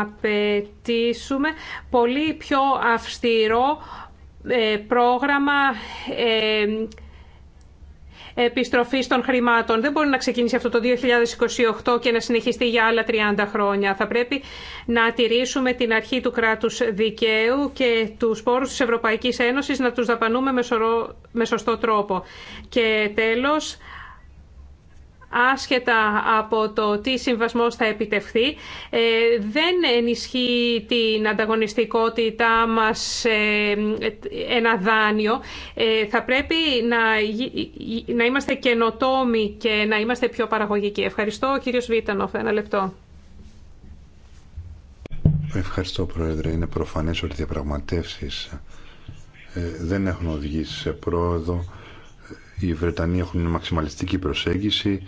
απαιτήσουμε πολύ πιο αυστηρό ε, πρόγραμμα ε, Επιστροφή των χρημάτων. Δεν μπορεί να ξεκινήσει αυτό το 2028 και να συνεχιστεί για άλλα 30 χρόνια. Θα πρέπει να τηρήσουμε την αρχή του κράτους δικαίου και του πόρου τη Ευρωπαϊκή Ένωσης να τους δαπανούμε με σωστό τρόπο. Και τέλος, άσχετα από το τι συμβασμός θα επιτευχθεί, ε, δεν ενισχύει την ανταγωνιστικότητά μας ε, ένα δάνειο. Ε, θα πρέπει να, να είμαστε καινοτόμοι και να είμαστε πιο παραγωγικοί. Ευχαριστώ, κύριος Βίτανοφ. Ένα λεπτό. Ευχαριστώ, Πρόεδρε. Είναι προφανές ότι οι διαπραγματεύσεις δεν έχουν οδηγήσει σε πρόοδο οι Βρετανοί έχουν μια μαξιμαλιστική προσέγγιση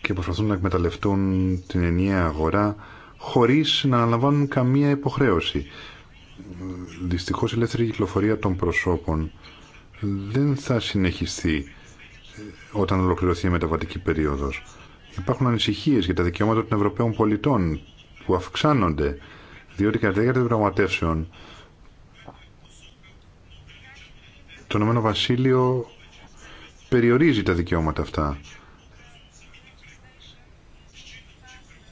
και προσπαθούν να εκμεταλλευτούν την ενιαία αγορά χωρίς να αναλαμβάνουν καμία υποχρέωση. Δυστυχώς η ελεύθερη κυκλοφορία των προσώπων δεν θα συνεχιστεί όταν ολοκληρωθεί η μεταβατική περίοδος. Υπάρχουν ανησυχίες για τα δικαιώματα των Ευρωπαίων πολιτών που αυξάνονται διότι κατά τη διάρκεια των πραγματεύσεων το Ηνωμένο Βασίλειο περιορίζει τα δικαιώματα αυτά.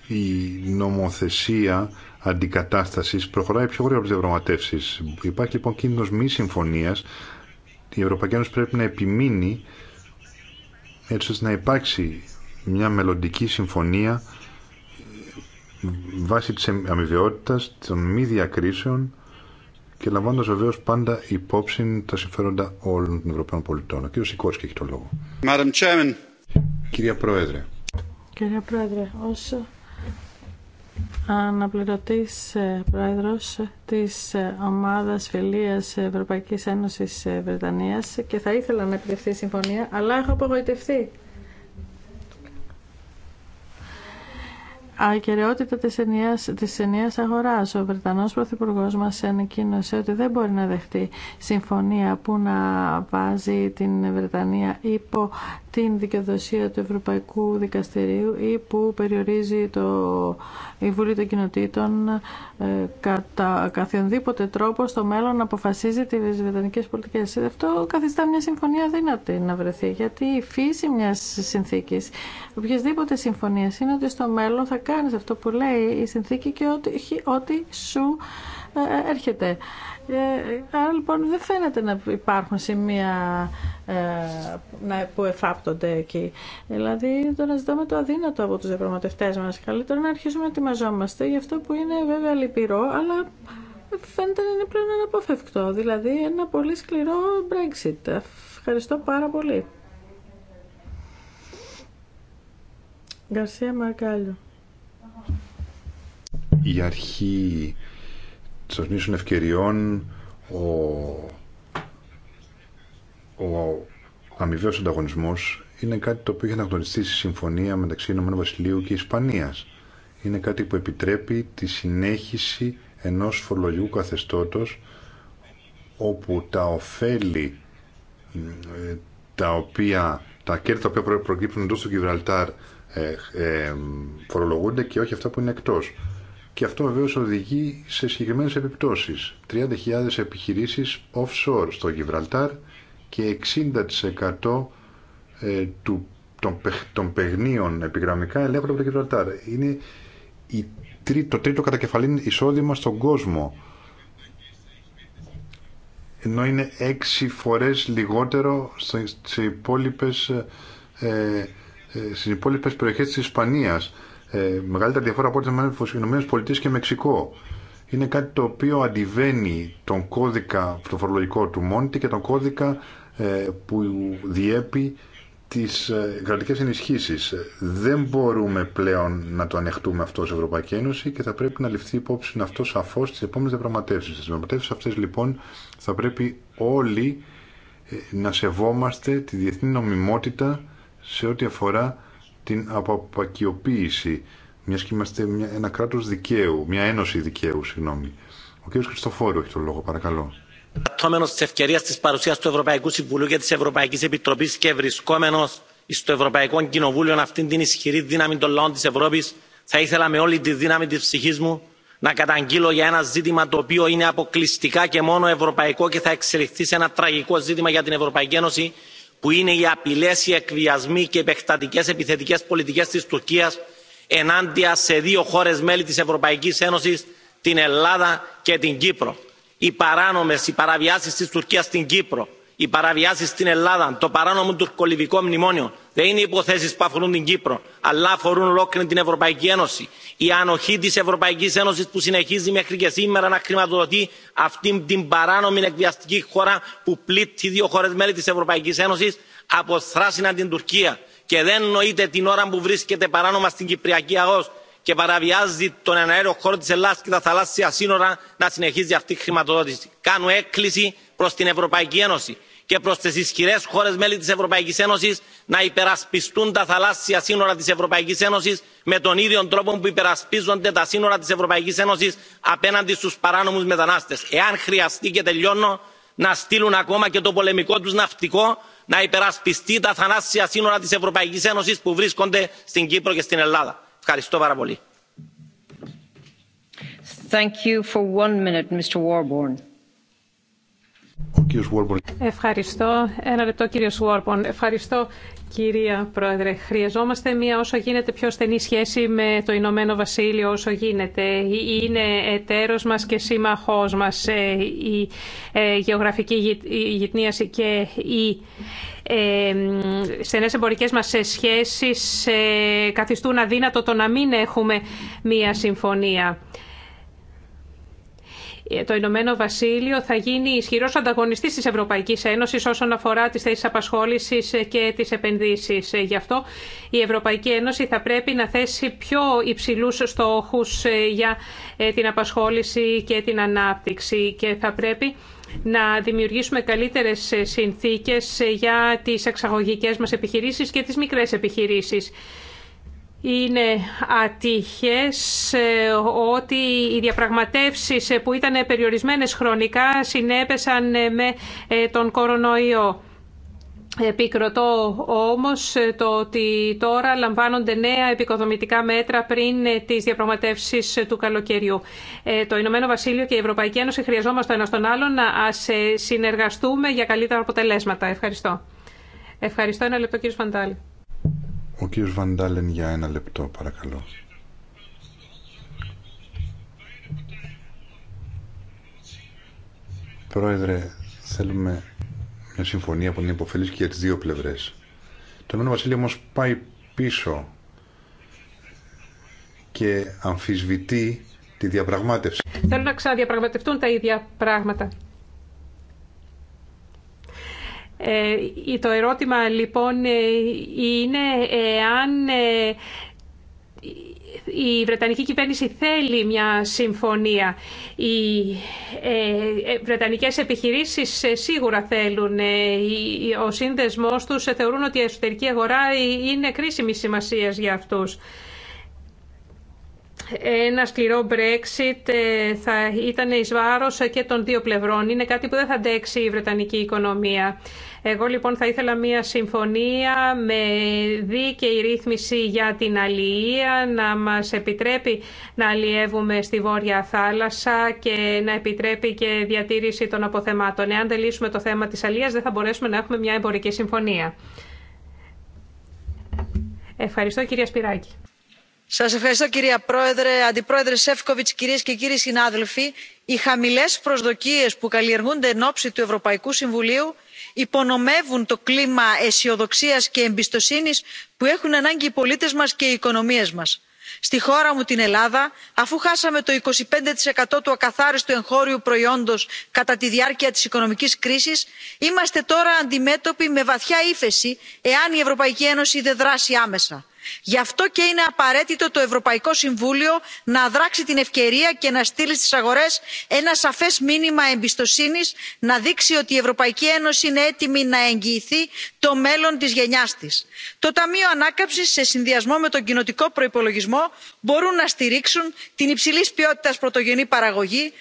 Η νομοθεσία αντικατάστασης προχωράει πιο γρήγορα από τις διαπραγματεύσεις. Υπάρχει λοιπόν κίνδυνος μη συμφωνίας. Η Ευρωπαϊκή Ένωση πρέπει να επιμείνει έτσι ώστε να υπάρξει μια μελλοντική συμφωνία βάσει της αμοιβαιότητας των μη διακρίσεων και λαμβάνοντα βεβαίω πάντα υπόψη τα συμφέροντα όλων των Ευρωπαίων πολιτών. Ο κ. Σικόρσκι έχει το λόγο. Κυρία Πρόεδρε. Κυρία Πρόεδρε, όσο αναπληρωτής ε, πρόεδρος της ε, ομάδας φιλίας Ευρωπαϊκής Ένωσης ε, Βρετανίας και θα ήθελα να επιτευχθεί η συμφωνία, αλλά έχω απογοητευτεί ακαιρεότητα της ενιαίας, της ενιαίας αγοράς. Ο Βρετανός Πρωθυπουργός μας ανακοίνωσε ότι δεν μπορεί να δεχτεί συμφωνία που να βάζει την Βρετανία υπό την δικαιοδοσία του Ευρωπαϊκού Δικαστηρίου ή που περιορίζει το, η Βουλή των Κοινοτήτων ε, κατά καθιονδήποτε τρόπο στο μέλλον να αποφασίζει τι βρετανικέ πολιτικές. Αυτό καθιστά μια συμφωνία δύνατη να βρεθεί, γιατί η φύση μια συνθηκη οποιασδήποτε συμφωνία είναι ότι στο μέλλον θα κάνει αυτό που λέει η συνθήκη και ό,τι σου ε, ε, έρχεται. Ε, άρα λοιπόν δεν φαίνεται να υπάρχουν σημεία ε, που εφάπτονται εκεί. Δηλαδή το να ζητάμε το αδύνατο από τους διαπραγματευτές μας. Καλύτερα να αρχίσουμε να ετοιμαζόμαστε για αυτό που είναι βέβαια λυπηρό, αλλά φαίνεται να είναι πλέον αναποφευκτό. Δηλαδή ένα πολύ σκληρό Brexit. Ευχαριστώ πάρα πολύ. Γκαρσία Μαρκάλιο. Η αρχή των ευκαιριών, ο, ο αμοιβαίος ανταγωνισμός είναι κάτι το οποίο είχε αναγνωριστεί στη συμφωνία μεταξύ Ηνωμένου Βασιλείου και Ισπανίας. Είναι κάτι που επιτρέπει τη συνέχιση ενός φορολογικού καθεστώτος όπου τα ωφέλη ε, τα οποία τα κέρδη τα οποία προκύπτουν εντό του Γιβραλτάρ ε, ε, φορολογούνται και όχι αυτά που είναι εκτός και αυτό βεβαίω οδηγεί σε συγκεκριμένε επιπτώσει. 30.000 επιχειρήσει offshore στο Γιβραλτάρ και 60% ε, του, των, των παιγνίων επιγραμμικά ελέγχονται από το Γιβραλτάρ. Είναι η, το τρίτο κατακεφαλήν εισόδημα στον κόσμο. Ενώ είναι έξι φορές λιγότερο σε υπόλοιπε ε, ε, στις υπόλοιπες περιοχές της Ισπανίας ε, μεγαλύτερη διαφορά από ό,τι Ηνωμένε Πολιτείε και Μεξικό. Είναι κάτι το οποίο αντιβαίνει τον κώδικα το φορολογικό του Μόντι και τον κώδικα ε, που διέπει τις ε, κρατικές ενισχύσεις. Δεν μπορούμε πλέον να το ανεχτούμε αυτό σε Ευρωπαϊκή Ένωση και θα πρέπει να ληφθεί υπόψη αυτό σαφώς στις επόμενες διαπραγματεύσεις. Στις διαπραγματεύσεις αυτές λοιπόν θα πρέπει όλοι ε, να σεβόμαστε τη διεθνή νομιμότητα σε ό,τι αφορά την αποπακιοποίηση, μια και είμαστε μια, ένα κράτο δικαίου, μια ένωση δικαίου, συγγνώμη. Ο κ. Χριστοφόρου έχει τον λόγο, παρακαλώ. Κατόμενο τη ευκαιρία τη παρουσία του Ευρωπαϊκού Συμβουλίου και τη Ευρωπαϊκή Επιτροπή και βρισκόμενο στο Ευρωπαϊκό Κοινοβούλιο αυτήν την ισχυρή δύναμη των λαών τη Ευρώπη, θα ήθελα με όλη τη δύναμη τη ψυχή μου να καταγγείλω για ένα ζήτημα το οποίο είναι αποκλειστικά και μόνο ευρωπαϊκό και θα εξελιχθεί σε ένα τραγικό ζήτημα για την Ευρωπαϊκή Ένωση που είναι οι απειλέ οι εκβιασμοί και οι επεκτατικέ επιθετικέ πολιτικέ τη τουρκία ενάντια σε δύο χώρε μέλη τη ευρωπαϊκή ένωση την ελλάδα και την κύπρο οι παράνομε οι παραβιάσει τη τουρκία στην κύπρο οι παραβιάσει στην ελλάδα το παράνομο τουρκολιβικό μνημόνιο δεν είναι υποθέσει που αφορούν την κύπρο αλλά αφορούν ολόκληρη την ευρωπαϊκή ένωση η ανοχή της Ευρωπαϊκής Ένωσης που συνεχίζει μέχρι και σήμερα να χρηματοδοτεί αυτήν την παράνομη εκβιαστική χώρα που πλήττει δύο χώρες μέλη της Ευρωπαϊκής Ένωσης από θράσινα την Τουρκία και δεν νοείται την ώρα που βρίσκεται παράνομα στην Κυπριακή ΑΟΣ και παραβιάζει τον εναέριο χώρο της Ελλάδας και τα θαλάσσια σύνορα να συνεχίζει αυτή η χρηματοδότηση. Κάνω έκκληση προς την Ευρωπαϊκή Ένωση και προ τι ισχυρέ χώρε μέλη τη Ευρωπαϊκή Ένωση να υπερασπιστούν τα θαλάσσια σύνορα τη Ευρωπαϊκή Ένωση με τον ίδιο τρόπο που υπερασπίζονται τα σύνορα τη Ευρωπαϊκή Ένωση απέναντι στου παράνομου μετανάστε. Εάν χρειαστεί και τελειώνω, να στείλουν ακόμα και το πολεμικό του ναυτικό να υπερασπιστεί τα θαλάσσια σύνορα τη Ευρωπαϊκή Ένωση που βρίσκονται στην Κύπρο και στην Ελλάδα. Ευχαριστώ πάρα πολύ. Ευχαριστώ. Ένα λεπτό κύριο Σουόρπον. Ευχαριστώ κυρία Πρόεδρε. Χρειαζόμαστε μια όσο γίνεται πιο στενή σχέση με το Ηνωμένο Βασίλειο όσο γίνεται. Είναι εταίρος μας και σύμμαχός μας ε, η ε, γεωγραφική γυτνίαση και η ε, στενές εμπορικές μας ε, σχέσεις καθιστούν αδύνατο το να μην έχουμε μια συμφωνία. Ε, το Ηνωμένο Βασίλειο θα γίνει ισχυρό ανταγωνιστή τη Ευρωπαϊκή Ένωση όσον αφορά τις θέσει απασχόλησης και τις επενδύσεις. Ε, γι' αυτό η Ευρωπαϊκή Ένωση θα πρέπει να θέσει πιο υψηλού στόχου ε, για την απασχόληση και την ανάπτυξη και θα πρέπει να δημιουργήσουμε καλύτερες συνθήκες για τις εξαγωγικές μας επιχειρήσεις και τις μικρές επιχειρήσεις είναι ατύχες ε, ότι οι διαπραγματεύσεις ε, που ήταν περιορισμένες χρονικά συνέπεσαν ε, με τον κορονοϊό. Επικροτώ όμως το ότι τώρα λαμβάνονται νέα επικοδομητικά μέτρα πριν τις διαπραγματεύσεις του καλοκαιριού. Το Ηνωμένο Βασίλειο και η Ευρωπαϊκή Ένωση χρειαζόμαστε ένα τον άλλον να συνεργαστούμε για καλύτερα αποτελέσματα. Ευχαριστώ. Ευχαριστώ. Ένα λεπτό κύριο Φαντάλη. Ο κύριος Βαντάλεν για ένα λεπτό παρακαλώ. Πρόεδρε, θέλουμε μια συμφωνία που είναι υποφελής και για τις δύο πλευρές. Το μόνο Βασίλειο όμως πάει πίσω και αμφισβητεί τη διαπραγμάτευση. Θέλω να ξαναδιαπραγματευτούν τα ίδια πράγματα. Ε, το ερώτημα λοιπόν ε, είναι εάν ε, η Βρετανική κυβέρνηση θέλει μια συμφωνία. Οι Βρετανικές επιχειρήσεις σίγουρα θέλουν. Ο σύνδεσμός τους θεωρούν ότι η εσωτερική αγορά είναι κρίσιμη σημασία για αυτούς ένα σκληρό Brexit ε, θα ήταν εις βάρος ε, και των δύο πλευρών. Είναι κάτι που δεν θα αντέξει η Βρετανική οικονομία. Εγώ λοιπόν θα ήθελα μια συμφωνία με δίκαιη ρύθμιση για την αλληλεία, να μας επιτρέπει να αλλιεύουμε στη Βόρεια Θάλασσα και να επιτρέπει και διατήρηση των αποθεμάτων. Εάν δεν λύσουμε το θέμα της αλληλείας δεν θα μπορέσουμε να έχουμε μια εμπορική συμφωνία. Ευχαριστώ κυρία Σπυράκη ευχαριστώ κυρία πρόεδρε αντιπρόεδρε σεφκοβιτ κυρίε και κύριοι συνάδελφοι οι χαμηλέ προσδοκίε που καλλιεργούνται εν ώψη του ευρωπαϊκού συμβουλίου υπονομεύουν το κλίμα αισιοδοξία και εμπιστοσύνη που έχουν ανάγκη οι πολίτε μα και οι οικονομίε μα. στη χώρα μου την ελλάδα αφού χάσαμε το 25% πέντε του ακαθάριστου εγχώριου προϊόντος κατά τη διάρκεια της οικονομικής κρίσης είμαστε τώρα αντιμέτωποι με βαθιά ύφεση εάν η ευρωπαϊκή ένωση δεν δράσει άμεσα γι' αυτό και είναι απαραίτητο το ευρωπαϊκό συμβούλιο να δράξει την ευκαιρία και να στείλει στις αγορές ένα σαφές μήνυμα εμπιστοσύνης να δείξει ότι η ευρωπαϊκή ένωση είναι έτοιμη να εγγυηθεί το μέλλον της γενιάς της. το ταμείο ανάκαμψης σε συνδυασμό με τον κοινοτικό προϋπολογισμό μπορούν να στηρίξουν την υψηλής ποιότητας πρωτογενή παραγωγή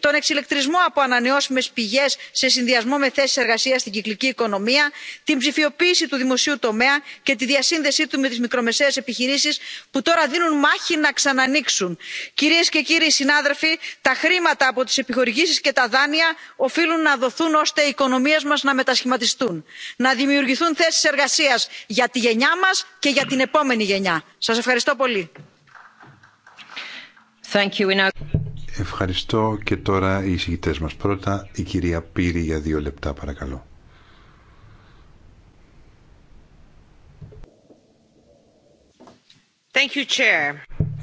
τον εξηλεκτρισμό από ανανεώσιμες πηγές σε συνδυασμό με θέσεις εργασία στην κυκλική οικονομία την ψηφιοποίηση του δημοσίου τομέα και τη διασύνδεσή του με τις μικρομεσαίες επιχειρήσεις που τώρα δίνουν μάχη να ξανανοίξουν. κυρίες και κύριοι συνάδελφοι τα χρήματα από τις επιχορηγήσεις και τα δάνεια οφείλουν να δοθούν ώστε οι οικονομίες μας να μετασχηματιστούν να δημιουργηθούν θέσεις εργασίας για τη γενιά μας και για την επόμενη γενιά. σας ευχαριστώ πολύ. Ευχαριστώ και τώρα οι μας. Πρώτα η κυρία Πύρη για δύο λεπτά παρακαλώ.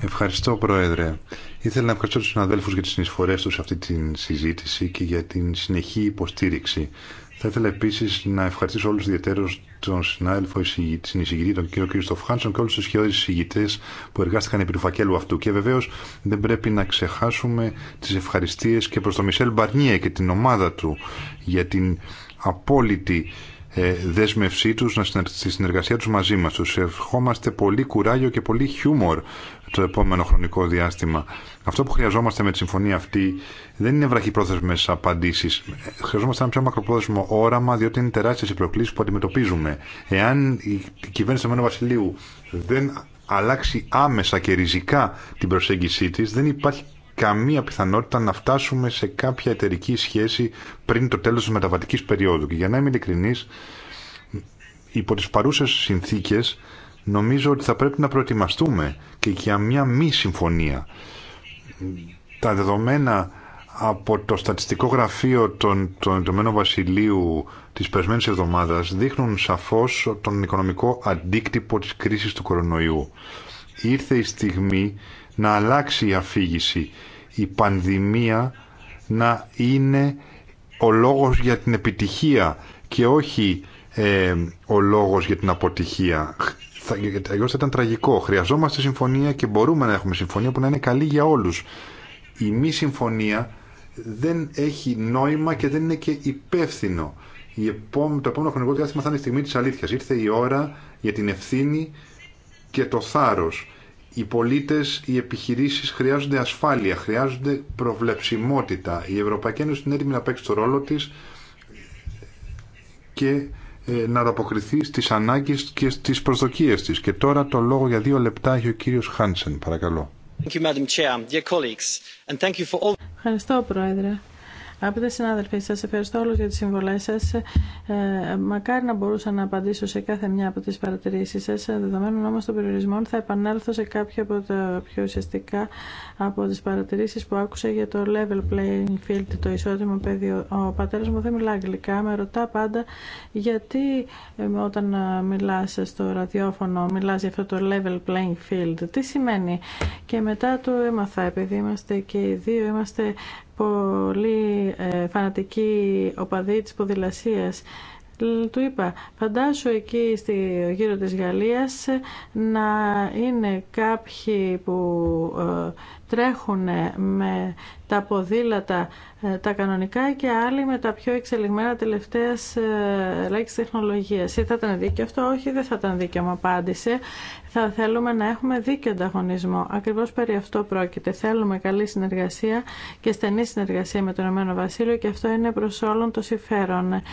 Ευχαριστώ, Πρόεδρε. Ήθελα να ευχαριστώ τους συναδέλφους για τις συνεισφορές τους σε αυτή τη συζήτηση και για την συνεχή υποστήριξη. Θα ήθελα επίση να ευχαριστήσω όλου ιδιαίτερω τον συνάδελφο, την εισηγητή, τον κύριο Κρίστοφ Χάνσον και όλου του σχεδόν εισηγητέ που εργάστηκαν επί του φακέλου αυτού. Και βεβαίω δεν πρέπει να ξεχάσουμε τι ευχαριστίε και προ τον Μισελ Μπαρνιέ και την ομάδα του για την απόλυτη ε, δέσμευσή τους, στη συνεργασία τους μαζί μας. Τους ευχόμαστε πολύ κουράγιο και πολύ χιούμορ το επόμενο χρονικό διάστημα. Αυτό που χρειαζόμαστε με τη συμφωνία αυτή δεν είναι βραχυπρόθεσμε απαντήσει. Χρειαζόμαστε ένα πιο μακροπρόθεσμο όραμα, διότι είναι τεράστιε οι προκλήσει που αντιμετωπίζουμε. Εάν η κυβέρνηση του Βασιλείου δεν αλλάξει άμεσα και ριζικά την προσέγγιση τη, δεν υπάρχει καμία πιθανότητα να φτάσουμε σε κάποια εταιρική σχέση πριν το τέλος της μεταβατικής περίοδου. Και για να είμαι ειλικρινής, υπό τις παρούσες συνθήκες νομίζω ότι θα πρέπει να προετοιμαστούμε και για μια μη συμφωνία. Τα δεδομένα από το Στατιστικό Γραφείο των, των Βασιλείου της περσμένης εβδομάδας δείχνουν σαφώς τον οικονομικό αντίκτυπο της κρίσης του κορονοϊού. Ήρθε η στιγμή να αλλάξει η αφήγηση. Η πανδημία να είναι ο λόγος για την επιτυχία και όχι ε, ο λόγος για την αποτυχία. Αλλιώ θα ήταν τραγικό. Χρειαζόμαστε συμφωνία και μπορούμε να έχουμε συμφωνία που να είναι καλή για όλους. Η μη συμφωνία δεν έχει νόημα και δεν είναι και υπεύθυνο. το επόμενο χρονικό διάστημα θα είναι η στιγμή της αλήθειας. Ήρθε η ώρα για την ευθύνη και το θάρρος. Οι πολίτες, οι επιχειρήσεις χρειάζονται ασφάλεια, χρειάζονται προβλεψιμότητα. Η Ευρωπαϊκή Ένωση είναι έτοιμη να παίξει το ρόλο της και ε, να ανταποκριθεί στις ανάγκες και στις προσδοκίες της. Και τώρα το λόγο για δύο λεπτά έχει ο κύριος Χάνσεν, παρακαλώ. Ευχαριστώ, Πρόεδρε. Αγαπητέ συνάδελφοι, σα ευχαριστώ όλου για τι συμβολέ σα. Ε, μακάρι να μπορούσα να απαντήσω σε κάθε μια από τι παρατηρήσει σα. Ε, δεδομένων όμω των περιορισμών, θα επανέλθω σε κάποια από τα πιο ουσιαστικά από τι παρατηρήσει που άκουσα για το level playing field, το ισότιμο πεδίο. Ο πατέρα μου δεν μιλά αγγλικά. Με ρωτά πάντα γιατί ε, όταν ε, μιλά στο ραδιόφωνο μιλά για αυτό το level playing field. Τι σημαίνει. Και μετά το έμαθα, επειδή είμαστε και οι δύο, είμαστε πολύ ε, φανατική οπαδή της ποδηλασίας του είπα, φαντάσου εκεί στη γύρω της Γαλλίας να είναι κάποιοι που ε, τρέχουν με τα ποδήλατα ε, τα κανονικά και άλλοι με τα πιο εξελιγμένα τελευταία ε, λέξη τεχνολογία. Ή θα ήταν δίκαιο αυτό, όχι, δεν θα ήταν δίκαιο μου απάντησε. Θα θέλουμε να έχουμε δίκαιο ανταγωνισμό. Ακριβώ περί αυτό πρόκειται. Θέλουμε καλή συνεργασία και στενή συνεργασία με το Ηνωμένο Βασίλειο και αυτό είναι προ όλων το συμφέρον. Ε,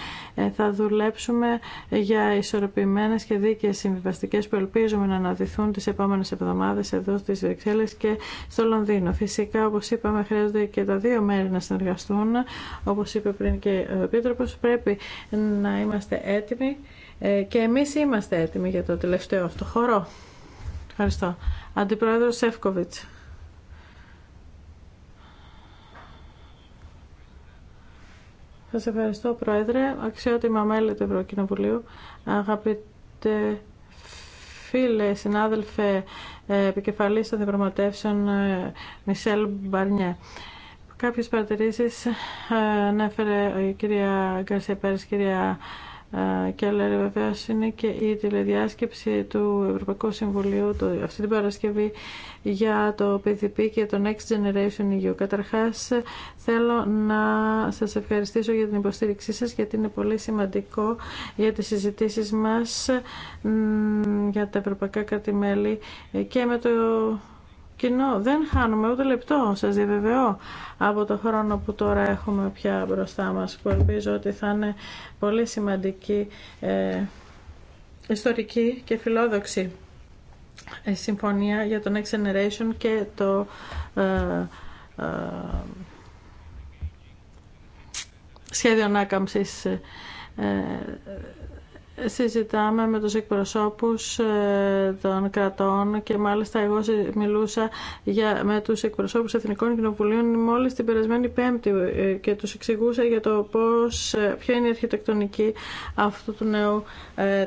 θα δουλέψουμε για ισορροπημένε και δίκαιε συμβιβαστικέ που ελπίζουμε να αναδυθούν τι επόμενε εβδομάδε εδώ στι Βρυξέλλε και στο Λονδίνο. Φυσικά, όπω είπαμε, χρειάζονται και τα δύο μέρη να συνεργαστούν. Όπως είπε πριν και ο Επίτροπος, πρέπει να είμαστε έτοιμοι ε, και εμείς είμαστε έτοιμοι για το τελευταίο αυτό χώρο. Ευχαριστώ. Αντιπρόεδρος Σεύκοβιτς. Σας ευχαριστώ Πρόεδρε, αξιότιμα μέλη του Ευρωκοινοβουλίου, αγαπητέ φίλε, συνάδελφε, ε, επικεφαλής των διαπραγματεύσεων ε, Μισελ Μπαρνιέ. Κάποιες παρατηρήσεις ε, ανέφερε η κυρία Γκαρσία η κυρία ε, Κέλλερ, βεβαίω είναι και η τηλεδιάσκεψη του Ευρωπαϊκού Συμβουλίου το, αυτή την Παρασκευή για το PDP και το Next Generation EU. Καταρχάς, θέλω να σας ευχαριστήσω για την υποστήριξή σας, γιατί είναι πολύ σημαντικό για τις συζητήσεις μας για τα ευρωπαϊκά και με το κοινό. Δεν χάνουμε ούτε λεπτό, σας διαβεβαιώ, από το χρόνο που τώρα έχουμε πια μπροστά μας, που ελπίζω ότι θα είναι πολύ σημαντική, ε, ιστορική και φιλόδοξη ε, συμφωνία για το Next Generation και το... Ε, ε σχέδιο ανάκαμψης ε, συζητάμε με τους εκπροσώπους ε, των κρατών και μάλιστα εγώ μιλούσα για, με τους εκπροσώπους Εθνικών Κοινοβουλίων μόλις την περασμένη Πέμπτη ε, και τους εξηγούσα για το πώς, ε, ποια είναι η αρχιτεκτονική αυτού του νέου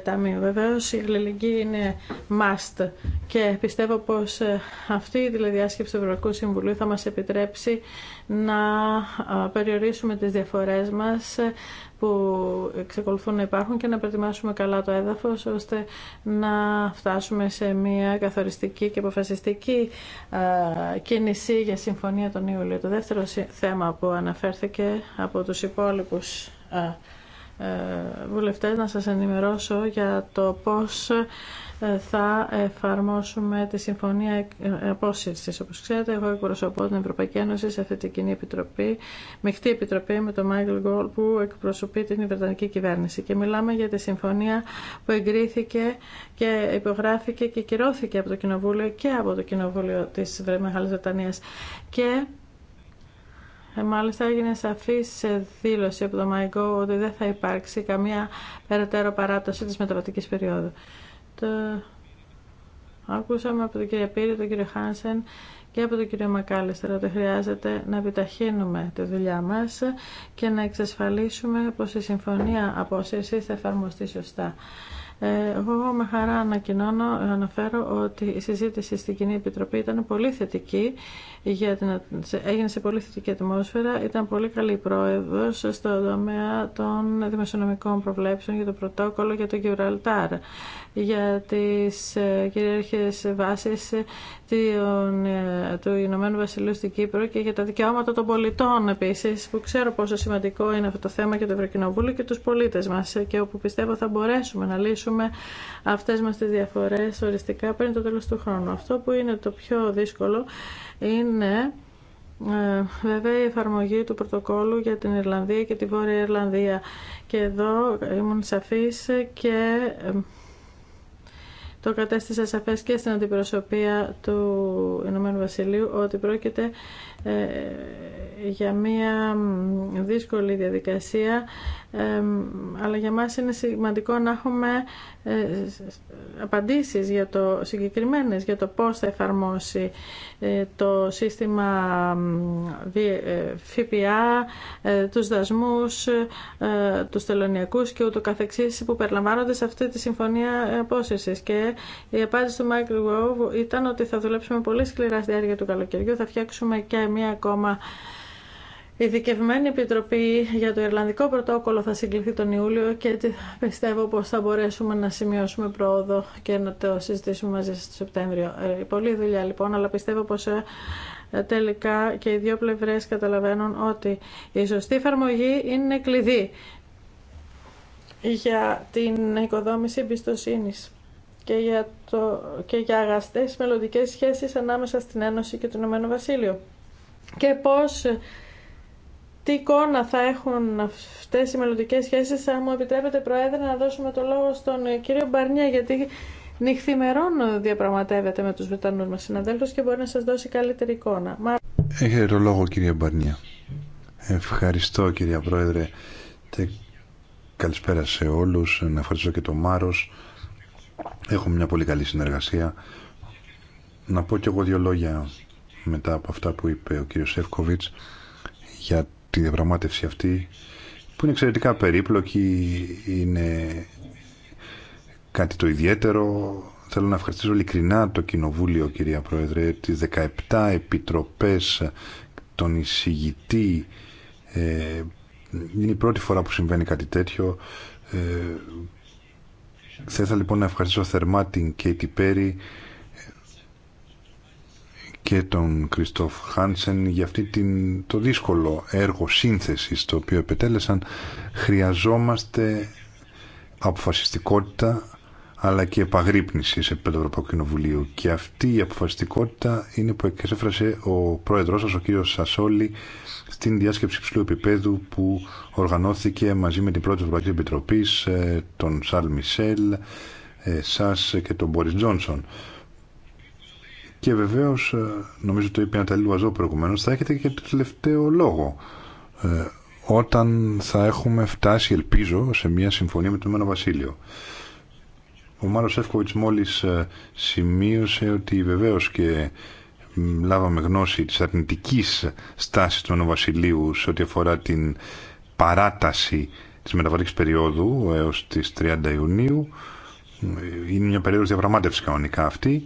ταμείου. Βεβαίω, η αλληλεγγύη είναι must και πιστεύω πως αυτή δηλαδή, η διάσκεψη του Ευρωπαϊκού Συμβουλίου θα μας επιτρέψει να περιορίσουμε τις διαφορές μας ε, που εξακολουθούν να υπάρχουν και να προετοιμάσουμε καλά το έδαφος ώστε να φτάσουμε σε μια καθοριστική και αποφασιστική κίνηση για συμφωνία τον Ιούλιο. Το δεύτερο θέμα που αναφέρθηκε από τους υπόλοιπους ε, βουλευτές να σας ενημερώσω για το πώς θα εφαρμόσουμε τη συμφωνία απόσυρσης. Όπως ξέρετε, εγώ εκπροσωπώ την Ευρωπαϊκή Ένωση σε αυτή την κοινή επιτροπή, μειχτή επιτροπή με τον Μάικλ Γκόλ που εκπροσωπεί την Βρετανική κυβέρνηση. Και μιλάμε για τη συμφωνία που εγκρίθηκε και υπογράφηκε και κυρώθηκε από το Κοινοβούλιο και από το Κοινοβούλιο της Μεγάλης Βρετανίας. Και ε, μάλιστα έγινε σε δήλωση από το ΜΑΙΚΟ ότι δεν θα υπάρξει καμία περαιτέρω παράταση της μεταβατικής περίοδου. Ακούσαμε ε, από τον κύριο Πύρη, τον κύριο Χάνσεν και από τον κύριο Μακάλιστερ ότι χρειάζεται να επιταχύνουμε τη δουλειά μας και να εξασφαλίσουμε πως η συμφωνία απόσυρση θα εφαρμοστεί σωστά. Εγώ με χαρά ανακοινώνω, αναφέρω ότι η συζήτηση στην Κοινή Επιτροπή ήταν πολύ θετική, για την, έγινε σε πολύ θετική ατμόσφαιρα, ήταν πολύ καλή πρόεδρος στο τομέα των δημοσιονομικών προβλέψεων για το πρωτόκολλο για το Γιουραλτάρ, για τις ε, κυρίαρχες βάσεις ε, του Ηνωμένου Βασιλείου στην Κύπρο και για τα δικαιώματα των πολιτών επίσης, που ξέρω πόσο σημαντικό είναι αυτό το θέμα για το Ευρωκοινοβούλιο και τους πολίτες μας ε, και όπου πιστεύω θα μπορέσουμε να λύσουμε λύσουμε αυτές μας τις διαφορές οριστικά πριν το τέλος του χρόνου. Αυτό που είναι το πιο δύσκολο είναι ε, βέβαια η εφαρμογή του πρωτοκόλου για την Ιρλανδία και τη Βόρεια Ιρλανδία. Και εδώ ήμουν σαφής και ε, το κατέστησα σαφές και στην αντιπροσωπεία του Ηνωμένου Βασιλείου ότι πρόκειται ε, για μια δύσκολη διαδικασία ε, αλλά για μας είναι σημαντικό να έχουμε ε, απαντήσεις για το συγκεκριμένες για το πώς θα εφαρμόσει το σύστημα ΦΠΑ, τους δασμούς, τους τελωνιακούς και ούτω καθεξής που περιλαμβάνονται σε αυτή τη συμφωνία απόσυρσης και η απάντηση του Michael ήταν ότι θα δουλέψουμε πολύ σκληρά στη διάρκεια του καλοκαιριού, θα φτιάξουμε και μία ακόμα ειδικευμένη επιτροπή για το Ιρλανδικό πρωτόκολλο θα συγκληθεί τον Ιούλιο και πιστεύω πως θα μπορέσουμε να σημειώσουμε πρόοδο και να το συζητήσουμε μαζί στο Σεπτέμβριο. Ε, πολύ δουλειά λοιπόν, αλλά πιστεύω πως ε, τελικά και οι δύο πλευρές καταλαβαίνουν ότι η σωστή εφαρμογή είναι κλειδί για την οικοδόμηση εμπιστοσύνη και για, το, και για αγαστές μελλοντικές σχέσεις ανάμεσα στην Ένωση και το Ηνωμένο Βασίλειο και πώς τι εικόνα θα έχουν αυτές οι μελλοντικέ σχέσεις. Θα μου επιτρέπετε, Προέδρε, να δώσουμε το λόγο στον κύριο Μπαρνία γιατί νυχθημερών διαπραγματεύεται με τους Βρετανούς μας συναδέλφους και μπορεί να σας δώσει καλύτερη εικόνα. Έχετε το λόγο, κύριε Μπαρνία. Ευχαριστώ, κύριε Πρόεδρε. Καλησπέρα σε όλους. Να ευχαριστώ και τον Μάρος. Έχουμε μια πολύ καλή συνεργασία. Να πω κι εγώ δύο λόγια μετά από αυτά που είπε ο κύριος Σεύκοβιτς για τη διαπραγμάτευση αυτή που είναι εξαιρετικά περίπλοκη, είναι κάτι το ιδιαίτερο. Θέλω να ευχαριστήσω ειλικρινά το Κοινοβούλιο, κυρία Πρόεδρε, τις 17 επιτροπές, των εισηγητή. Ε, είναι η πρώτη φορά που συμβαίνει κάτι τέτοιο. Ε, θα ήθελα λοιπόν να ευχαριστήσω θερμά την Κέιτι Πέρι, και τον Κριστόφ Χάνσεν για αυτή την, το δύσκολο έργο σύνθεσης το οποίο επετέλεσαν. Χρειαζόμαστε αποφασιστικότητα αλλά και επαγρύπνηση σε επίπεδο Ευρωπαϊκού Κοινοβουλίου. Και αυτή η αποφασιστικότητα είναι που εξέφρασε ο πρόεδρό σα, ο κύριο Σασόλη, στην διάσκεψη ψηλού επίπεδου που οργανώθηκε μαζί με την πρώτη Ευρωπαϊκή Επιτροπή, ε, τον Σαρλ Μισελ, εσά και τον Μπόρι Τζόνσον. Και βεβαίω, ε, νομίζω το είπε η Ανταλή Λουαζό προηγουμένω, θα έχετε και το τελευταίο λόγο. Ε, όταν θα έχουμε φτάσει, ελπίζω, σε μια συμφωνία με το Μένο Βασίλειο. Ο Μάρο Εύκοβιτ μόλι ε, σημείωσε ότι βεβαίω και λάβαμε γνώση της αρνητικής στάσης του Βασιλείου σε ό,τι αφορά την παράταση της μεταβατικής περίοδου ε, έως τις 30 Ιουνίου. Είναι μια περίοδος διαπραγμάτευσης κανονικά αυτή.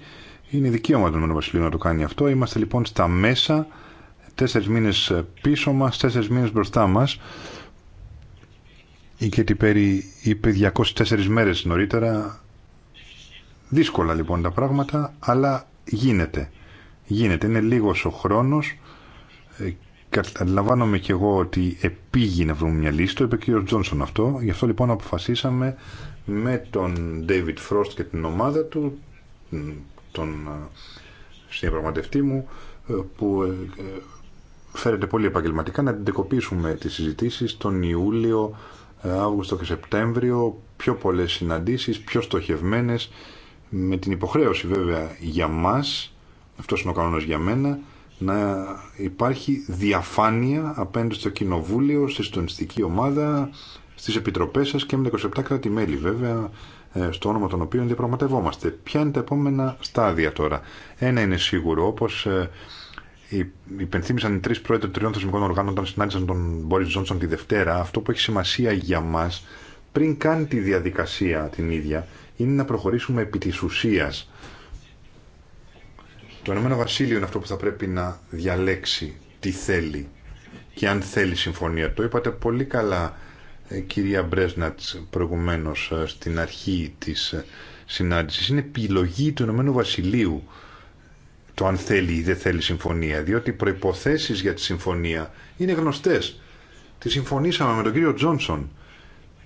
Είναι δικαίωμα του Ηνωμένου Βασιλείου να το κάνει αυτό. Είμαστε λοιπόν στα μέσα, τέσσερι μήνε πίσω μα, τέσσερι μήνε μπροστά μα. Η Κέτι Πέρι είπε 204 μέρε νωρίτερα. Δύσκολα λοιπόν τα πράγματα, αλλά γίνεται. Γίνεται. Είναι λίγο ο χρόνο. Ε, Καταλαβαίνομαι και εγώ ότι επήγει να βρούμε μια λύση. Το είπε και ο Τζόνσον αυτό. Γι' αυτό λοιπόν αποφασίσαμε με τον David Frost και την ομάδα του τον ε, συνδιαπραγματευτή μου ε, που ε, φέρεται πολύ επαγγελματικά να αντικοποιήσουμε τις συζητήσεις τον Ιούλιο, Αύγουστο και Σεπτέμβριο, πιο πολλές συναντήσεις, πιο στοχευμένες, με την υποχρέωση βέβαια για μας, αυτός είναι ο κανόνας για μένα, να υπάρχει διαφάνεια απέναντι στο Κοινοβούλιο, στη συντονιστική ομάδα, στις επιτροπές σας και με 27 κράτη-μέλη βέβαια, ε, στο όνομα των οποίων διαπραγματευόμαστε. Ποια είναι τα επόμενα στάδια τώρα. Ένα είναι σίγουρο, όπω ε, υπενθύμησαν οι τρει πρόεδροι τριών θεσμικών οργάνων όταν συνάντησαν τον Μπόρι Τζόνσον τη Δευτέρα, αυτό που έχει σημασία για μα πριν κάνει τη διαδικασία την ίδια είναι να προχωρήσουμε επί τη ουσία. Το Ηνωμένο Βασίλειο είναι αυτό που θα πρέπει να διαλέξει τι θέλει και αν θέλει συμφωνία. Το είπατε πολύ καλά ε, κυρία Μπρέσνατς προηγουμένως ε, στην αρχή της ε, συνάντησης είναι επιλογή του Ηνωμένου Βασιλείου το αν θέλει ή δεν θέλει συμφωνία διότι οι προϋποθέσεις για τη συμφωνία είναι γνωστές τη συμφωνήσαμε με τον κύριο Τζόνσον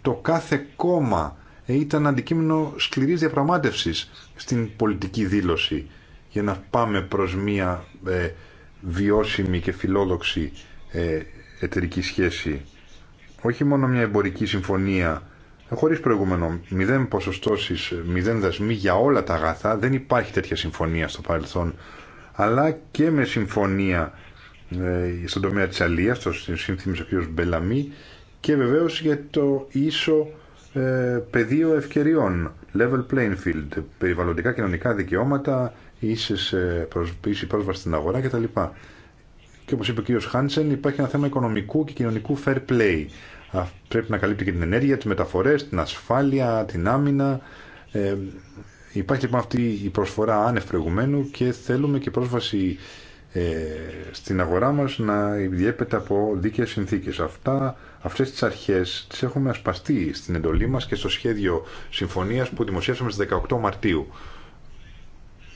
το κάθε κόμμα ήταν αντικείμενο σκληρής διαπραγμάτευσης στην πολιτική δήλωση για να πάμε προς μια βιώσιμη και φιλόδοξη εταιρική σχέση όχι μόνο μια εμπορική συμφωνία χωρί προηγούμενο, μηδέν ποσοστώσει, μηδέν δασμοί για όλα τα αγαθά, δεν υπάρχει τέτοια συμφωνία στο παρελθόν, αλλά και με συμφωνία ε, στον τομέα τη Αλία, το σύνθημα ο κ. Μπελαμή, και βεβαίω για το ίσο ε, πεδίο ευκαιριών, level playing field, περιβαλλοντικά κοινωνικά δικαιώματα, ε, ίση πρόσβαση στην αγορά κτλ και όπως είπε ο κ. Χάνσεν υπάρχει ένα θέμα οικονομικού και κοινωνικού fair play. Πρέπει να καλύπτει και την ενέργεια, τι μεταφορέ, την ασφάλεια, την άμυνα. Ε, υπάρχει λοιπόν αυτή η προσφορά άνευ προηγουμένου και θέλουμε και πρόσβαση ε, στην αγορά μας να διέπεται από δίκαιες συνθήκες. Αυτά, αυτές τις αρχές τις έχουμε ασπαστεί στην εντολή μας και στο σχέδιο συμφωνίας που δημοσίευσαμε στις 18 Μαρτίου.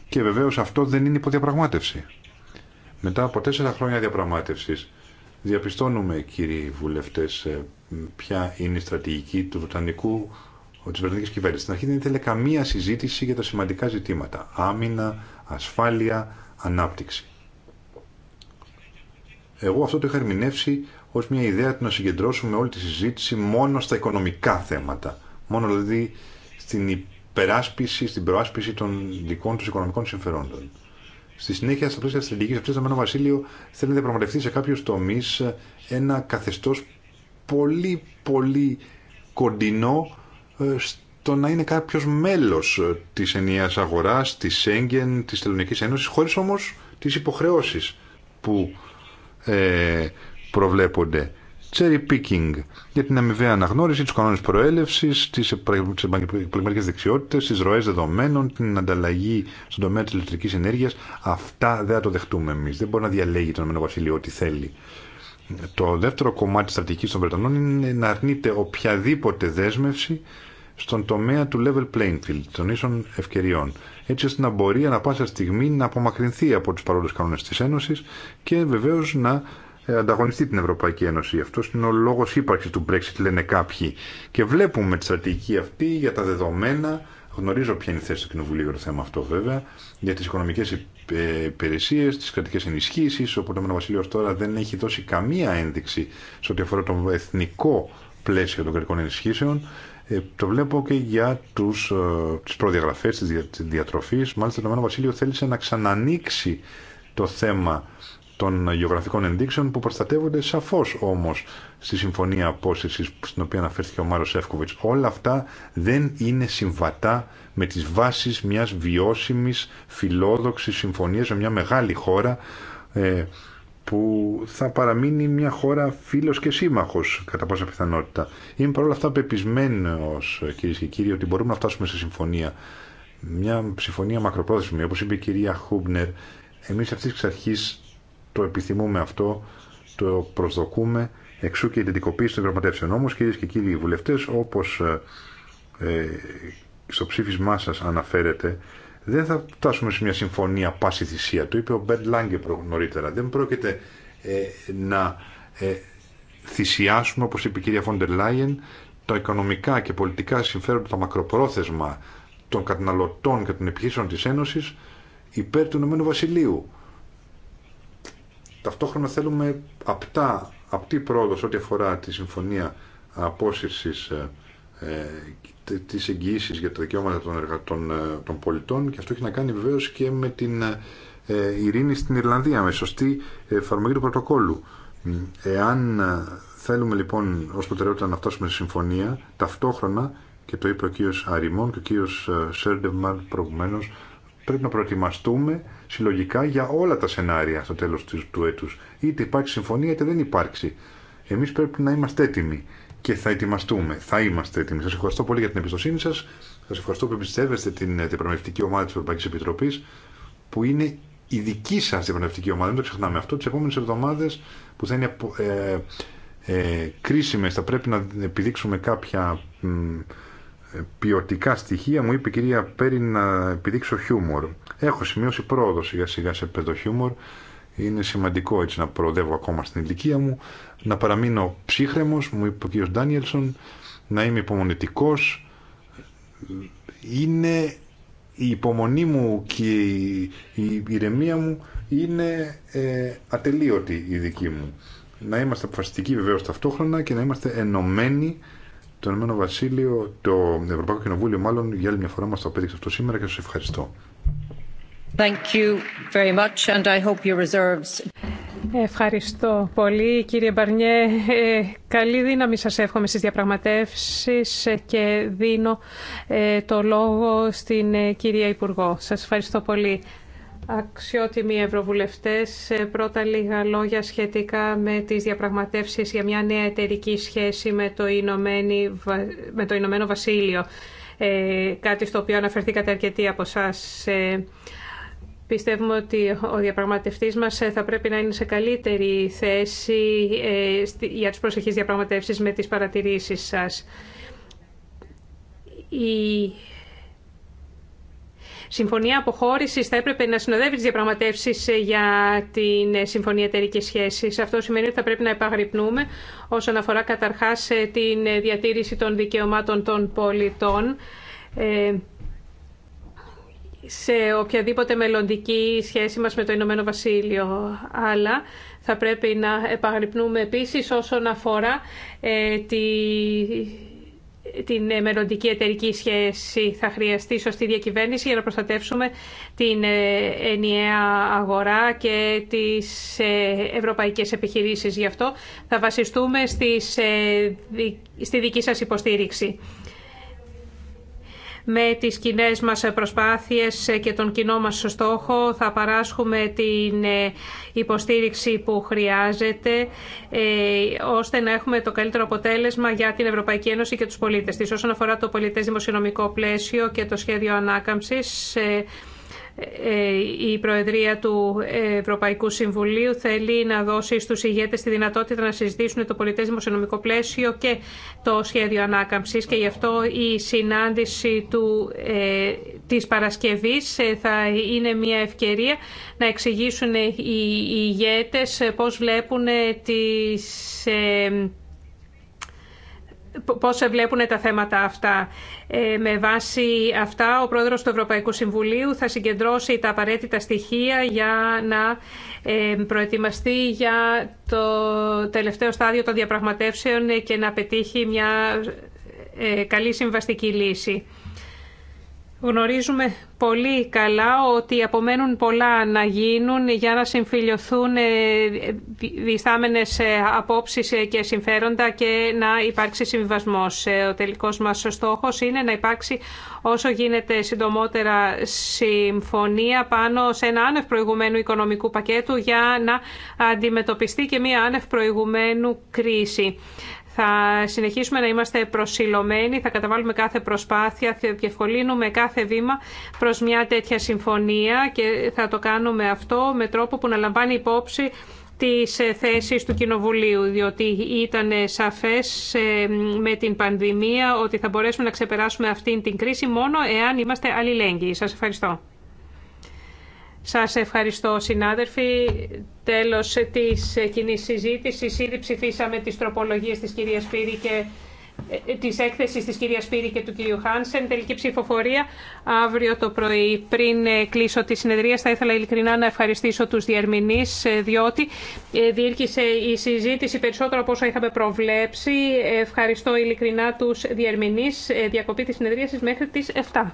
Και βεβαίως αυτό δεν είναι υποδιαπραγμάτευση. Μετά από τέσσερα χρόνια διαπραγμάτευσης, διαπιστώνουμε, κύριοι βουλευτές, ε, ποια είναι η στρατηγική του Βρετανικού, της Βρετανικής κυβέρνησης. Στην αρχή δεν ήθελε καμία συζήτηση για τα σημαντικά ζητήματα. Άμυνα, ασφάλεια, ανάπτυξη. Εγώ αυτό το είχα ερμηνεύσει ως μια ιδέα του να συγκεντρώσουμε όλη τη συζήτηση μόνο στα οικονομικά θέματα. Μόνο δηλαδή στην υπεράσπιση, στην προάσπιση των δικών τους οικονομικών συμφερόντων. Στη συνέχεια, στα πλαίσια στρατηγική αυτή, το Μένο Βασίλειο θέλει να διαπραγματευτεί σε κάποιου τομεί ένα καθεστώ πολύ πολύ κοντινό ε, στο να είναι κάποιο μέλο τη ενιαία αγορά, τη Σέγγεν, τη Τελωνική Ένωση, χωρί όμω τι υποχρεώσει που ε, προβλέπονται cherry picking για την αμοιβαία αναγνώριση, του κανόνε προέλευση, τι επαγγελματικέ δεξιότητε, τι ροέ δεδομένων, την ανταλλαγή στον τομέα τη ηλεκτρική ενέργεια. Αυτά δεν θα το δεχτούμε εμεί. Δεν μπορεί να διαλέγει το ΗΠΑ Βασίλειο ό,τι θέλει. Το δεύτερο κομμάτι τη στρατηγική των Βρετανών είναι να αρνείται οποιαδήποτε δέσμευση στον τομέα του level playing field, των ίσων ευκαιριών, έτσι ώστε να μπορεί ανα πάσα στιγμή να απομακρυνθεί από του παρόντε κανόνε τη Ένωση και βεβαίω να ε, ανταγωνιστεί την Ευρωπαϊκή Ένωση. Αυτό είναι ο λόγο ύπαρξη του Brexit, λένε κάποιοι. Και βλέπουμε τη στρατηγική αυτή για τα δεδομένα. Γνωρίζω ποια είναι η θέση του Κοινοβουλίου για το θέμα αυτό, βέβαια. Για τι οικονομικέ ε, υπηρεσίε, τι κρατικέ ενισχύσει. Ο Πρωτομένο Βασίλειο τώρα δεν έχει δώσει καμία ένδειξη σε ό,τι αφορά το εθνικό πλαίσιο των κρατικών ενισχύσεων. Ε, το βλέπω και για τους, ε, τις προδιαγραφές της, Μάλιστα το Ηνωμένο Βασίλειο θέλησε να ξανανοίξει το θέμα των γεωγραφικών ενδείξεων που προστατεύονται σαφώ όμω στη συμφωνία απόσυρση στην οποία αναφέρθηκε ο Μάρο Εύκοβιτς. Όλα αυτά δεν είναι συμβατά με τι βάσει μια βιώσιμη φιλόδοξή συμφωνία με μια μεγάλη χώρα ε, που θα παραμείνει μια χώρα φίλος και σύμμαχος κατά πάσα πιθανότητα. Είμαι παρόλα αυτά πεπισμένος κύριε και κύριοι ότι μπορούμε να φτάσουμε σε συμφωνία. Μια συμφωνία μακροπρόθεσμη όπως είπε η κυρία Χούμπνερ εμείς αυτής της αρχής το επιθυμούμε αυτό, το προσδοκούμε. Εξού και η ιδιωτικοποίηση των γραμματεύσεων. Όμω, κυρίε και κύριοι βουλευτέ, όπω ε, ε, στο ψήφισμά σα αναφέρεται, δεν θα φτάσουμε σε μια συμφωνία πάση θυσία. Το είπε ο Μπέντ Λάγκε νωρίτερα. Δεν πρόκειται ε, να ε, θυσιάσουμε, όπω είπε η κυρία Φόντερ Λάιεν, τα οικονομικά και πολιτικά συμφέροντα, τα μακροπρόθεσμα των καταναλωτών και των επιχείρησεων τη Ένωση υπέρ του Ηνωμένου Βασιλείου. Ταυτόχρονα θέλουμε απτά, απτή πρόοδο ό,τι αφορά τη συμφωνία απόσυρσης ε, ε της για τα δικαιώματα των, ε, των, πολιτών και αυτό έχει να κάνει βεβαίω και με την ε, ε, ειρήνη στην Ιρλανδία, με σωστή εφαρμογή του πρωτοκόλλου. Εάν θέλουμε λοιπόν ως προτεραιότητα να φτάσουμε σε συμφωνία, ταυτόχρονα, και το είπε ο κ. Αριμών και ο κ. Σέρντεμαρ προηγουμένω, πρέπει να προετοιμαστούμε συλλογικά για όλα τα σενάρια στο τέλο του έτους. Είτε υπάρξει συμφωνία είτε δεν υπάρξει. Εμεί πρέπει να είμαστε έτοιμοι και θα ετοιμαστούμε. Θα είμαστε έτοιμοι. Σα ευχαριστώ πολύ για την εμπιστοσύνη σα, σα ευχαριστώ που εμπιστεύεστε την ε, διαπραγματευτική ομάδα τη Ευρωπαϊκή Επιτροπή, που είναι η δική σα διαπραγματευτική ομάδα. Δεν το ξεχνάμε αυτό. Τις επόμενε εβδομάδε που θα είναι ε, ε, ε, κρίσιμες θα πρέπει να επιδείξουμε κάποια ποιοτικά στοιχεία μου είπε η κυρία Πέρι να επιδείξω χιούμορ. Έχω σημειώσει πρόοδο σιγά σιγά σε επίπεδο Είναι σημαντικό έτσι να προοδεύω ακόμα στην ηλικία μου. Να παραμείνω ψύχρεμο, μου είπε ο κύριο Ντάνιελσον. Να είμαι υπομονετικό. Είναι η υπομονή μου και η, ηρεμία μου είναι ε, ατελείωτη η δική μου. Να είμαστε αποφασιστικοί βεβαίω ταυτόχρονα και να είμαστε ενωμένοι το Ηνωμένο Βασίλειο, το Ευρωπαϊκό Κοινοβούλιο μάλλον για άλλη μια φορά μα το απέδειξε αυτό σήμερα και σα ευχαριστώ. Thank you very much and I hope your reserves... Ευχαριστώ πολύ κύριε Μπαρνιέ. Ε, καλή δύναμη σας εύχομαι στις διαπραγματεύσεις και δίνω ε, το λόγο στην ε, κυρία Υπουργό. Σας ευχαριστώ πολύ. Αξιότιμοι Ευρωβουλευτές, πρώτα λίγα λόγια σχετικά με τις διαπραγματεύσεις για μια νέα εταιρική σχέση με το, Ηνωμένο, με το Βασίλειο. Ε, κάτι στο οποίο αναφερθήκατε αρκετοί από εσά. Ε, πιστεύουμε ότι ο διαπραγματευτής μας ε, θα πρέπει να είναι σε καλύτερη θέση ε, για τις προσεχείς διαπραγματεύσεις με τις παρατηρήσεις σας συμφωνία αποχώρηση θα έπρεπε να συνοδεύει τι διαπραγματεύσει ε, για την ε, συμφωνία εταιρική σχέση. Αυτό σημαίνει ότι θα πρέπει να επαγρυπνούμε όσον αφορά καταρχά ε, την διατήρηση των δικαιωμάτων των πολιτών σε οποιαδήποτε μελλοντική σχέση μας με το Ηνωμένο Βασίλειο. Αλλά θα πρέπει να επαγρυπνούμε επίσης όσον αφορά τη την μελλοντική εταιρική σχέση θα χρειαστεί σωστή διακυβέρνηση για να προστατεύσουμε την ε, ενιαία αγορά και τις ε, ευρωπαϊκές επιχειρήσεις. Γι' αυτό θα βασιστούμε ε, στη δική σας υποστήριξη με τις κοινέ μας προσπάθειες και τον κοινό μας στόχο θα παράσχουμε την ε, υποστήριξη που χρειάζεται ε, ώστε να έχουμε το καλύτερο αποτέλεσμα για την Ευρωπαϊκή Ένωση και τους πολίτες της. Όσον αφορά το πολιτές δημοσιονομικό πλαίσιο και το σχέδιο ανάκαμψης, ε, ε, η Προεδρία του Ευρωπαϊκού Συμβουλίου θέλει να δώσει στους ηγέτες τη δυνατότητα να συζητήσουν το πολιτές δημοσιονομικό πλαίσιο και το σχέδιο ανάκαμψης και γι' αυτό η συνάντηση του, ε, της Παρασκευής ε, θα είναι μια ευκαιρία να εξηγήσουν οι ηγέτες πώς βλέπουν τις... Ε, πώς βλέπουν τα θέματα αυτά. Ε, με βάση αυτά, ο πρόεδρος του Ευρωπαϊκού Συμβουλίου θα συγκεντρώσει τα απαραίτητα στοιχεία για να ε, προετοιμαστεί για το τελευταίο στάδιο των διαπραγματεύσεων και να πετύχει μια ε, καλή συμβαστική λύση. Γνωρίζουμε πολύ καλά ότι απομένουν πολλά να γίνουν για να συμφιλειωθούν ε, διστάμενες ε, απόψεις ε, και συμφέροντα και να υπάρξει συμβιβασμός. Ο τελικός μας στόχος είναι να υπάρξει όσο γίνεται συντομότερα συμφωνία πάνω σε ένα άνευ προηγουμένου οικονομικού πακέτου για να αντιμετωπιστεί και μια άνευ προηγουμένου κρίση. Θα συνεχίσουμε να είμαστε προσιλωμένοι, θα καταβάλουμε κάθε προσπάθεια, θα διευκολύνουμε κάθε βήμα προς μια τέτοια συμφωνία και θα το κάνουμε αυτό με τρόπο που να λαμβάνει υπόψη τις θέσεις του Κοινοβουλίου, διότι ήταν σαφές ε, με την πανδημία ότι θα μπορέσουμε να ξεπεράσουμε αυτήν την κρίση μόνο εάν είμαστε αλληλέγγυοι. Σας ευχαριστώ. Σας ευχαριστώ συνάδελφοι. Τέλος της κοινή συζήτηση. Ήδη ψηφίσαμε τις τροπολογίες της κυρίας Πύρη και ε, της έκθεσης της κυρίας Πύρη και του κυρίου Χάνσεν. Τελική ψηφοφορία αύριο το πρωί. Πριν ε, κλείσω τη συνεδρία θα ήθελα ειλικρινά να ευχαριστήσω τους διερμηνείς ε, διότι διήρκησε η συζήτηση περισσότερο από όσο είχαμε προβλέψει. Ευχαριστώ ειλικρινά τους διερμηνείς. Διακοπή της συνεδρίασης μέχρι τις 7.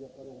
different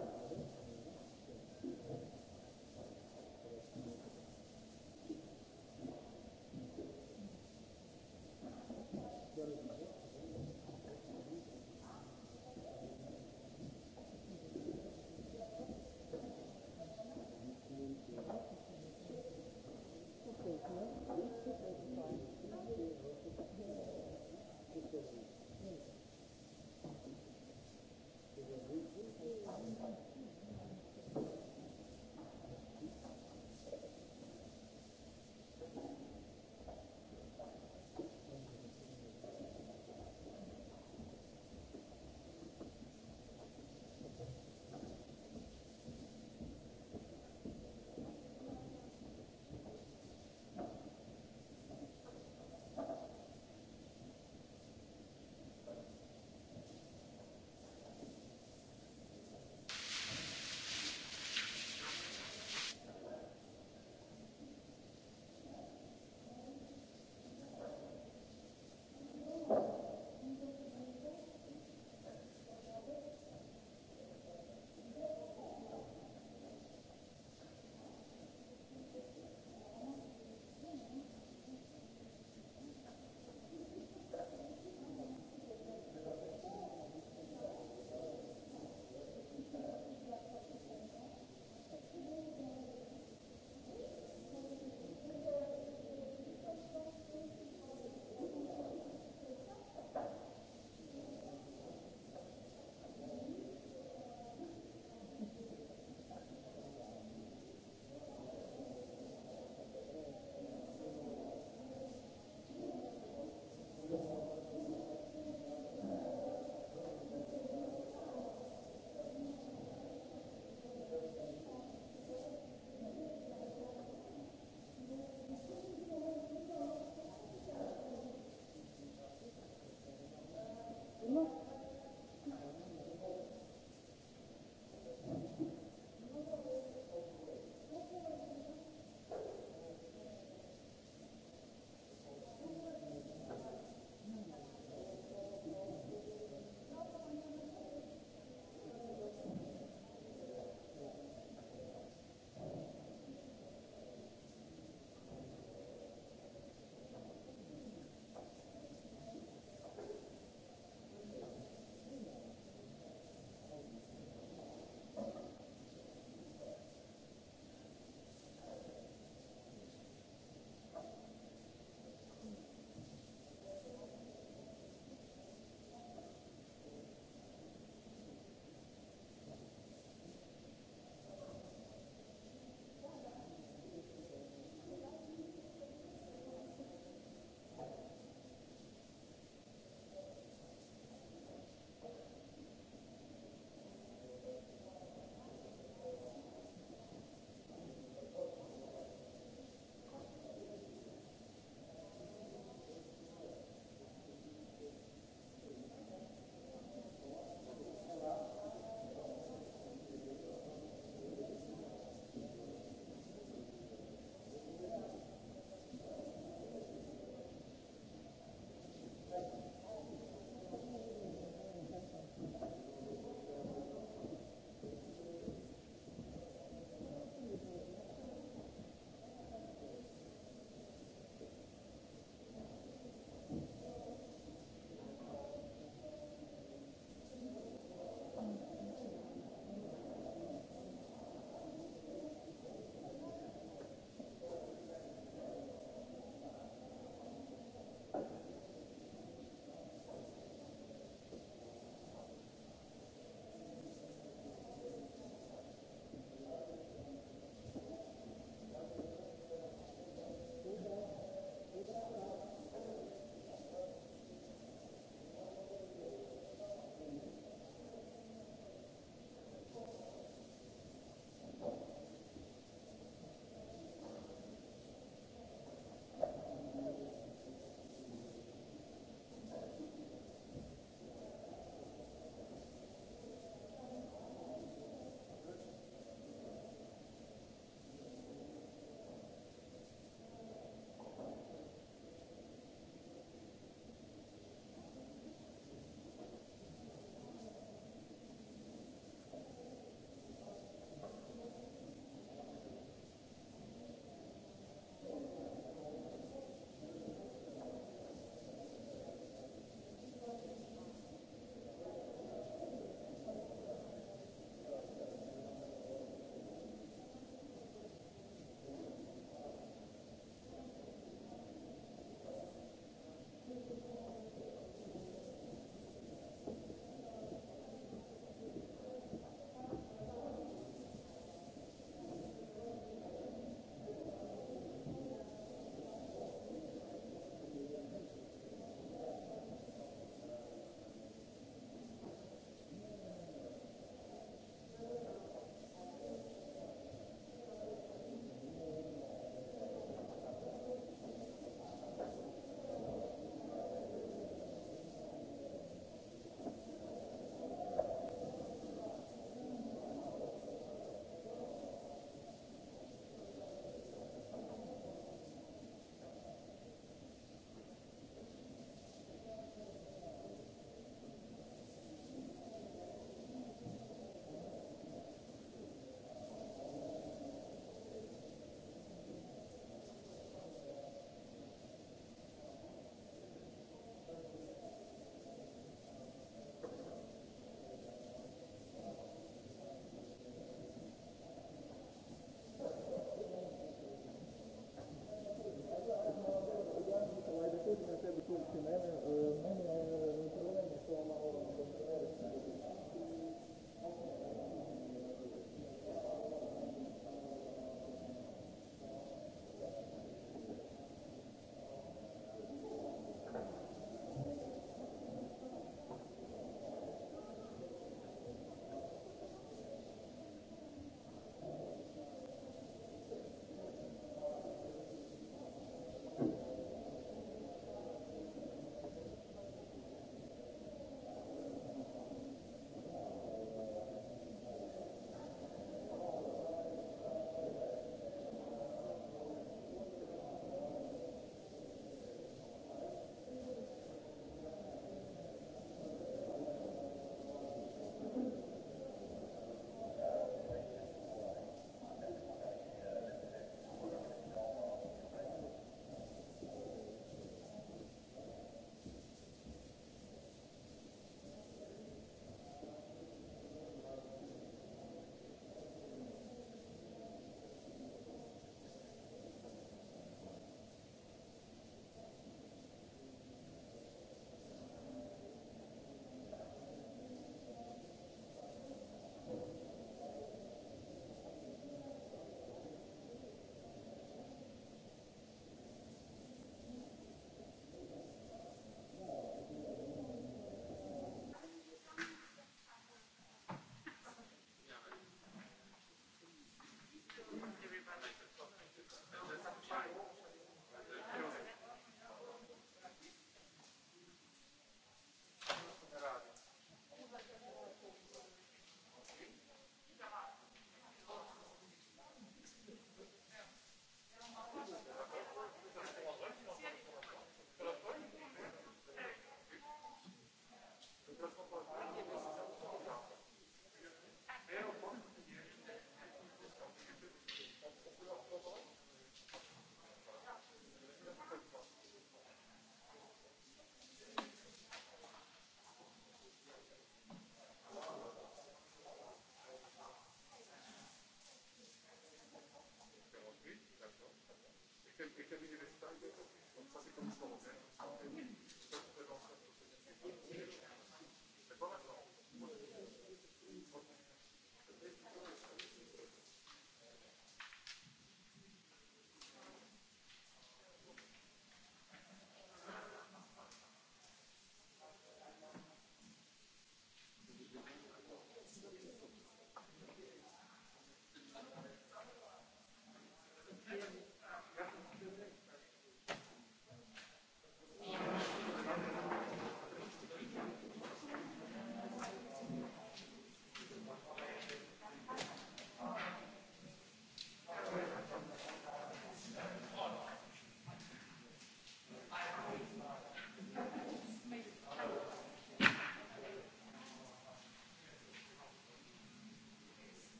και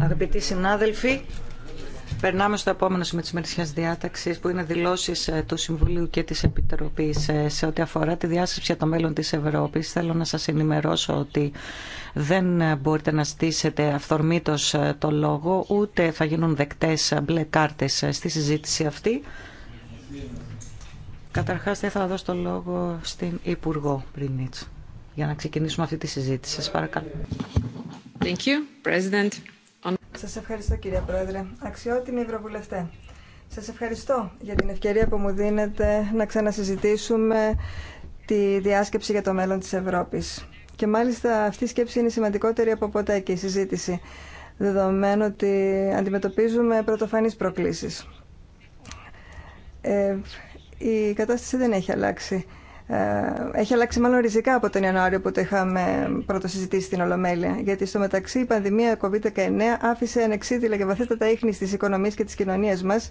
Αγαπητοί συνάδελφοι, περνάμε στο επόμενο σημείο τη διάταξη, που είναι δηλώσει ε, του Συμβουλίου και τη Επιτροπή ε, σε ό,τι αφορά τη διάσκεψη για το μέλλον τη Ευρώπη. Θέλω να σα ενημερώσω ότι δεν ε, μπορείτε να στήσετε αυθορμήτω το λόγο, ούτε θα γίνουν δεκτέ μπλε κάρτε στη συζήτηση αυτή. Καταρχάς, θα ήθελα δώσω το λόγο στην Υπουργό Πρινίτσα για να ξεκινήσουμε αυτή τη συζήτηση. Σας παρακαλώ. Thank you, President. Σας ευχαριστώ κύριε Πρόεδρε. Αξιότιμοι Ευρωβουλευτέ. Σας ευχαριστώ για την ευκαιρία που μου δίνετε να ξανασυζητήσουμε τη διάσκεψη για το μέλλον της Ευρώπης. Και μάλιστα αυτή η σκέψη είναι σημαντικότερη από ποτέ και η συζήτηση, δεδομένου ότι αντιμετωπίζουμε πρωτοφανείς προκλήσεις. Ε, η κατάσταση δεν έχει αλλάξει. Ε, έχει αλλάξει μάλλον ριζικά από τον Ιανουάριο που το είχαμε πρώτο συζητήσει στην Ολομέλεια. Γιατί στο μεταξύ η πανδημία COVID-19 άφησε ανεξίτηλα και βαθύτατα ίχνη στις οικονομίες και τις κοινωνίες μας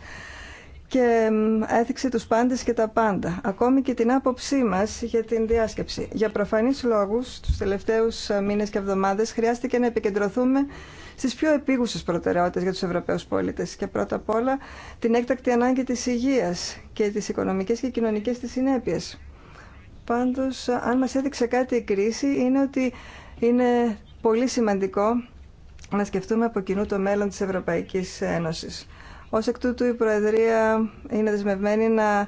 και έθιξε τους πάντες και τα πάντα, ακόμη και την άποψή μας για την διάσκεψη. Για προφανείς λόγους, τους τελευταίους ε, μήνες και εβδομάδες χρειάστηκε να επικεντρωθούμε στις πιο επίγουσες προτεραιότητες για τους Ευρωπαίους πολίτες και πρώτα απ' όλα την έκτακτη ανάγκη της υγείας και τις οικονομικές και κοινωνικές της συνέπειες. Πάντως, αν μας έδειξε κάτι η κρίση, είναι ότι είναι πολύ σημαντικό να σκεφτούμε από κοινού το μέλλον της Ευρωπαϊκής Ένωσης. Ως εκ τούτου η Προεδρία είναι δεσμευμένη να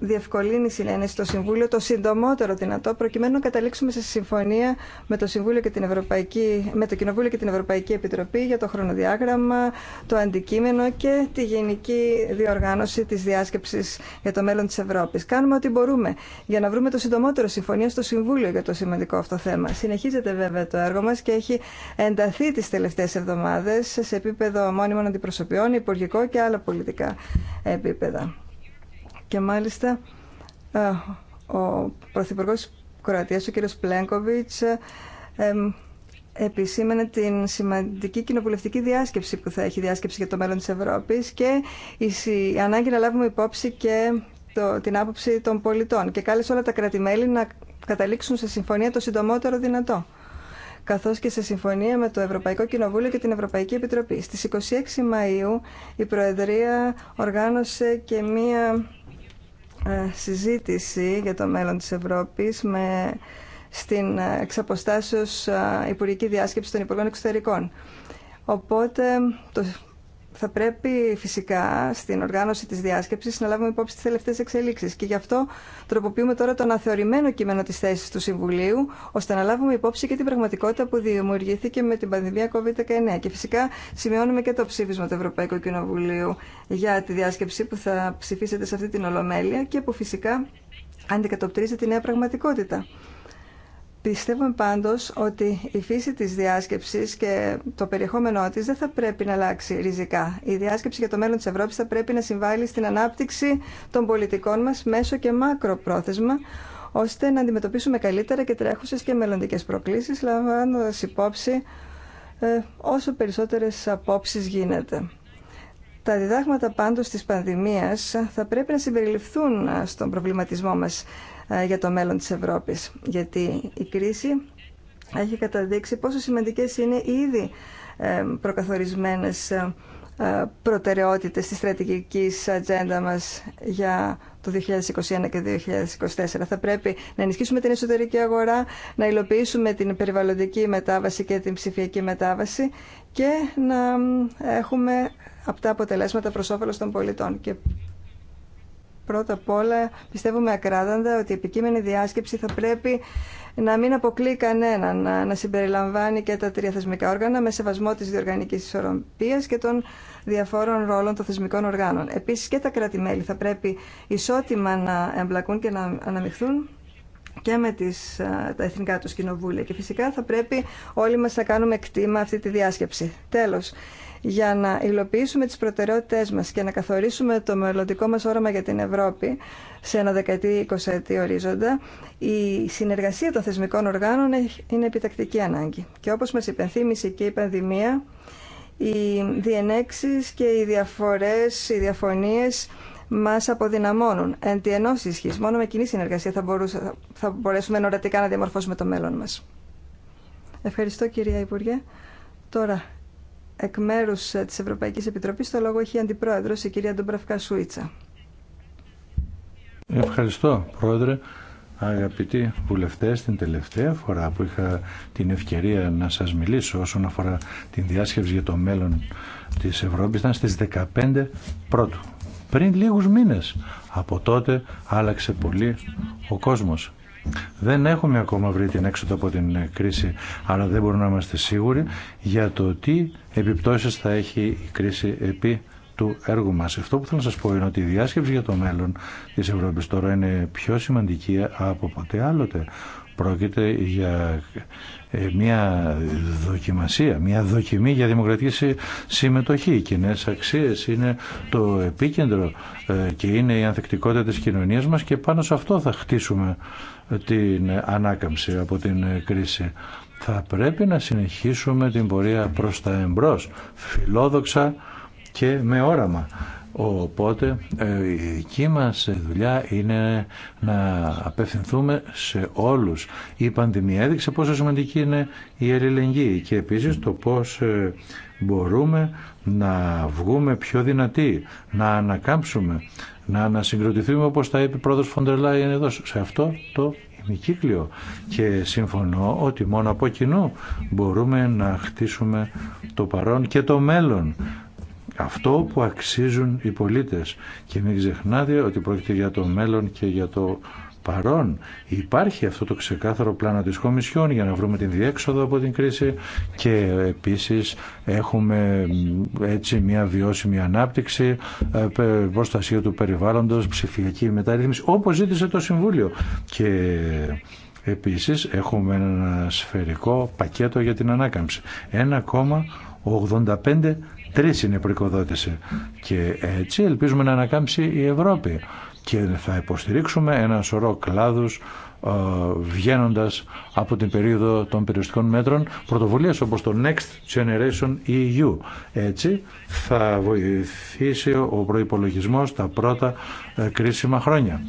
διευκολύνει η συνένεση στο Συμβούλιο το συντομότερο δυνατό, προκειμένου να καταλήξουμε σε συμφωνία με το, Συμβούλιο και την Ευρωπαϊκή, με το Κοινοβούλιο και την Ευρωπαϊκή Επιτροπή για το χρονοδιάγραμμα, το αντικείμενο και τη γενική διοργάνωση τη διάσκεψη για το μέλλον τη Ευρώπη. Κάνουμε ό,τι μπορούμε για να βρούμε το συντομότερο συμφωνία στο Συμβούλιο για το σημαντικό αυτό θέμα. Συνεχίζεται βέβαια το έργο μα και έχει ενταθεί τι τελευταίε εβδομάδε σε επίπεδο μόνιμων αντιπροσωπιών, υπουργικό και άλλα πολιτικά επίπεδα. Και μάλιστα ο Πρωθυπουργό τη Κροατία, ο κύριος ε, επισήμενε την σημαντική κοινοβουλευτική διάσκεψη που θα έχει διάσκεψη για το μέλλον της Ευρώπης και η ανάγκη να λάβουμε υπόψη και το, την άποψη των πολιτών και κάλεσε όλα τα κράτη-μέλη να καταλήξουν σε συμφωνία το συντομότερο δυνατό καθώς και σε συμφωνία με το Ευρωπαϊκό Κοινοβούλιο και την Ευρωπαϊκή Επιτροπή. Στις 26 Μαΐου η Προεδρία οργάνωσε και μία ε, συζήτηση για το μέλλον της Ευρώπης με στην ε, εξαποστάσεως ε, Υπουργική Διάσκεψη των Υπουργών Εξωτερικών. Οπότε το θα πρέπει φυσικά στην οργάνωση της διάσκεψης να λάβουμε υπόψη τις τελευταίες εξελίξεις και γι' αυτό τροποποιούμε τώρα το αναθεωρημένο κείμενο της θέσης του Συμβουλίου ώστε να λάβουμε υπόψη και την πραγματικότητα που δημιουργήθηκε με την πανδημία COVID-19 και φυσικά σημειώνουμε και το ψήφισμα του Ευρωπαϊκού Κοινοβουλίου για τη διάσκεψη που θα ψηφίσετε σε αυτή την Ολομέλεια και που φυσικά αντικατοπτρίζει τη νέα πραγματικότητα. Πιστεύουμε πάντως ότι η φύση της διάσκεψης και το περιεχόμενό της δεν θα πρέπει να αλλάξει ριζικά. Η διάσκεψη για το μέλλον της Ευρώπης θα πρέπει να συμβάλλει στην ανάπτυξη των πολιτικών μας μέσω και πρόθεσμα ώστε να αντιμετωπίσουμε καλύτερα και τρέχουσες και μελλοντικές προκλήσεις, λαμβάνοντας υπόψη ε, όσο περισσότερες απόψεις γίνεται. Τα διδάγματα πάντως της πανδημίας θα πρέπει να συμπεριληφθούν στον προβληματισμό μας ε, για το μέλλον της Ευρώπης. Γιατί η κρίση έχει καταδείξει πόσο σημαντικές είναι οι ήδη ε, προκαθορισμένες ε, προτεραιότητες της στρατηγικής ατζέντα μας για το 2021 και 2024. Θα πρέπει να ενισχύσουμε την εσωτερική αγορά, να υλοποιήσουμε την περιβαλλοντική μετάβαση και την ψηφιακή μετάβαση και να έχουμε αυτά αποτελέσματα προς όφελος των πολιτών. Πρώτα απ' όλα πιστεύουμε ακράδαντα ότι η επικείμενη διάσκεψη θα πρέπει να μην αποκλείει κανέναν, να, να συμπεριλαμβάνει και τα τρία θεσμικά όργανα με σεβασμό της διοργανικής ισορροπίας και των διαφόρων ρόλων των θεσμικών οργάνων. Επίσης και τα κράτη-μέλη θα πρέπει ισότιμα να εμπλακούν και να αναμειχθούν και με τις, τα εθνικά του κοινοβούλια. Και φυσικά θα πρέπει όλοι μας να κάνουμε εκτίμα αυτή τη διάσκεψη. Τέλος, για να υλοποιήσουμε τις προτεραιότητές μας και να καθορίσουμε το μελλοντικό μας όραμα για την Ευρώπη σε ένα δεκαετή, εικοσαετή ορίζοντα, η συνεργασία των θεσμικών οργάνων είναι επιτακτική ανάγκη. Και όπως μας υπενθύμισε και η πανδημία, οι διενέξεις και οι διαφορές, οι διαφωνίες μας αποδυναμώνουν. Εν τη ενός ισχύς, μόνο με κοινή συνεργασία θα, μπορούσα, θα μπορέσουμε ενωρατικά να διαμορφώσουμε το μέλλον μας. Ευχαριστώ κυρία Υπουργέ. Τώρα Εκ μέρου ε, τη Ευρωπαϊκή Επιτροπή, το λόγο έχει η Αντιπρόεδρο, η κυρία Ντομπραφκά Σουίτσα. Ευχαριστώ, Πρόεδρε. Αγαπητοί βουλευτές, την τελευταία φορά που είχα την ευκαιρία να σας μιλήσω όσον αφορά την διάσκεψη για το μέλλον της Ευρώπης ήταν στις 15 πρώτου. Πριν λίγους μήνες. Από τότε άλλαξε πολύ ο κόσμος. Δεν έχουμε ακόμα βρει την έξοδο από την κρίση, αλλά δεν μπορούμε να είμαστε σίγουροι για το τι επιπτώσεις θα έχει η κρίση επί του έργου μας. Αυτό που θέλω να σας πω είναι ότι η διάσκεψη για το μέλλον της Ευρώπης τώρα είναι πιο σημαντική από ποτέ άλλοτε. Πρόκειται για ε, μια δοκιμασία, μια δοκιμή για δημοκρατική συμμετοχή. Οι κοινέ αξίε είναι το επίκεντρο ε, και είναι η ανθεκτικότητα τη κοινωνία μα και πάνω σε αυτό θα χτίσουμε την ανάκαμψη από την κρίση. Θα πρέπει να συνεχίσουμε την πορεία προς τα εμπρός, φιλόδοξα και με όραμα. Οπότε ε, η δική μας δουλειά είναι να απευθυνθούμε σε όλους. Η πανδημία έδειξε πόσο σημαντική είναι η ελληνική και επίσης το πώς ε, μπορούμε να βγούμε πιο δυνατοί, να ανακάμψουμε να ανασυγκροτηθούμε όπως τα είπε πρόεδρος Φοντερ εδώ σε αυτό το ημικύκλιο και συμφωνώ ότι μόνο από κοινού μπορούμε να χτίσουμε το παρόν και το μέλλον αυτό που αξίζουν οι πολίτες και μην ξεχνάτε ότι πρόκειται για το μέλλον και για το παρόν υπάρχει αυτό το ξεκάθαρο πλάνο της Κομισιόν για να βρούμε την διέξοδο από την κρίση και επίσης έχουμε έτσι μια βιώσιμη ανάπτυξη, ε, προστασία του περιβάλλοντος, ψηφιακή μεταρρύθμιση όπως ζήτησε το Συμβούλιο και επίσης έχουμε ένα σφαιρικό πακέτο για την ανάκαμψη 1,85 Τρεις είναι η και έτσι ελπίζουμε να ανακάμψει η Ευρώπη και θα υποστηρίξουμε ένα σωρό κλάδους ε, βγαίνοντα από την περίοδο των περιοριστικών μέτρων πρωτοβουλίες όπως το Next Generation EU. Έτσι θα βοηθήσει ο προϋπολογισμός τα πρώτα ε, κρίσιμα χρόνια.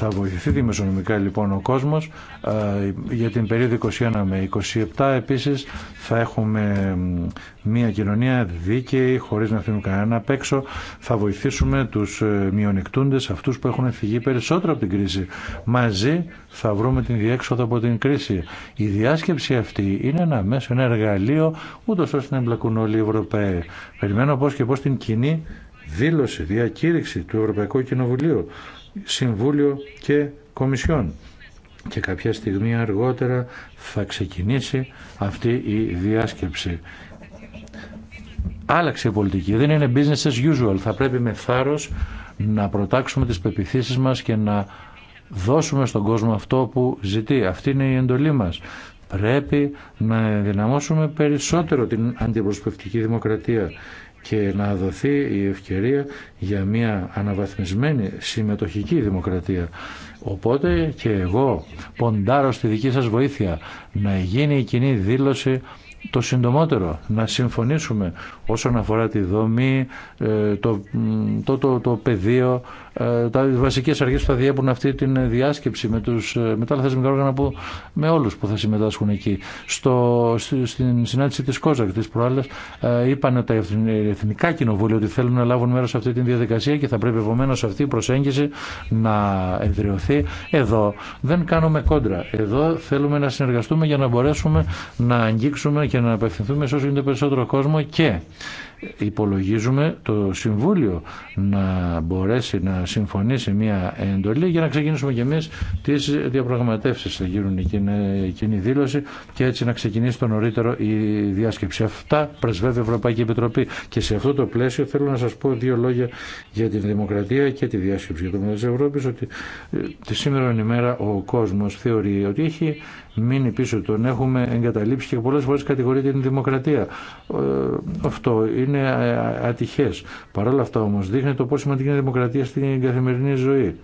Θα βοηθηθεί δημοσιονομικά λοιπόν ο κόσμος ε, για την περίοδο 21 με 27 επίσης θα έχουμε μια κοινωνία δίκαιη χωρίς να αφήνουμε κανένα απ' έξω. Θα βοηθήσουμε τους ε, μειονεκτούντες, αυτούς που έχουν φυγεί περισσότερο από την κρίση. Μαζί θα βρούμε την διέξοδο από την κρίση. Η διάσκεψη αυτή είναι ένα μέσο, ένα εργαλείο ούτω ώστε να εμπλακούν όλοι οι Ευρωπαίοι. Περιμένω πώς και πώς την κοινή δήλωση, διακήρυξη του Ευρωπαϊκού Κοινοβουλίου Συμβούλιο και Κομισιόν. Και κάποια στιγμή αργότερα θα ξεκινήσει αυτή η διάσκεψη. Άλλαξε η πολιτική. Δεν είναι business as usual. Θα πρέπει με θάρρος να προτάξουμε τις πεπιθήσεις μας και να δώσουμε στον κόσμο αυτό που ζητεί. Αυτή είναι η εντολή μας. Πρέπει να δυναμώσουμε περισσότερο την αντιπροσωπευτική δημοκρατία και να δοθεί η ευκαιρία για μια αναβαθμισμένη συμμετοχική δημοκρατία. Οπότε και εγώ ποντάρω στη δική σας βοήθεια να γίνει η κοινή δήλωση το συντομότερο να συμφωνήσουμε όσον αφορά τη δομή, ε, το, το, το, το πεδίο ε, τα βασικέ αρχέ που θα διέπουν αυτή τη διάσκεψη με, τους, ε, με τα θεσμικά όργανα που, με όλου που θα συμμετάσχουν εκεί. Στο, στην συνάντηση τη Κόζακ τη προάλλε είπαν τα εθνικά κοινοβούλια ότι θέλουν να λάβουν μέρο σε αυτή τη διαδικασία και θα πρέπει επομένω αυτή η προσέγγιση να εδραιωθεί. Εδώ δεν κάνουμε κόντρα. Εδώ θέλουμε να συνεργαστούμε για να μπορέσουμε να αγγίξουμε και να απευθυνθούμε σε όσο γίνεται περισσότερο κόσμο και υπολογίζουμε το Συμβούλιο να μπορέσει να συμφωνήσει μια εντολή για να ξεκινήσουμε κι εμείς τις διαπραγματεύσεις. Θα γίνουν εκείνη, εκείνη η δήλωση και έτσι να ξεκινήσει το νωρίτερο η διάσκεψη. Αυτά πρεσβεύει η Ευρωπαϊκή Επιτροπή και σε αυτό το πλαίσιο θέλω να σας πω δύο λόγια για τη δημοκρατία και τη διάσκεψη για το μέλλον της Ευρώπης ότι ε, τη σήμερα ημέρα ο κόσμος θεωρεί ότι έχει μείνει πίσω, τον έχουμε εγκαταλείψει και πολλές φορές κατηγορεί την δημοκρατία. Ε, αυτό είναι ατυχές. Παρ' όλα αυτά όμως δείχνει το πόσο σημαντική είναι η δημοκρατία στην καθημερινή ζωή.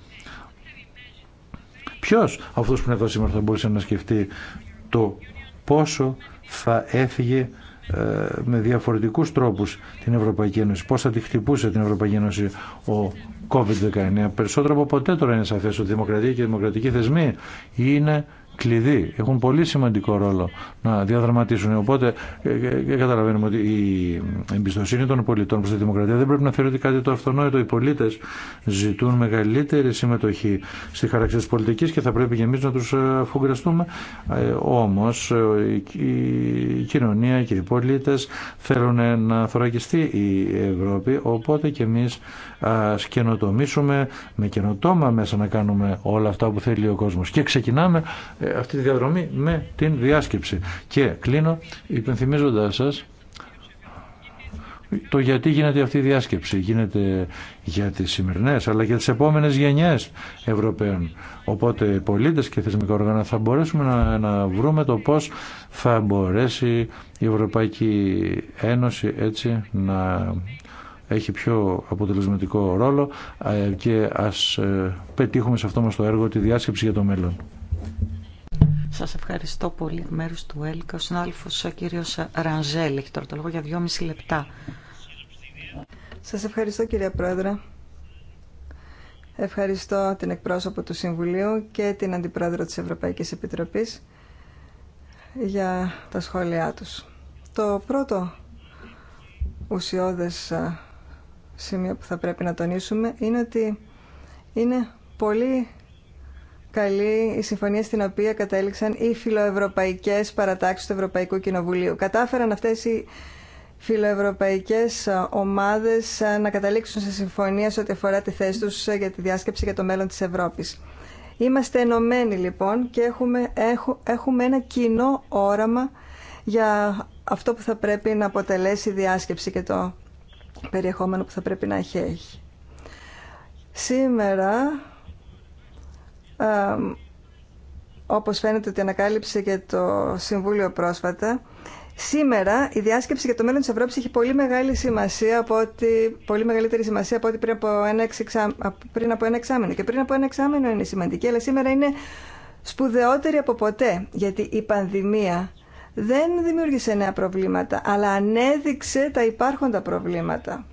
Ποιο, αυτός που είναι εδώ σήμερα θα μπορούσε να σκεφτεί το πόσο θα έφυγε ε, με διαφορετικούς τρόπους την Ευρωπαϊκή Ένωση, πώς θα τη χτυπούσε την Ευρωπαϊκή Ένωση ο COVID-19. Περισσότερο από ποτέ τώρα είναι σαφές ότι δημοκρατία και οι δημοκρατικοί θεσμοί είναι κλειδί, έχουν πολύ σημαντικό ρόλο να διαδραματίσουν. Οπότε ε, ε, ε, καταλαβαίνουμε ότι η εμπιστοσύνη των πολιτών προ τη δημοκρατία δεν πρέπει να θεωρείται κάτι το αυτονόητο. Οι πολίτε ζητούν μεγαλύτερη συμμετοχή στη χαρακτήρα τη πολιτική και θα πρέπει και εμεί να του αφουγκραστούμε. Όμω η κοινωνία και οι πολίτε θέλουν να θωρακιστεί η Ευρώπη. Οπότε και εμεί α καινοτομήσουμε με καινοτόμα μέσα να κάνουμε όλα αυτά που θέλει ο κόσμο. Και ξεκινάμε ε, αυτή τη διαδρομή με την διάσκεψη. Και κλείνω υπενθυμίζοντας σας το γιατί γίνεται αυτή η διάσκεψη. Γίνεται για τις σημερινές αλλά και τις επόμενες γενιές Ευρωπαίων. Οπότε πολίτες και θεσμικά οργάνα θα μπορέσουμε να, να βρούμε το πώς θα μπορέσει η Ευρωπαϊκή Ένωση έτσι να έχει πιο αποτελεσματικό ρόλο ε, και ας ε, πετύχουμε σε αυτό μας το έργο τη διάσκεψη για το μέλλον. Σας ευχαριστώ πολύ εκ μέρους του ΕΛΚΑ. Ο συνάδελφος ο κύριος Ρανζέλ έχει τώρα το λόγο για δυόμιση λεπτά. Σας ευχαριστώ κύριε Πρόεδρε. Ευχαριστώ την εκπρόσωπο του Συμβουλίου και την Αντιπρόεδρο της Ευρωπαϊκής Επιτροπής για τα σχόλιά τους. Το πρώτο ουσιώδες σημείο που θα πρέπει να τονίσουμε είναι ότι είναι πολύ καλή η συμφωνία στην οποία κατέληξαν οι φιλοευρωπαϊκές παρατάξεις του Ευρωπαϊκού Κοινοβουλίου. Κατάφεραν αυτές οι φιλοευρωπαϊκές ομάδες ε, να καταλήξουν σε συμφωνία σε ό,τι αφορά τη θέση τους για τη διάσκεψη για το μέλλον της Ευρώπης. Είμαστε ενωμένοι λοιπόν και έχουμε, έχουμε ένα κοινό όραμα για αυτό που θα πρέπει να αποτελέσει η διάσκεψη και το περιεχόμενο που θα πρέπει να έχει. Σήμερα όπως φαίνεται ότι ανακάλυψε και το Συμβούλιο πρόσφατα, σήμερα η διάσκεψη για το μέλλον της Ευρώπης έχει πολύ μεγάλη σημασία από ότι, πολύ μεγαλύτερη σημασία από ότι πριν από, ένα πριν από ένα εξάμεινο. Και πριν από ένα εξάμεινο είναι σημαντική, αλλά σήμερα είναι σπουδαιότερη από ποτέ, γιατί η πανδημία δεν δημιούργησε νέα προβλήματα, αλλά ανέδειξε τα υπάρχοντα προβλήματα.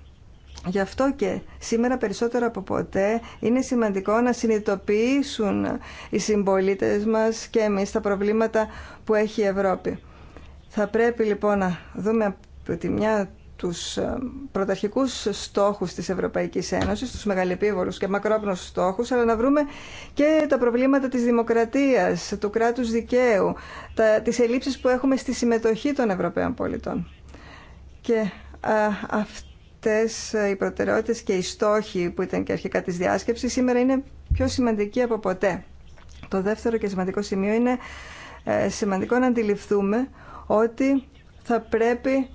Γι' αυτό και σήμερα περισσότερο από ποτέ είναι σημαντικό να συνειδητοποιήσουν οι συμπολίτε μας και εμείς τα προβλήματα που έχει η Ευρώπη. Θα πρέπει λοιπόν να δούμε από τη μια τους ε, πρωταρχικούς στόχους της Ευρωπαϊκής Ένωσης, τους μεγαλεπίβολους και μακρόπνους στόχους, αλλά να βρούμε και τα προβλήματα της δημοκρατίας, του κράτους δικαίου, τα, τις ελλείψεις που έχουμε στη συμμετοχή των Ευρωπαίων πολιτών. Και α, ε, οι προτεραιότητες και οι στόχοι που ήταν και αρχικά της διάσκεψης σήμερα είναι πιο σημαντικοί από ποτέ. Το δεύτερο και σημαντικό σημείο είναι ε, σημαντικό να αντιληφθούμε ότι θα πρέπει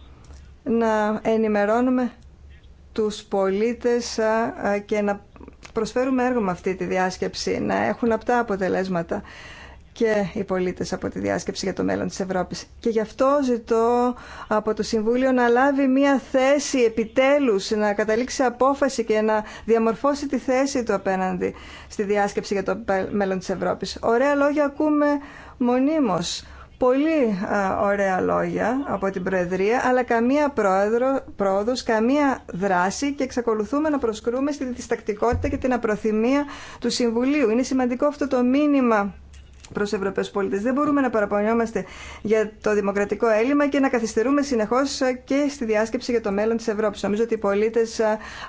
να ενημερώνουμε τους πολίτες ε, και να προσφέρουμε έργο με αυτή τη διάσκεψη, να έχουν αυτά αποτελέσματα και οι πολίτες από τη διάσκεψη για το μέλλον της Ευρώπης. Και γι' αυτό ζητώ από το Συμβούλιο να λάβει μία θέση επιτέλους, να καταλήξει απόφαση και να διαμορφώσει τη θέση του απέναντι στη διάσκεψη για το μέλλον της Ευρώπης. Ωραία λόγια ακούμε μονίμως. Πολύ α, ωραία λόγια από την Προεδρία, αλλά καμία πρόεδρο, πρόοδος, καμία δράση και εξακολουθούμε να προσκρούμε στη διστακτικότητα και την απροθυμία του Συμβουλίου. Είναι σημαντικό αυτό το μήνυμα προ Ευρωπαίου πολίτε. Δεν μπορούμε να παραπονιόμαστε για το δημοκρατικό έλλειμμα και να καθυστερούμε συνεχώ και στη διάσκεψη για το μέλλον τη Ευρώπη. Νομίζω ότι οι πολίτε ε,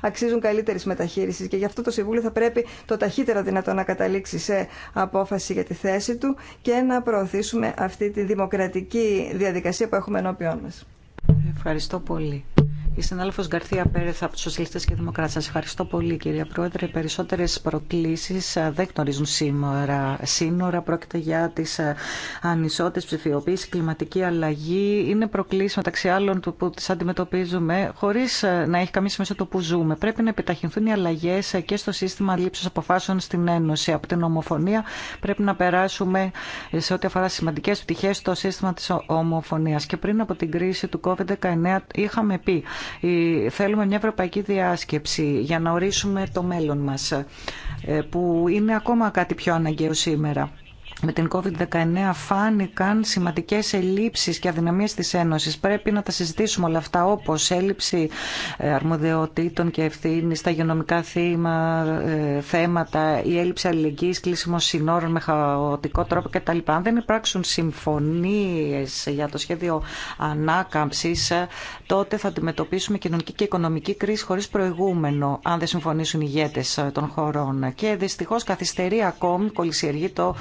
αξίζουν καλύτερη μεταχείριση και γι' αυτό το Συμβούλιο θα πρέπει το ταχύτερο δυνατό να καταλήξει σε απόφαση για τη θέση του και να προωθήσουμε αυτή τη δημοκρατική διαδικασία που έχουμε ενώπιόν μα. Ευχαριστώ πολύ. Η συνάδελφο Γκαρθία Πέρεθ από του Σοσιαλιστέ και Δημοκράτε. Σα ευχαριστώ πολύ, κυρία Πρόεδρε. Οι περισσότερε προκλήσει ε, δεν γνωρίζουν σύνορα. Σύνορα πρόκειται για τι ε, ανισότητε, ψηφιοποίηση, κλιματική αλλαγή. Είναι προκλήσει μεταξύ άλλων που τι αντιμετωπίζουμε χωρί ε, να έχει καμία σημασία το που ζούμε. Πρέπει να επιταχυνθούν οι αλλαγέ και στο σύστημα λήψη αποφάσεων στην Ένωση. Από την ομοφωνία πρέπει να περάσουμε σε ό,τι αφορά σημαντικέ πτυχέ στο σύστημα τη ομοφωνία. Και πριν από την κρίση του COVID-19 είχαμε πει Θέλουμε μια ευρωπαϊκή διάσκεψη για να ορίσουμε το μέλλον μας, ε, που είναι ακόμα κάτι πιο αναγκαίο σήμερα με την COVID-19 φάνηκαν σημαντικές ελλείψεις και αδυναμίες της Ένωσης. Πρέπει να τα συζητήσουμε όλα αυτά, όπως έλλειψη ε, αρμοδιοτήτων και ευθύνη στα υγειονομικά θύμα, ε, θέματα, η έλλειψη αλληλεγγύης, κλείσιμο συνόρων με χαοτικό τρόπο κτλ. Αν δεν υπάρξουν συμφωνίες για το σχέδιο ανάκαμψης, τότε θα αντιμετωπίσουμε κοινωνική και οικονομική κρίση χωρίς προηγούμενο, αν δεν συμφωνήσουν οι ηγέτες των χωρών. Και δυστυχώς καθυστερεί ακόμη, κολυσιεργεί το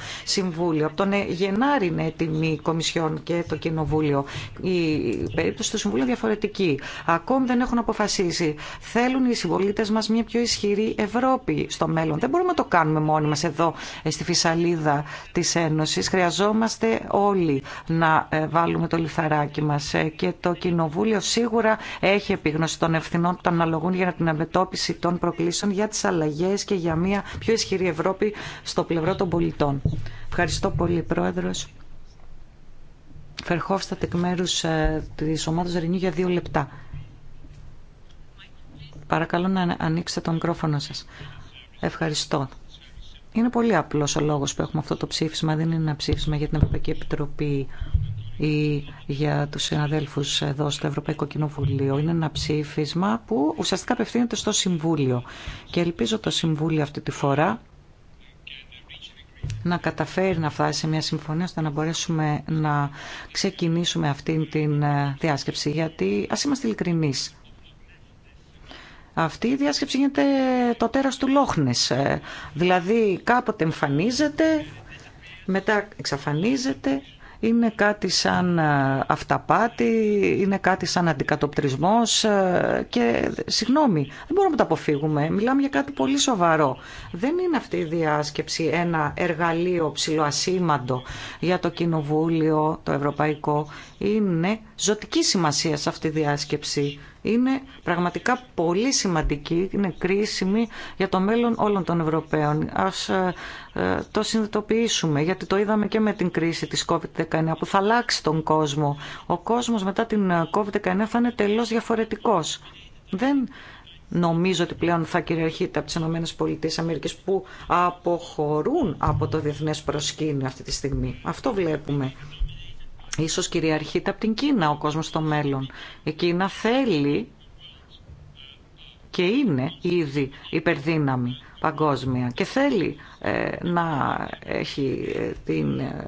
Συμβούλιο. Από τον Γενάρη είναι έτοιμη η Κομισιόν και το Κοινοβούλιο. Η περίπτωση του Συμβούλου διαφορετική. Ακόμη δεν έχουν αποφασίσει. Θέλουν οι συμπολίτε μα μια πιο ισχυρή Ευρώπη στο μέλλον. Δεν μπορούμε να το κάνουμε μόνοι μα εδώ ε, στη φυσαλίδα τη Ένωση. Χρειαζόμαστε όλοι να ε, βάλουμε το λιθαράκι μα. Ε, και το Κοινοβούλιο σίγουρα έχει επίγνωση των ευθυνών που τα αναλογούν για την αντιμετώπιση των προκλήσεων για τι αλλαγέ και για μια πιο ισχυρή Ευρώπη στο πλευρό των πολιτών. Ευχαριστώ πολύ, Πρόεδρος. Φερχόφστατ εκ μέρους ε, τη ομάδα Ρενιού για δύο λεπτά. Παρακαλώ να ανοίξετε το μικρόφωνο σας. Ευχαριστώ. Είναι πολύ απλό ο λόγος που έχουμε αυτό το ψήφισμα. Δεν είναι ένα ψήφισμα για την Ευρωπαϊκή Επιτροπή ή για τους συναδέλφου εδώ στο Ευρωπαϊκό Κοινοβουλίο. Είναι ένα ψήφισμα που ουσιαστικά απευθύνεται στο Συμβούλιο. Και ελπίζω το Συμβούλιο αυτή τη φορά να καταφέρει να φτάσει σε μια συμφωνία ώστε να μπορέσουμε να ξεκινήσουμε αυτήν την ε, διάσκεψη. Γιατί α είμαστε ειλικρινεί. Αυτή η διάσκεψη γίνεται το τέρας του Λόχνες. Ε, δηλαδή κάποτε εμφανίζεται, μετά εξαφανίζεται είναι κάτι σαν ε, αυταπάτη, είναι κάτι σαν αντικατοπτρισμός ε, και συγγνώμη, δεν μπορούμε να τα αποφύγουμε. Μιλάμε για κάτι πολύ σοβαρό. Δεν είναι αυτή η διάσκεψη ένα εργαλείο ψηλοασήμαντο για το Κοινοβούλιο, το Ευρωπαϊκό. Είναι ζωτική σημασία σε αυτή η διάσκεψη είναι πραγματικά πολύ σημαντική, είναι κρίσιμη για το μέλλον όλων των Ευρωπαίων. Ας ε, ε, το συνειδητοποιήσουμε, γιατί το είδαμε και με την κρίση της COVID-19 που θα αλλάξει τον κόσμο. Ο κόσμος μετά την ε, COVID-19 θα είναι τελώς διαφορετικός. Δεν νομίζω ότι πλέον θα κυριαρχείται από τις ΗΠΑ που αποχωρούν από το διεθνές προσκήνιο αυτή τη στιγμή. Αυτό βλέπουμε ίσως κυριαρχείται από την Κίνα ο κόσμος στο μέλλον. Η Κίνα θέλει και είναι ήδη υπερδύναμη παγκόσμια και θέλει ε, να έχει ε, την ε,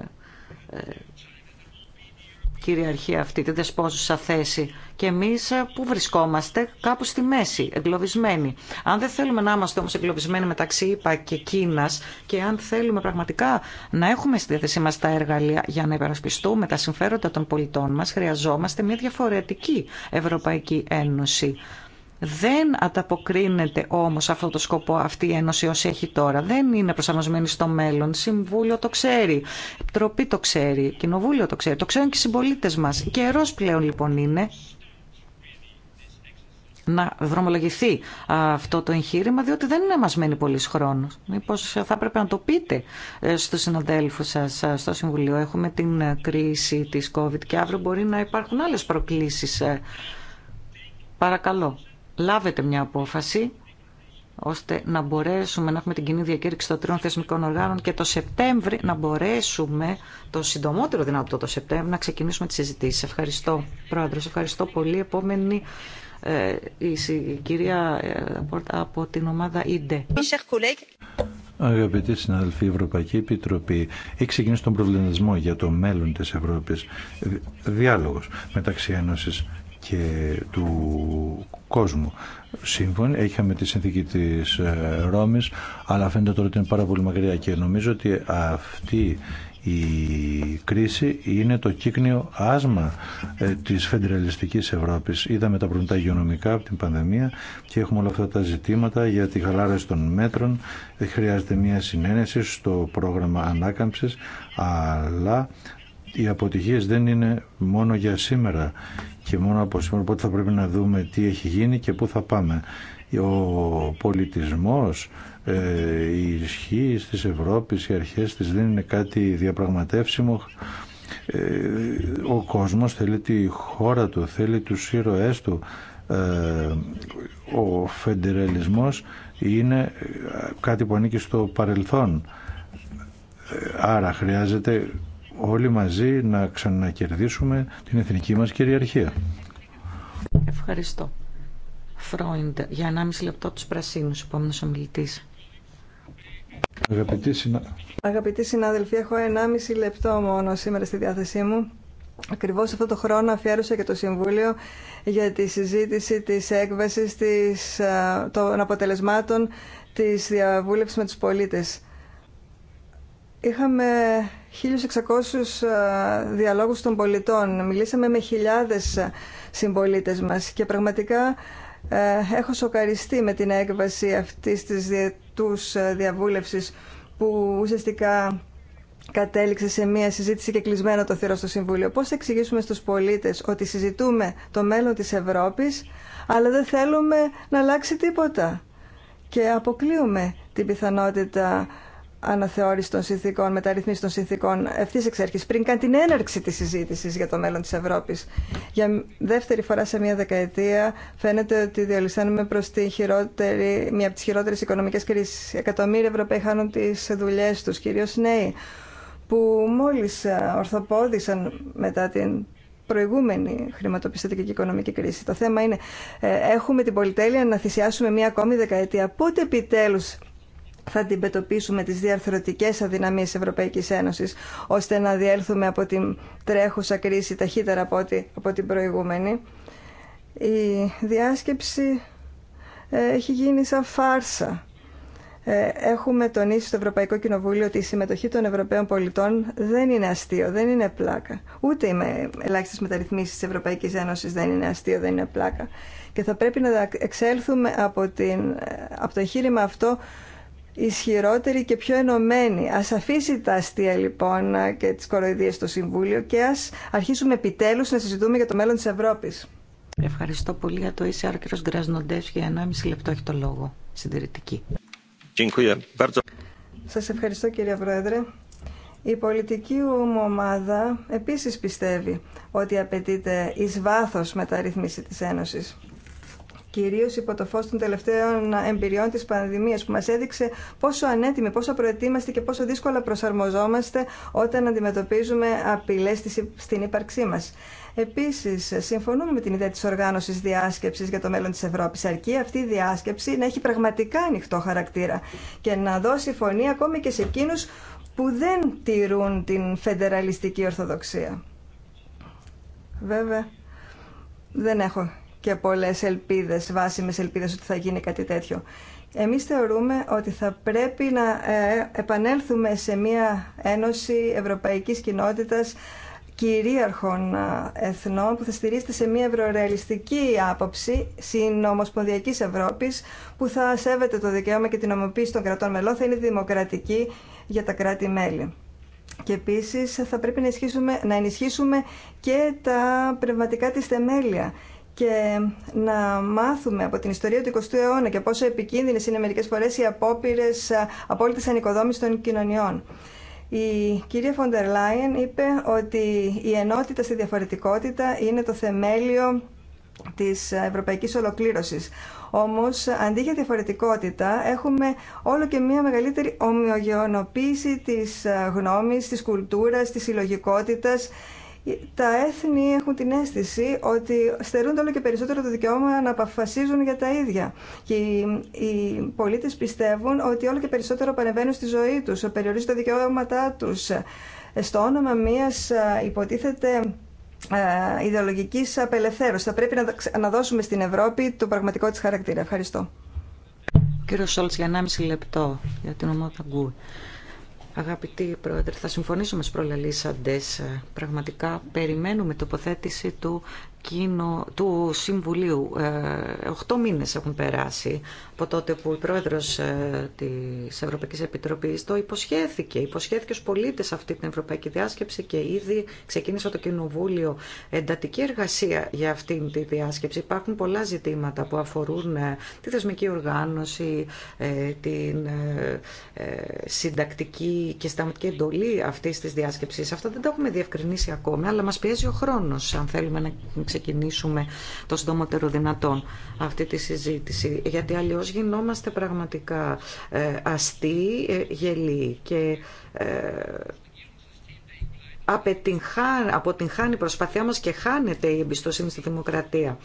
κυριαρχία αυτή, τη δεσπόζουσα θέση. Και εμεί ε, που βρισκόμαστε, κάπου στη μέση, εγκλωβισμένοι. Αν δεν θέλουμε να είμαστε όμω εγκλωβισμένοι μεταξύ ΙΠΑ και Κίνα και αν θέλουμε πραγματικά να έχουμε στη διάθεσή μα τα εργαλεία για να υπερασπιστούμε τα συμφέροντα των πολιτών μα, χρειαζόμαστε μια διαφορετική Ευρωπαϊκή Ένωση δεν ανταποκρίνεται όμως αυτό το σκοπό αυτή η Ένωση όσοι έχει τώρα. Δεν είναι προσαρμοσμένη στο μέλλον. Συμβούλιο το ξέρει, Επιτροπή το ξέρει, Κοινοβούλιο το ξέρει, το ξέρουν και οι συμπολίτε μας. Καιρός πλέον λοιπόν είναι να δρομολογηθεί αυτό το εγχείρημα, διότι δεν είναι μας μένει πολύς χρόνος. Μήπως θα έπρεπε να το πείτε ε, στου συναδέλφους σας ε, στο Συμβουλίο. Έχουμε την ε, κρίση της COVID και αύριο μπορεί να υπάρχουν άλλες προκλήσεις. Παρακαλώ λάβετε μια απόφαση ώστε να μπορέσουμε να έχουμε την κοινή διακήρυξη των τριών θεσμικών οργάνων και το Σεπτέμβρη να μπορέσουμε το συντομότερο δυνατό το Σεπτέμβρη να ξεκινήσουμε τις συζητήσεις. Ευχαριστώ Πρόεδρος, ευχαριστώ πολύ. Επόμενη ε, η κυρία ε, από την ομάδα ΙΝΤΕ. Αγαπητοί συναδελφοί, η Ευρωπαϊκή Επιτροπή έχει ξεκινήσει τον προβληματισμό για το μέλλον της Ευρώπης. Διάλογος μεταξύ Ένωσης και του κόσμου. Σύμφωνα, είχαμε τη συνθήκη της ε, Ρώμης, αλλά φαίνεται τώρα ότι είναι πάρα πολύ μακριά και νομίζω ότι αυτή η κρίση είναι το κύκνιο άσμα ε, της φεντεραλιστικής Ευρώπης. Είδαμε τα προβλήματα υγειονομικά από την πανδημία και έχουμε όλα αυτά τα ζητήματα για τη χαλάρωση των μέτρων. Ε, χρειάζεται μια συνένεση στο πρόγραμμα ανάκαμψης, αλλά οι αποτυχίες δεν είναι μόνο για σήμερα και μόνο από σήμερα, οπότε θα πρέπει να δούμε τι έχει γίνει και πού θα πάμε. Ο πολιτισμός, ε, η ισχύ της Ευρώπης, οι αρχές της δεν είναι κάτι διαπραγματεύσιμο. Ε, ο κόσμος θέλει τη χώρα του, θέλει τους ήρωές του. Ε, ο φεντερελισμός είναι κάτι που ανήκει στο παρελθόν. Άρα χρειάζεται όλοι μαζί να ξανακερδίσουμε την εθνική μας κυριαρχία. Ευχαριστώ. Φρόιντ, για 1,5 λεπτό τους πρασίνους, επόμενος ομιλητής. Αγαπητοί, συνάδελφοι, έχω 1,5 λεπτό μόνο σήμερα στη διάθεσή μου. Ακριβώ αυτό το χρόνο αφιέρωσα και το Συμβούλιο για τη συζήτηση της έκβασης των αποτελεσμάτων της διαβούλευσης με τους πολίτες. Είχαμε 1.600 διαλόγους των πολιτών. Μιλήσαμε με χιλιάδες συμπολίτες μας και πραγματικά ε, έχω σοκαριστεί με την έκβαση αυτής της διετούς ε, διαβούλευσης που ουσιαστικά κατέληξε σε μια συζήτηση και κλεισμένο το θηρό στο Συμβούλιο. Πώς θα εξηγήσουμε στους πολίτες ότι συζητούμε το μέλλον της Ευρώπης, αλλά δεν θέλουμε να αλλάξει τίποτα και αποκλείουμε την πιθανότητα αναθεώρηση των συνθήκων, μεταρρυθμίση των συνθήκων ευθύ εξ πριν καν την έναρξη τη συζήτηση για το μέλλον τη Ευρώπη. Για δεύτερη φορά σε μία δεκαετία φαίνεται ότι διαλυσθάνουμε προ μία από τι χειρότερε οικονομικέ κρίσει. Εκατομμύρια Ευρωπαίοι χάνουν τι δουλειέ του, κυρίω νέοι, που μόλι ορθοπόδησαν μετά την προηγούμενη χρηματοπιστωτική και οικονομική κρίση. Το θέμα είναι, ε, έχουμε την πολυτέλεια να θυσιάσουμε μία ακόμη δεκαετία. Πότε επιτέλου θα αντιμετωπίσουμε τις διαρθρωτικές αδυναμίες Ευρωπαϊκής Ένωσης ώστε να διέλθουμε από την τρέχουσα κρίση ταχύτερα από, ό,τι, την προηγούμενη. Η διάσκεψη ε, έχει γίνει σαν φάρσα. Ε, έχουμε τονίσει στο Ευρωπαϊκό Κοινοβούλιο ότι η συμμετοχή των Ευρωπαίων πολιτών δεν είναι αστείο, δεν είναι πλάκα. Ούτε οι ελάχιστε μεταρρυθμίσει τη Ευρωπαϊκή Ένωση δεν είναι αστείο, δεν είναι πλάκα. Και θα πρέπει να εξέλθουμε από, την, ε, από το εγχείρημα αυτό ισχυρότερη και πιο ενωμένη. Ας αφήσει τα αστεία λοιπόν και τις κοροϊδίες στο Συμβούλιο και ας αρχίσουμε επιτέλους να συζητούμε για το μέλλον της Ευρώπης. Ευχαριστώ πολύ για το ίσια Κύριος Γκρασνοντές για 1,5 λεπτό έχει το λόγο. Συντηρητική. Σας ευχαριστώ κύριε Πρόεδρε. Η πολιτική μου ομάδα επίσης πιστεύει ότι απαιτείται εις βάθος μεταρρύθμιση της Ένωσης κυρίως υπό το φως των τελευταίων εμπειριών της πανδημίας που μας έδειξε πόσο ανέτοιμοι, πόσο προετοίμαστε και πόσο δύσκολα προσαρμοζόμαστε όταν αντιμετωπίζουμε απειλές στην ύπαρξή μας. Επίση, συμφωνούμε με την ιδέα τη οργάνωση διάσκεψη για το μέλλον τη Ευρώπη. Αρκεί αυτή η διάσκεψη να έχει πραγματικά ανοιχτό χαρακτήρα και να δώσει φωνή ακόμη και σε εκείνου που δεν τηρούν την φεντεραλιστική ορθοδοξία. Βέβαια, δεν έχω και πολλές ελπίδες, βάσιμες ελπίδες ότι θα γίνει κάτι τέτοιο. Εμείς θεωρούμε ότι θα πρέπει να ε, επανέλθουμε σε μια ένωση ευρωπαϊκής κοινότητας κυρίαρχων ε, εθνών που θα στηρίζεται σε μια ευρωρεαλιστική άποψη συνομοσπονδιακή Ευρώπη που θα σέβεται το δικαίωμα και την ομοποίηση των κρατών μελών, θα είναι δημοκρατική για τα κράτη-μέλη. Και επίση θα πρέπει να ενισχύσουμε, να ενισχύσουμε και τα πνευματικά τη θεμέλια και να μάθουμε από την ιστορία του 20ου αιώνα και πόσο επικίνδυνες είναι μερικές φορές οι απόπειρες απόλυτης ανοικοδόμησης των κοινωνιών. Η κυρία Φοντερ Λάιεν είπε ότι η ενότητα στη διαφορετικότητα είναι το θεμέλιο της ευρωπαϊκής ολοκλήρωσης. Όμως, αντί για διαφορετικότητα, έχουμε όλο και μία μεγαλύτερη ομοιογεωνοποίηση της γνώμης, της κουλτούρας, της συλλογικότητας τα έθνη έχουν την αίσθηση ότι στερούνται όλο και περισσότερο το δικαίωμα να αποφασίζουν για τα ίδια. Και οι πολίτες πιστεύουν ότι όλο και περισσότερο παρεμβαίνουν στη ζωή τους, περιορίζουν τα δικαιώματά τους. Στο όνομα μιας υποτίθεται ιδεολογικής απελευθέρωσης. Θα πρέπει να δώσουμε στην Ευρώπη το πραγματικό της χαρακτήρα. Ευχαριστώ. Κύριο Σόλτς για λεπτό για την ομάδα Αγαπητοί Πρόεδρε, θα συμφωνήσω με προλαλήσαντες. Ε, πραγματικά περιμένουμε τοποθέτηση του, του Συμβουλίου. Ε, οχτώ μήνες έχουν περάσει από τότε που η πρόεδρος ε, της Ευρωπαϊκής Επιτροπής το υποσχέθηκε. Υποσχέθηκε στους πολίτες αυτή την Ευρωπαϊκή Διάσκεψη και ήδη ξεκίνησε το Κοινοβούλιο εντατική εργασία για αυτή τη διάσκεψη. Υπάρχουν πολλά ζητήματα που αφορούν ε, τη θεσμική οργάνωση, ε, την συντακτική και σταματική εντολή αυτής της διάσκεψης. Αυτά δεν τα έχουμε διευκρινίσει ακόμα, αλλά μας πιέζει ο χρόνος αν θέλουμε να ξεκινήσουμε το συντομότερο δυνατόν αυτή τη συζήτηση. Γιατί αλλιώ γινόμαστε πραγματικά ε, αστεί, ε, γελοί και από την χάνη η προσπάθειά μας και χάνεται η εμπιστοσύνη στη δημοκρατία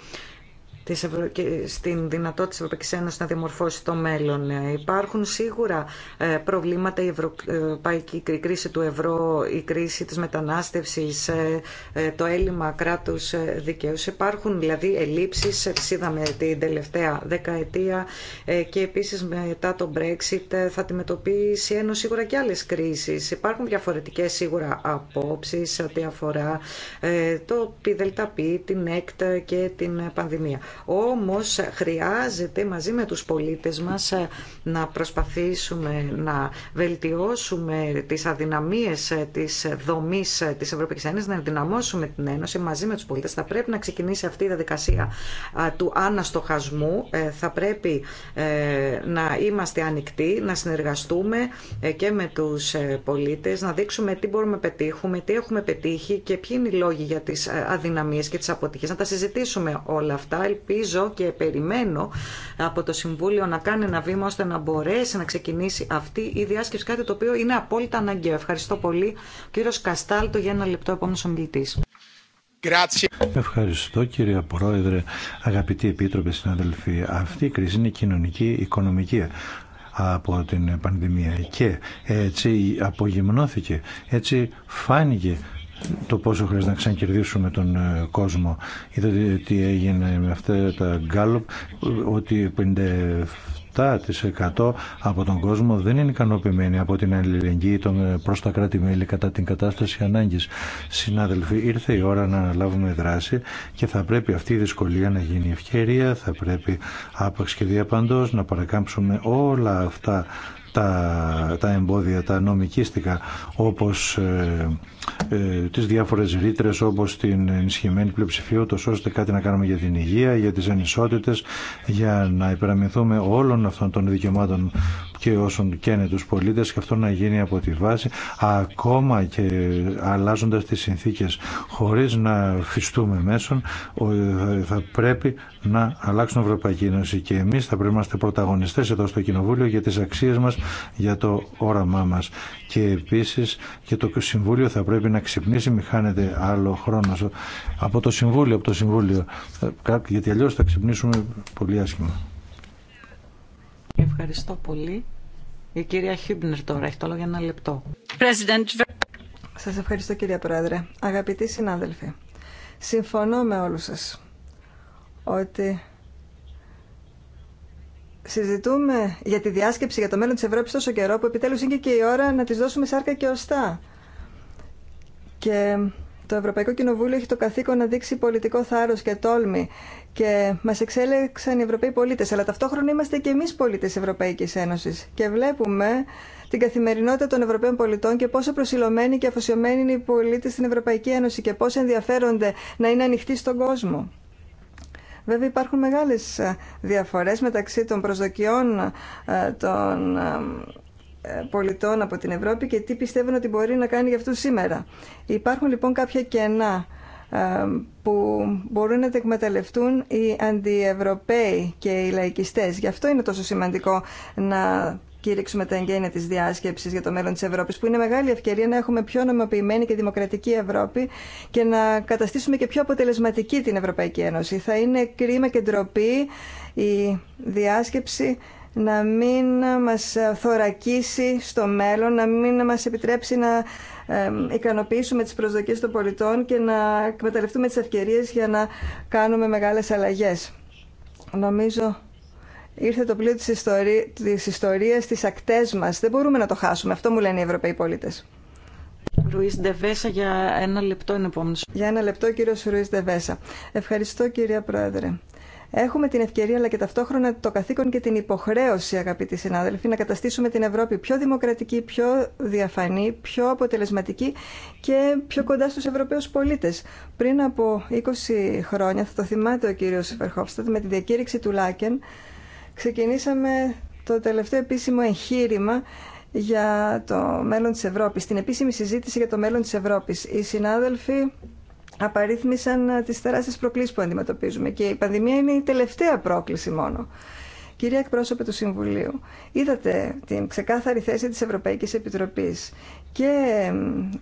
στην δυνατότητα της Ευρωπαϊκής Ένωσης να διαμορφώσει το μέλλον. Ε, υπάρχουν σίγουρα ε, προβλήματα, η ευρωπαϊκή ε, κρίση του ευρώ, η κρίση της μετανάστευσης, το έλλειμμα κράτους δικαίου. Υπάρχουν δηλαδή ελλείψεις, τις είδαμε την τελευταία δεκαετία και επίσης μετά το Brexit θα αντιμετωπίσει Ένωση σίγουρα και άλλες κρίσεις. Υπάρχουν διαφορετικές σίγουρα απόψεις ό,τι αφορά το ΠΔΠ, την ΕΚΤ και την πανδημία. Όμως χρειάζεται μαζί με τους πολίτες μας ε, να προσπαθήσουμε να βελτιώσουμε τις αδυναμίες ε, της δομής ε, της Ευρωπαϊκής Ένωσης, να ενδυναμώσουμε την Ένωση μαζί με τους πολίτες. Θα πρέπει να ξεκινήσει αυτή η διαδικασία του αναστοχασμού. Θα πρέπει να είμαστε ανοιχτοί, να συνεργαστούμε και με τους πολίτες, να δείξουμε τι μπορούμε να πετύχουμε, τι έχουμε πετύχει και ποιοι είναι οι λόγοι για τις αδυναμίες και τις αποτυχίες. Να τα συζητήσουμε όλα αυτά ελπίζω και περιμένω από το Συμβούλιο να κάνει ένα βήμα ώστε να μπορέσει να ξεκινήσει αυτή η διάσκεψη, κάτι το οποίο είναι απόλυτα αναγκαίο. Ευχαριστώ πολύ. Κύριο Καστάλτο για ένα λεπτό, επόμενο ομιλητή. Ευχαριστώ κύριε Πρόεδρε, αγαπητοί επίτροπε συναδελφοί. Αυτή η κρίση είναι κοινωνική, οικονομική από την πανδημία και έτσι απογυμνώθηκε, έτσι φάνηκε το πόσο χρειάζεται να ξανακερδίσουμε τον ε, κόσμο. Είδατε τι έγινε με αυτά τα γκάλωπ, ότι 57% από τον κόσμο δεν είναι ικανοποιημένοι από την αλληλεγγύη των ε, προς τα κράτη-μέλη κατά την κατάσταση ανάγκης. Συνάδελφοι, ήρθε η ώρα να αναλάβουμε δράση και θα πρέπει αυτή η δυσκολία να γίνει ευκαιρία, θα πρέπει άπαξ και διαπαντός να παρακάμψουμε όλα αυτά τα, τα εμπόδια, τα νομικίστικα, όπως ε, ε, τις διάφορες ρήτρε, όπως την ενισχυμένη πλειοψηφία, τόσο ώστε κάτι να κάνουμε για την υγεία, για τις ανισότητες, για να υπεραμεινθούμε όλων αυτών των δικαιωμάτων και όσων καίνε τους πολίτες και αυτό να γίνει από τη βάση ακόμα και αλλάζοντας τις συνθήκες χωρίς να φυστούμε μέσον θα πρέπει να αλλάξουν η Ευρωπαϊκή Ένωση και εμείς θα πρέπει να είμαστε πρωταγωνιστές εδώ στο Κοινοβούλιο για τις αξίες μας, για το όραμά μας και επίσης και το Συμβούλιο θα πρέπει να ξυπνήσει μη χάνεται άλλο χρόνο από το Συμβούλιο, από το Συμβούλιο ε, γιατί αλλιώς θα ξυπνήσουμε πολύ άσχημα. Ευχαριστώ πολύ. Η κυρία Χίμπνερ τώρα έχει το λόγο για ένα λεπτό. President... Σας ευχαριστώ κυρία Πρόεδρε. Αγαπητοί συνάδελφοι, συμφωνώ με όλους σας ότι συζητούμε για τη διάσκεψη για το μέλλον της Ευρώπης τόσο καιρό που επιτέλους είναι και η ώρα να τις δώσουμε σάρκα και ωστά. Και το Ευρωπαϊκό Κοινοβούλιο έχει το καθήκον να δείξει πολιτικό θάρρος και τόλμη και μας εξέλεξαν οι Ευρωπαίοι πολίτες, αλλά ταυτόχρονα είμαστε και εμείς πολίτες Ευρωπαϊκής Ένωσης και βλέπουμε την καθημερινότητα των Ευρωπαίων πολιτών και πόσο προσιλωμένοι και αφοσιωμένοι είναι οι πολίτε στην Ευρωπαϊκή Ένωση και πόσο ενδιαφέρονται να είναι ανοιχτοί στον κόσμο. Βέβαια υπάρχουν μεγάλες διαφορές μεταξύ των προσδοκιών ε, των ε, πολιτών από την Ευρώπη και τι πιστεύουν ότι μπορεί να κάνει για αυτούς σήμερα. Υπάρχουν λοιπόν κάποια κενά ε, που μπορούν να τα εκμεταλλευτούν οι αντιευρωπαίοι και οι λαϊκιστές. Γι' αυτό είναι τόσο σημαντικό να κήρυξουμε τα εγγένεια της διάσκεψης για το μέλλον της Ευρώπης, που είναι μεγάλη ευκαιρία να έχουμε πιο νομιμοποιημένη και δημοκρατική Ευρώπη και να καταστήσουμε και πιο αποτελεσματική την Ευρωπαϊκή Ένωση. Θα είναι κρίμα και ντροπή η διάσκεψη να μην μας θωρακίσει στο μέλλον, να μην μας επιτρέψει να ικανοποιήσουμε τις προσδοκίες των πολιτών και να εκμεταλλευτούμε τις ευκαιρίες για να κάνουμε μεγάλες αλλαγές. Νομίζω ήρθε το πλοίο της, ιστορία, της ιστορίας στις ακτές μας. Δεν μπορούμε να το χάσουμε. Αυτό μου λένε οι Ευρωπαίοι πολίτες. Ρουίς Ντεβέσα για ένα λεπτό είναι επόμενος. Για ένα λεπτό κύριος Ρουίς Ντεβέσα. Ευχαριστώ κυρία Πρόεδρε. Έχουμε την ευκαιρία αλλά και ταυτόχρονα το καθήκον και την υποχρέωση, αγαπητοί συνάδελφοι, να καταστήσουμε την Ευρώπη πιο δημοκρατική, πιο διαφανή, πιο αποτελεσματική και πιο κοντά στους Ευρωπαίους πολίτες. Πριν από 20 χρόνια, θα το θυμάται ο κύριο Φερχόφστατ, με τη διακήρυξη του Λάκεν, ξεκινήσαμε το τελευταίο επίσημο εγχείρημα για το μέλλον της Ευρώπης, την επίσημη συζήτηση για το μέλλον της Ευρώπης. Οι συνάδελφοι απαρίθμησαν ε, τις τεράστιες προκλήσεις που αντιμετωπίζουμε και η πανδημία είναι η τελευταία πρόκληση μόνο. Κυρία εκπρόσωπε του Συμβουλίου, είδατε την ξεκάθαρη θέση της Ευρωπαϊκής Επιτροπής και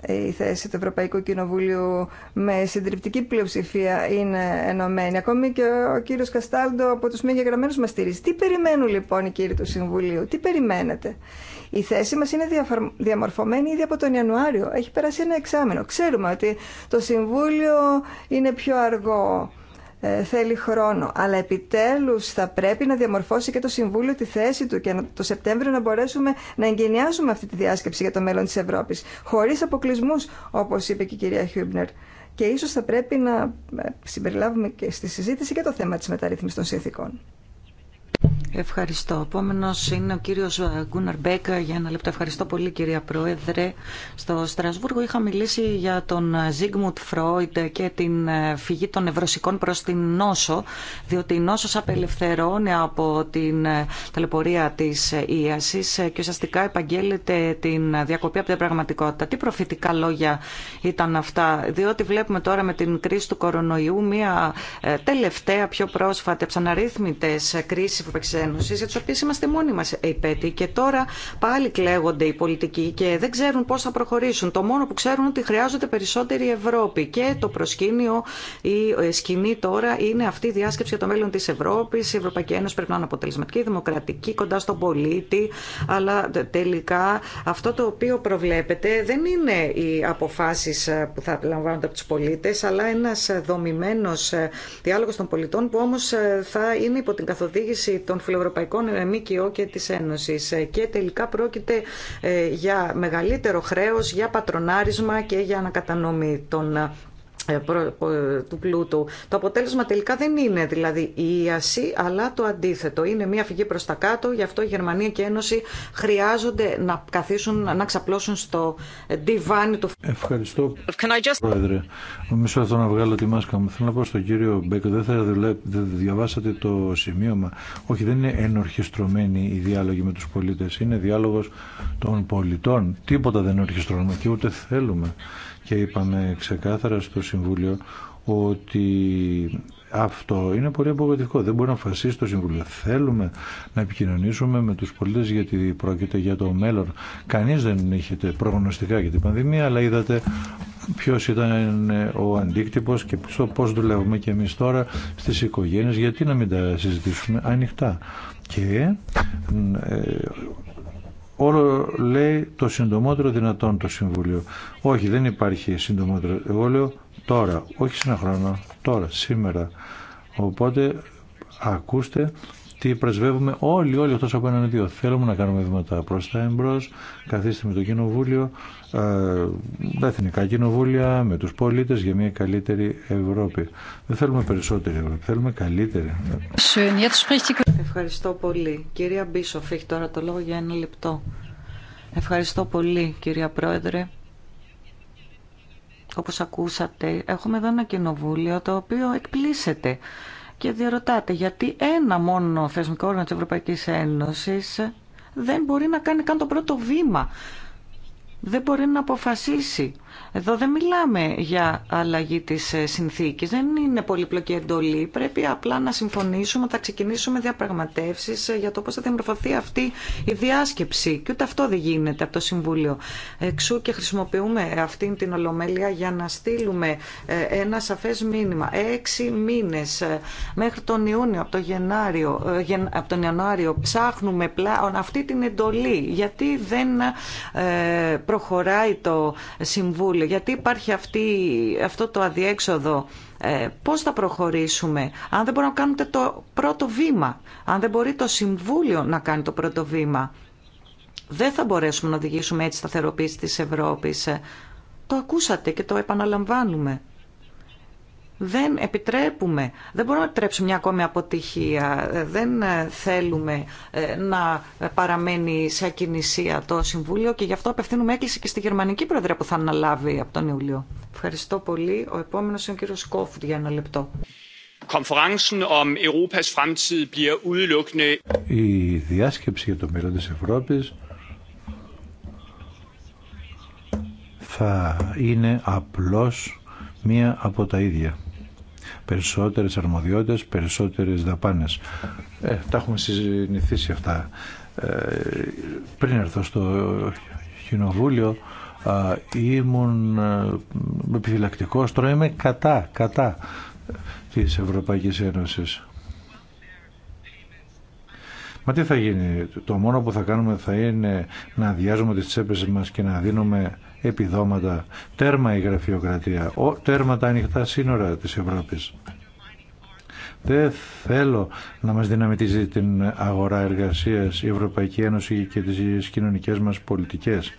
η θέση του Ευρωπαϊκού Κοινοβουλίου με συντριπτική πλειοψηφία είναι ενωμένη. Ακόμη και ο κύριος Καστάλντο από τους μη μας στηρίζει. Τι περιμένουν λοιπόν οι κύριοι του Συμβουλίου, τι περιμένετε. Η θέση μας είναι διαμορφωμένη ήδη από τον Ιανουάριο. Έχει περάσει ένα εξάμενο. Ξέρουμε ότι το Συμβούλιο είναι πιο αργό ε, θέλει χρόνο. Αλλά επιτέλους θα πρέπει να διαμορφώσει και το Συμβούλιο τη θέση του και το Σεπτέμβριο να μπορέσουμε να εγκαινιάσουμε αυτή τη διάσκεψη για το μέλλον της Ευρώπης. Χωρίς αποκλεισμού, όπως είπε και η κυρία Χιούμπνερ. Και ίσως θα πρέπει να ε, συμπεριλάβουμε και στη συζήτηση και το θέμα της μεταρρύθμισης των συνθήκων. Ευχαριστώ. Επόμενο είναι ο κύριο ε, Γκούναρ Μπέκα. Για ένα λεπτό. Ευχαριστώ πολύ, κυρία Πρόεδρε. Στο Στρασβούργο είχα μιλήσει για τον ε, Ζίγμουντ Φρόιντ και την ε, φυγή των ευρωσικών προ την νόσο, διότι η νόσο απελευθερώνει από την ταλαιπωρία τη ίαση και ουσιαστικά επαγγέλλεται την διακοπή από την πραγματικότητα. Τι προφητικά λόγια ήταν αυτά, διότι βλέπουμε τώρα με την κρίση του κορονοϊού μια τελευταία πιο πρόσφατη ψαναρρύθμιτε κρίση Ευρωπαϊκή Ένωση, για τι οποίε είμαστε μόνοι μα υπέτη και τώρα πάλι κλαίγονται οι πολιτικοί και δεν ξέρουν πώ θα προχωρήσουν. Το μόνο που ξέρουν ότι χρειάζονται περισσότερη Ευρώπη και το προσκήνιο, η ε, σκηνή τώρα είναι αυτή η διάσκεψη για το μέλλον τη Ευρώπη. Η Ευρωπαϊκή Ένωση πρέπει να είναι αποτελεσματική, δημοκρατική, κοντά στον πολίτη, αλλά τελικά αυτό το οποίο προβλέπεται δεν είναι οι αποφάσει ε, που θα λαμβάνονται από του πολίτε, αλλά ένα ε, δομημένος διάλογο των πολιτών που όμω θα είναι υπό την καθοδήγηση των φιλοευρωπαϊκών ε, ΜΚΟ και της Ένωσης. Ε, και τελικά πρόκειται ε, για μεγαλύτερο χρέος, για πατρονάρισμα και για ανακατανομή των ε, του πλούτου. Το αποτέλεσμα τελικά δεν είναι δηλαδή η ίαση, αλλά το αντίθετο. Είναι μια φυγή προ τα κάτω, γι' αυτό η Γερμανία και η Ένωση χρειάζονται να καθίσουν, να ξαπλώσουν στο διβάνι του. Ευχαριστώ, just... Πρόεδρε. Μισό αυτό να βγάλω τη μάσκα μου. Θέλω να πω στον κύριο Μπέκο, δεν θα διαβάσατε το σημείωμα. Όχι, δεν είναι ενορχιστρωμένοι οι διάλογοι με του πολίτε, Είναι διάλογο των πολιτών. Τίποτα δεν ενορχιστρώνουμε και ούτε θέλουμε και είπαμε ξεκάθαρα στο Συμβούλιο ότι αυτό είναι πολύ απογοητευτικό. Δεν μπορεί να αποφασίσει το Συμβούλιο. Θέλουμε να επικοινωνήσουμε με του πολίτε γιατί πρόκειται για το μέλλον. Κανεί δεν είχε προγνωστικά για την πανδημία, αλλά είδατε ποιο ήταν ο αντίκτυπο και πώ δουλεύουμε και εμεί τώρα στι οικογένειε. Γιατί να μην τα συζητήσουμε ανοιχτά. Και ε, Όλο λέει το συντομότερο δυνατόν το Συμβούλιο. Όχι, δεν υπάρχει συντομότερο. Εγώ λέω τώρα, όχι σε ένα χρόνο, τώρα, σήμερα. Οπότε ακούστε τι πρεσβεύουμε όλοι, όλοι αυτό από έναν δύο. Θέλουμε να κάνουμε βήματα προ τα εμπρό. καθίστε με το Κοινοβούλιο, τα ε, Εθνικά Κοινοβούλια, με του πολίτε για μια καλύτερη Ευρώπη. Δεν θέλουμε περισσότερη Ευρώπη, θέλουμε καλύτερη. Ευχαριστώ πολύ. Κυρία Μπίσοφ, έχει τώρα το λόγο για ένα λεπτό. Ευχαριστώ πολύ, κυρία Πρόεδρε. Όπως ακούσατε, έχουμε εδώ ένα κοινοβούλιο το οποίο εκπλήσεται και διαρωτάτε γιατί ένα μόνο θεσμικό όργανο της Ευρωπαϊκής Ένωσης δεν μπορεί να κάνει καν το πρώτο βήμα. Δεν μπορεί να αποφασίσει εδώ δεν μιλάμε για αλλαγή της ε, συνθήκης, δεν είναι πολύπλοκη εντολή. Πρέπει απλά να συμφωνήσουμε, θα ξεκινήσουμε διαπραγματεύσεις ε, για το πώς θα διαμορφωθεί αυτή η διάσκεψη. Και ούτε αυτό δεν γίνεται από το Συμβούλιο. Εξού και χρησιμοποιούμε αυτή την ολομέλεια για να στείλουμε ε, ένα σαφές μήνυμα. Έξι μήνες μέχρι τον Ιούνιο, από, τον Γενάριο, από τον Ιανουάριο ψάχνουμε πλέον αυτή την εντολή. Γιατί δεν προχωράει το Συμβούλιο γιατί υπάρχει αυτή, αυτό το αδιέξοδο. Ε, πώς θα προχωρήσουμε αν δεν μπορούμε να κάνουμε το πρώτο βήμα. Αν δεν μπορεί το Συμβούλιο να κάνει το πρώτο βήμα. Δεν θα μπορέσουμε να οδηγήσουμε έτσι σταθεροποίηση της Ευρώπης. Ε, το ακούσατε και το επαναλαμβάνουμε δεν επιτρέπουμε, δεν μπορούμε να επιτρέψουμε μια ακόμη αποτυχία. Δεν ε, θέλουμε ε, να παραμένει σε ακινησία το Συμβούλιο και γι' αυτό απευθύνουμε έκκληση και στη Γερμανική Πρόεδρε που θα αναλάβει από τον Ιούλιο. Ευχαριστώ πολύ. Ο επόμενος είναι ο κύριος Κόφτ για ένα λεπτό. Um Η διάσκεψη για το μέλλον της Ευρώπης θα είναι απλώς μία από τα ίδια περισσότερες αρμοδιότητες, περισσότερες δαπάνες. Ε, τα έχουμε συνηθίσει αυτά. Ε, πριν έρθω στο κοινοβούλιο ε, ήμουν επιφυλακτικός, τώρα είμαι κατά, κατά της Ευρωπαϊκής Ένωσης. Μα τι θα γίνει, το μόνο που θα κάνουμε θα είναι να αδειάζουμε τις τσέπες μας και να δίνουμε επιδόματα, τέρμα η γραφειοκρατία, τέρματα τα ανοιχτά σύνορα της Ευρώπης. Δεν θέλω να μας δυναμητίζει την αγορά εργασίας η Ευρωπαϊκή Ένωση και τις κοινωνικές μας πολιτικές.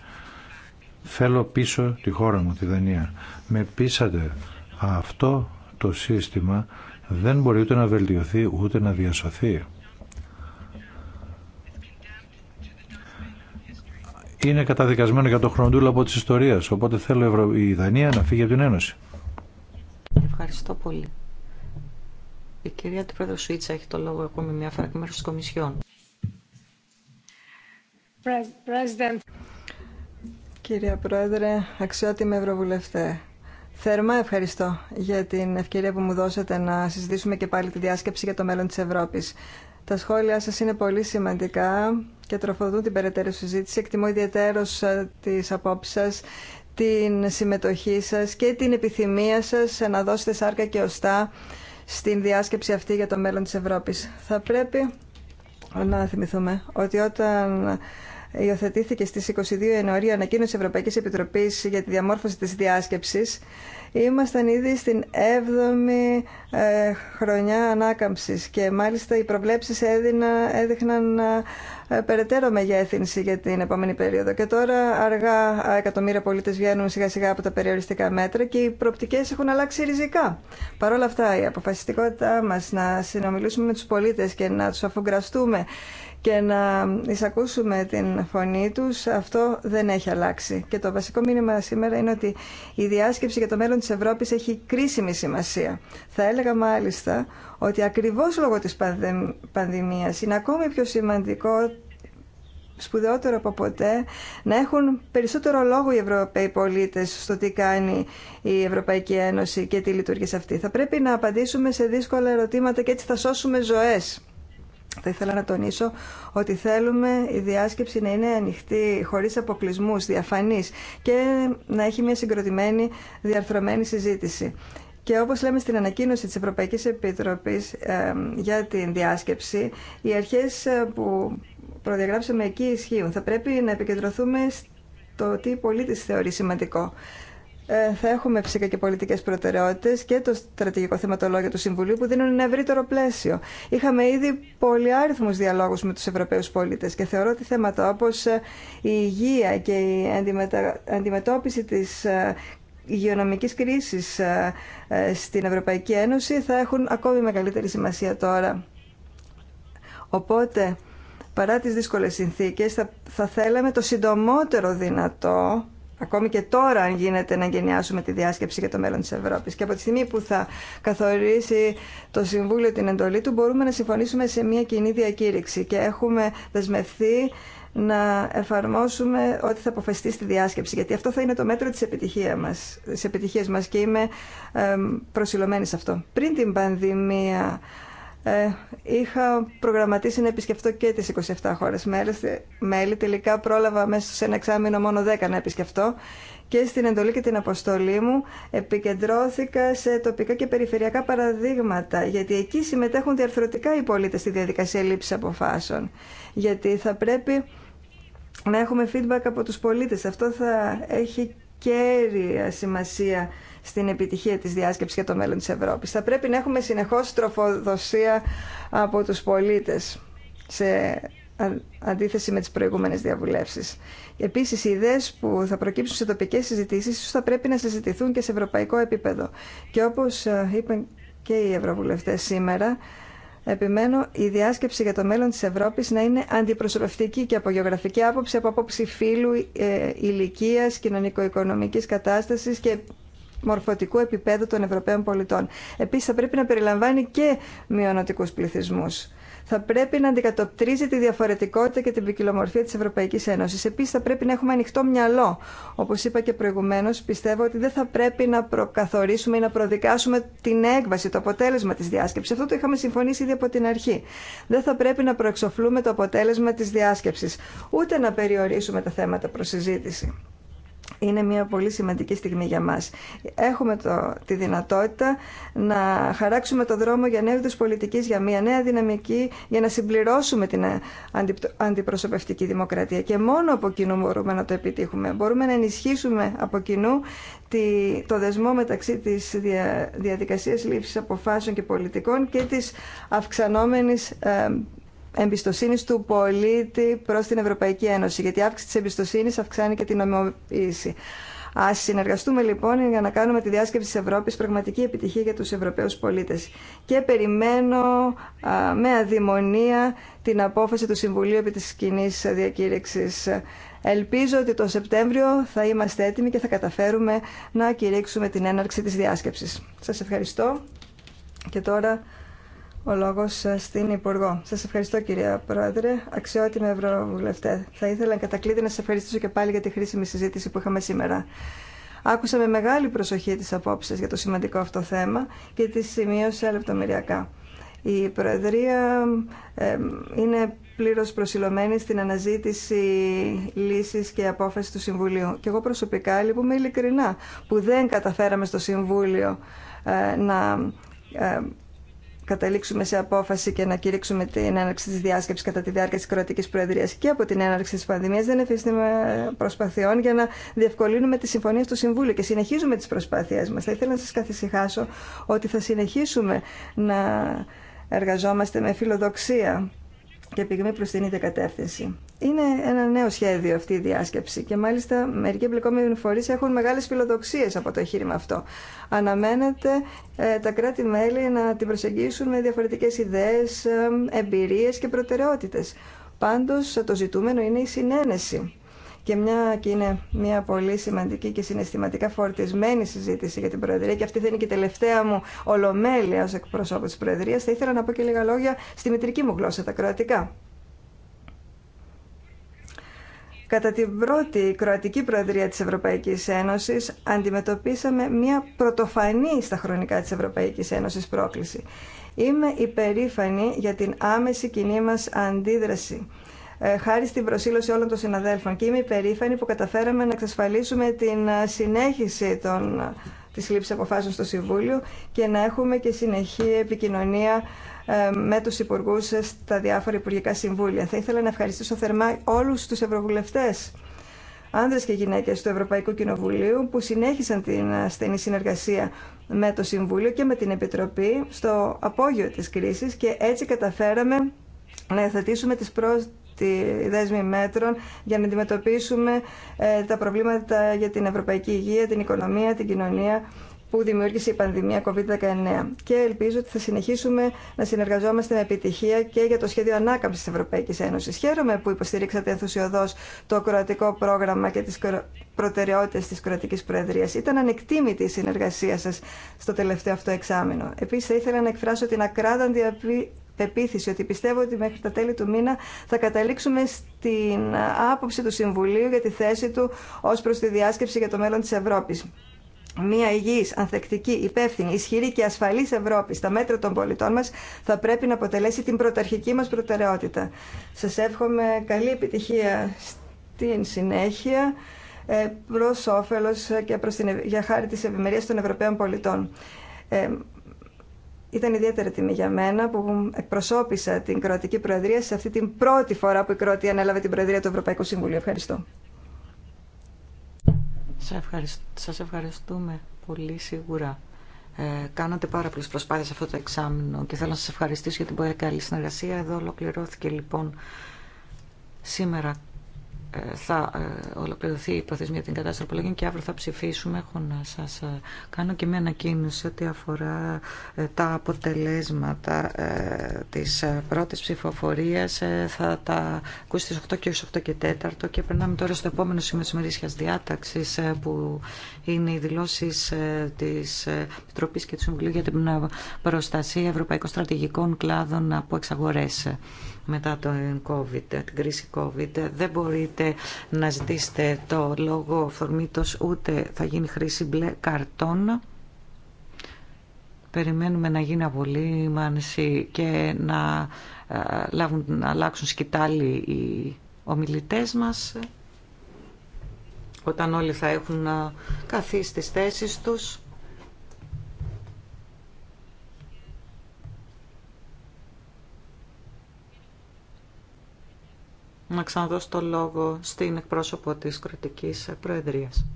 Θέλω πίσω τη χώρα μου, τη Δανία. Με πείσατε αυτό το σύστημα δεν μπορεί ούτε να βελτιωθεί ούτε να διασωθεί. είναι καταδικασμένο για το χροντούλο από της ιστορίας. Οπότε θέλω η Δανία να φύγει από την Ένωση. Ευχαριστώ πολύ. Η κυρία του Πρόεδρου Σουίτσα έχει το λόγο ακόμη μια φορά και μέρος της Κομισιόν. President. Κύριε Πρόεδρε, αξιότιμη Ευρωβουλευτέ, θερμά ευχαριστώ για την ευκαιρία που μου δώσατε να συζητήσουμε και πάλι τη διάσκεψη για το μέλλον της Ευρώπης. Τα σχόλιά σας είναι πολύ σημαντικά και τροφοδούν την περαιτέρω συζήτηση. Εκτιμώ ιδιαίτερω ε, τις απόψεις σας, την συμμετοχή σας και την επιθυμία σας να δώσετε σάρκα και οστά στην διάσκεψη αυτή για το μέλλον της Ευρώπης. Θα πρέπει να θυμηθούμε ότι όταν υιοθετήθηκε στις 22 Ιανουαρίου ανακοίνωση Ευρωπαϊκής Επιτροπής για τη διαμόρφωση της διάσκεψης Ήμασταν ήδη στην 7η ε, χρονιά ανάκαμψης και μάλιστα οι προβλέψεις έδινα, έδειχναν ε, περαιτέρω μεγέθυνση για την επόμενη περίοδο. Και τώρα αργά εκατομμύρια πολίτε βγαίνουν σιγά σιγά από τα περιοριστικά μέτρα και οι προπτικές έχουν αλλάξει ριζικά. Παρ' όλα αυτά, η αποφασιστικότητά μας να συνομιλήσουμε με τους πολίτες και να τους αφουγκραστούμε και να εισακούσουμε την φωνή τους, αυτό δεν έχει αλλάξει. Και το βασικό μήνυμα σήμερα είναι ότι η διάσκεψη για το μέλλον της Ευρώπης έχει κρίσιμη σημασία. Θα έλεγα μάλιστα ότι ακριβώς λόγω της πανδημίας είναι ακόμη πιο σημαντικό σπουδαιότερο από ποτέ να έχουν περισσότερο λόγο οι Ευρωπαίοι πολίτες στο τι κάνει η Ευρωπαϊκή Ένωση και τι λειτουργεί σε αυτή. Θα πρέπει να απαντήσουμε σε δύσκολα ερωτήματα και έτσι θα σώσουμε ζωές. Θα ήθελα να τονίσω ότι θέλουμε η διάσκεψη να είναι ανοιχτή, χωρίς αποκλεισμούς, διαφανής και να έχει μια συγκροτημένη, διαρθρωμένη συζήτηση. Και όπως λέμε στην ανακοίνωση της Ευρωπαϊκής Επιτροπής για την διάσκεψη, οι αρχές ε, που προδιαγράψαμε εκεί ισχύουν. Θα πρέπει να επικεντρωθούμε στο τι πολίτης θεωρεί σημαντικό. Ε, θα έχουμε φυσικά και πολιτικές προτεραιότητες και το στρατηγικό θεματολόγιο του Συμβουλίου που δίνουν ένα ευρύτερο πλαίσιο. Είχαμε ήδη πολυάριθμους διαλόγους με τους Ευρωπαίους πολίτες και θεωρώ ότι θέματα όπως ε, η υγεία και η αντιμετώπιση της ε, υγειονομικής κρίσης στην Ευρωπαϊκή Ένωση θα έχουν ακόμη μεγαλύτερη σημασία τώρα. Οπότε, παρά τις δύσκολες συνθήκες, θα, θα θέλαμε το συντομότερο δυνατό Ακόμη και τώρα, αν γίνεται, να εγκαινιάσουμε τη διάσκεψη για το μέλλον τη Ευρώπη. Και από τη στιγμή που θα καθορίσει το Συμβούλιο την εντολή του, μπορούμε να συμφωνήσουμε σε μια κοινή διακήρυξη. Και έχουμε δεσμευθεί να εφαρμόσουμε ό,τι θα αποφασιστεί στη διάσκεψη. Γιατί αυτό θα είναι το μέτρο τη επιτυχία μα. Της επιτυχίας μας και είμαι προσιλωμένη σε αυτό. Πριν την πανδημία, ε, είχα προγραμματίσει να επισκεφτώ και τις 27 χώρες μέλη. Τελικά πρόλαβα μέσα σε ένα εξάμεινο μόνο 10 να επισκεφτώ και στην εντολή και την αποστολή μου επικεντρώθηκα σε τοπικά και περιφερειακά παραδείγματα, γιατί εκεί συμμετέχουν διαρθρωτικά οι πολίτες στη διαδικασία λήψη αποφάσεων. Γιατί θα πρέπει να έχουμε feedback από τους πολίτες. Αυτό θα έχει κέρια σημασία στην επιτυχία της διάσκεψης για το μέλλον της Ευρώπης. Θα πρέπει να έχουμε συνεχώς τροφοδοσία από τους πολίτες σε αντίθεση με τις προηγούμενες διαβουλεύσεις. Επίσης, οι ιδέες που θα προκύψουν σε τοπικές συζητήσεις θα πρέπει να συζητηθούν και σε ευρωπαϊκό επίπεδο. Και όπως ε, είπαν και οι ευρωβουλευτές σήμερα, Επιμένω η διάσκεψη για το μέλλον της Ευρώπης να είναι αντιπροσωπευτική και από γεωγραφική άποψη, από άποψη φύλου, ε, ηλικίας, κοινωνικο-οικονομικής κατάστασης και μορφωτικού επίπεδου των Ευρωπαίων πολιτών. Επίσης θα πρέπει να περιλαμβάνει και μειονοτικούς πληθυσμούς θα πρέπει να αντικατοπτρίζει τη διαφορετικότητα και την ποικιλομορφία τη Ευρωπαϊκή Ένωση. Επίση, θα πρέπει να έχουμε ανοιχτό μυαλό. Όπω είπα και προηγουμένω, πιστεύω ότι δεν θα πρέπει να προκαθορίσουμε ή να προδικάσουμε την έκβαση, το αποτέλεσμα τη διάσκεψη. Αυτό το είχαμε συμφωνήσει ήδη από την αρχή. Δεν θα πρέπει να προεξοφλούμε το αποτέλεσμα τη διάσκεψη, ούτε να περιορίσουμε τα θέματα προ συζήτηση είναι μια πολύ σημαντική στιγμή για μας. Έχουμε το, τη δυνατότητα να χαράξουμε το δρόμο για νέου είδους πολιτικής, για μια νέα δυναμική, για να συμπληρώσουμε την αντιπροσωπευτική δημοκρατία. Και μόνο από κοινού μπορούμε να το επιτύχουμε. Μπορούμε να ενισχύσουμε από κοινού τη, το δεσμό μεταξύ της δια, διαδικασίας λήψης αποφάσεων και πολιτικών και της αυξανόμενης ε, εμπιστοσύνης του πολίτη προς την Ευρωπαϊκή Ένωση, γιατί η αύξηση της εμπιστοσύνης αυξάνει και την νομιμοποίηση. Α συνεργαστούμε λοιπόν για να κάνουμε τη διάσκεψη τη Ευρώπη πραγματική επιτυχία για του Ευρωπαίου πολίτε. Και περιμένω με αδειμονία την απόφαση του Συμβουλίου επί τη κοινή διακήρυξη. Ελπίζω ότι το Σεπτέμβριο θα είμαστε έτοιμοι και θα καταφέρουμε να κηρύξουμε την έναρξη της διάσκεψης. Σας ευχαριστώ και τώρα ο λόγος ε, στην Υπουργό. Σας ευχαριστώ κυρία Πρόεδρε, αξιότιμη Ευρωβουλευτέ. Θα ήθελα κατακλείδη να σας ευχαριστήσω και πάλι για τη χρήσιμη συζήτηση που είχαμε σήμερα. Άκουσα με μεγάλη προσοχή τις απόψεις για το σημαντικό αυτό θέμα και τις σημείωσα λεπτομεριακά. Η Προεδρία είναι πλήρως προσιλωμένη στην αναζήτηση λύσης και απόφαση του Συμβουλίου. Και εγώ προσωπικά λυπούμε ειλικρινά που δεν καταφέραμε στο Συμβούλιο ε, να ε, καταλήξουμε σε απόφαση και να κηρύξουμε την έναρξη τη διάσκεψη κατά τη διάρκεια τη Κροατική Προεδρία και από την έναρξη τη πανδημία, δεν εφίστημα προσπαθειών για να διευκολύνουμε τη συμφωνία στο Συμβούλιο και συνεχίζουμε τι προσπάθειέ μα. Θα ήθελα να σα καθησυχάσω ότι θα συνεχίσουμε να εργαζόμαστε με φιλοδοξία και πυγμή προς την ίδια κατεύθυνση. Είναι ένα νέο σχέδιο αυτή η διάσκεψη και μάλιστα μερικοί εμπλεκόμενοι φορείς έχουν μεγάλες φιλοδοξίε από το εγχείρημα αυτό. Αναμένεται ε, τα κράτη-μέλη να την προσεγγίσουν με διαφορετικές ιδέες, εμπειρίε εμπειρίες και προτεραιότητες. Πάντως το ζητούμενο είναι η συνένεση και μια και είναι μια πολύ σημαντική και συναισθηματικά φορτισμένη συζήτηση για την Προεδρία και αυτή θα είναι και η τελευταία μου ολομέλεια ως εκπροσώπου της Προεδρίας, θα ήθελα να πω και λίγα λόγια στη μητρική μου γλώσσα, τα κροατικά. Κατά την πρώτη Κροατική Προεδρία της Ευρωπαϊκής Ένωσης αντιμετωπίσαμε μια πρωτοφανή στα χρονικά της Ευρωπαϊκής Ένωσης πρόκληση. Είμαι υπερήφανη για την άμεση κοινή μας αντίδραση ε, χάρη στην προσήλωση όλων των συναδέλφων και είμαι υπερήφανη που καταφέραμε να εξασφαλίσουμε την ε, συνέχιση των, ε, της λήψης αποφάσεων στο Συμβούλιο και να έχουμε και συνεχή επικοινωνία με τους υπουργού στα διάφορα υπουργικά συμβούλια. Θα ήθελα να ευχαριστήσω θερμά όλους τους ευρωβουλευτές άνδρες και γυναίκες του Ευρωπαϊκού Κοινοβουλίου που συνέχισαν την στενή συνεργασία με το Συμβούλιο και με την Επιτροπή στο απόγειο της κρίσης και έτσι καταφέραμε να εθετήσουμε τις πρώτες τη δέσμη μέτρων για να αντιμετωπίσουμε ε, τα προβλήματα για την ευρωπαϊκή υγεία, την οικονομία, την κοινωνία που δημιούργησε η πανδημία COVID-19. Και ελπίζω ότι θα συνεχίσουμε να συνεργαζόμαστε με επιτυχία και για το σχέδιο ανάκαμψη τη Ευρωπαϊκή Ένωση. Χαίρομαι που υποστηρίξατε ενθουσιοδό το κροατικό πρόγραμμα και τι προτεραιότητε τη κροατική Προεδρία. Ήταν ανεκτήμητη η συνεργασία σα στο τελευταίο αυτό εξάμεινο. Επίση, θα ήθελα να εκφράσω την ακράδαντη πεποίθηση ότι πιστεύω ότι μέχρι τα τέλη του μήνα θα καταλήξουμε στην άποψη του Συμβουλίου για τη θέση του ως προς τη διάσκεψη για το μέλλον της Ευρώπης. Μια υγιής, ανθεκτική, υπεύθυνη, ισχυρή και ασφαλής Ευρώπη στα μέτρα των πολιτών μας θα πρέπει να αποτελέσει την πρωταρχική μας προτεραιότητα. Σας εύχομαι καλή επιτυχία στην συνέχεια ε, προς όφελος και προς την, για χάρη της ευημερίας των Ευρωπαίων πολιτών. Ε, ήταν ιδιαίτερη τιμή για μένα που εκπροσώπησα την Κροατική Προεδρία σε αυτή την πρώτη φορά που η Κροατία ανέλαβε την Προεδρία του Ευρωπαϊκού Συμβουλίου. Ευχαριστώ. Σας ευχαριστούμε πολύ σίγουρα. Ε, κάνατε πάρα πολλέ προσπάθειες αυτό το εξάμεινο και θέλω να σα ευχαριστήσω για την πολύ καλή συνεργασία. Εδώ ολοκληρώθηκε λοιπόν σήμερα θα ε, ολοκληρωθεί η προθεσμία την κατάσταση απολογιών και αύριο θα ψηφίσουμε. Έχω να σας ε, κάνω και μια ανακοίνωση ότι αφορά ε, τα αποτελέσματα της πρώτης ψηφοφορίας. Θα τα ακούσει στις 8 και 8 και 4 και περνάμε τώρα στο επόμενο σημείο της διάταξη, διάταξης που είναι οι δηλώσει της επιτροπή και του Συμβουλίου για την προστασία ευρωπαϊκών στρατηγικών κλάδων από εξαγορές μετά τον COVID, την κρίση COVID. Δεν μπορείτε να ζητήσετε το λόγο φορμήτως ούτε θα γίνει χρήση μπλε καρτών. Περιμένουμε να γίνει απολύμανση και να, ε, λάβουν, αλλάξουν σκητάλι οι ομιλητές μας όταν όλοι θα έχουν ε, καθίσει στις θέσεις τους. να ξαναδώσω το λόγο στην εκπρόσωπο της κρατικής προεδρίας.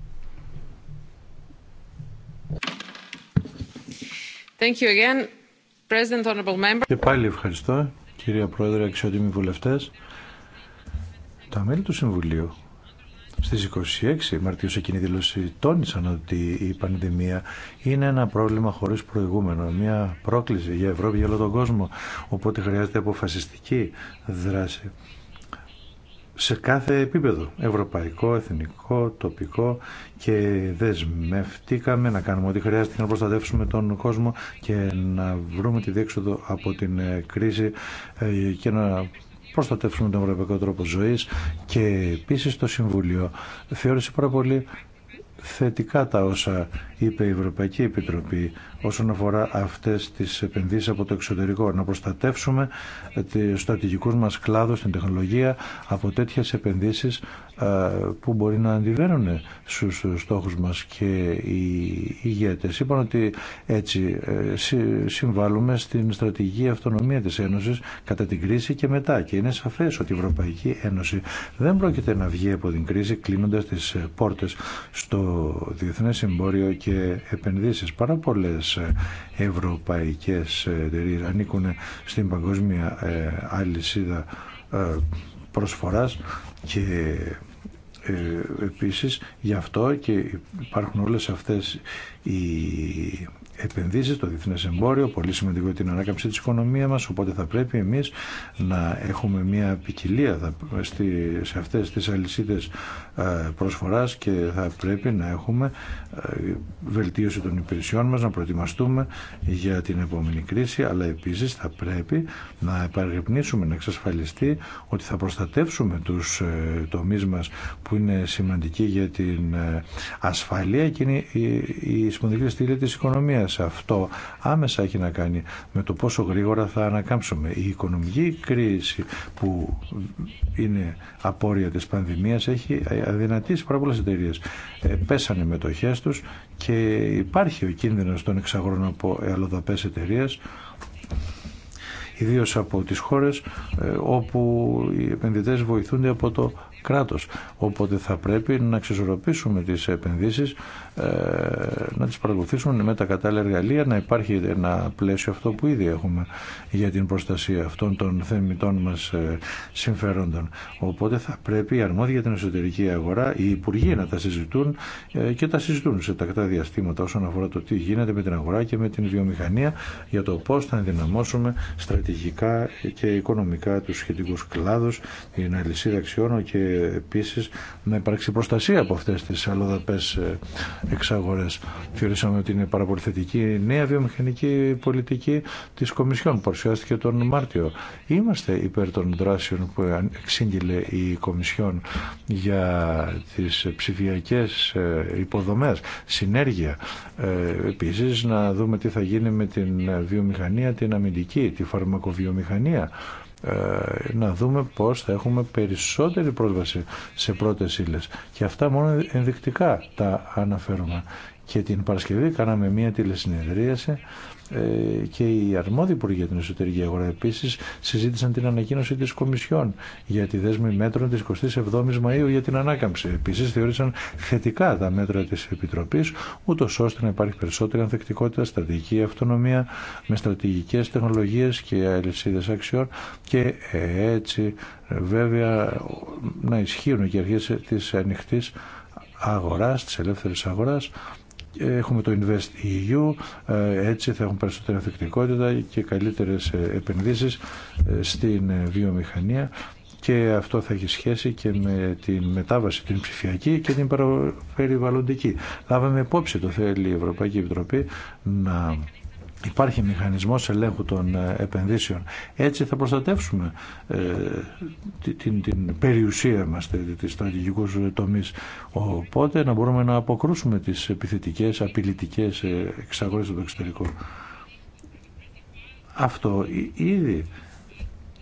Thank you again. President, honorable member. Και πάλι ευχαριστώ, κυρία Πρόεδρε, αξιότιμοι βουλευτές. Τα μέλη του Συμβουλίου στις 26 Μαρτίου σε κοινή δήλωση τόνισαν ότι η πανδημία είναι ένα πρόβλημα χωρίς προηγούμενο, μια πρόκληση για Ευρώπη για όλο τον κόσμο, οπότε χρειάζεται αποφασιστική δράση σε κάθε επίπεδο, ευρωπαϊκό, εθνικό, τοπικό και δεσμευτήκαμε να κάνουμε ό,τι χρειάζεται να προστατεύσουμε τον κόσμο και να βρούμε τη διέξοδο από την ε, κρίση ε, και να προστατεύσουμε τον ευρωπαϊκό τρόπο ζωής και επίσης το Συμβούλιο θεώρησε πάρα πολύ θετικά τα όσα είπε η Ευρωπαϊκή Επιτροπή όσον αφορά αυτές τις επενδύσεις από το εξωτερικό. Να προστατεύσουμε του στρατηγικούς μας κλάδους, την τεχνολογία από τέτοιες επενδύσεις που μπορεί να αντιβαίνουν στους στόχους μας και οι ηγέτες. Είπαν ότι έτσι ε, συμβάλλουμε στην στρατηγική αυτονομία της Ένωσης κατά την κρίση και μετά και είναι σαφές ότι η Ευρωπαϊκή Ένωση δεν πρόκειται να βγει από την κρίση κλείνοντας τις πόρτες στο διεθνές συμπόριο και επενδύσεις. Πάρα πολλέ ευρωπαϊκές εταιρείε ανήκουν στην παγκόσμια ε, αλυσίδα ε, προσφοράς και ε, επίσης γι' αυτό και υπάρχουν όλες αυτές οι επενδύσει, το διεθνέ εμπόριο, πολύ σημαντικό την ανάκαμψη τη οικονομία μα. Οπότε θα πρέπει εμεί να έχουμε μια ποικιλία σε αυτέ τι αλυσίδε προσφορά και θα πρέπει να έχουμε ε, βελτίωση των υπηρεσιών μα, να προετοιμαστούμε για την επόμενη κρίση. Αλλά επίση θα πρέπει να επαγρυπνήσουμε, να εξασφαλιστεί ότι θα προστατεύσουμε του ε, τομεί μα που είναι σημαντικοί για την ε, ασφάλεια και είναι η σημαντική στήλη τη οικονομία σε αυτό άμεσα έχει να κάνει με το πόσο γρήγορα θα ανακάμψουμε. Η οικονομική κρίση που είναι απόρρια της πανδημίας έχει αδυνατήσει πάρα πολλές εταιρείε. Ε, πέσανε οι μετοχές τους και υπάρχει ο κίνδυνος των εξαγρών από αλλοδαπές εταιρείε ιδίως από τις χώρες ε, όπου οι επενδυτές βοηθούνται από το κράτος. Οπότε θα πρέπει να ξεσορροπήσουμε τις επενδύσεις ε, να τις παρακολουθήσουν με τα κατάλληλα εργαλεία, να υπάρχει ένα πλαίσιο αυτό που ήδη έχουμε για την προστασία αυτών των θεμητών μας ε, συμφέροντων. Οπότε θα πρέπει οι αρμόδιοι για την εσωτερική αγορά, οι υπουργοί να τα συζητούν ε, και τα συζητούν σε τακτά διαστήματα όσον αφορά το τι γίνεται με την αγορά και με την βιομηχανία για το πώς θα ενδυναμώσουμε στρατηγικά και οικονομικά τους σχετικούς κλάδους, την αλυσίδα αξιών και επίσης να υπάρξει προστασία από αυτές τις αλλοδαπές Εξάγορε. Θεωρήσαμε ότι είναι πάρα πολύ θετική η νέα βιομηχανική πολιτική της Κομισιόν. Παρουσιάστηκε τον Μάρτιο. Είμαστε υπέρ των δράσεων που εξήγηλε η Κομισιόν για τις ψηφιακές ε, υποδομές, συνέργεια. Ε, επίσης να δούμε τι θα γίνει με την βιομηχανία, την αμυντική, τη φαρμακοβιομηχανία ε, να δούμε πώς θα έχουμε περισσότερη πρόσβαση σε πρώτες ύλες. Και αυτά μόνο ενδεικτικά τα αναφέρουμε και την Παρασκευή κάναμε μία τηλεσυνεδρίαση ε, και οι αρμόδιοι υπουργοί για την εσωτερική αγορά επίση συζήτησαν την ανακοίνωση τη Κομισιόν για τη δέσμη μέτρων τη 27η Μαου για την ανάκαμψη. Επίση, θεωρήσαν θετικά τα μέτρα τη Επιτροπή, ούτω ώστε να υπάρχει περισσότερη ανθεκτικότητα, στρατηγική αυτονομία με στρατηγικέ τεχνολογίε και αλυσίδε αξιών και ε, έτσι βέβαια να ισχύουν και αρχέ τη ανοιχτή αγορά, τη ελεύθερη αγορά. Έχουμε το Invest EU, ε, έτσι θα έχουν περισσότερη ανθεκτικότητα και καλύτερες ε, επενδύσεις ε, στην βιομηχανία και αυτό θα έχει σχέση και με την μετάβαση την ψηφιακή και την περιβαλλοντική. Λάβαμε υπόψη το θέλει η Ευρωπαϊκή Επιτροπή να Υπάρχει μηχανισμός ελέγχου των ε, επενδύσεων. Έτσι θα προστατεύσουμε ε, την, την περιουσία μας, της στρατηγικούς τομείς. Οπότε να μπορούμε να αποκρούσουμε τις επιθετικές, απειλητικές ε, εξαγορές στο εξωτερικό. Αυτό ήδη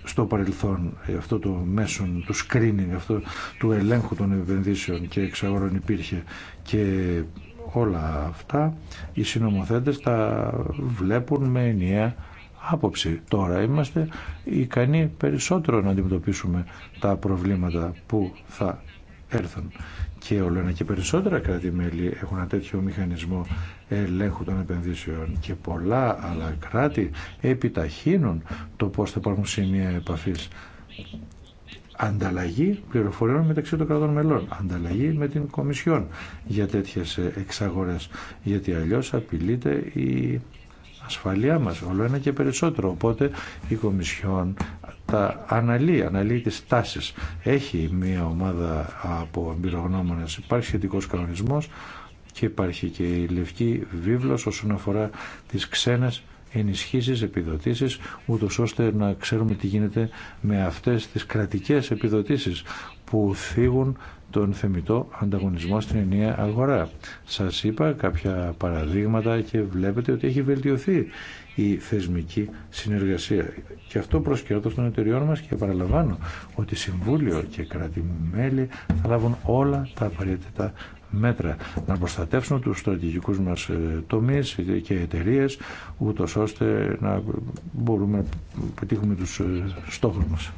στο παρελθόν αυτό το μέσον του screening, αυτό του ελέγχου των επενδύσεων και εξαγορών υπήρχε και όλα αυτά οι συνομοθέτες τα βλέπουν με ενιαία άποψη. Τώρα είμαστε ικανοί περισσότερο να αντιμετωπίσουμε τα προβλήματα που θα έρθουν. Και όλο ένα και περισσότερα κράτη-μέλη έχουν ένα τέτοιο μηχανισμό ελέγχου των επενδύσεων και πολλά άλλα κράτη επιταχύνουν το πώς θα υπάρχουν σημεία επαφής ανταλλαγή πληροφοριών μεταξύ των κρατών μελών, ανταλλαγή με την Κομισιόν για τέτοιες ε, εξαγορές, γιατί αλλιώς απειλείται η ασφαλειά μας, όλο ένα και περισσότερο. Οπότε η Κομισιόν τα αναλύει, αναλύει τις τάσεις. Έχει μια ομάδα από εμπειρογνώμονες, υπάρχει σχετικός κανονισμός και υπάρχει και η λευκή βίβλος όσον αφορά τις ξένες ενισχύσεις, επιδοτήσεις, ούτως ώστε να ξέρουμε τι γίνεται με αυτές τις κρατικές επιδοτήσεις που θίγουν τον θεμητό ανταγωνισμό στην ενιαία αγορά. Σας είπα κάποια παραδείγματα και βλέπετε ότι έχει βελτιωθεί η θεσμική συνεργασία. Και αυτό προς στον των εταιριών μας και παραλαμβάνω ότι Συμβούλιο και κράτη-μέλη θα λάβουν όλα τα απαραίτητα μέτρα, να προστατεύσουν τους στρατηγικούς μας ε, τομείς και εταιρείε, ούτω ώστε να μπορούμε να πετύχουμε τους ε, στόχους μας.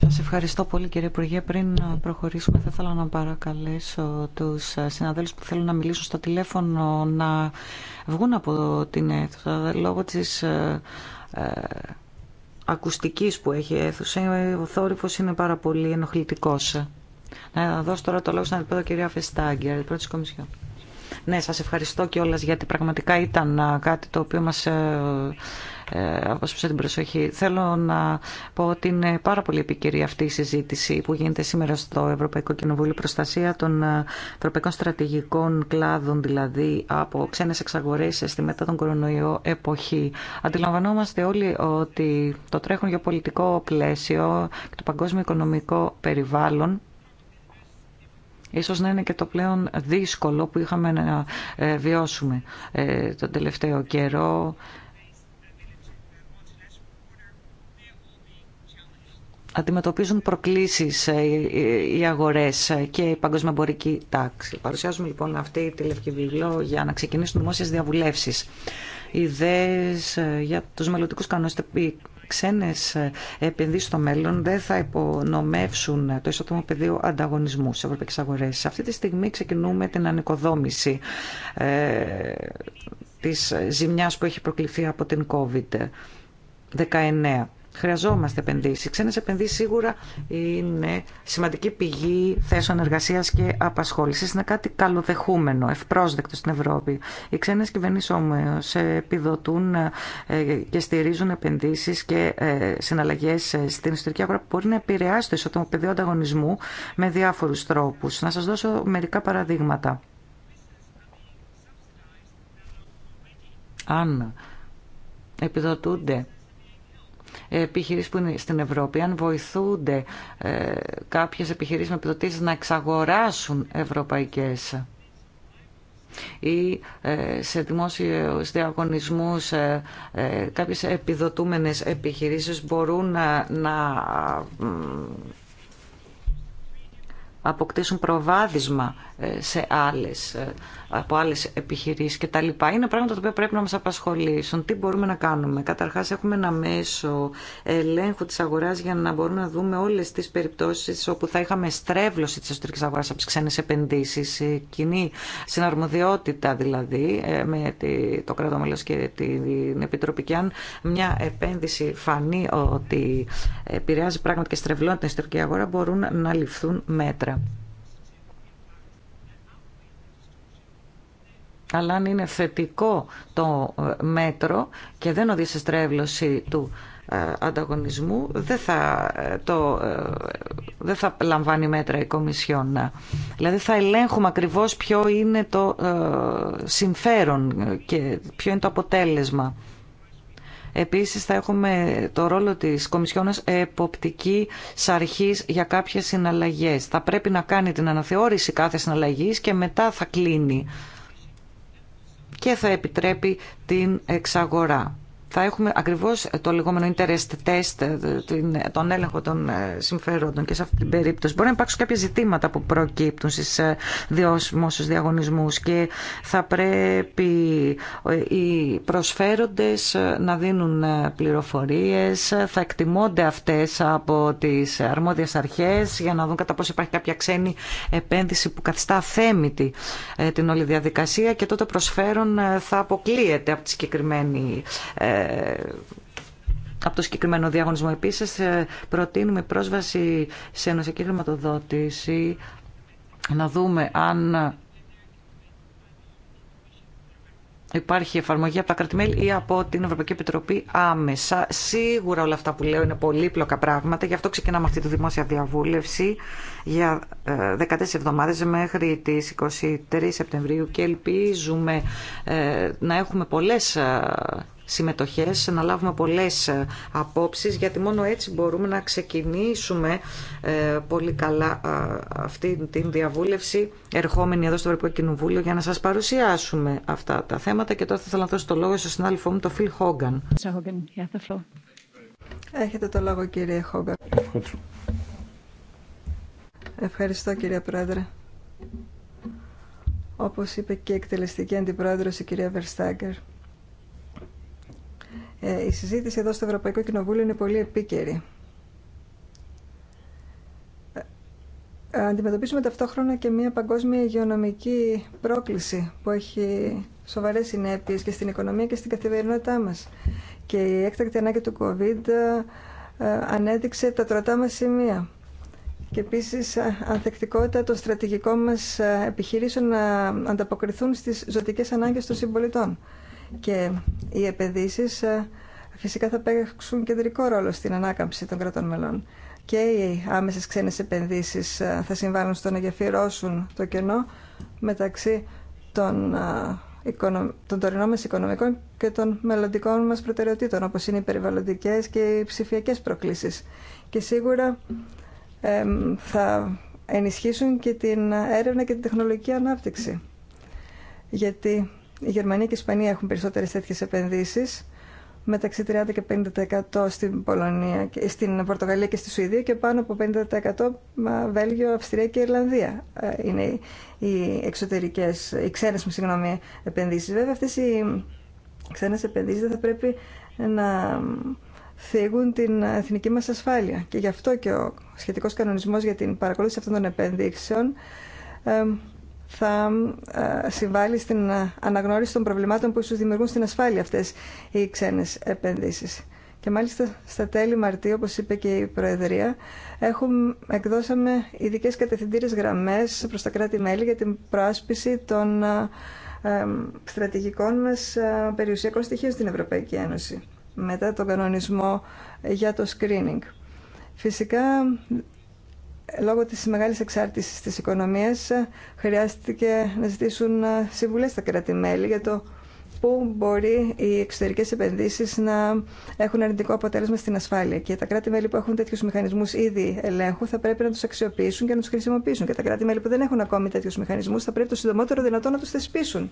Σας ευχαριστώ πολύ κύριε Υπουργέ. Πριν ε, προχωρήσουμε θα ήθελα να παρακαλέσω τους συναδέλφους που θέλουν να μιλήσουν στο τηλέφωνο να βγουν από την αίθουσα λόγω της ακουστικής που έχει η αίθουσα. Ο θόρυβος είναι πάρα πολύ ενοχλητικός. Να δώσω τώρα το λόγο στην αντιπρόεδρο κυρία Φεστάγκη, αντιπρόεδρο τη Κομισιόν. Ναι, σας ευχαριστώ κιόλας γιατί πραγματικά ήταν κάτι το οποίο μας ε, ε, αποσπίσε την προσοχή. Θέλω να πω ότι είναι πάρα πολύ επικυρή αυτή η συζήτηση που γίνεται σήμερα στο Ευρωπαϊκό Κοινοβούλιο προστασία των ευρωπαϊκών στρατηγικών κλάδων, δηλαδή από ξένες εξαγορές στη μετά τον κορονοϊό εποχή. Αντιλαμβανόμαστε όλοι ότι το τρέχον γεωπολιτικό πλαίσιο και το παγκόσμιο οικονομικό περιβάλλον ίσως να είναι και το πλέον δύσκολο που είχαμε να ε, βιώσουμε ε, τον τελευταίο καιρό. αντιμετωπίζουν προκλήσεις ε, οι αγορές και η παγκοσμιαμπορική τάξη. Παρουσιάζουμε λοιπόν αυτή τη λευκή βιβλό για να ξεκινήσουν δημόσιες διαβουλεύσεις. Ιδέες για τους μελλοντικούς κανόνες ξένες ε, επενδύσεις στο μέλλον δεν θα υπονομεύσουν το ισότιμο πεδίο ανταγωνισμού σε ευρωπαϊκές αγορές. αυτή τη στιγμή ξεκινούμε την ανοικοδόμηση ε, της ζημιάς που έχει προκληθεί από την COVID-19. Χρειαζόμαστε επενδύσει. Ξένε επενδύσει σίγουρα είναι σημαντική πηγή θέσεων εργασία και απασχόλησης. Είναι κάτι καλοδεχούμενο, ευπρόσδεκτο στην Ευρώπη. Οι ξένε κυβερνήσει όμω επιδοτούν ε, και στηρίζουν επενδύσει και ε, συναλλαγέ ε, στην ιστορική αγορά που μπορεί να επηρεάσει το ισότιμο πεδίο ανταγωνισμού με διάφορου τρόπου. Να σα δώσω μερικά παραδείγματα. Αν επιδοτούνται επιχειρήσεις που είναι στην Ευρώπη, αν βοηθούνται ε, κάποιες επιχειρήσεις με επιδοτήσεις να εξαγοράσουν ευρωπαϊκές ή ε, σε δημόσιους διαγωνισμούς ε, κάποιες επιδοτούμενες επιχειρήσεις μπορούν να, να αποκτήσουν προβάδισμα ε, σε άλλες, ε, από άλλες επιχειρήσεις και τα λοιπά. Είναι πράγματα τα οποία πρέπει να μας απασχολήσουν. Τι μπορούμε να κάνουμε. Καταρχάς έχουμε ένα μέσο ελέγχου της αγοράς για να μπορούμε να δούμε όλες τις περιπτώσεις όπου θα είχαμε στρέβλωση της εσωτερικής αγοράς από τις ξένες επενδύσεις, ε, κοινή συναρμοδιότητα δηλαδή με το κράτο μέλος και την Επιτροπή και αν μια επένδυση φανεί ότι επηρεάζει πράγματα και στρεβλώνει την εσωτερική αγορά μπορούν να ληφθούν μέτρα. Αλλά αν είναι θετικό το ε, μέτρο και δεν οδεί σε στρέβλωση του ε, ανταγωνισμού, δεν θα, ε, το, δεν θα λαμβάνει μέτρα η Κομισιόν. Δηλαδή θα ελέγχουμε ακριβώς ποιο είναι το συμφέρον και ποιο είναι το αποτέλεσμα. Επίσης θα έχουμε το ρόλο της Κομισιόνας εποπτική αρχής για κάποιες συναλλαγές. Θα πρέπει να κάνει την αναθεώρηση κάθε συναλλαγής και μετά θα κλείνει και θα επιτρέπει την εξαγορά θα έχουμε ακριβώς το λεγόμενο interest test, τον έλεγχο των ε, συμφερόντων και σε αυτή την περίπτωση. Μπορεί να υπάρξουν κάποια ζητήματα που προκύπτουν στις ε, δημόσιους διαγωνισμούς και θα πρέπει ε, οι προσφέροντες να δίνουν πληροφορίες, θα εκτιμώνται αυτές από τις αρμόδιες αρχές για να δουν κατά πόσο υπάρχει κάποια ξένη επένδυση που καθιστά θέμητη την όλη διαδικασία και τότε προσφέρον θα αποκλείεται από τη συγκεκριμένη από το συγκεκριμένο διαγωνισμό. Επίσης, ε, προτείνουμε πρόσβαση σε ενωσιακή χρηματοδότηση, να δούμε αν υπάρχει εφαρμογή από τα κρατημέλη ή από την Ευρωπαϊκή Επιτροπή άμεσα. Σίγουρα όλα αυτά που λέω είναι πολύπλοκα πράγματα, γι' αυτό ξεκινάμε αυτή τη δημόσια διαβούλευση για 14 ε, εβδομάδες μέχρι τις 23 Σεπτεμβρίου και ελπίζουμε ε, να έχουμε πολλές συμμετοχές, να λάβουμε πολλές ε, απόψεις, γιατί μόνο έτσι μπορούμε να ξεκινήσουμε ε, πολύ καλά ε, αυτή την διαβούλευση ερχόμενη εδώ στο Ευρωπαϊκό Κοινοβούλιο για να σας παρουσιάσουμε αυτά τα θέματα και τώρα θα ήθελα να δώσω το λόγο στο συνάδελφό μου, τον Φιλ Χόγκαν. Έχετε το λόγο κύριε Χόγκαν. Ευχαριστώ. Ευχαριστώ κύριε Πρόεδρε. Όπως είπε και η εκτελεστική αντιπρόεδρος η κυρία Βερστάγκερ, ε, η συζήτηση εδώ στο Ευρωπαϊκό Κοινοβούλιο είναι πολύ επίκαιρη. Ε, ε, αντιμετωπίζουμε ταυτόχρονα και μια παγκόσμια υγειονομική πρόκληση που έχει σοβαρές συνέπειες και στην οικονομία και στην καθημερινότητά μας. Και η έκτακτη ανάγκη του COVID ανέδειξε τα τρωτά μας σημεία. Και επίση ανθεκτικότητα των στρατηγικών μα επιχειρήσεων να ανταποκριθούν στι ζωτικέ ανάγκε των συμπολιτών και οι επενδύσει ε, φυσικά θα παίξουν κεντρικό ρόλο στην ανάκαμψη των κρατών μελών. Και οι άμεσε ξένε επενδύσει ε, θα συμβάλλουν στο να γεφυρώσουν το κενό μεταξύ των, ε, των τωρινών μας οικονομικών και των μελλοντικών μας προτεραιοτήτων, όπω είναι οι περιβαλλοντικέ και οι ψηφιακέ προκλήσει. Και σίγουρα θα ενισχύσουν και την έρευνα και την τεχνολογική ανάπτυξη. Γιατί η Γερμανία και η Ισπανία έχουν περισσότερες τέτοιε επενδύσει, μεταξύ 30 και 50% στην, Πολωνία, στην Πορτογαλία και στη Σουηδία και πάνω από 50% Βέλγιο, Αυστρία και Ιρλανδία ε, είναι οι εξωτερικές, οι ξένες μου συγγνώμη, επενδύσεις. Βέβαια αυτέ οι ξένες επενδύσεις δεν θα πρέπει να θίγουν την εθνική μας ασφάλεια και γι' αυτό και ο σχετικός κανονισμός για την παρακολούθηση αυτών των επενδύσεων ε, θα ε, συμβάλλει στην ε, αναγνώριση των προβλημάτων που ίσως δημιουργούν στην ασφάλεια αυτές οι ξένες επενδύσεις. Και μάλιστα στα τέλη Μαρτίου, όπως είπε και η Προεδρία, έχουμε, εκδώσαμε ειδικέ κατευθυντήρες γραμμές προς τα κράτη-μέλη για την προάσπιση των ε, στρατηγικών μας περιουσιακών στοιχείων στην Ευρωπαϊκή Ένωση μετά τον κανονισμό για το screening. Φυσικά λόγω της μεγάλης εξάρτησης της οικονομίας ε, χρειάστηκε να ζητήσουν ε, συμβουλές στα κράτη-μέλη για το πού μπορεί οι εξωτερικές επενδύσεις να έχουν αρνητικό αποτέλεσμα στην ασφάλεια. Και τα κράτη-μέλη που έχουν τέτοιους μηχανισμούς ήδη ελέγχου θα πρέπει να τους αξιοποιήσουν και να τους χρησιμοποιήσουν. Και τα κράτη-μέλη που δεν έχουν ακόμη τέτοιους μηχανισμούς θα πρέπει το συντομότερο δυνατό να τους θεσπίσουν.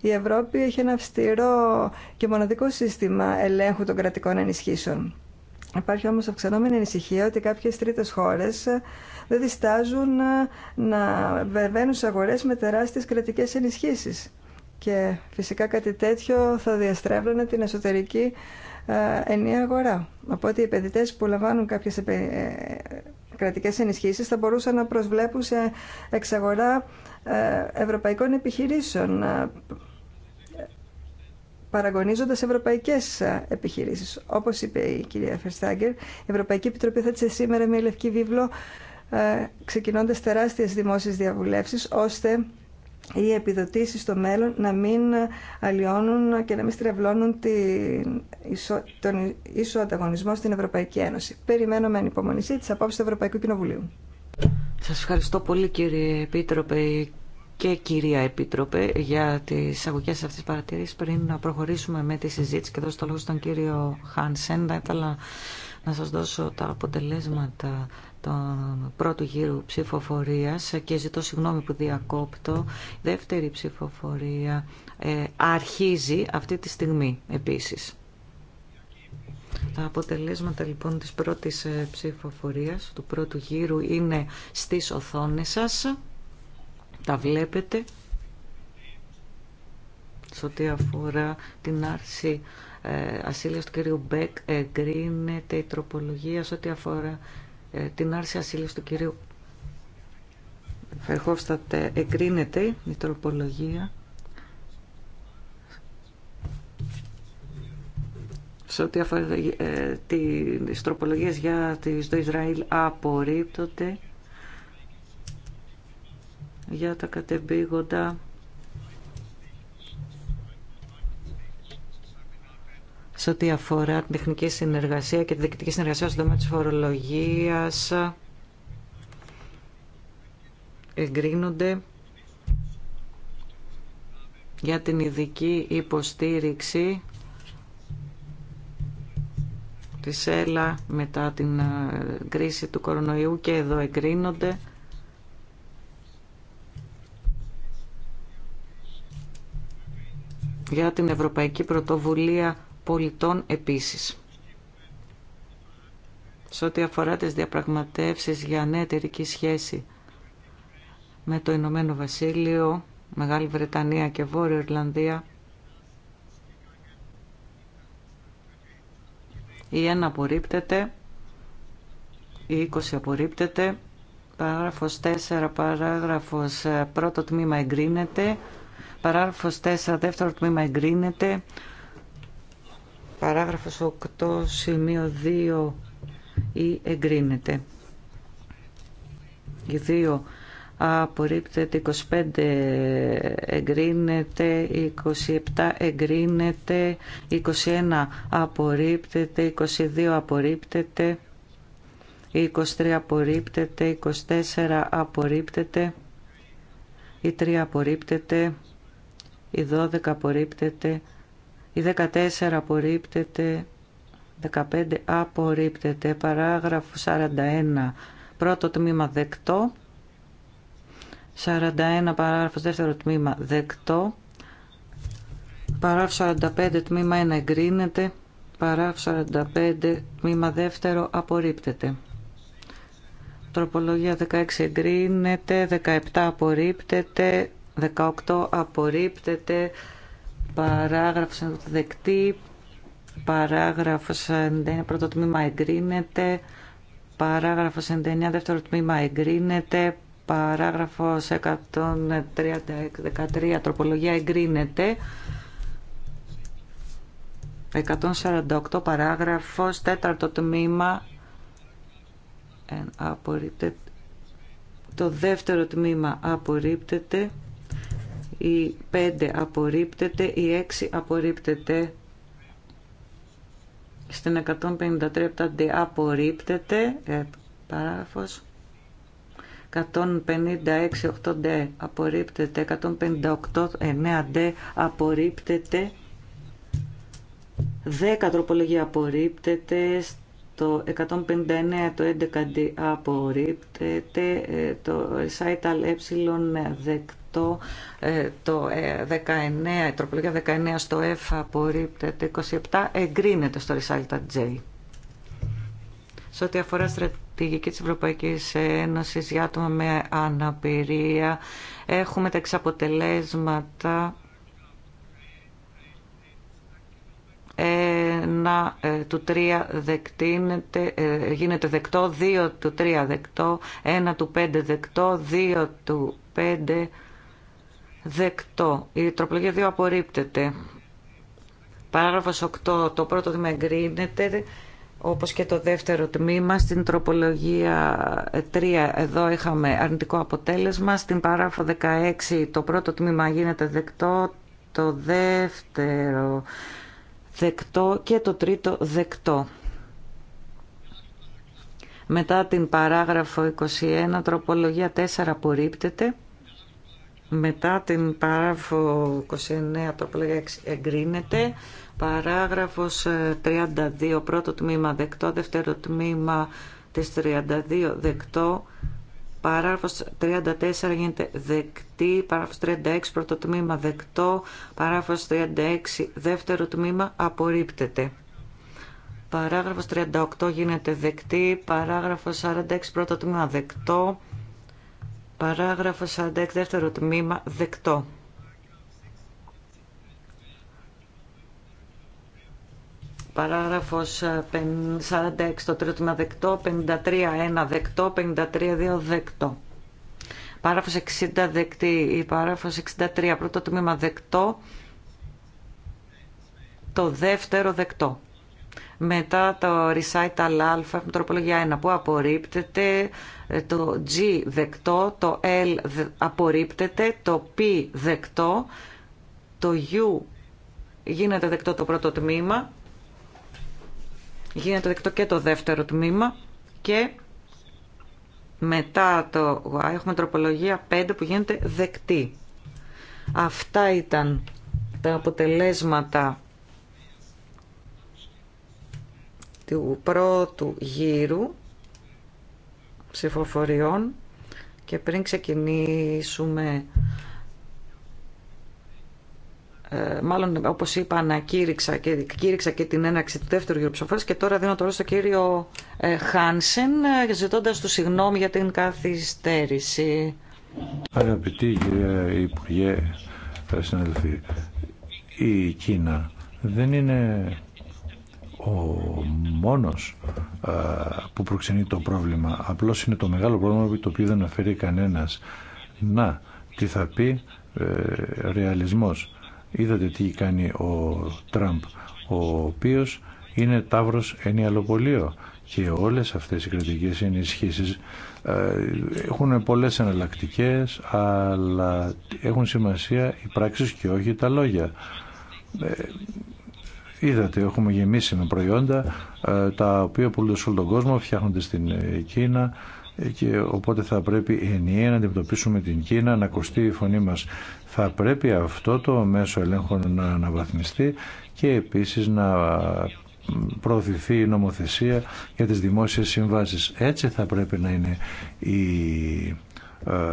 Η Ευρώπη έχει ένα αυστηρό και μοναδικό σύστημα ελέγχου των κρατικών ενισχύσεων. Υπάρχει όμως αυξανόμενη ανησυχία ότι κάποιες τρίτες χώρες ε, δεν διστάζουν ε, να βεβαίνουν σε αγορές με τεράστιες κρατικές ενισχύσεις. Και φυσικά κάτι τέτοιο θα διαστρέβλωνε την εσωτερική ε, ενιαία αγορά. Οπότε οι επενδυτές που λαμβάνουν κάποιες κρατικές ενισχύσεις θα μπορούσαν να προσβλέπουν σε εξαγορά ευρωπαϊκών επιχειρήσεων παραγωνίζοντας ευρωπαϊκές ε, επιχειρήσεις. Όπως είπε η κυρία Φερστάγκερ, η Ευρωπαϊκή Επιτροπή θα σήμερα μια λευκή βίβλο ε, ξεκινώντας τεράστιες δημόσιες διαβουλεύσεις, ώστε οι επιδοτήσεις στο μέλλον να μην ε, αλλοιώνουν και να μην στρεβλώνουν τον ίσο ανταγωνισμό στην Ευρωπαϊκή Ένωση. Περιμένω με ανυπομονησία τις απόψεις του Ευρωπαϊκού Κοινοβουλίου. Σας ευχαριστώ πολύ κύριε Επίτροπε και κυρία Επίτροπε για τις αγωγές αυτές της παρατήρησης πριν να προχωρήσουμε με τη συζήτηση και δώσω το λόγο στον κύριο Χάνσεν θα ήθελα να σας δώσω τα αποτελέσματα τον πρώτου γύρου ψηφοφορίας και ζητώ συγγνώμη που διακόπτω. Η δεύτερη ψηφοφορία ε, αρχίζει αυτή τη στιγμή επίσης. Τα αποτελέσματα λοιπόν της πρώτης ε, ψηφοφορίας, του πρώτου γύρου, είναι στις οθόνες σας τα βλέπετε σε ό,τι αφορά την άρση ε, ασύλειας του κυρίου Μπέκ εγκρίνεται η τροπολογία σε ό,τι αφορά ε, την άρση ασύλειας του κυρίου Φερχόφστατ ε, εγκρίνεται η τροπολογία σε ό,τι αφορά ε, τις για τις, το Ισραήλ απορρίπτονται για τα κατεμπήγοντα σε ό,τι αφορά την τεχνική συνεργασία και τη διοικητική συνεργασία στον τομέα της φορολογίας εγκρίνονται για την ειδική υποστήριξη της ΕΛΑ μετά την ε, κρίση του κορονοϊού και εδώ εγκρίνονται για την Ευρωπαϊκή Πρωτοβουλία Πολιτών επίσης. Σε ό,τι αφορά τις διαπραγματεύσεις για νέα εταιρική σχέση με το Ηνωμένο Βασίλειο, Μεγάλη Βρετανία και Βόρειο Ιρλανδία, η 1 απορρίπτεται, η 20 απορρίπτεται, παράγραφος 4, παράγραφος ε, πρώτο τμήμα εγκρίνεται, Παράγραφος 4, δεύτερο τμήμα εγκρίνεται. Παράγραφος 8, σημείο 2 ή εγκρίνεται. Οι 2 απορρίπτεται, 25 εγκρίνεται, 27 εγκρίνεται, 21 απορρίπτεται, 22 απορρίπτεται, 23 απορρίπτεται, 24 απορρίπτεται, η 3 απορρίπτεται, η 12 απορρίπτεται, η 14 απορρίπτεται, 15 απορρίπτεται, παράγραφο 41 πρώτο τμήμα δεκτό, 41 παράγραφος δεύτερο τμήμα δεκτό, παράγραφο 45 τμήμα 1 εγκρίνεται, παράγραφο 45 τμήμα δεύτερο απορρίπτεται. Τροπολογία 16 εγκρίνεται, 17 απορρίπτεται, 18 απορρίπτεται, παράγραφος δεκτή, παράγραφος 91 πρώτο τμήμα εγκρίνεται, παράγραφος 99 δεύτερο τμήμα εγκρίνεται, παράγραφος 133. τροπολογία εγκρίνεται, 148 παράγραφος τέταρτο τμήμα απορρίπτεται, το δεύτερο τμήμα απορρίπτεται, η 5 απορρίπτεται, η 6 απορρίπτεται, στην 153 d απορρίπτεται, ε, 156 8 απορρίπτεται, 158 9D απορρίπτεται, 10 τροπολογία απορρίπτεται, το 159 ε, το 11D απορρίπτεται, το recital ε, ε δεκτό, το 19 ε, ε, η τροπολογία 19 στο F απορρίπτεται 27 εγκρίνεται στο Result J Σε ό,τι αφορά στρατηγική της Ευρωπαϊκής Ένωσης για άτομα με αναπηρία έχουμε τα εξαποτελέσματα 1 ε, του 3 γίνεται δεκτό 2 του 3 δεκτό 1 του 5 δεκτό 2 του 5 δεκτό. Η τροπολογία 2 απορρίπτεται. Παράγραφος 8, το πρώτο τμήμα εγκρίνεται, όπως και το δεύτερο τμήμα. Στην τροπολογία 3, εδώ είχαμε αρνητικό αποτέλεσμα. Στην παράγραφο 16, το πρώτο τμήμα γίνεται δεκτό, το δεύτερο δεκτό και το τρίτο δεκτό. Μετά την παράγραφο 21, τροπολογία 4 απορρίπτεται. Μετά την παράγραφο 29 το 6 εγκρίνεται. Παράγραφος 32 ε, πρώτο τμήμα δεκτό, δεύτερο τμήμα της 32 δεκτό. Παράγραφος 34 γίνεται δεκτή, παράγραφος 36 πρώτο τμήμα δεκτό, παράγραφος 36 δεύτερο τμήμα απορρίπτεται. Παράγραφος 38 γίνεται δεκτή, παράγραφος 46 πρώτο τμήμα δεκτό, Παράγραφος 46, δεύτερο τμήμα, δεκτό. Παράγραφος 46, ε, το τρίτο τμήμα δεκτό, 53-1 δεκτό, 53-2 δεκτό. Παράγραφος 60 δεκτή, η παράγραφος 63, πρώτο τμήμα δεκτό, το δεύτερο δεκτό μετά το recital α έχουμε τροπολογία 1 που απορρίπτεται, το G δεκτό, το L απορρίπτεται, το P δεκτό, το U γίνεται δεκτό το πρώτο τμήμα, γίνεται δεκτό και το δεύτερο τμήμα και μετά το Y έχουμε τροπολογία 5 που γίνεται δεκτή. Αυτά ήταν τα αποτελέσματα του πρώτου γύρου ψηφοφοριών και πριν ξεκινήσουμε ε, μάλλον όπως είπα ανακήρυξα και, κήρυξα και την έναρξη του δεύτερου γύρου ψηφοφορίας και τώρα δίνω το στο στον κύριο ε, Χάνσεν ε, ζητώντας του συγγνώμη για την καθυστέρηση. Αγαπητοί κύριε Υπουργέ, συναδελφοί, η Κίνα δεν είναι ο μόνος ε, που προξενεί το πρόβλημα. Απλώς είναι το μεγάλο πρόβλημα το οποίο δεν αναφέρει κανένας. Να, τι θα πει ε, ρεαλισμός. Είδατε τι κάνει ο Τραμπ, ο οποίος είναι τάβρος ενιαλοπολείο και όλες αυτές οι κρατικές ενισχύσεις ε, έχουν πολλές εναλλακτικέ, αλλά έχουν σημασία οι πράξεις και όχι τα λόγια. Ε, Είδατε, έχουμε γεμίσει με προϊόντα ε, τα οποία πουλούνται σε όλο τον κόσμο, φτιάχνονται στην ε, Κίνα ε, και οπότε θα πρέπει ενιαία να αντιμετωπίσουμε την Κίνα, να ακουστεί η φωνή μας. Θα πρέπει αυτό το μέσο ελέγχων να αναβαθμιστεί και επίσης να προωθηθεί η νομοθεσία για τις δημόσιες συμβάσεις. Έτσι θα πρέπει να είναι η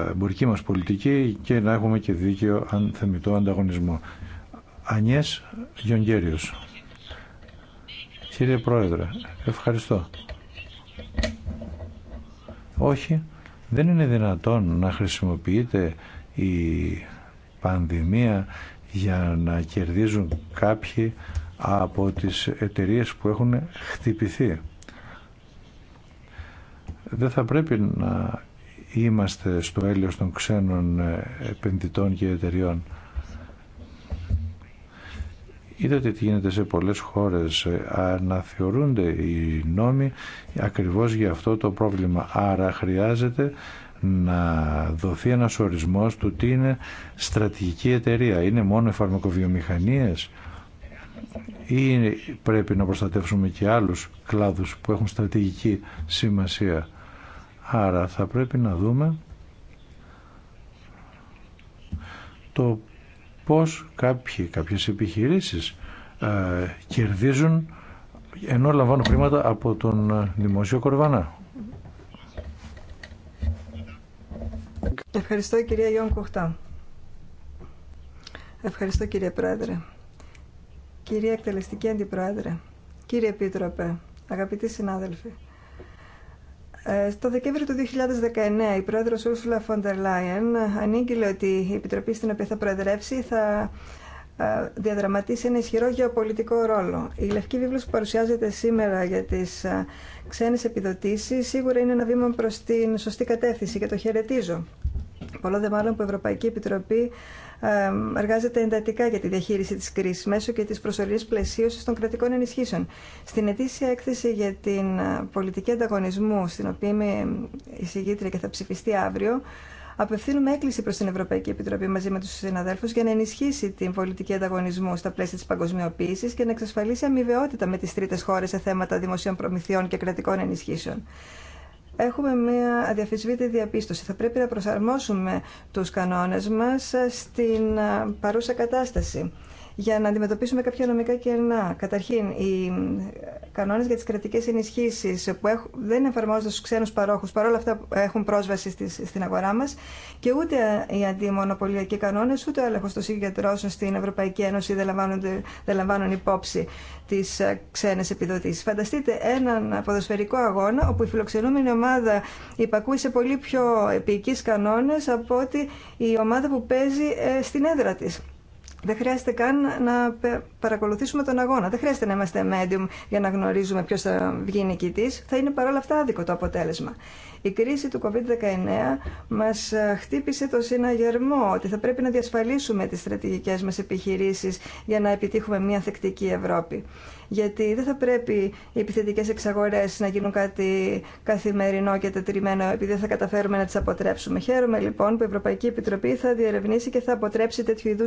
εμπορική μας πολιτική και να έχουμε και δίκαιο αν θεμητό ανταγωνισμό. Ανιές Γιονγκέριος. Κύριε Πρόεδρε, ευχαριστώ. Όχι, δεν είναι δυνατόν να χρησιμοποιείται η πανδημία για να κερδίζουν κάποιοι από τις εταιρείες που έχουν χτυπηθεί. Δεν θα πρέπει να είμαστε στο έλεος των ξένων επενδυτών και εταιριών. Είδατε τι γίνεται σε πολλές χώρες. Ε, αναθεωρούνται οι νόμοι ακριβώς για αυτό το πρόβλημα. Άρα χρειάζεται να δοθεί ένας ορισμός του τι είναι στρατηγική εταιρεία. Είναι μόνο οι φαρμακοβιομηχανίες ή πρέπει να προστατεύσουμε και άλλους κλάδους που έχουν στρατηγική σημασία. Άρα θα πρέπει να δούμε το πώς κάποιοι, κάποιες επιχειρήσεις ε, κερδίζουν ενώ λαμβάνουν χρήματα από τον ε, δημόσιο κορβανά. Ευχαριστώ κυρία Ιόν Κοχτά. Ευχαριστώ κύριε Πρόεδρε. Κυρία Εκτελεστική Αντιπρόεδρε, κύριε Επίτροπε, αγαπητοί συνάδελφοι, ε, στο Δεκέμβριο του 2019 η πρόεδρος Ursula von der ανήγγειλε ότι η επιτροπή στην οποία θα προεδρεύσει θα ε, διαδραματίσει ένα ισχυρό γεωπολιτικό ρόλο. Η Λευκή Βίβλος που παρουσιάζεται σήμερα για τις ε, ξένες επιδοτήσεις σίγουρα είναι ένα βήμα προς την σωστή κατεύθυνση και το χαιρετίζω. Πολλό δε μάλλον που η Ευρωπαϊκή Επιτροπή εργάζεται εντατικά για τη διαχείριση τη κρίση μέσω και τη προσωρινή πλαισίωση των κρατικών ενισχύσεων. Στην ετήσια έκθεση για την ε, πολιτική ανταγωνισμού, στην οποία είμαι εισηγήτρια και θα ψηφιστεί αύριο, Απευθύνουμε έκκληση προ την Ευρωπαϊκή Επιτροπή μαζί με του συναδέλφου για να ενισχύσει την πολιτική ανταγωνισμού στα πλαίσια τη παγκοσμιοποίηση και να εξασφαλίσει αμοιβαιότητα με τι τρίτε χώρε σε θέματα δημοσίων προμηθειών και κρατικών ενισχύσεων έχουμε μια αδιαφυσβήτη διαπίστωση. Θα πρέπει να προσαρμόσουμε τους κανόνες μας στην παρούσα κατάσταση για να αντιμετωπίσουμε κάποια νομικά κενά. Καταρχήν, οι ε, κανόνε για τι κρατικέ ενισχύσει που έχουν, δεν εφαρμόζονται στου ξένους παρόχους, παρόλα αυτά έχουν πρόσβαση στις, στην αγορά μα, και ούτε οι αντιμονοπολιακοί κανόνε ούτε ο έλεγχο των συγκεντρώσεων στην Ευρωπαϊκή Ένωση δεν, δεν λαμβάνουν υπόψη τι ε, ξένε επιδοτήσει. Φανταστείτε έναν ποδοσφαιρικό αγώνα όπου η φιλοξενούμενη ομάδα υπακούει σε πολύ πιο επίκει κανόνε από ότι η ομάδα που παίζει ε, στην έδρα τη. Δεν χρειάζεται καν να παρακολουθήσουμε τον αγώνα. Δεν χρειάζεται να είμαστε medium για να γνωρίζουμε ποιο θα βγει νικητή. Θα είναι παρόλα αυτά άδικο το αποτέλεσμα. Η κρίση του COVID-19 μα ε, χτύπησε το συναγερμό ότι θα πρέπει να διασφαλίσουμε τι στρατηγικέ μα επιχειρήσει για να επιτύχουμε μια θεκτική Ευρώπη γιατί δεν θα πρέπει οι επιθετικές εξαγορές να γίνουν κάτι καθημερινό και τετριμένο επειδή δεν θα καταφέρουμε να τις αποτρέψουμε. Χαίρομαι λοιπόν που η Ευρωπαϊκή Επιτροπή θα διερευνήσει και θα αποτρέψει τέτοιου είδου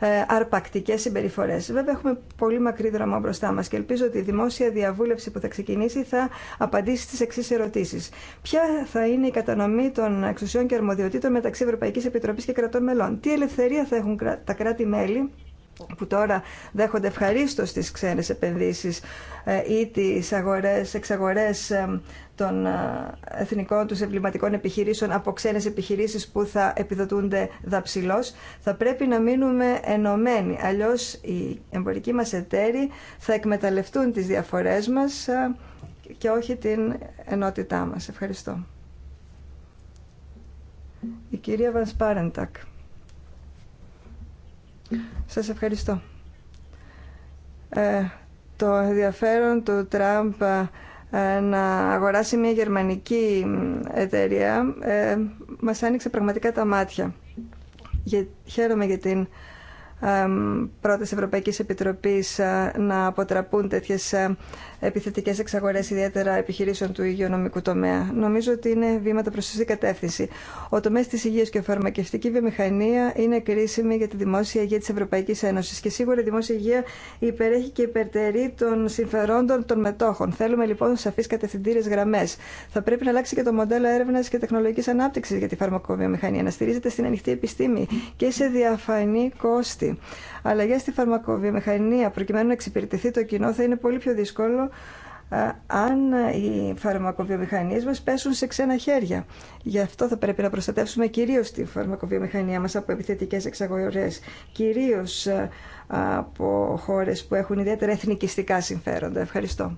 ε, αρπακτικές συμπεριφορές. Βέβαια έχουμε πολύ μακρύ δρόμο μπροστά μας και ελπίζω ότι η δημόσια διαβούλευση που θα ξεκινήσει θα απαντήσει στις εξή ερωτήσεις. Ποια θα είναι η κατανομή των εξουσιών και αρμοδιοτήτων μεταξύ Ευρωπαϊκής Επιτροπής και κρατών μελών. Τι ελευθερία θα έχουν τα κράτη-μέλη που τώρα δέχονται ευχαρίστω τι ξένες επενδύσει ε, ή τι εξαγορές ε, των ε, εθνικών του εμβληματικών επιχειρήσεων από ξένες επιχειρήσεις που θα επιδοτούνται δαψιλώς, θα πρέπει να μείνουμε ενωμένοι. Αλλιώ οι εμπορικοί μας εταίροι θα εκμεταλλευτούν τις διαφορές μας και όχι την ενότητά μας. Ευχαριστώ. Η κυρία Βανσπάρεντακ. Σας ευχαριστώ. Ε, το ενδιαφέρον του Τραμπ ε, να αγοράσει μια γερμανική εταιρεία ε, μας άνοιξε πραγματικά τα μάτια. Για, χαίρομαι για την πρώτες Ευρωπαϊκής Επιτροπής ε, να αποτραπούν τέτοιες ε, επιθετικές εξαγορές ιδιαίτερα επιχειρήσεων του υγειονομικού τομέα. Νομίζω ότι είναι βήματα προς σωστή κατεύθυνση. Ο τομέας της υγείας και η φαρμακευτική βιομηχανία είναι κρίσιμη για τη δημόσια υγεία της Ευρωπαϊκής Ένωσης και σίγουρα η δημόσια υγεία υπερέχει και υπερτερεί των συμφερόντων των μετόχων. Θέλουμε λοιπόν σαφείς κατευθυντήρε γραμμές. Θα πρέπει να αλλάξει και το μοντέλο έρευνας και τεχνολογικής ανάπτυξης για τη φαρμακοβιομηχανία, να στηρίζεται στην ανοιχτή επιστήμη και σε διαφανή κόστη αλλά για στη φαρμακοβιομηχανία προκειμένου να εξυπηρετηθεί το κοινό θα είναι πολύ πιο δύσκολο ε, αν οι φαρμακοβιομηχανίες μας πέσουν σε ξένα χέρια. Γι' αυτό θα πρέπει να προστατεύσουμε κυρίως τη φαρμακοβιομηχανία μας από επιθετικές εξαγορές, κυρίως ε, από χώρες που έχουν ιδιαίτερα εθνικιστικά συμφέροντα. Ευχαριστώ.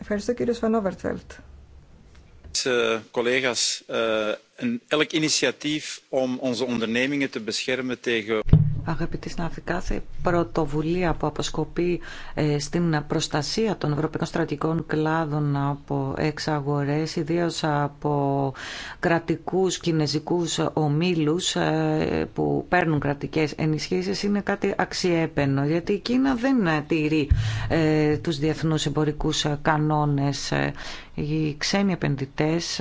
Ευχαριστώ κύριο Φανόβαρτφελτ collega's elk initiatief om onze ondernemingen te beschermen tegen Αγαπητοί συνάδελφοι, κάθε πρωτοβουλία που αποσκοπεί ε, στην προστασία των ευρωπαϊκών στρατικών κλάδων από εξαγορέ, ιδίως από κρατικούς κινέζικους ομίλους ε, που παίρνουν κρατικές ενισχύσεις, είναι κάτι αξιέπαινο, γιατί η Κίνα δεν τηρεί ε, τους διεθνού εμπορικούς κανόνες. Οι ξένοι επενδυτές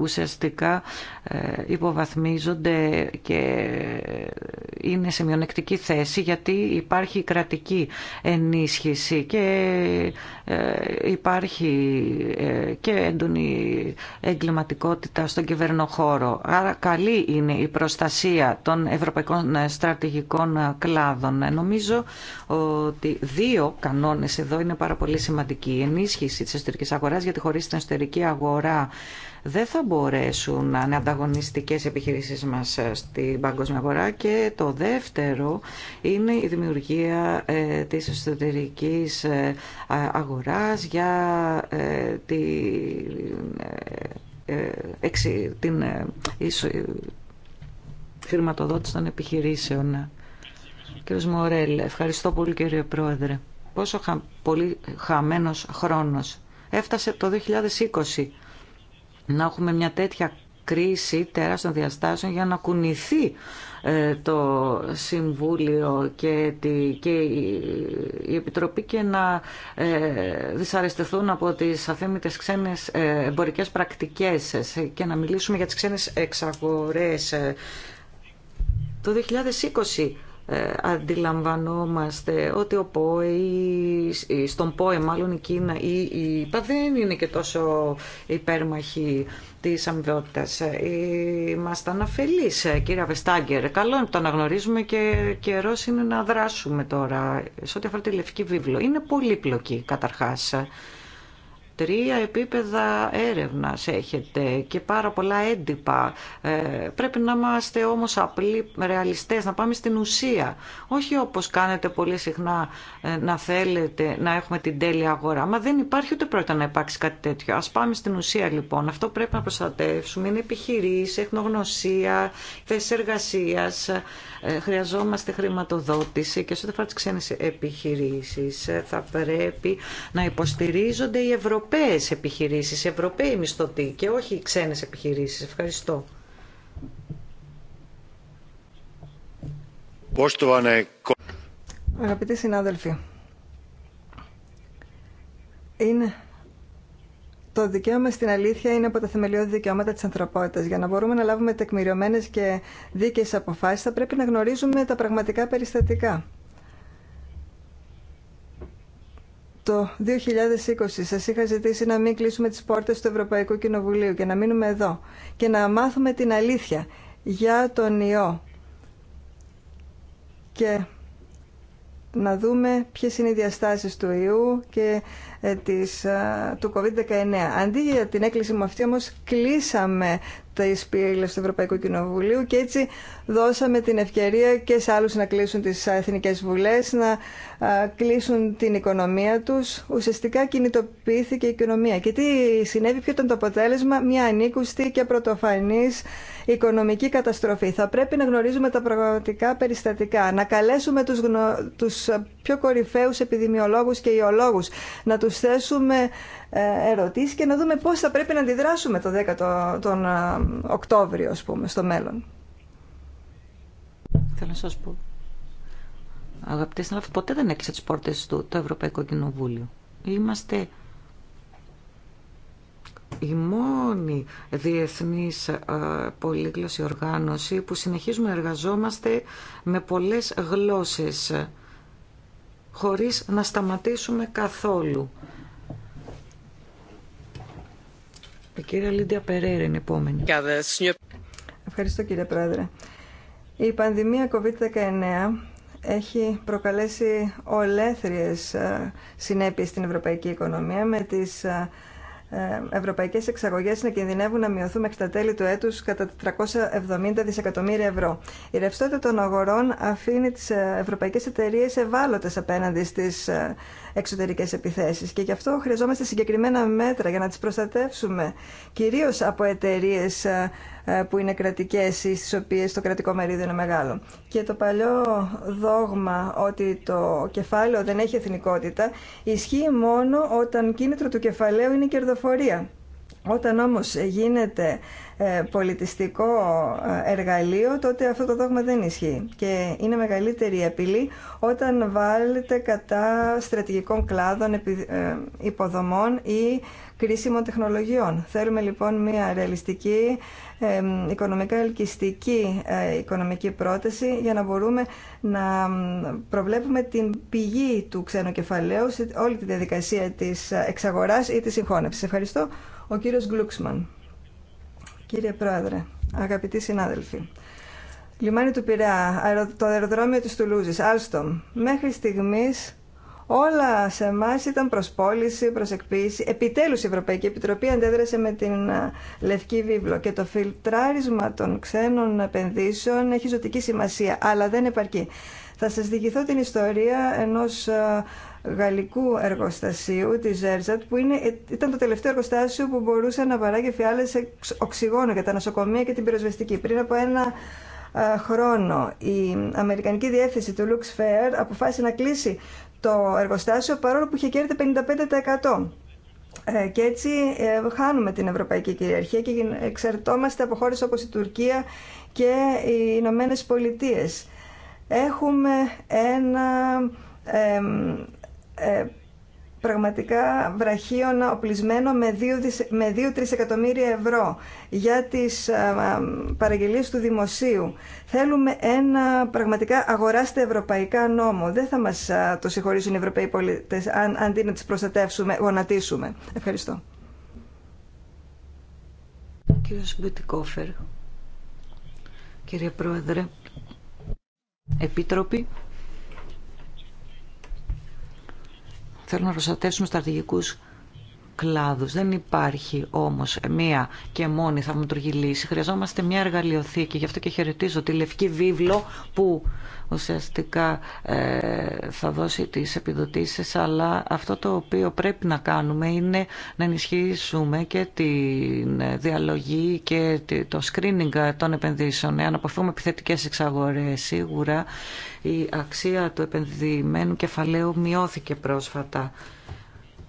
ουσιαστικά ε, υποβαθμίζονται και είναι σε μειονεκτική θέση γιατί υπάρχει κρατική ενίσχυση και ε, υπάρχει ε, και έντονη εγκληματικότητα στον κυβερνοχώρο. Άρα καλή είναι η προστασία των ευρωπαϊκών στρατηγικών κλάδων. Νομίζω ότι δύο κανόνες εδώ είναι πάρα πολύ σημαντικοί. Η ενίσχυση της εσωτερικής αγοράς γιατί χωρίς την εσωτερική αγορά δεν θα μπορέσουν να είναι ανταγωνιστικές επιχειρήσεις μας ε, στην παγκόσμια αγορά και το δεύτερο είναι η δημιουργία ε, της εσωτερικής ε, αγοράς για την χρηματοδότηση των επιχειρήσεων. Κύριος Μορέλ, ευχαριστώ πολύ κύριε Πρόεδρε. Πόσο χα... πολύ χαμένος χρόνος. Έφτασε το 2020 να έχουμε μια τέτοια κρίση τεράστιων διαστάσεων για να κουνηθεί ε, το Συμβούλιο και, η Επιτροπή και να ε, δυσαρεστηθούν από τις αθέμητες ξένες ε, εμπορικές πρακτικές και να μιλήσουμε για τις ξένες εξαγορές. Το 2020 ε, αντιλαμβανόμαστε ότι ο ΠΟΕ ή στον ΠΟΕ μάλλον η Κίνα ή η δεν είναι και τόσο υπέρμαχοι της αμοιβαιότητας. Ήμασταν ε, αφελείς, ε, κύριε Βεστάγκερ. Καλό είναι που το αναγνωρίζουμε και καιρό είναι να δράσουμε τώρα σε ό,τι αφορά τη Λευκή Βίβλο. Είναι πολύπλοκη καταρχάς Τρία επίπεδα έρευνας έχετε και πάρα πολλά έντυπα. Ε, πρέπει να είμαστε όμως απλοί ρεαλιστές, να πάμε στην ουσία. Όχι όπως κάνετε πολύ συχνά ε, να θέλετε να έχουμε την τέλεια αγορά. Μα δεν υπάρχει ούτε πρόκειται να υπάρξει κάτι τέτοιο. Ας πάμε στην ουσία λοιπόν. Αυτό πρέπει να προστατεύσουμε. Είναι επιχειρήσει, εχνογνωσία, θέσει εργασία. Ε, χρειαζόμαστε χρηματοδότηση και σε ό,τι αφορά τι ξένε επιχειρήσει θα πρέπει να υποστηρίζονται οι Ευρωπαίοι ευρωπαίες επιχειρήσεις, ευρωπαίοι μισθωτοί και όχι ξένες επιχειρήσεις. Ευχαριστώ. Αγαπητοί συνάδελφοι, είναι το δικαίωμα στην αλήθεια είναι από τα θεμελιώδη δικαιώματα τη ανθρωπότητα. Για να μπορούμε να λάβουμε τεκμηριωμένε και δίκαιε αποφάσει, θα πρέπει να γνωρίζουμε τα πραγματικά περιστατικά. το 2020 σας είχα ζητήσει να μην κλείσουμε τις πόρτες του Ευρωπαϊκού Κοινοβουλίου και να μείνουμε εδώ και να μάθουμε την αλήθεια για τον ιό και να δούμε ποιες είναι οι διαστάσεις του ιού και ε, της, ε, του COVID-19. Αντί για την έκκληση μου αυτή όμως κλείσαμε τα εισπύλες του Ευρωπαϊκού Κοινοβουλίου και έτσι δώσαμε την ευκαιρία και σε άλλους να κλείσουν τις εθνικές βουλές, να ε, κλείσουν την οικονομία τους. Ουσιαστικά κινητοποιήθηκε η οικονομία. Και τι συνέβη, ποιο ήταν το αποτέλεσμα, μια ανήκουστη και πρωτοφανή οικονομική καταστροφή. Θα πρέπει να γνωρίζουμε τα πραγματικά περιστατικά, να καλέσουμε τους, τους πιο κορυφαίους επιδημιολόγους και ιολόγους, να τους θέσουμε ε, ερωτήσεις και να δούμε πώς θα πρέπει να αντιδράσουμε το 10 τον ε, Οκτώβριο, ας πούμε, στο μέλλον. Θέλω να σας πω. Αγαπητοί ποτέ δεν έκλεισε τις πόρτες του το Ευρωπαϊκό Κοινοβούλιο. Είμαστε η μόνη διεθνής ε, πολύγλωση οργάνωση που συνεχίζουμε να εργαζόμαστε με πολλές γλώσσες χωρίς να σταματήσουμε καθόλου. Η κυρία Λίντια Περέρα είναι επόμενη. Ευχαριστώ κύριε Πρόεδρε. Η πανδημία COVID-19 έχει προκαλέσει ολέθριες ε, συνέπειες στην ευρωπαϊκή οικονομία με τις ε, ε, ευρωπαϊκές εξαγωγές να κινδυνεύουν να μειωθούν μέχρι τα τέλη του έτους κατά 470 δισεκατομμύρια ευρώ. Η ρευστότητα των αγορών αφήνει τις ε, ευρωπαϊκές εταιρείες ευάλωτες απέναντι στις ε, εξωτερικές επιθέσεις και γι' αυτό χρειαζόμαστε συγκεκριμένα μέτρα για να τις προστατεύσουμε κυρίως από εταιρείε ε, ε, που είναι κρατικές ή στι οποίες το κρατικό μερίδιο είναι μεγάλο. Και το παλιό δόγμα ότι το κεφάλαιο δεν έχει εθνικότητα ισχύει μόνο όταν κίνητρο του κεφαλαίου είναι η κερδοφορία. Όταν όμως γίνεται ε, πολιτιστικό ε, εργαλείο, τότε αυτό το δόγμα δεν ισχύει. Και είναι μεγαλύτερη η απειλή όταν βάλετε κατά στρατηγικών κλάδων, ε, υποδομών ή κρίσιμων τεχνολογιών. Θέλουμε λοιπόν μια ρεαλιστική, οικονομικά ελκυστική οικονομική πρόταση για να μπορούμε να προβλέπουμε την πηγή του ξένου κεφαλαίου σε όλη τη διαδικασία της εξαγοράς ή της συγχώνευσης. Ευχαριστώ. Ο κύριος Γκλουξμαν. Κύριε Πρόεδρε, αγαπητοί συνάδελφοι, λιμάνι του Πειραιά, το αεροδρόμιο της Τουλούζης, Άλστομ, μέχρι στιγμής όλα σε εμά ήταν προς πώληση, προς εκποίηση. Επιτέλους η Ευρωπαϊκή Επιτροπή αντέδρασε με την Λευκή Βίβλο και το φιλτράρισμα των ξένων επενδύσεων έχει ζωτική σημασία, αλλά δεν επαρκεί. Θα σας διηγηθώ την ιστορία ενός γαλλικού εργοστασίου, τη Ζέρζατ, που είναι, ε, ήταν το τελευταίο εργοστάσιο που μπορούσε να παράγει φιάλες οξυγόνο για τα νοσοκομεία και την πυροσβεστική. Πριν από ένα ε, χρόνο η Αμερικανική Διεύθυνση του Lux Fair αποφάσισε να κλείσει το εργοστάσιο παρόλο που είχε κέρδη 55%. Ε, και έτσι χάνουμε την ευρωπαϊκή κυριαρχία και εξαρτώμαστε από χώρες όπως η Τουρκία και οι Ηνωμένε Πολιτείες. Έχουμε ένα ε, πραγματικά βραχίωνα οπλισμένο με 2-3 εκατομμύρια ευρώ για τις ε, ε, παραγγελίες του δημοσίου. Θέλουμε ένα πραγματικά αγοράστε ευρωπαϊκά νόμο. Δεν θα μας ε, το συγχωρήσουν οι Ευρωπαίοι πολίτες αν αντί να τις προστατεύσουμε, γονατίσουμε. Ευχαριστώ. Κύριος κύριε Πρόεδρε, Επιτροπή. Θέλουμε να προστατεύσουμε στρατηγικούς κλάδους. Δεν υπάρχει όμως μία και μόνη θαυματουργή λύση. Χρειαζόμαστε μία εργαλειοθήκη. Γι' αυτό και χαιρετίζω τη Λευκή Βίβλο που ουσιαστικά ε, θα δώσει τις επιδοτήσεις αλλά αυτό το οποίο πρέπει να κάνουμε είναι να ενισχύσουμε και τη διαλογή και το screening των επενδύσεων. Εάν αποφύγουμε επιθετικές εξαγορές σίγουρα η αξία του επενδυμένου κεφαλαίου μειώθηκε πρόσφατα.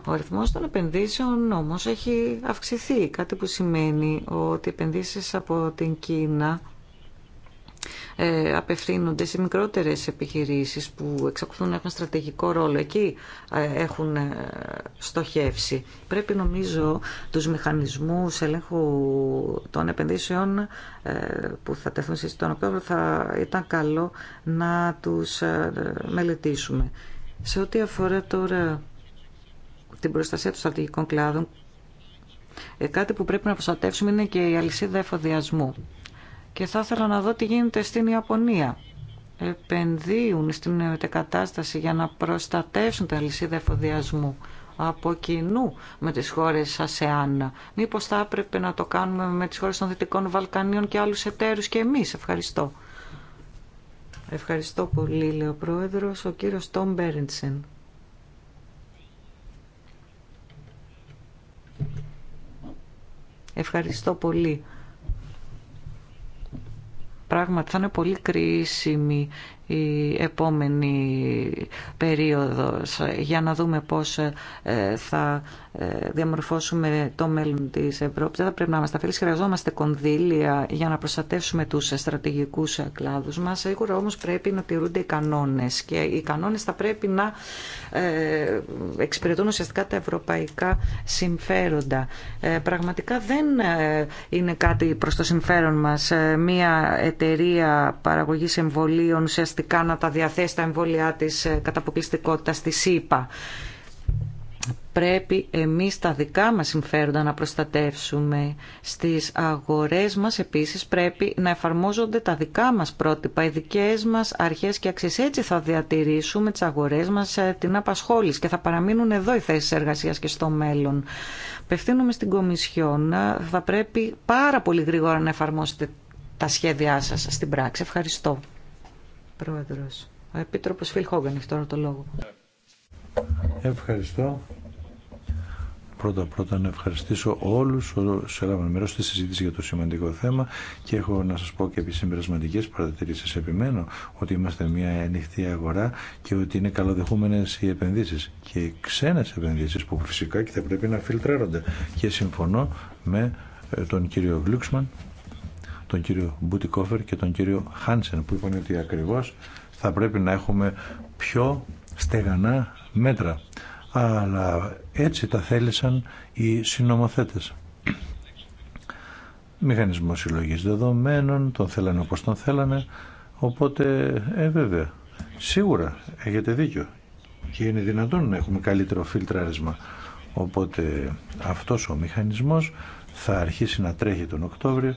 Ο αριθμό των επενδύσεων όμως έχει αυξηθεί, κάτι που σημαίνει ότι οι επενδύσεις από την Κίνα ε, απευθύνονται σε μικρότερες επιχειρήσεις που εξακολουθούν να έχουν στρατηγικό ρόλο. Εκεί ε, έχουν ε, στοχεύσει. Πρέπει νομίζω τους μηχανισμούς ελέγχου των επενδύσεων που θα τεθούν σε τον οποίο θα ήταν καλό να τους μελετήσουμε. Σε ό,τι αφορά τώρα την προστασία των στρατηγικών κλάδων, κάτι που πρέπει να προστατεύσουμε είναι και η αλυσίδα εφοδιασμού και θα ήθελα να δω τι γίνεται στην Ιαπωνία. Επενδύουν στην μετεκατάσταση για να προστατεύσουν τα λυσίδα εφοδιασμού από κοινού με τις χώρες Ασεάννα. Μήπως θα έπρεπε να το κάνουμε με τις χώρες των Δυτικών Βαλκανίων και άλλους εταίρους και εμείς. Ευχαριστώ. Ευχαριστώ πολύ, λέει ο Πρόεδρος, ο κύριος Τόμ Μπέρεντσεν. Ευχαριστώ πολύ. Πράγματι θα είναι πολύ κρίσιμη η επόμενη περίοδος για να δούμε πώς ε, θα ε, διαμορφώσουμε το μέλλον τη Ευρώπη. Δεν θα πρέπει να είμαστε αφελείς. Χρειαζόμαστε κονδύλια για να προστατεύσουμε τους στρατηγικού κλάδου μας. Σίγουρα όμως πρέπει να τηρούνται οι κανόνε και οι κανόνε θα πρέπει να ε, εξυπηρετούν ουσιαστικά τα ευρωπαϊκά συμφέροντα. Ε, πραγματικά δεν είναι κάτι προ το συμφέρον μας μια εταιρεία παραγωγή εμβολίων ουσιαστικά να τα διαθέσει τα εμβόλια της κατά αποκλειστικότητα στη ΣΥΠΑ πρέπει εμείς τα δικά μας συμφέροντα να προστατεύσουμε. Στις αγορές μας επίσης πρέπει να εφαρμόζονται τα δικά μας πρότυπα, οι δικές μας αρχές και αξίες. Έτσι θα διατηρήσουμε τις αγορές μας ε, την απασχόληση και θα παραμείνουν εδώ οι θέσεις εργασίας και στο μέλλον. Πευθύνομαι στην Κομισιόν, ε, θα πρέπει πάρα πολύ γρήγορα να εφαρμόσετε τα σχέδιά σας στην πράξη. Ευχαριστώ. Πρόεδρος. Ο Επίτροπος Φιλ έχει τώρα το λόγο. Ευχαριστώ πρώτα πρώτα να ευχαριστήσω όλους όσους έλαβαν μέρος στη συζήτηση για το σημαντικό θέμα και έχω να σας πω και επί συμπερασματικές παρατηρήσεις επιμένω ότι είμαστε μια ανοιχτή αγορά και ότι είναι καλοδεχούμενες οι επενδύσεις και οι ξένες επενδύσεις που φυσικά και θα πρέπει να φιλτρέρονται και συμφωνώ με ε, τον κύριο Γλουξμαν τον κύριο Μπουτικόφερ και τον κύριο Χάνσεν που είπαν ότι ακριβώς θα πρέπει να έχουμε πιο στεγανά μέτρα αλλά έτσι τα θέλησαν οι συνομοθέτες. Μηχανισμό συλλογή δεδομένων, τον θέλανε όπως τον θέλανε, οπότε, ε, βέβαια, σίγουρα έχετε δίκιο και είναι δυνατόν να έχουμε καλύτερο φιλτράρισμα. Οπότε αυτός ο μηχανισμός θα αρχίσει να τρέχει τον Οκτώβριο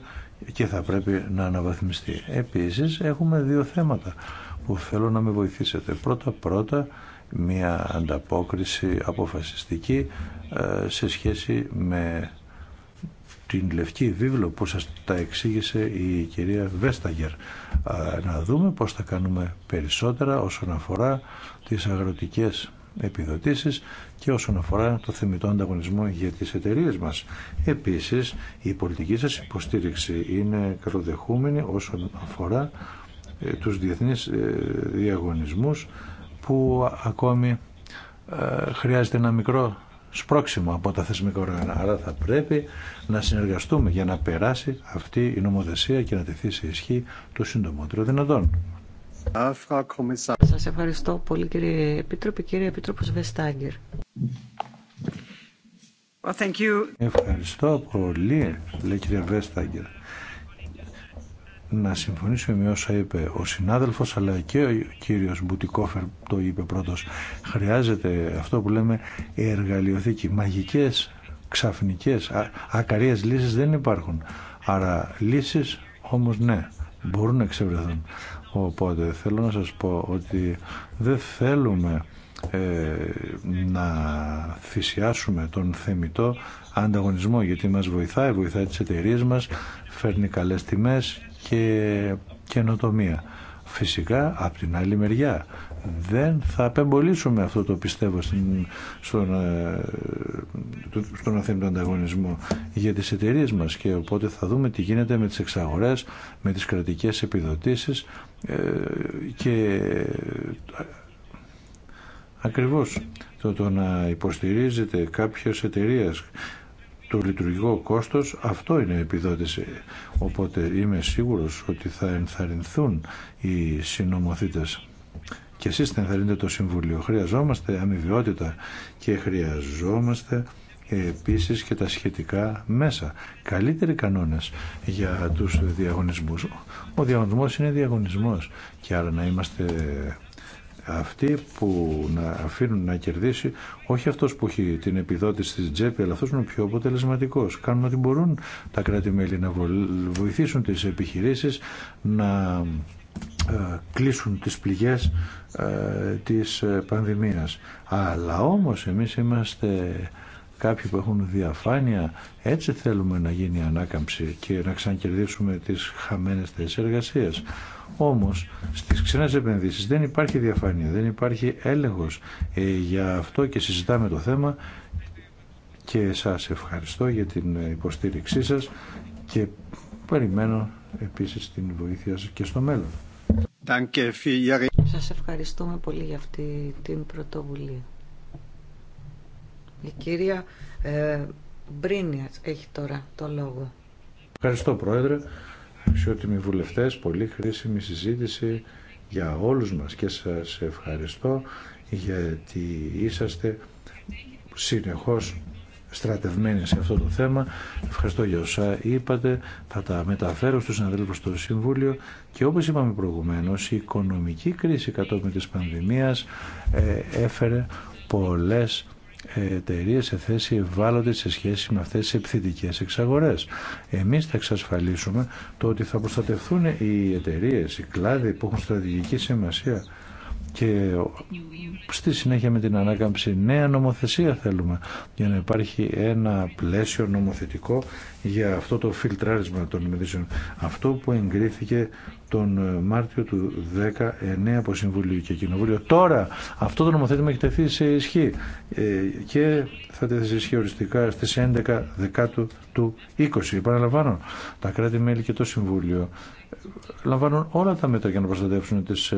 και θα πρέπει να αναβαθμιστεί. Επίσης έχουμε δύο θέματα που θέλω να με βοηθήσετε. Πρώτα πρώτα μια ανταπόκριση αποφασιστική ε, σε σχέση με την Λευκή Βίβλο που σας τα εξήγησε η κυρία Βέσταγερ. Ε, να δούμε πώς θα κάνουμε περισσότερα όσον αφορά τις αγροτικές επιδοτήσεις και όσον αφορά το θεμητό ανταγωνισμό για τις εταιρείε μας. Επίσης, η πολιτική σας υποστήριξη είναι καλοδεχούμενη όσον αφορά ε, τους διεθνείς διαγωνισμούς που ακόμη ε, χρειάζεται ένα μικρό σπρόξιμο από τα θεσμικά όργανα. Άρα θα πρέπει να συνεργαστούμε για να περάσει αυτή η νομοθεσία και να τεθεί σε ισχύ το συντομότερο δυνατόν. Σας ευχαριστώ πολύ κύριε Επίτροπε, κύριε Επίτροπος Βεστάγκερ. Well, thank you. Ευχαριστώ πολύ, λέει κύριε Βεστάγκερ να συμφωνήσω με όσα είπε ο συνάδελφος αλλά και ο κύριος Μπουτικόφερ το είπε πρώτος χρειάζεται αυτό που λέμε εργαλειοθήκη μαγικές, ξαφνικές α, ακαρίες λύσεις δεν υπάρχουν άρα λύσεις όμως ναι μπορούν να εξευρεθούν οπότε θέλω να σας πω ότι δεν θέλουμε ε, να θυσιάσουμε τον θεμητό ανταγωνισμό γιατί μας βοηθάει, βοηθάει τις εταιρείε μας φέρνει καλές τιμές και καινοτομία. Φυσικά, από την άλλη μεριά, δεν θα απεμπολίσουμε αυτό το πιστεύω στην, στον, ε, στον αθέμητο ανταγωνισμό για τις εταιρείε μας και οπότε θα δούμε τι γίνεται με τις εξαγορές, με τις κρατικές επιδοτήσεις ε, και ε, ακριβώς το, να υποστηρίζεται κάποιες εταιρείες το λειτουργικό κόστος, αυτό είναι η επιδότηση. Οπότε είμαι σίγουρος ότι θα ενθαρρυνθούν οι συνομοθήτες. Και εσείς θα ενθαρρύνετε το Συμβουλίο. Χρειαζόμαστε αμοιβιότητα και χρειαζόμαστε επίσης και τα σχετικά μέσα. Καλύτεροι κανόνες για τους διαγωνισμούς. Ο διαγωνισμός είναι διαγωνισμός και άρα να είμαστε αυτοί που να αφήνουν να κερδίσει όχι αυτός που έχει την επιδότηση στη τσέπη αλλά αυτός που είναι πιο αποτελεσματικός κάνουν ό,τι μπορούν τα κράτη-μέλη να βοηθήσουν τις επιχειρήσεις να ε, κλείσουν τις πληγές ε, της ε, πανδημίας αλλά όμως εμείς είμαστε κάποιοι που έχουν διαφάνεια έτσι θέλουμε να γίνει η ανάκαμψη και να ξανακερδίσουμε τις χαμένες θέσεις εργασίας όμως στις ξένες επενδύσεις δεν υπάρχει διαφάνεια, δεν υπάρχει έλεγχος. Ε, για αυτό και συζητάμε το θέμα και σας ευχαριστώ για την υποστήριξή σας και περιμένω επίσης την βοήθεια σας και στο μέλλον. Σας ευχαριστούμε πολύ για αυτή την πρωτοβουλία. Η κυρία ε, Μπρίνιας έχει τώρα το λόγο. Ευχαριστώ Πρόεδρε αξιότιμοι βουλευτές, πολύ χρήσιμη συζήτηση για όλους μας και σας ευχαριστώ γιατί είσαστε συνεχώς στρατευμένοι σε αυτό το θέμα. Ευχαριστώ για όσα είπατε. Θα τα μεταφέρω στους συναδέλφους στο Συμβούλιο και όπως είπαμε προηγουμένως η οικονομική κρίση κατόπιν της πανδημίας ε, έφερε πολλές εταιρείε σε θέση ευάλωτη σε σχέση με αυτές τι επιθετικές εξαγορές. Εμείς θα εξασφαλίσουμε το ότι θα προστατευτούν οι εταιρείε, οι κλάδοι που έχουν στρατηγική σημασία και στη συνέχεια με την ανάκαμψη νέα νομοθεσία θέλουμε για να υπάρχει ένα πλαίσιο νομοθετικό για αυτό το φιλτράρισμα των μεδίσεων. Αυτό που εγκρίθηκε τον Μάρτιο του 19 από Συμβουλίο και Κοινοβούλιο. Τώρα αυτό το νομοθέτημα έχει τεθεί σε ισχύ ε, και θα τεθεί σε ισχύ οριστικά στις 11 Δεκάτου του 20. Επαναλαμβάνω, τα κράτη-μέλη και το Συμβούλιο λαμβάνουν όλα τα μέτρα για να προστατεύσουν τις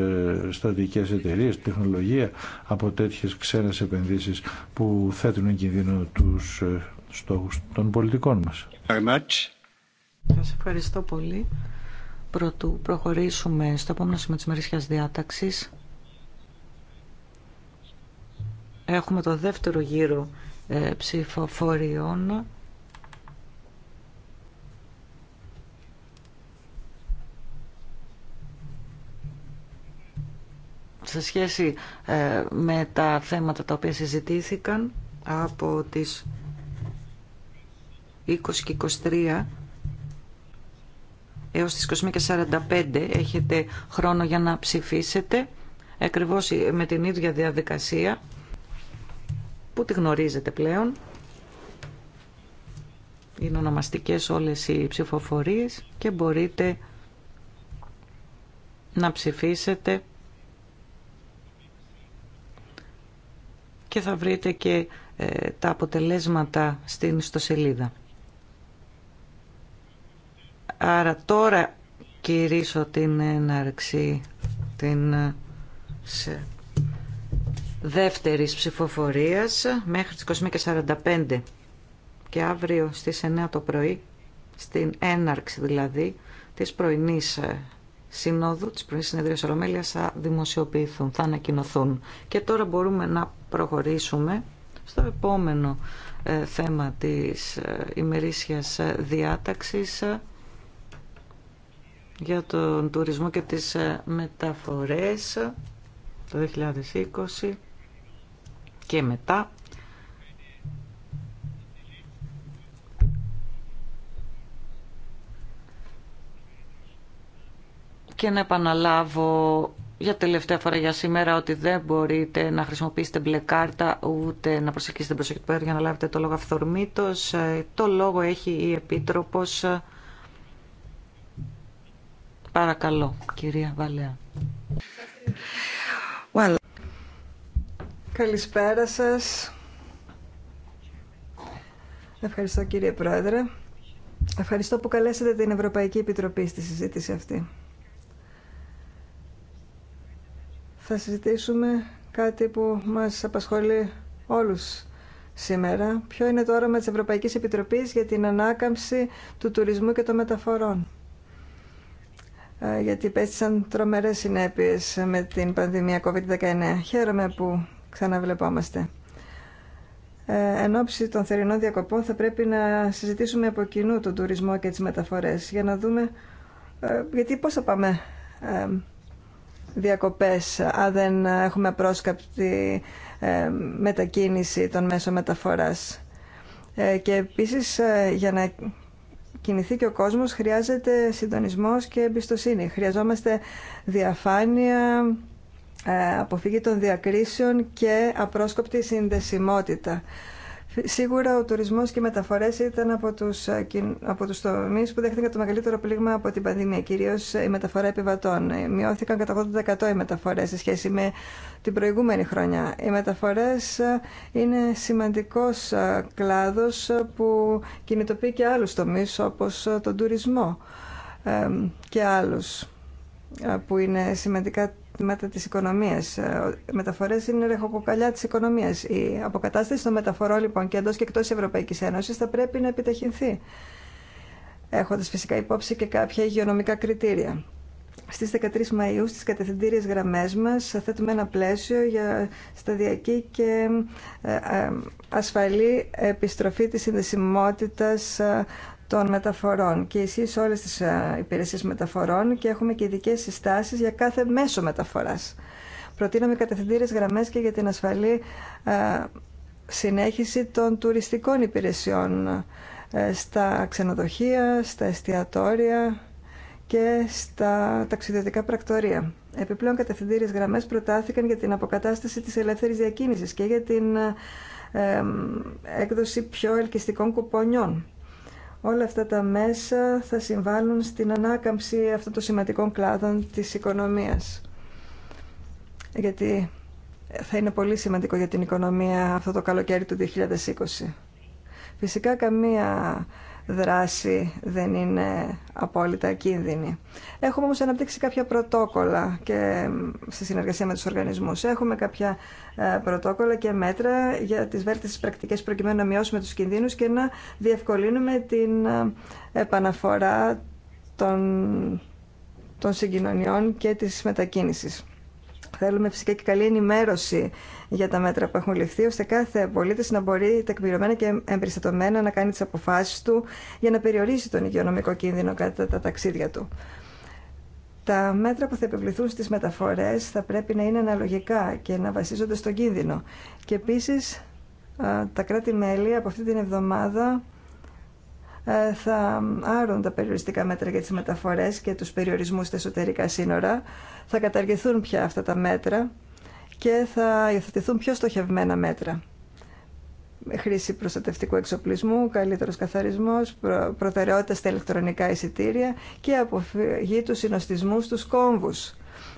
εταιρείε. εταιρείες, τεχνολογία από τέτοιες ξένες επενδύσεις που θέτουν εν κινδύνο τους ε, στόχους των πολιτικών μας. Σας ευχαριστώ πολύ. Πρωτού προχωρήσουμε στο επόμενο σημείο της μερισιάς διάταξης. Έχουμε το δεύτερο γύρο ε, ψηφοφοριών σε σχέση ε, με τα θέματα τα οποία συζητήθηκαν από τις 20 και 23 έως τις 45 έχετε χρόνο για να ψηφίσετε ακριβώ με την ίδια διαδικασία που τη γνωρίζετε πλέον. Είναι ονομαστικές όλες οι ψηφοφορίες και μπορείτε να ψηφίσετε και θα βρείτε και ε, τα αποτελέσματα στην ιστοσελίδα. Άρα τώρα κηρύσω την έναρξη την ε, σε δεύτερης ψηφοφορίας μέχρι τις 21.45 και αύριο στις 9 το πρωί στην έναρξη δηλαδή της πρωινής ε, συνόδου, της πρωινής συνεδρίας Ολομέλειας θα δημοσιοποιηθούν, θα ανακοινωθούν και τώρα μπορούμε να προχωρήσουμε στο επόμενο ε, θέμα της ε, ημερήσιας ε, διάταξης για τον τουρισμό και τις μεταφορές το 2020 και μετά. Και να επαναλάβω για τελευταία φορά για σήμερα ότι δεν μπορείτε να χρησιμοποιήσετε μπλε κάρτα ούτε να προσεκίσετε την προσοχή του για να λάβετε το λόγο αυθορμήτως. Ε, το λόγο έχει η Επίτροπος. Παρακαλώ, κυρία Βαλέα. Well. Καλησπέρα σας. Ευχαριστώ κύριε Πρόεδρε. Ευχαριστώ που καλέσατε την Ευρωπαϊκή Επιτροπή στη συζήτηση αυτή. θα συζητήσουμε κάτι που μας απασχολεί όλους σήμερα. Ποιο είναι το όραμα της Ευρωπαϊκής Επιτροπής για την ανάκαμψη του τουρισμού και των μεταφορών. Ε, γιατί πέστησαν τρομερές συνέπειες με την πανδημία COVID-19. Χαίρομαι που ξαναβλεπόμαστε. Ε, εν ώψη των θερινών διακοπών θα πρέπει να συζητήσουμε από κοινού τον τουρισμό και τις μεταφορές για να δούμε ε, γιατί πώς θα πάμε διακοπές αν δεν έχουμε απρόσκαπτη ε, μετακίνηση των μέσων μεταφοράς. Ε, και επίσης ε, για να κινηθεί και ο κόσμος χρειάζεται συντονισμός και εμπιστοσύνη. Χρειαζόμαστε διαφάνεια, αποφυγή των διακρίσεων και απρόσκοπτη συνδεσιμότητα. Σίγουρα ο τουρισμό και οι μεταφορές ήταν από τους, ε, από που δέχτηκαν το μεγαλύτερο πλήγμα από την πανδημία, κυρίως η μεταφορά επιβατών. Ε, μειώθηκαν κατά 80% οι μεταφορές σε σχέση με την προηγούμενη χρονιά. Οι μεταφορές ε, είναι σημαντικός κλάδος που κινητοποιεί και άλλου τομεί όπως τον τουρισμό και άλλου, που είναι σημαντικά Μεταφορέ της οικονομίας. Ε, οι μεταφορές είναι ρεχοκοκαλιά της οικονομίας. Η αποκατάσταση των μεταφορών λοιπόν και εντός και εκτός Ευρωπαϊκής Ένωσης θα πρέπει να επιταχυνθεί, έχοντα φυσικά υπόψη και κάποια υγειονομικά κριτήρια. Στις 13 Μαΐου στις κατευθυντήριες γραμμές μας θέτουμε ένα πλαίσιο για σταδιακή και ε, ε, ασφαλή επιστροφή της συνδεσιμότητας των μεταφορών και σε όλες τις υπηρεσίες μεταφορών και έχουμε και ειδικέ συστάσεις για κάθε μέσο μεταφοράς. Προτείναμε κατευθυντήρες γραμμές και για την ασφαλή συνέχιση των τουριστικών υπηρεσιών στα ξενοδοχεία, στα εστιατόρια και στα ταξιδιωτικά πρακτορία. Επιπλέον κατευθυντήριες γραμμές προτάθηκαν για την αποκατάσταση της ελεύθερης διακίνησης και για την έκδοση πιο ελκυστικών κουπονιών. Όλα αυτά τα μέσα θα συμβάλλουν στην ανάκαμψη αυτών των σημαντικών κλάδων της οικονομίας. Γιατί θα είναι πολύ σημαντικό για την οικονομία αυτό το καλοκαίρι του 2020. Φυσικά καμία δράση δεν είναι απόλυτα κίνδυνη. Έχουμε όμως αναπτύξει κάποια πρωτόκολλα και στη συνεργασία με τους οργανισμούς. Έχουμε κάποια ε, πρωτόκολλα και μέτρα για τις βέλτιστες πρακτικές προκειμένου να μειώσουμε τους κινδύνους και να διευκολύνουμε την ε, επαναφορά των, των συγκοινωνιών και της μετακίνησης. Θέλουμε φυσικά και καλή ενημέρωση για τα μέτρα που έχουν ληφθεί, ώστε κάθε πολίτη να μπορεί τεκμηριωμένα και εμπεριστατωμένα να κάνει τι αποφάσει του για να περιορίσει τον υγειονομικό κίνδυνο κατά τα ταξίδια του. Τα μέτρα που θα επιβληθούν στι μεταφορέ θα πρέπει να είναι αναλογικά και να βασίζονται στον κίνδυνο. Και επίση τα κράτη-μέλη από αυτή την εβδομάδα θα άρουν τα περιοριστικά μέτρα για τις μεταφορές και τους περιορισμούς στα εσωτερικά σύνορα. Θα καταργηθούν πια αυτά τα μέτρα και θα υιοθετηθούν πιο στοχευμένα μέτρα. Χρήση προστατευτικού εξοπλισμού, καλύτερος καθαρισμός, προτεραιότητα στα ηλεκτρονικά εισιτήρια και αποφυγή του συνοστισμού στους κόμβου.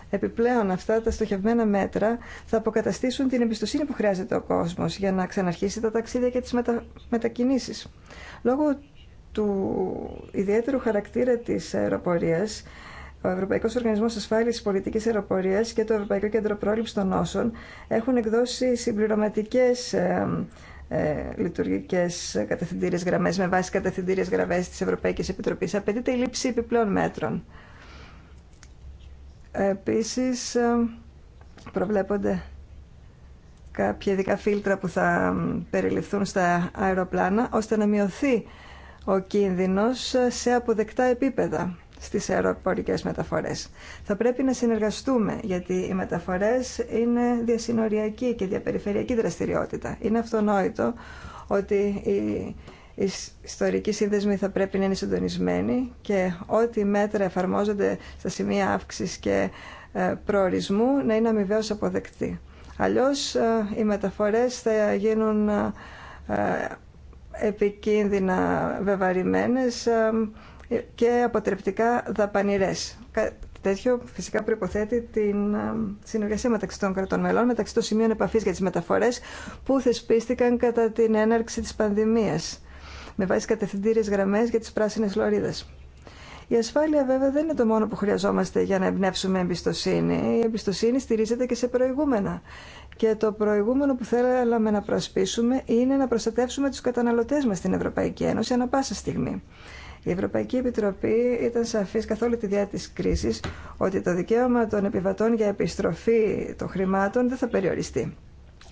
Επιπλέον, αυτά τα στοχευμένα μέτρα θα αποκαταστήσουν την εμπιστοσύνη που χρειάζεται ο κόσμος για να ξαναρχίσει τα ταξίδια και τι μετα... μετακινήσεις. Λόγω του ιδιαίτερου χαρακτήρα της αεροπορίας ο Ευρωπαϊκό Οργανισμό Ασφάλεια Πολιτική Αεροπορία και το Ευρωπαϊκό Κέντρο Πρόληψη των Νόσων έχουν εκδώσει συμπληρωματικέ ε, ε λειτουργικέ κατευθυντήριε γραμμέ με βάση κατευθυντήριε γραμμέ τη Ευρωπαϊκή Επιτροπή. Απαιτείται η λήψη επιπλέον μέτρων. Επίση, ε, προβλέπονται κάποια ειδικά φίλτρα που θα περιληφθούν στα αεροπλάνα ώστε να μειωθεί ο κίνδυνος σε αποδεκτά επίπεδα στις αεροπορικές μεταφορές. Θα πρέπει να συνεργαστούμε γιατί οι μεταφορές είναι διασυνοριακή και διαπεριφερειακή δραστηριότητα. Είναι αυτονόητο ότι οι ιστορικοί σύνδεσμοι θα πρέπει να είναι συντονισμένοι και ό,τι μέτρα εφαρμόζονται στα σημεία αύξησης και ε, προορισμού να είναι αμοιβαίω αποδεκτοί. Αλλιώς ε, οι μεταφορές θα γίνουν ε, επικίνδυνα βεβαρημένες και αποτρεπτικά δαπανηρές. Τέτοιο φυσικά προποθέτει την ε, συνεργασία μεταξύ των κρατών μελών, μεταξύ των σημείων επαφή για τι μεταφορέ που θεσπίστηκαν κατά την έναρξη τη πανδημία, με βάση κατευθυντήριε γραμμέ για τι πράσινε λωρίδε. Η ασφάλεια βέβαια δεν είναι το μόνο που χρειαζόμαστε για να εμπνεύσουμε εμπιστοσύνη. Η εμπιστοσύνη στηρίζεται και σε προηγούμενα. Και το προηγούμενο που θέλαμε να προσπίσουμε είναι να προστατεύσουμε του καταναλωτέ μα στην Ευρωπαϊκή Ένωση ανα πάσα στιγμή. Η Ευρωπαϊκή Επιτροπή ήταν σαφής καθ' όλη τη διάρκεια της κρίσης ότι το δικαίωμα των επιβατών για επιστροφή των χρημάτων δεν θα περιοριστεί.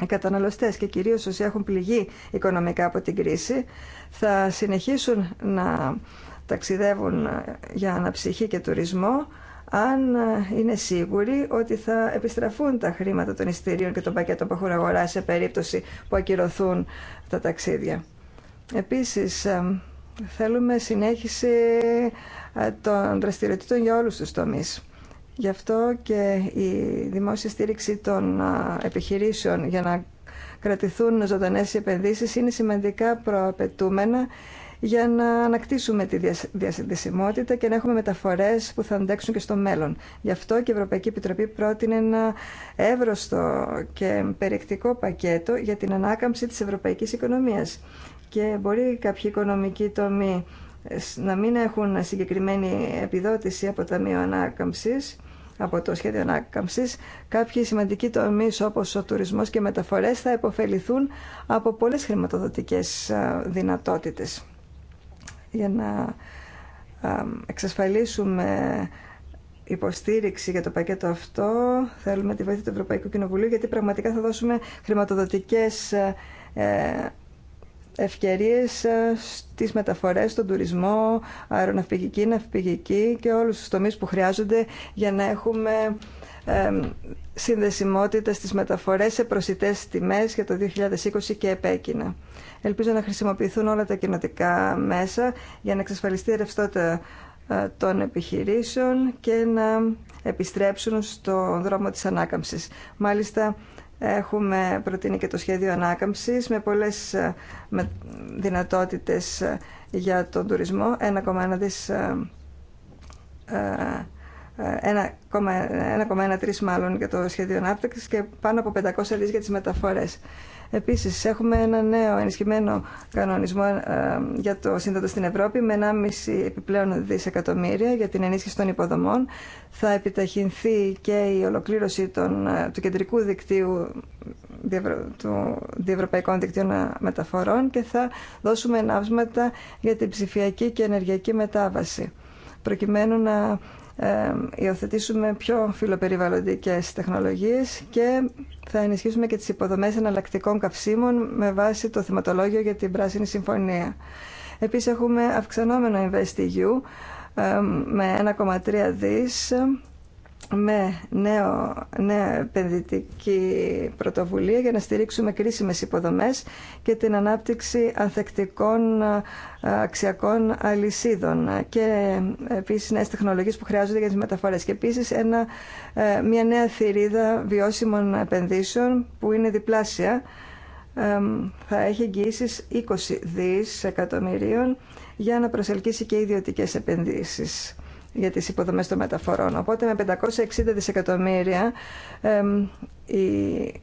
Οι καταναλωστές και κυρίως όσοι έχουν πληγεί οικονομικά από την κρίση θα συνεχίσουν να ταξιδεύουν για αναψυχή και τουρισμό αν είναι σίγουροι ότι θα επιστραφούν τα χρήματα των εισιτηρίων και των πακέτων που έχουν αγοράσει σε περίπτωση που ακυρωθούν τα ταξίδια. Επίσης, Θέλουμε συνέχιση ε, των δραστηριοτήτων για όλους τους τομείς. Γι' αυτό και η δημόσια στήριξη των ε, επιχειρήσεων για να κρατηθούν ζωντανές οι επενδύσεις είναι σημαντικά προαπαιτούμενα για να ανακτήσουμε τη διασυνδεσιμότητα και να έχουμε μεταφορές που θα αντέξουν και στο μέλλον. Γι' αυτό και η Ευρωπαϊκή Επιτροπή πρότεινε ένα εύρωστο και περιεκτικό πακέτο για την ανάκαμψη της ευρωπαϊκής οικονομίας και μπορεί κάποιοι οικονομικοί τομεί να μην έχουν συγκεκριμένη επιδότηση από Ταμείο Ανάκαμψης, από το σχέδιο ανάκαμψη, κάποιοι σημαντικοί τομεί όπω ο τουρισμό και οι μεταφορέ θα υποφεληθούν από πολλέ χρηματοδοτικέ δυνατότητε. Για να εξασφαλίσουμε υποστήριξη για το πακέτο αυτό, θέλουμε τη βοήθεια του Ευρωπαϊκού Κοινοβουλίου, γιατί πραγματικά θα δώσουμε χρηματοδοτικέ. Ε, ευκαιρίες ε, στις μεταφορές, στον τουρισμό, αεροναυπηγική, ναυπηγική και όλους τους τομείς που χρειάζονται για να έχουμε συνδεσιμότητα στις μεταφορές σε προσιτές τιμές για το 2020 και επέκεινα. Ελπίζω να χρησιμοποιηθούν όλα τα κοινοτικά μέσα για να εξασφαλιστεί η ρευστότητα ε, των επιχειρήσεων και να επιστρέψουν στον δρόμο της ανάκαμψης. Μάλιστα, Έχουμε προτείνει και το σχέδιο ανάκαμψης με πολλές ε, δυνατότητες ε, για τον τουρισμό. 1,1 δις 1,13 ε, μάλλον για το σχέδιο ανάπτυξη και πάνω από 500 δις για τις μεταφορές. Επίσης, έχουμε ένα νέο ενισχυμένο κανονισμό ε, για το σύνδετο στην Ευρώπη με 1,5 επιπλέον δισεκατομμύρια για την ενίσχυση των υποδομών. Θα επιταχυνθεί και η ολοκλήρωση των, ε, του κεντρικού δικτύου του διευρωπαϊκών δικτύων ε, μεταφορών και θα δώσουμε ναύσματα για την ψηφιακή και ενεργειακή μετάβαση προκειμένου να ε, υιοθετήσουμε πιο φιλοπεριβαλλοντικές τεχνολογίες και θα ενισχύσουμε και τις υποδομές εναλλακτικών καυσίμων με βάση το θεματολόγιο για την Πράσινη Συμφωνία. Επίσης έχουμε αυξανόμενο InvestEU ε, με 1,3 δις με νέο, νέα επενδυτική πρωτοβουλία για να στηρίξουμε κρίσιμες υποδομές και την ανάπτυξη ανθεκτικών αξιακών αλυσίδων και ε, επίσης νέες τεχνολογίες που χρειάζονται για τις μεταφορές και επίσης ένα, ε, μια νέα θηρίδα βιώσιμων επενδύσεων που είναι διπλάσια θα έχει εγγυήσεις 20 δις εκατομμυρίων για να προσελκύσει και ιδιωτικές επενδύσεις για τις υποδομές των μεταφορών. Οπότε με 560 δισεκατομμύρια η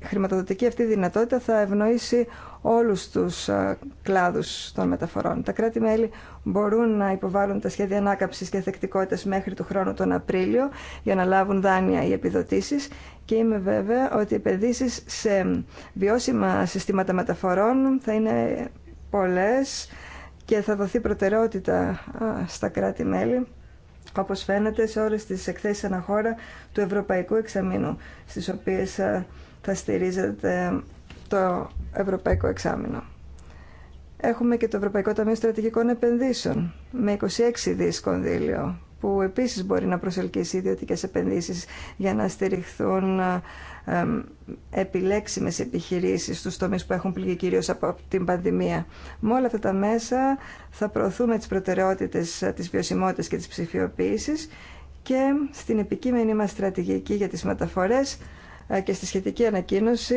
χρηματοδοτική αυτή δυνατότητα θα ευνοήσει όλους τους ε, κλάδους των μεταφορών. Τα κράτη-μέλη μπορούν να υποβάλουν τα σχέδια ανάκαμψης και θεκτικότητας μέχρι του χρόνου τον Απρίλιο για να λάβουν δάνεια οι επιδοτήσεις και είμαι βέβαια ότι οι επενδύσεις σε βιώσιμα συστήματα μεταφορών θα είναι πολλές και θα δοθεί προτεραιότητα στα κράτη-μέλη όπως φαίνεται σε όλες τις εκθέσεις αναχώρα του Ευρωπαϊκού Εξαμήνου, στις οποίες ε, θα στηρίζεται το Ευρωπαϊκό Εξάμεινο. Έχουμε και το Ευρωπαϊκό Ταμείο Στρατηγικών Επενδύσεων με 26 δις κονδύλιο που επίσης μπορεί να προσελκύσει ιδιωτικές επενδύσεις για να στηριχθούν ε, επιλέξιμες επιχειρήσεις στους τομείς που έχουν πληγεί κυρίως από την πανδημία. Με όλα αυτά τα μέσα θα προωθούμε τις προτεραιότητες της βιωσιμότητας και της ψηφιοποίησης και στην επικείμενη μας στρατηγική για τις μεταφορές ε, και στη σχετική ανακοίνωση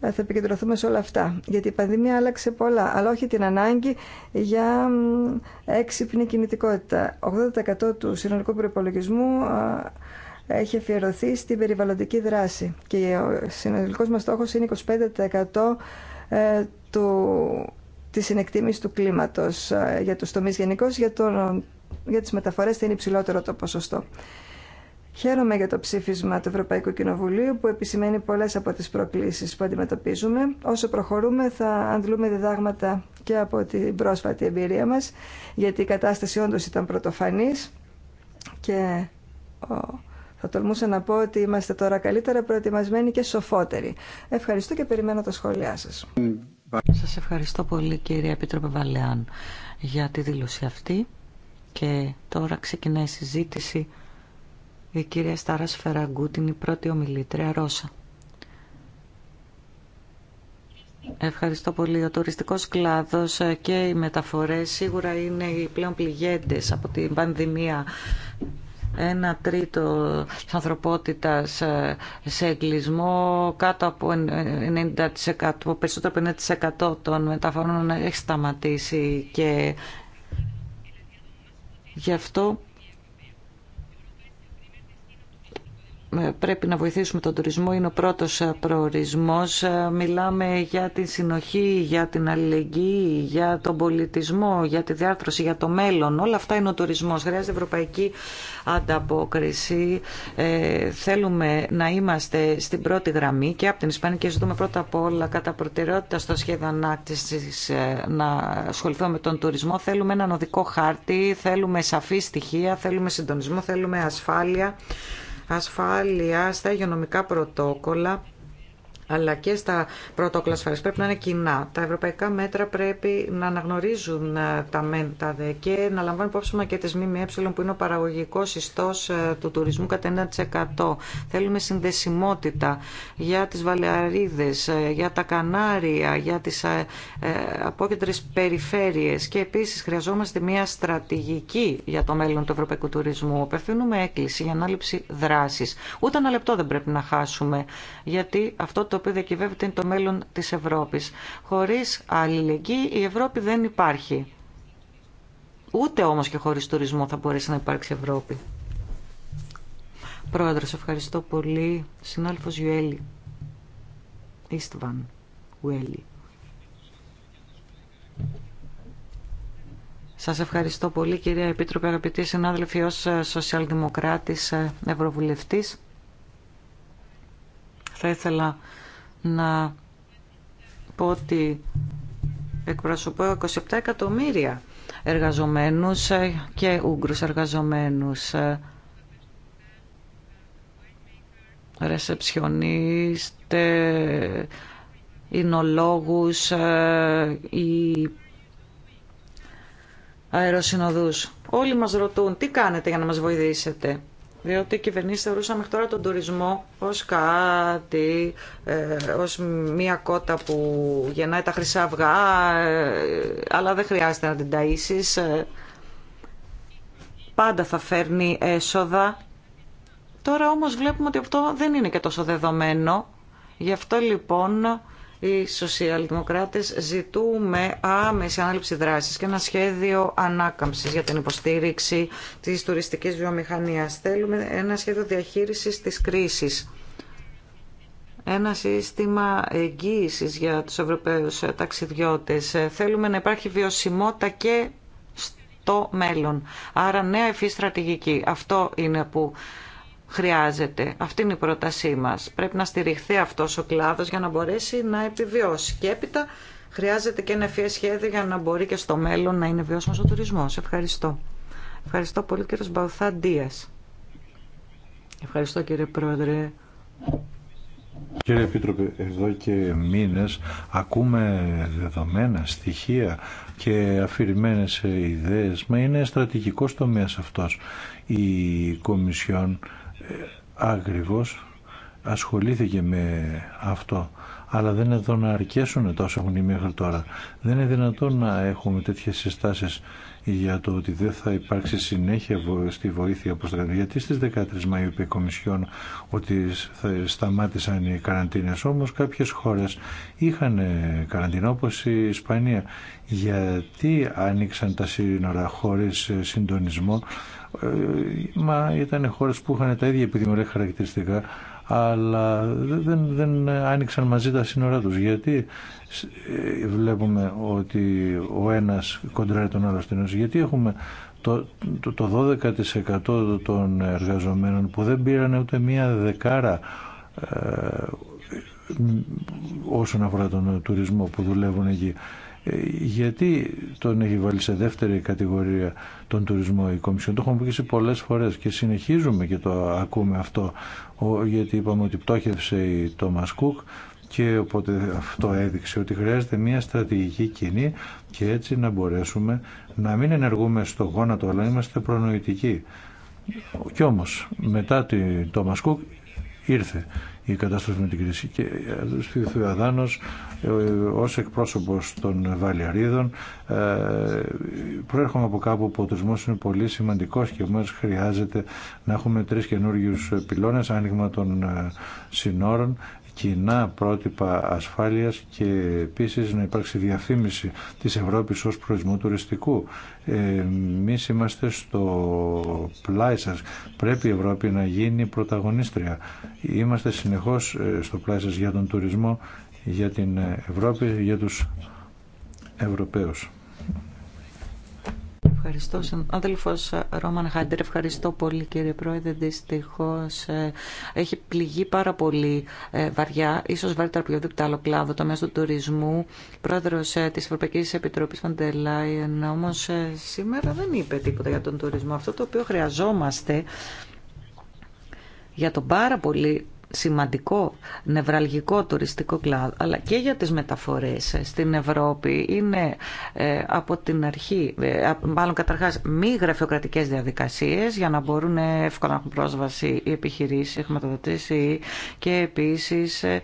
ε, θα επικεντρωθούμε σε όλα αυτά. Γιατί η πανδημία άλλαξε πολλά, αλλά όχι την ανάγκη για έξυπνη κινητικότητα. 80% του συνολικού προπολογισμού ε, έχει αφιερωθεί στην περιβαλλοντική δράση και ο συνολικός μας στόχος είναι 25% ε, του, της συνεκτίμησης του κλίματος ε, για τους τομείς γενικώ για, το, για τις μεταφορές θα είναι υψηλότερο το ποσοστό. Χαίρομαι για το ψήφισμα του Ευρωπαϊκού Κοινοβουλίου που επισημαίνει πολλές από τις προκλήσεις που αντιμετωπίζουμε. Όσο προχωρούμε θα αντλούμε διδάγματα και από την πρόσφατη εμπειρία μας γιατί η κατάσταση όντως ήταν πρωτοφανής και θα τολμούσα να πω ότι είμαστε τώρα καλύτερα προετοιμασμένοι και σοφότεροι. Ευχαριστώ και περιμένω τα σχόλιά σας. Σα ευχαριστώ πολύ κύριε Επίτροπε Βαλεάν για τη δήλωση αυτή και τώρα ξεκινάει η συζήτηση η κυρία Στάρα Φεραγκού, την πρώτη ομιλήτρια Ρώσα. Ευχαριστώ πολύ. Ο τουριστικός κλάδος και οι μεταφορές σίγουρα είναι οι πλέον πληγέντες από την πανδημία ένα τρίτο της ανθρωπότητας ε, σε εγκλισμό, κάτω από 90%, ε, περισσότερο από 90% των μεταφορών έχει σταματήσει και γι' αυτό πρέπει να βοηθήσουμε τον τουρισμό είναι ο πρώτος προορισμός. Μιλάμε για τη συνοχή, για την αλληλεγγύη, για τον πολιτισμό, για τη διάρθρωση, για το μέλλον. Όλα αυτά είναι ο τουρισμός. Χρειάζεται ευρωπαϊκή ανταπόκριση. Ε, θέλουμε να είμαστε στην πρώτη γραμμή και από την Ισπανία και ζητούμε πρώτα απ' όλα κατά προτεραιότητα στο σχέδιο ανάκτηση ε, να ασχοληθούμε με τον τουρισμό. Θέλουμε έναν οδικό χάρτη, θέλουμε σαφή στοιχεία, θέλουμε συντονισμό, θέλουμε ασφάλεια ασφάλεια στα υγειονομικά πρωτόκολλα αλλά και στα πρωτόκολλα πρέπει να είναι κοινά. Τα ευρωπαϊκά μέτρα πρέπει να αναγνωρίζουν ε, τα μεν, τα δε και να λαμβάνουν υπόψη μα και τι ΜΜΕ που είναι ο παραγωγικό ιστό ε, του τουρισμού κατά 1%. Θέλουμε συνδεσιμότητα για τι Βαλεαρίδε, ε, για τα Κανάρια, για τι απόκεντρε περιφέρειε και επίση χρειαζόμαστε μια στρατηγική για το μέλλον του ευρωπαϊκού τουρισμού. Απευθύνουμε έκκληση για ανάληψη δράση. Ούτε ένα λεπτό δεν πρέπει να χάσουμε, γιατί αυτό το οποίο διακυβεύεται είναι το μέλλον της Ευρώπης. Χωρίς αλληλεγγύη η Ευρώπη δεν υπάρχει. Ούτε όμως και χωρίς τουρισμό θα μπορέσει να υπάρξει Ευρώπη. Πρόεδρος, ευχαριστώ πολύ. Συνάλφος Γιουέλη. Ιστβαν Γιουέλη. Σας ευχαριστώ πολύ κυρία Επίτροπε, αγαπητοί συνάδελφοι, ως σοσιαλδημοκράτης, ευρωβουλευτής. Θα ήθελα να πω ότι εκπροσωπώ 27 εκατομμύρια εργαζομένους και Ούγγρους εργαζομένους ρεσεψιονίστε, εινολόγους ή ε, αεροσυνοδούς. Όλοι μας ρωτούν τι κάνετε για να μας βοηθήσετε διότι οι κυβερνήσει θεωρούσαν μέχρι τώρα τον τουρισμό ως κάτι, ε, ως μία κότα που γεννάει τα χρυσά αυγά, ε, αλλά δεν χρειάζεται να την ταΐσεις. Ε. πάντα θα φέρνει έσοδα. Τώρα όμως βλέπουμε ότι αυτό δεν είναι και τόσο δεδομένο. Γι' αυτό λοιπόν οι σοσιαλδημοκράτες ζητούμε άμεση ανάληψη δράσης και ένα σχέδιο ανάκαμψης για την υποστήριξη της τουριστικής βιομηχανίας. Θέλουμε ένα σχέδιο διαχείρισης της κρίσης. Ένα σύστημα εγγύησης για τους Ευρωπαίους ταξιδιώτες. Θέλουμε να υπάρχει βιωσιμότητα και στο μέλλον. Άρα νέα ευφύ στρατηγική. Αυτό είναι που χρειάζεται. Αυτή είναι η πρότασή μας. Πρέπει να στηριχθεί αυτός ο κλάδος για να μπορέσει να επιβιώσει. Και έπειτα χρειάζεται και ένα ευφυές σχέδιο για να μπορεί και στο μέλλον να είναι βιώσιμος ο τουρισμός. Ευχαριστώ. Ευχαριστώ πολύ κύριος Μπαουθά Ευχαριστώ κύριε Πρόεδρε. Κύριε Επίτροπε, εδώ και μήνες ακούμε δεδομένα, στοιχεία και αφηρημένες ιδέες, μα είναι στρατηγικός τομέας αυτός. Η Κομισιόν ακριβώς ασχολήθηκε με αυτό αλλά δεν είναι εδώ να αρκέσουν τόσο έχουν μέχρι τώρα. Δεν είναι δυνατόν να έχουμε τέτοιες συστάσεις για το ότι δεν θα υπάρξει συνέχεια στη βοήθεια προς τα Γιατί στις 13 Μαΐου είπε η Κομισιόν ότι θα σταμάτησαν οι καραντίνες, όμως κάποιες χώρες είχαν καραντίνα όπως η Ισπανία. Γιατί άνοιξαν τα σύνορα χωρίς συντονισμό μα ήταν χώρες που είχαν τα ίδια επιδημιουργία χαρακτηριστικά αλλά δεν, δεν άνοιξαν μαζί τα σύνορά τους γιατί ε, βλέπουμε ότι ο ένας κοντράρει τον άλλο στην γιατί έχουμε το, το, 12% των εργαζομένων που δεν πήραν ούτε μία δεκάρα ε, όσον αφορά τον τουρισμό που δουλεύουν εκεί γιατί τον έχει βάλει σε δεύτερη κατηγορία τον τουρισμό η Κομισιόν. Το έχουμε πει πολλέ σε πολλές φορές και συνεχίζουμε και το ακούμε αυτό γιατί είπαμε ότι πτώχευσε η Τόμας και οπότε αυτό έδειξε ότι χρειάζεται μια στρατηγική κοινή και έτσι να μπορέσουμε να μην ενεργούμε στο γόνατο αλλά είμαστε προνοητικοί. Κι όμως μετά την Thomas Κουκ ήρθε η κατάσταση με την κρίση. Και ε, Αδάνος ε, ως εκπρόσωπος των Βαλιαρίδων ε, προέρχομαι από κάπου που ο τουρισμό είναι πολύ σημαντικό και μα χρειάζεται να έχουμε τρεις καινούριου πυλώνες, άνοιγμα των συνόρων, κοινά πρότυπα ασφάλειας και επίσης να υπάρξει διαφήμιση της Ευρώπης ως προορισμού τουριστικού. Εμεί είμαστε στο πλάι σας. Πρέπει η Ευρώπη να γίνει πρωταγωνίστρια. Είμαστε συνεχώς ε, στο πλάι σας για τον τουρισμό, για την Ευρώπη, για τους Ευρωπαίους. Ευχαριστώ. Αδελφό ε, Ρόμαν Χάντερ, ευχαριστώ πολύ κύριε Πρόεδρε. Δυστυχώ ε, έχει πληγεί πάρα πολύ ε, βαριά, ίσω βαρύτερα από οποιοδήποτε άλλο κλάδο, το μέσο του τουρισμού. Πρόεδρο τη Ευρωπαϊκή Επιτροπή Φαντελάιεν όμω σήμερα δεν είπε τίποτα για τον τουρισμό. Αυτό το οποίο χρειαζόμαστε για τον πάρα πολύ σημαντικό νευραλγικό τουριστικό κλάδο αλλά και για τις μεταφορές στην Ευρώπη είναι ε, από την αρχή, ε, μάλλον καταρχάς μη γραφειοκρατικές διαδικασίες για να μπορούν εύκολα να έχουν πρόσβαση οι επιχειρήσεις, οι και επίσης ε,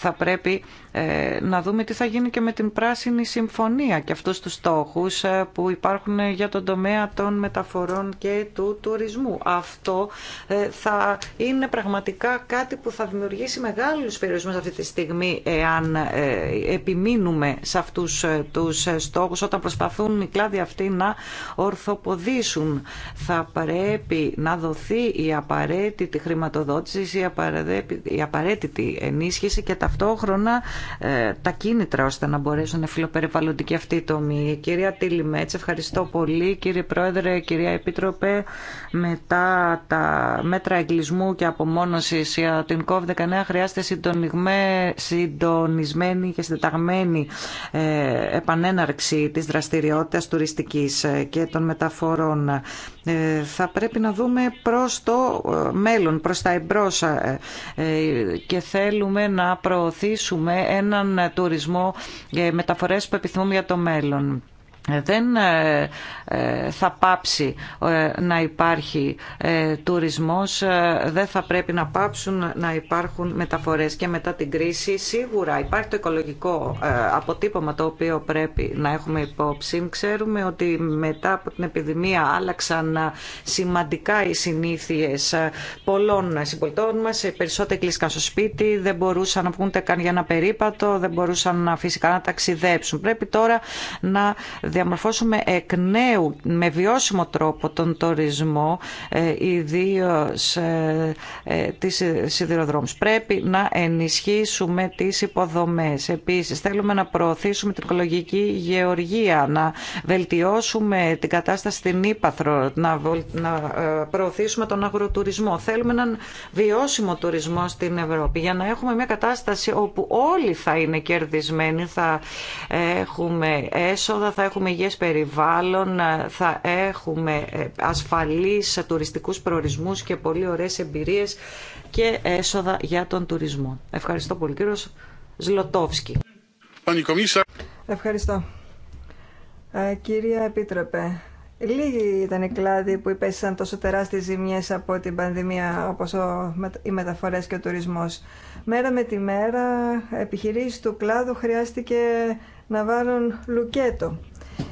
θα πρέπει ε, να δούμε τι θα γίνει και με την πράσινη συμφωνία και αυτούς τους στόχους ε, που υπάρχουν για τον τομέα των μεταφορών και του τουρισμού. Αυτό ε, θα είναι πραγματικά κάτι που θα δημιουργήσει μεγάλους περιορισμούς αυτή τη στιγμή εάν επιμείνουμε σε αυτούς τους στόχους όταν προσπαθούν οι κλάδοι αυτοί να ορθοποδήσουν. Θα πρέπει να δοθεί η απαραίτητη χρηματοδότηση, η απαραίτητη ενίσχυση και τα ταυτόχρονα ε, τα κίνητρα ώστε να μπορέσουν να φιλοπεριβαλλοντικοί αυτοί οι τομεί. Κυρία Τίλιμέτς, ευχαριστώ πολύ. Κύριε Πρόεδρε, κυρία Επίτροπε, μετά τα μέτρα εγκλισμού και απομόνωσης για την COVID-19 χρειάζεται συντονισμένη και συντεταγμένη ε, επανέναρξη της δραστηριότητας τουριστικής ε, και των μεταφορών. Θα πρέπει να δούμε προς το μέλλον, προς τα εμπρός και θέλουμε να προ προωθήσουμε έναν τουρισμό ε, μεταφορές που επιθυμούμε για το μέλλον δεν ε, ε, θα πάψει ε, να υπάρχει τουρισμός, δεν θα πρέπει να πάψουν να υπάρχουν μεταφορές και μετά την κρίση. Σίγουρα υπάρχει το οικολογικό αποτύπωμα το οποίο πρέπει να έχουμε υπόψη. Ξέρουμε ότι μετά από την επιδημία άλλαξαν σημαντικά οι συνήθειες πολλών συμπολιτών μας. Περισσότερο περισσότεροι στο σπίτι, δεν μπορούσαν να βγουν καν για ένα περίπατο, δεν μπορούσαν φυσικά να ταξιδέψουν. Πρέπει τώρα να διαμορφώσουμε εκ νέου με βιώσιμο τρόπο τον τουρισμό, ε, ιδίω ε, ε, τις σιδηροδρόμους. Πρέπει να ενισχύσουμε τις υποδομές. Επίσης, θέλουμε να προωθήσουμε την οικολογική γεωργία, να βελτιώσουμε την κατάσταση στην Ήπαθρο, να προωθήσουμε τον αγροτουρισμό. Θέλουμε έναν βιώσιμο τουρισμό στην Ευρώπη για να έχουμε μια κατάσταση όπου όλοι θα είναι κερδισμένοι, θα έχουμε έσοδα, θα έχουμε έχουμε υγιές περιβάλλον, ε, θα έχουμε ε, ασφαλείς τουριστικούς προορισμούς και πολύ ωραίες εμπειρίες και έσοδα για τον τουρισμό. Ευχαριστώ πολύ Κύριο Ζλωτόφσκι. Ευχαριστώ. Ε, κυρία Επίτροπε, λίγοι ήταν οι κλάδοι που υπέστησαν τόσο τεράστιες ζημιές από την πανδημία όπως ο, οι μεταφορές και ο τουρισμός. Μέρα με τη μέρα επιχειρήσεις του κλάδου χρειάστηκε να βάλουν λουκέτο.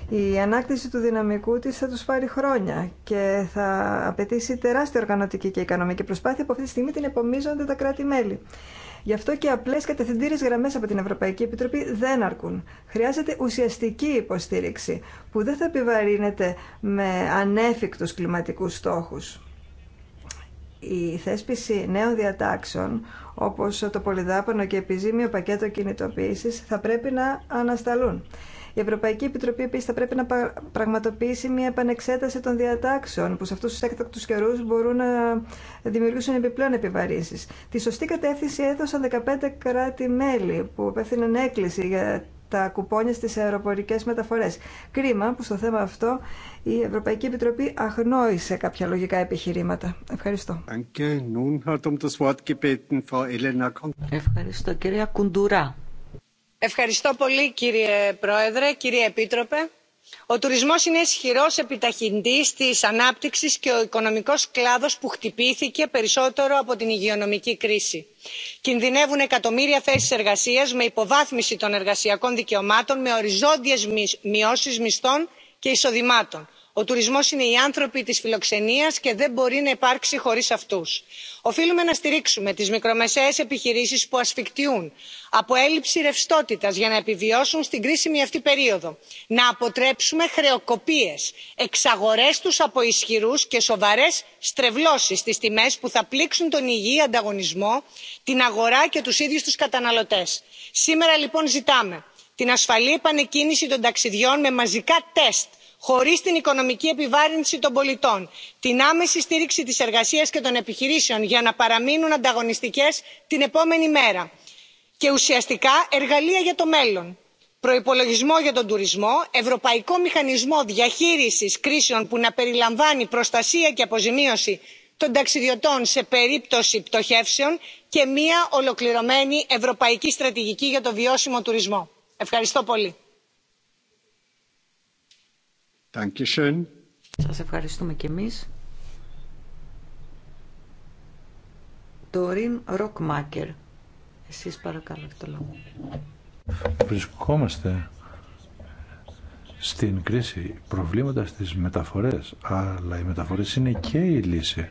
Η ανάκτηση του δυναμικού της θα τους πάρει χρόνια και θα απαιτήσει τεράστια οργανωτική και οικονομική προσπάθεια που αυτή τη στιγμή την επομίζονται τα κράτη-μέλη. Γι' αυτό και απλές κατευθυντήρες γραμμές από την Ευρωπαϊκή Επιτροπή δεν αρκούν. Χρειάζεται ουσιαστική υποστήριξη που δεν θα επιβαρύνεται με ανέφικτους κλιματικούς στόχους. Η θέσπιση νέων διατάξεων, όπως το πολυδάπανο και επιζήμιο πακέτο κινητοποίησης, θα πρέπει να ανασταλούν. Η Ευρωπαϊκή Επιτροπή επίση θα πρέπει να πραγματοποιήσει μια επανεξέταση των διατάξεων που σε αυτού του έκτακτου καιρού μπορούν να δημιουργήσουν επιπλέον επιβαρύνσει. Τη σωστή κατεύθυνση έδωσαν 15 κράτη-μέλη που απέθυναν έκκληση για τα κουπόνια στις αεροπορικές μεταφορές. Κρίμα που στο θέμα αυτό η Ευρωπαϊκή Επιτροπή αγνόησε κάποια λογικά επιχειρήματα. Ευχαριστώ. Um Ευχαριστώ κυρία Κουντουρά. Ευχαριστώ πολύ κύριε Πρόεδρε, κύριε Επίτροπε. Ο τουρισμός είναι ισχυρός επιταχυντής της ανάπτυξης και ο οικονομικός κλάδος που χτυπήθηκε περισσότερο από την υγειονομική κρίση. Κινδυνεύουν εκατομμύρια θέσεις εργασίας με υποβάθμιση των εργασιακών δικαιωμάτων, με οριζόντιες μειώσεις μισθών και εισοδημάτων ο τουρισμός είναι οι άνθρωποι της φιλοξενίας και δεν μπορεί να υπάρξει χωρίς αυτούς. οφείλουμε να στηρίξουμε τις μικρομεσαίες επιχειρήσεις που ασφικτιούν από έλλειψη ρευστότητας για να επιβιώσουν στην κρίσιμη αυτή περίοδο να αποτρέψουμε χρεοκοπίες εξαγορές τους από ισχυρού και σοβαρές στρεβλώσεις στις τιμές που θα πλήξουν τον υγιή ανταγωνισμό την αγορά και τους ίδιους τους καταναλωτές. σήμερα λοιπόν ζητάμε την ασφαλή επανεκκίνηση των ταξιδιών με μαζικά τεστ χωρίς την οικονομική επιβάρυνση των πολιτών την άμεση στήριξη της εργασίας και των επιχειρήσεων για να παραμείνουν ανταγωνιστικές την επόμενη μέρα και ουσιαστικά εργαλεία για το μέλλον προϋπολογισμό για τον τουρισμό ευρωπαϊκό μηχανισμό διαχείρισης κρίσεων που να περιλαμβάνει προστασία και αποζημίωση των ταξιδιωτών σε περίπτωση πτωχεύσεων και μια ολοκληρωμένη ευρωπαϊκή στρατηγική για το βιώσιμο τουρισμό. ευχαριστώ πολύ. Σας ευχαριστούμε και εμείς. Ντορίν Ροκμάκερ. Εσείς παρακαλώ το λόγο. Βρισκόμαστε στην κρίση προβλήματα στις μεταφορές, αλλά οι μεταφορές είναι και η λύση.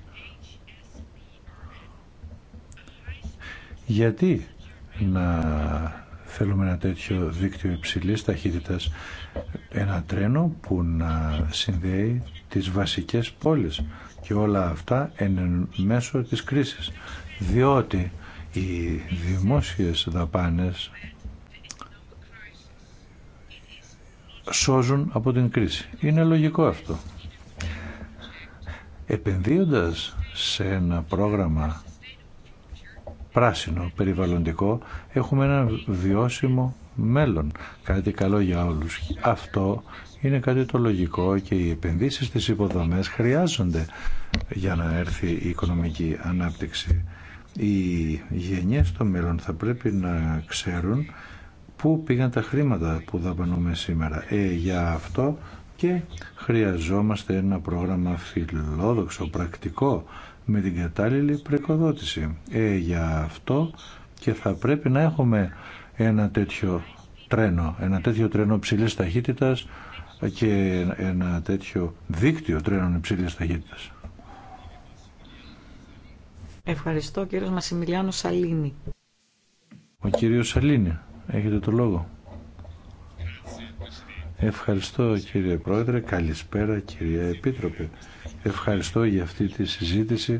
Γιατί να Θέλουμε ένα τέτοιο δίκτυο υψηλής ταχύτητας, ένα τρένο που να συνδέει τις βασικές πόλεις και όλα αυτά εν μέσω της κρίσης. Διότι οι δημόσιες δαπάνες σώζουν από την κρίση. Είναι λογικό αυτό. Επενδύοντας σε ένα πρόγραμμα πράσινο περιβαλλοντικό έχουμε ένα βιώσιμο μέλλον. Κάτι καλό για όλους. Αυτό είναι κάτι το λογικό και οι επενδύσεις στις υποδομές χρειάζονται για να έρθει η οικονομική ανάπτυξη. Οι γενιές στο μέλλον θα πρέπει να ξέρουν πού πήγαν τα χρήματα που δαπανούμε σήμερα. Ε, για αυτό και χρειαζόμαστε ένα πρόγραμμα φιλόδοξο, πρακτικό, με την κατάλληλη προοικοδότηση. Ε, για αυτό και θα πρέπει να έχουμε ένα τέτοιο τρένο, ένα τέτοιο τρένο ψηλής ταχύτητας και ένα τέτοιο δίκτυο τρένων υψηλής ταχύτητας. Ευχαριστώ κύριος Μασιμιλιάνο Σαλίνη. Ο κύριος Σαλίνη, έχετε το λόγο. Ευχαριστώ κύριε Πρόεδρε, καλησπέρα κυρία Επίτροπε. Ευχαριστώ για αυτή τη συζήτηση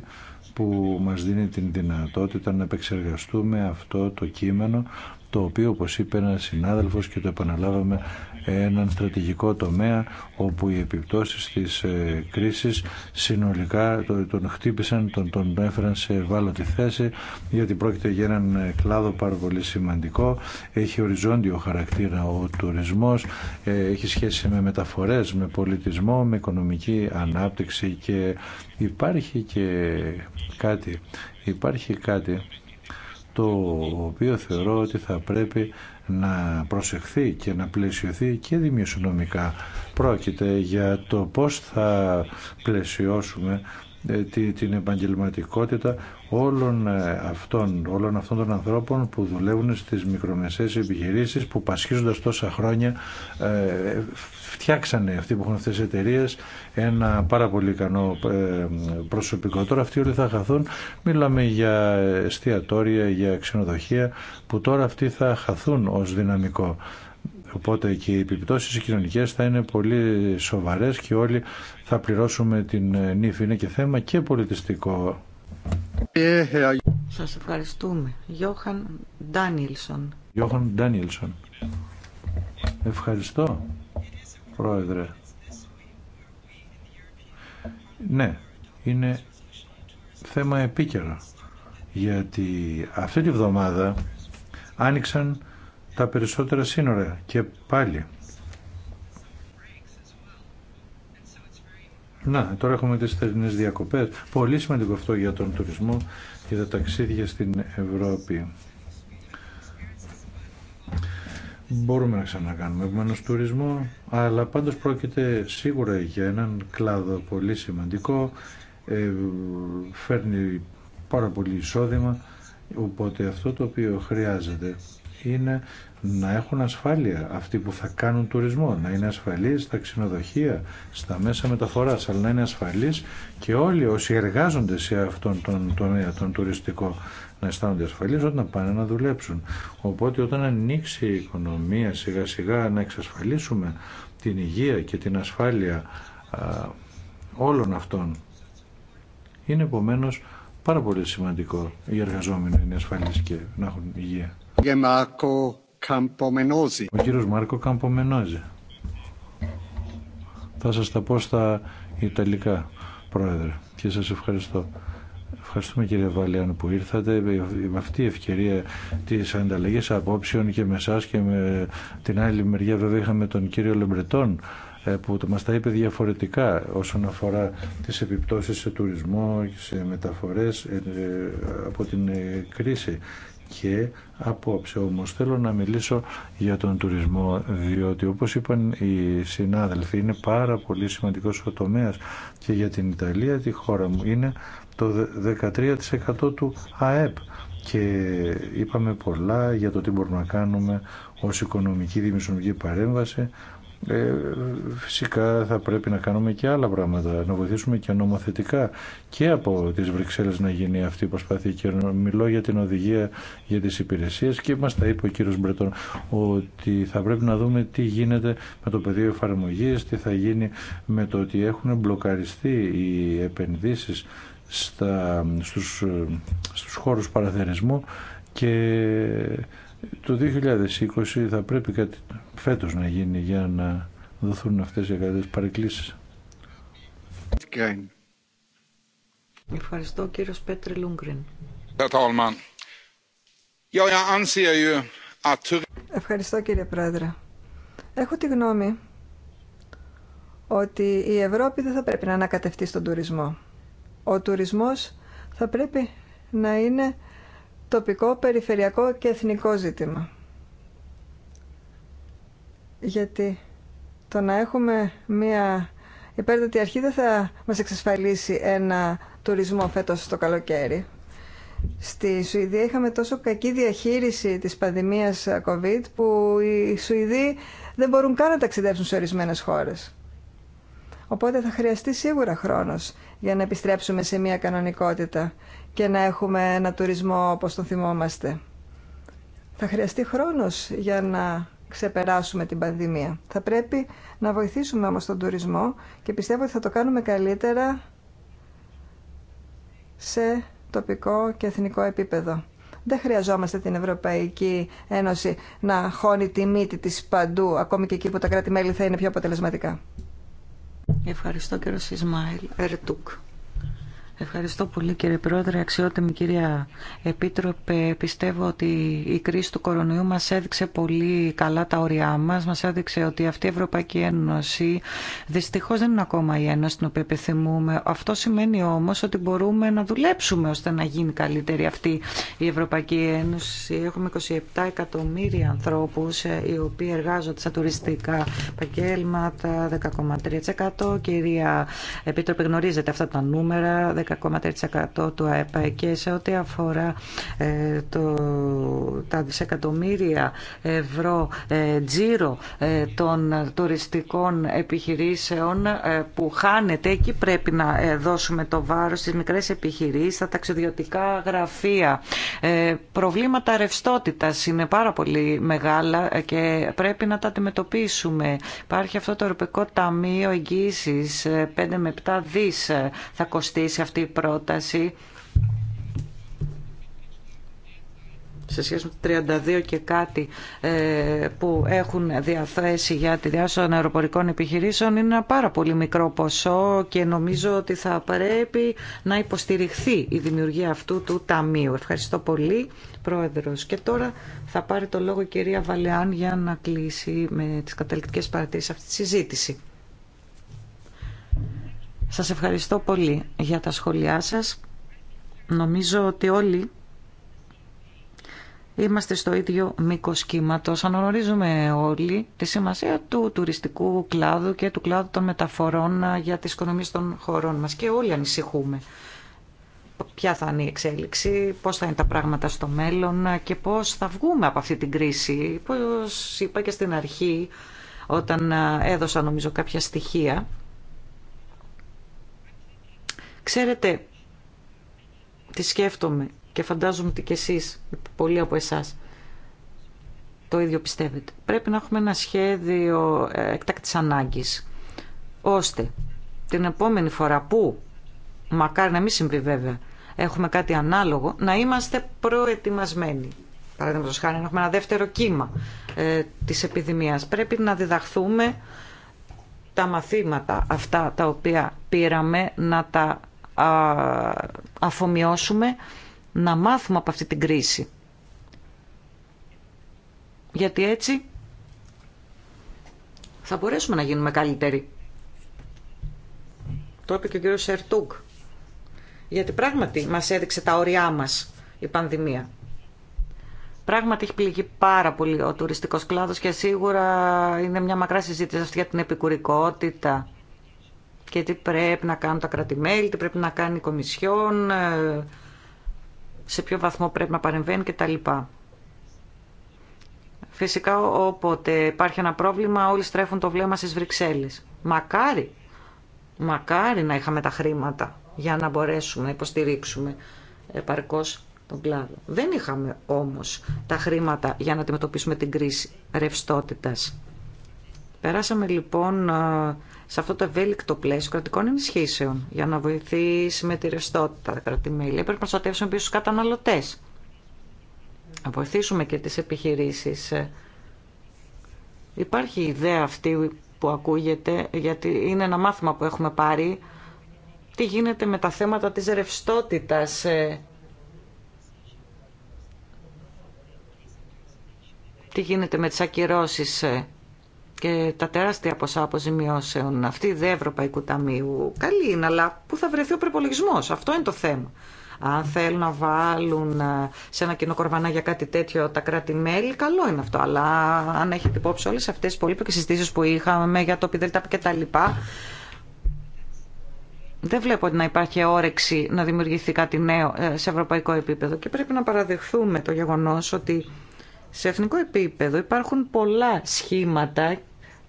που μας δίνει την δυνατότητα να επεξεργαστούμε αυτό το κείμενο το οποίο όπως είπε ένας συνάδελφος και το επαναλάβαμε έναν στρατηγικό τομέα όπου οι επιπτώσεις της ε, κρίσης συνολικά τον χτύπησαν, τον, τον έφεραν σε ευάλωτη θέση γιατί πρόκειται για έναν ε, κλάδο πάρα πολύ σημαντικό. Έχει οριζόντιο χαρακτήρα ο τουρισμός, ε, έχει σχέση με μεταφορές, με πολιτισμό, με οικονομική ανάπτυξη και υπάρχει και κάτι, υπάρχει κάτι το οποίο θεωρώ ότι θα πρέπει να προσεχθεί και να πλαισιωθεί και δημιουργικά. Πρόκειται για το πώς θα πλαισιώσουμε ε, την επαγγελματικότητα όλων ε, αυτών, όλων αυτών των ανθρώπων που δουλεύουν στις μικρομεσαίες επιχειρήσεις που πασχίζοντας τόσα χρόνια ε, φτιάξανε αυτοί που έχουν αυτές τις εταιρείες ένα πάρα πολύ ικανό προσωπικό. Τώρα αυτοί όλοι θα χαθούν. Μιλάμε για εστιατόρια, για ξενοδοχεία που τώρα αυτοί θα χαθούν ως δυναμικό. Οπότε και οι επιπτώσει κοινωνικέ θα είναι πολύ σοβαρέ και όλοι θα πληρώσουμε την νύφη. Είναι και θέμα και πολιτιστικό. Σα ευχαριστούμε. Γιώχαν Ντάνιλσον. Γιώχαν Ντάνιλσον. Ευχαριστώ, Πρόεδρε. Ναι, είναι θέμα επίκαιρο. Γιατί αυτή τη βδομάδα άνοιξαν τα περισσότερα σύνορα και πάλι. Να, τώρα έχουμε τις θερινές διακοπές. Πολύ σημαντικό αυτό για τον τουρισμό και τα ταξίδια στην Ευρώπη. Μπορούμε να ξανακάνουμε επομένως τουρισμό, αλλά πάντως πρόκειται σίγουρα για έναν κλάδο πολύ σημαντικό, ε, φέρνει πάρα πολύ εισόδημα, οπότε αυτό το οποίο χρειάζεται είναι να έχουν ασφάλεια αυτοί που θα κάνουν τουρισμό, να είναι ασφαλείς στα ξενοδοχεία, στα μέσα μεταφοράς, αλλά να είναι ασφαλείς και όλοι όσοι εργάζονται σε αυτόν τον τομέα, τον τουριστικό, να αισθάνονται ασφαλείς όταν πάνε να δουλέψουν. Οπότε όταν ανοίξει η οικονομία σιγά σιγά να εξασφαλίσουμε την υγεία και την ασφάλεια α, όλων αυτών είναι επομένω πάρα πολύ σημαντικό οι εργαζόμενοι να είναι ασφαλείς και να έχουν υγεία. Ο κύριος Μάρκο Καμπομενόζη. Θα σας τα πω στα Ιταλικά, Πρόεδρε, και σας ευχαριστώ. Ευχαριστούμε κύριε Βαλιάν που ήρθατε με αυτή η ευκαιρία της ανταλλαγής απόψεων και με εσά και με την άλλη μεριά βέβαια είχαμε τον κύριο Λεμπρετών ε, που μας τα είπε διαφορετικά όσον αφορά τις επιπτώσεις σε τουρισμό, και σε μεταφορές ε, ε, από την κρίση και απόψε. Όμως θέλω να μιλήσω για τον τουρισμό, διότι όπως είπαν οι συνάδελφοι είναι πάρα πολύ σημαντικός ο και για την Ιταλία, τη χώρα μου, είναι το 13% του ΑΕΠ και είπαμε πολλά για το τι μπορούμε να κάνουμε ως οικονομική δημιουργική παρέμβαση ε, φυσικά θα πρέπει να κάνουμε και άλλα πράγματα, να βοηθήσουμε και νομοθετικά και από τις Βρυξέλλες να γίνει αυτή η προσπάθεια και μιλώ για την οδηγία για τις υπηρεσίες και μας τα είπε ο κύριος Μπρετών ότι θα πρέπει να δούμε τι γίνεται με το πεδίο εφαρμογή, τι θα γίνει με το ότι έχουν μπλοκαριστεί οι επενδύσεις στα, στους, στους χώρους παραθερισμού και το 2020 θα πρέπει κάτι φέτος να γίνει για να δοθούν αυτές οι αγαπητές παρεκκλήσεις. Ευχαριστώ κύριος Λούγκριν. Ευχαριστώ κύριε Πρόεδρε. Έχω τη γνώμη ότι η Ευρώπη δεν θα πρέπει να ανακατευτεί στον τουρισμό. Ο τουρισμός θα πρέπει να είναι τοπικό, περιφερειακό και εθνικό ζήτημα γιατί το να έχουμε μία υπέρτατη αρχή δεν θα μας εξασφαλίσει ένα τουρισμό φέτος το καλοκαίρι. Στη Σουηδία είχαμε τόσο κακή διαχείριση της πανδημίας COVID που οι Σουηδοί δεν μπορούν καν να ταξιδέψουν σε ορισμένες χώρες. Οπότε θα χρειαστεί σίγουρα χρόνος για να επιστρέψουμε σε μια κανονικότητα και να έχουμε ένα τουρισμό όπως τον θυμόμαστε. Θα χρειαστεί χρόνος για να ξεπεράσουμε την πανδημία. Θα πρέπει να βοηθήσουμε όμως τον τουρισμό και πιστεύω ότι θα το κάνουμε καλύτερα σε τοπικό και εθνικό επίπεδο. Δεν χρειαζόμαστε την Ευρωπαϊκή Ένωση να χώνει τη μύτη της παντού, ακόμη και εκεί που τα κράτη-μέλη θα είναι πιο αποτελεσματικά. Ευχαριστώ κύριο Σισμάιλ Ερτούκ. Ευχαριστώ πολύ κύριε Πρόεδρε, αξιότιμη κυρία Επίτροπε. Πιστεύω ότι η κρίση του κορονοϊού μας έδειξε πολύ καλά τα όρια μας. Μας έδειξε ότι αυτή η Ευρωπαϊκή Ένωση δυστυχώς δεν είναι ακόμα η Ένωση την οποία επιθυμούμε. Αυτό σημαίνει όμως ότι μπορούμε να δουλέψουμε ώστε να γίνει καλύτερη αυτή η Ευρωπαϊκή Ένωση. Έχουμε 27 εκατομμύρια ανθρώπους ε, οι οποίοι εργάζονται στα τουριστικά επαγγέλματα, 10,3%. Κυρία Επίτροπε γνωρίζετε αυτά τα νούμερα, 10,3% του ΑΕΠ και σε ό,τι αφορά ε, το, τα δισεκατομμύρια ευρώ ε, τζίρο ε, των τουριστικών επιχειρήσεων που χάνεται, εκεί πρέπει να δώσουμε το βάρος στις μικρές επιχειρήσεις, στα ταξιδιωτικά γραφεία. Προβλήματα ρευστότητας είναι πάρα πολύ μεγάλα και πρέπει να τα αντιμετωπίσουμε. Υπάρχει αυτό το Ευρωπαϊκό Ταμείο Εγγύησης 5 με 7 δις θα κοστίσει αυτό αυτή πρόταση σε σχέση με 32 και κάτι ε, που έχουν διαθέσει για τη διάσωση των αεροπορικών επιχειρήσεων είναι ένα πάρα πολύ μικρό ποσό και νομίζω ότι θα πρέπει να υποστηριχθεί η δημιουργία αυτού του ταμείου. Ευχαριστώ πολύ, Πρόεδρος. Και τώρα θα πάρει το λόγο η κυρία Βαλεάν για να κλείσει με τις καταληκτικές παρατήσεις αυτή τη συζήτηση. Σας ευχαριστώ πολύ για τα σχόλιά σας. Νομίζω ότι όλοι είμαστε στο ίδιο μήκο κύματο. Αναγνωρίζουμε όλοι τη σημασία του τουριστικού κλάδου και του κλάδου των μεταφορών για τις οικονομίες των χωρών μας και όλοι ανησυχούμε. Ποια θα είναι η εξέλιξη, πώς θα είναι τα πράγματα στο μέλλον και πώς θα βγούμε από αυτή την κρίση. Πώς είπα και στην αρχή όταν έδωσα νομίζω κάποια στοιχεία Ξέρετε τι σκέφτομαι και φαντάζομαι ότι και εσείς, πολλοί από εσάς, το ίδιο πιστεύετε. Πρέπει να έχουμε ένα σχέδιο εκτάκτης ανάγκης, ώστε την επόμενη φορά που, μακάρι να μην συμβεί βέβαια, έχουμε κάτι ανάλογο, να είμαστε προετοιμασμένοι. Παραδείγματο χάρη, να έχουμε ένα δεύτερο κύμα ε, της επιδημίας. Πρέπει να διδαχθούμε τα μαθήματα αυτά τα οποία πήραμε, να τα αφομοιώσουμε, να μάθουμε από αυτή την κρίση. Γιατί έτσι θα μπορέσουμε να γίνουμε καλύτεροι. Το είπε και ο κύριος Σερτούγκ. Γιατί πράγματι μας έδειξε τα όρια μας η πανδημία. Πράγματι έχει πληγεί πάρα πολύ ο τουριστικός κλάδος και σίγουρα είναι μια μακρά συζήτηση αυτή για την επικουρικότητα και τι πρέπει να κάνουν τα κρατημέλη, τι πρέπει να κάνει η Κομισιόν, ε, σε ποιο βαθμό πρέπει να παρεμβαίνει κτλ. Φυσικά όποτε υπάρχει ένα πρόβλημα όλοι στρέφουν το βλέμμα στις Βρυξέλλες. Μακάρι, μακάρι να είχαμε τα χρήματα για να μπορέσουμε να υποστηρίξουμε επαρκώς τον κλάδο. Δεν είχαμε όμως τα χρήματα για να αντιμετωπίσουμε την κρίση ρευστότητας. Περάσαμε λοιπόν ε, σε αυτό το ευέλικτο πλαίσιο κρατικών ενισχύσεων για να βοηθήσει με τη ρευστότητα τα κρατημέλη. Πρέπει να προστατεύσουμε πίσω του καταναλωτέ. Να βοηθήσουμε και τι επιχειρήσει. Υπάρχει η ιδέα αυτή που ακούγεται, γιατί είναι ένα μάθημα που έχουμε πάρει, τι γίνεται με τα θέματα της ρευστότητα. Ε? Τι γίνεται με τις ακυρώσεις ε? και τα τεράστια ποσά αποζημιώσεων αυτή δεν Ευρωπαϊκού Ταμείου. Καλή είναι, αλλά πού θα βρεθεί ο προπολογισμό. Αυτό είναι το θέμα. Αν θέλουν να βάλουν ε, σε ένα κοινό κορβανά για κάτι τέτοιο τα κράτη-μέλη, καλό είναι αυτό. Αλλά αν έχετε υπόψη όλε αυτέ τι πολύπλοκε συζητήσει που είχαμε για το ΠΙΔΕΛΤΑΠ και τα λοιπά, δεν βλέπω ότι να υπάρχει όρεξη να δημιουργηθεί κάτι νέο ε, σε ευρωπαϊκό επίπεδο. Και πρέπει να παραδεχθούμε το γεγονό ότι σε εθνικό επίπεδο υπάρχουν πολλά σχήματα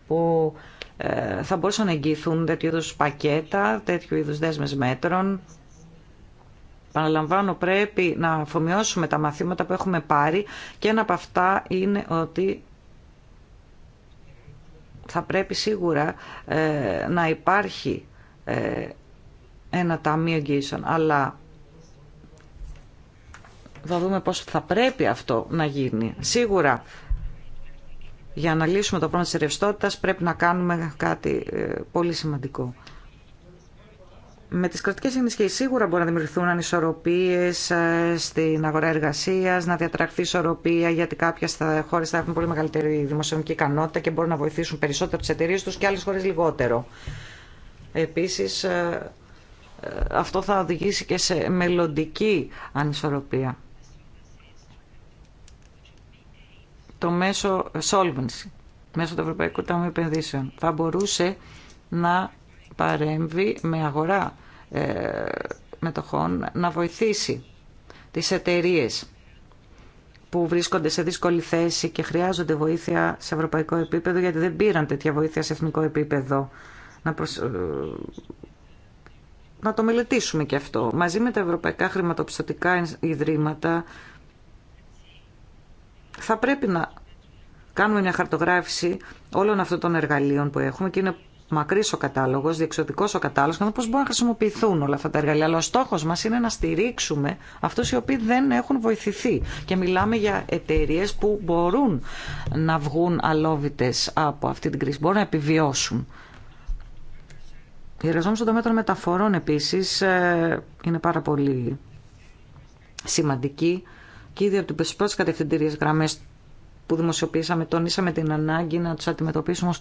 που ε, θα μπορούσαν να εγγυηθούν τέτοιου είδους πακέτα, τέτοιου είδους δέσμες μέτρων. Παναλαμβάνω, πρέπει να αφομοιώσουμε τα μαθήματα που έχουμε πάρει και ένα από αυτά είναι ότι θα πρέπει σίγουρα ε, να υπάρχει ε, ένα ταμείο εγγύησεων. Αλλά θα δούμε πώς θα πρέπει αυτό να γίνει. Σίγουρα για να λύσουμε το πρόβλημα της ρευστότητας πρέπει να κάνουμε κάτι ε, πολύ σημαντικό. Με τις κρατικές ενισχύσεις σίγουρα μπορούν να δημιουργηθούν ανισορροπίες ε, στην αγορά εργασίας, να διατραχθεί ισορροπία γιατί κάποιες χώρες θα έχουν πολύ μεγαλύτερη δημοσιονομική ικανότητα και μπορούν να βοηθήσουν περισσότερο τις εταιρείε τους και άλλες χώρες λιγότερο. Επίσης ε, αυτό θα οδηγήσει και σε μελλοντική ανισορροπία. το μέσο solvency, μέσω του Ευρωπαϊκού Ταμείου Επενδύσεων. Θα μπορούσε να παρέμβει με αγορά ε, μετοχών, να βοηθήσει τις εταιρείε που βρίσκονται σε δύσκολη θέση και χρειάζονται βοήθεια σε ευρωπαϊκό επίπεδο, γιατί δεν πήραν τέτοια βοήθεια σε εθνικό επίπεδο. Να, ε, να το μελετήσουμε και αυτό. Μαζί με τα ευρωπαϊκά χρηματοπιστωτικά ιδρύματα θα πρέπει να κάνουμε μια χαρτογράφηση όλων αυτών των εργαλείων που έχουμε και είναι μακρύ ο κατάλογο, διεξοδικό ο κατάλογο, να δούμε πώ μπορούν να χρησιμοποιηθούν όλα αυτά τα εργαλεία. Αλλά ο στόχο μα είναι να στηρίξουμε αυτού οι οποίοι δεν έχουν βοηθηθεί. Και μιλάμε για εταιρείε που μπορούν να βγουν αλόβητε από αυτή την κρίση, μπορούν να επιβιώσουν. Οι εργαζόμενοι στον τομέα των μεταφορών επίση ε, είναι πάρα πολύ σημαντικοί και ήδη από τι πρώτε κατευθυντήριε γραμμέ που δημοσιοποιήσαμε, τονίσαμε την ανάγκη να του αντιμετωπίσουμε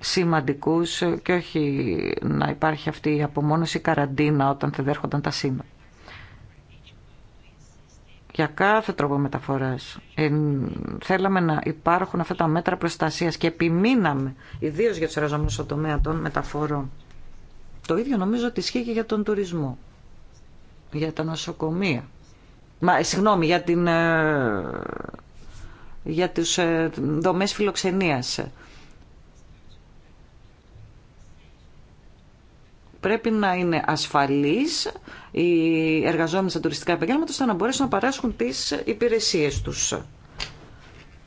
σημαντικούς και όχι να υπάρχει αυτή η απομόνωση η καραντίνα όταν θα δέρχονταν τα σύνορα. Για κάθε τρόπο μεταφορά. ε, θέλαμε να υπάρχουν αυτά τα μέτρα προστασίας και επιμείναμε ιδίω για του εργαζόμενου στον τομέα των μεταφορών. Το ίδιο νομίζω ότι ισχύει και για τον τουρισμό για τα νοσοκομεία. Μα, συγγνώμη, για, την, ε, για τους ε, δομές φιλοξενίας. Πρέπει να είναι ασφαλείς οι εργαζόμενοι στα τουριστικά επαγγέλματα ώστε να μπορέσουν να παράσχουν τις υπηρεσίες τους.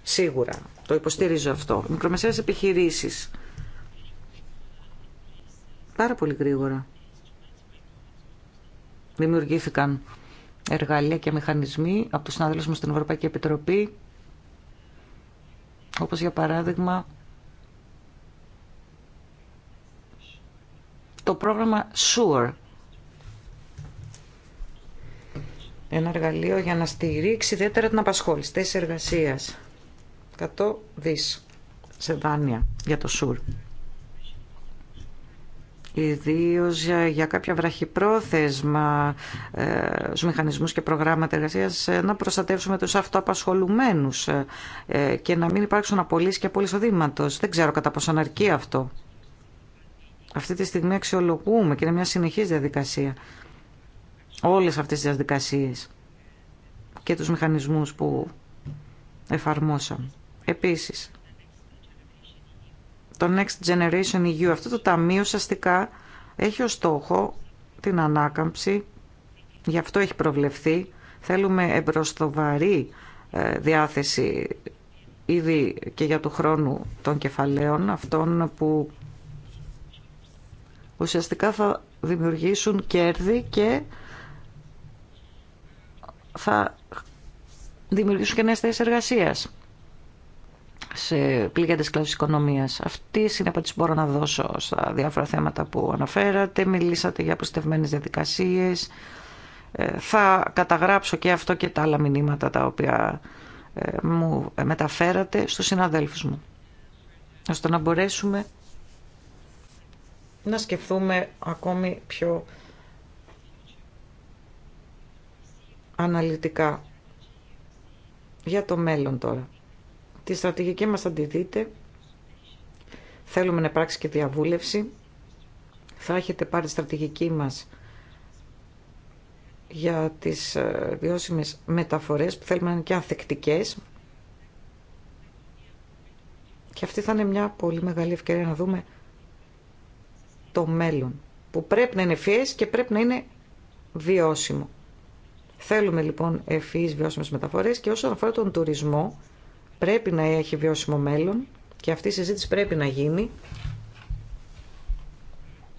Σίγουρα. Το υποστηρίζω αυτό. Μικρομεσαίες επιχειρήσεις. Πάρα πολύ γρήγορα δημιουργήθηκαν εργαλεία και μηχανισμοί από τους συνάδελφους μου στην Ευρωπαϊκή Επιτροπή, όπως για παράδειγμα το πρόγραμμα SURE, ένα εργαλείο για να στηρίξει ιδιαίτερα την απασχόληση της εργασίας. 100 δις σε δάνεια για το SURE ιδίω για κάποια βραχυπρόθεσμα ε, στου μηχανισμού και προγράμματα εργασίας ε, να προστατεύσουμε τους αυτοαπασχολουμένους ε, και να μην υπάρξουν απολύσεις και απόλυση οδήματο. Δεν ξέρω κατά πόσο αναρκεί αυτό. Αυτή τη στιγμή αξιολογούμε και είναι μια συνεχή διαδικασία όλες αυτές τι διαδικασίε και τους μηχανισμούς που εφαρμόσαμε. Επίση το Next Generation EU. Αυτό το ταμείο ουσιαστικά έχει ως στόχο την ανάκαμψη, γι' αυτό έχει προβλεφθεί. Θέλουμε εμπροστοβαρή ε, διάθεση ήδη και για του χρόνου των κεφαλαίων αυτών που ουσιαστικά θα δημιουργήσουν κέρδη και θα δημιουργήσουν και νέες θέσεις εργασίας σε πληγέντες κλάσης οικονομίας. Αυτή είναι η απάντηση μπορώ να δώσω στα διάφορα θέματα που αναφέρατε. Μιλήσατε για προστευμένες διαδικασίες. Ε, θα καταγράψω και αυτό και τα άλλα μηνύματα τα οποία ε, μου ε, μεταφέρατε στους συναδέλφους μου ώστε να μπορέσουμε να σκεφτούμε ακόμη πιο αναλυτικά για το μέλλον τώρα. Τη στρατηγική μας θα τη δείτε. Θέλουμε να υπάρξει και διαβούλευση. Θα έχετε πάρει τη στρατηγική μας για τις ε, βιώσιμες μεταφορές που θέλουμε να είναι και ανθεκτικές. Και αυτή θα είναι μια πολύ μεγάλη ευκαιρία να δούμε το μέλλον που πρέπει να είναι ευφυές και πρέπει να είναι βιώσιμο. Θέλουμε λοιπόν ευφυείς βιώσιμες μεταφορές και όσον αφορά τον τουρισμό πρέπει να έχει βιώσιμο μέλλον και αυτή η συζήτηση πρέπει να γίνει.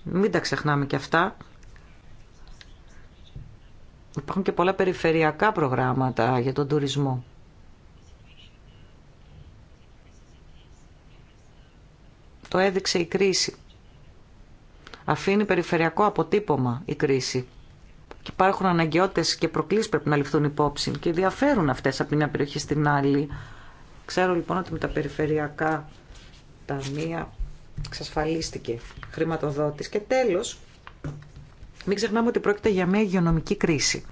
Μην τα ξεχνάμε και αυτά. Υπάρχουν και πολλά περιφερειακά προγράμματα για τον τουρισμό. Το έδειξε η κρίση. Αφήνει περιφερειακό αποτύπωμα η κρίση. Και υπάρχουν αναγκαιότητες και προκλήσεις που πρέπει να ληφθούν υπόψη και διαφέρουν αυτές από μια περιοχή στην άλλη. Ξέρω λοιπόν ότι με τα περιφερειακά ταμεία εξασφαλίστηκε χρηματοδότης. Και τέλος, μην ξεχνάμε ότι πρόκειται για μια υγειονομική κρίση.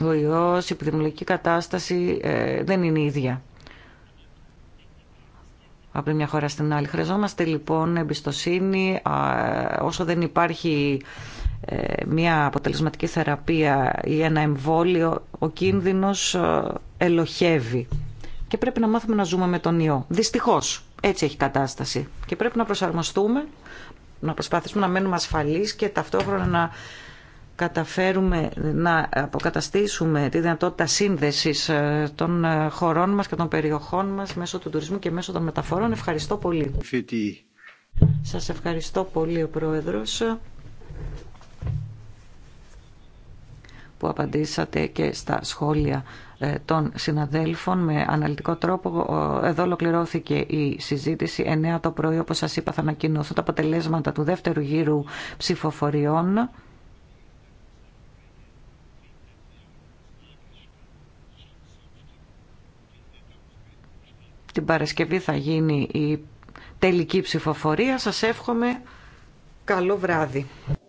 Ο ιός, η επιδημιολογική κατάσταση ε, δεν είναι ίδια από μια χώρα στην άλλη. Χρειαζόμαστε λοιπόν εμπιστοσύνη. Όσο δεν υπάρχει ε, μια αποτελεσματική θεραπεία ή ένα εμβόλιο, ο κίνδυνος ε, ελοχεύει. Και πρέπει να μάθουμε να ζούμε με τον ιό. Δυστυχώς, έτσι έχει κατάσταση. Και πρέπει να προσαρμοστούμε, να προσπαθήσουμε να μένουμε ασφαλείς και ταυτόχρονα να καταφέρουμε να αποκαταστήσουμε τη δυνατότητα σύνδεσης ε, των χωρών μας και των περιοχών μας μέσω του τουρισμού και μέσω των μεταφορών. Ευχαριστώ πολύ. Σας ευχαριστώ πολύ ο Πρόεδρος. που απαντήσατε και στα σχόλια ε, των συναδέλφων με αναλυτικό τρόπο. Εδώ ολοκληρώθηκε η συζήτηση. 9 το πρωί, όπως σας είπα, θα ανακοινώσω τα αποτελέσματα του δεύτερου γύρου ψηφοφοριών. Την Παρασκευή θα γίνει η τελική ψηφοφορία. Σας εύχομαι καλό βράδυ.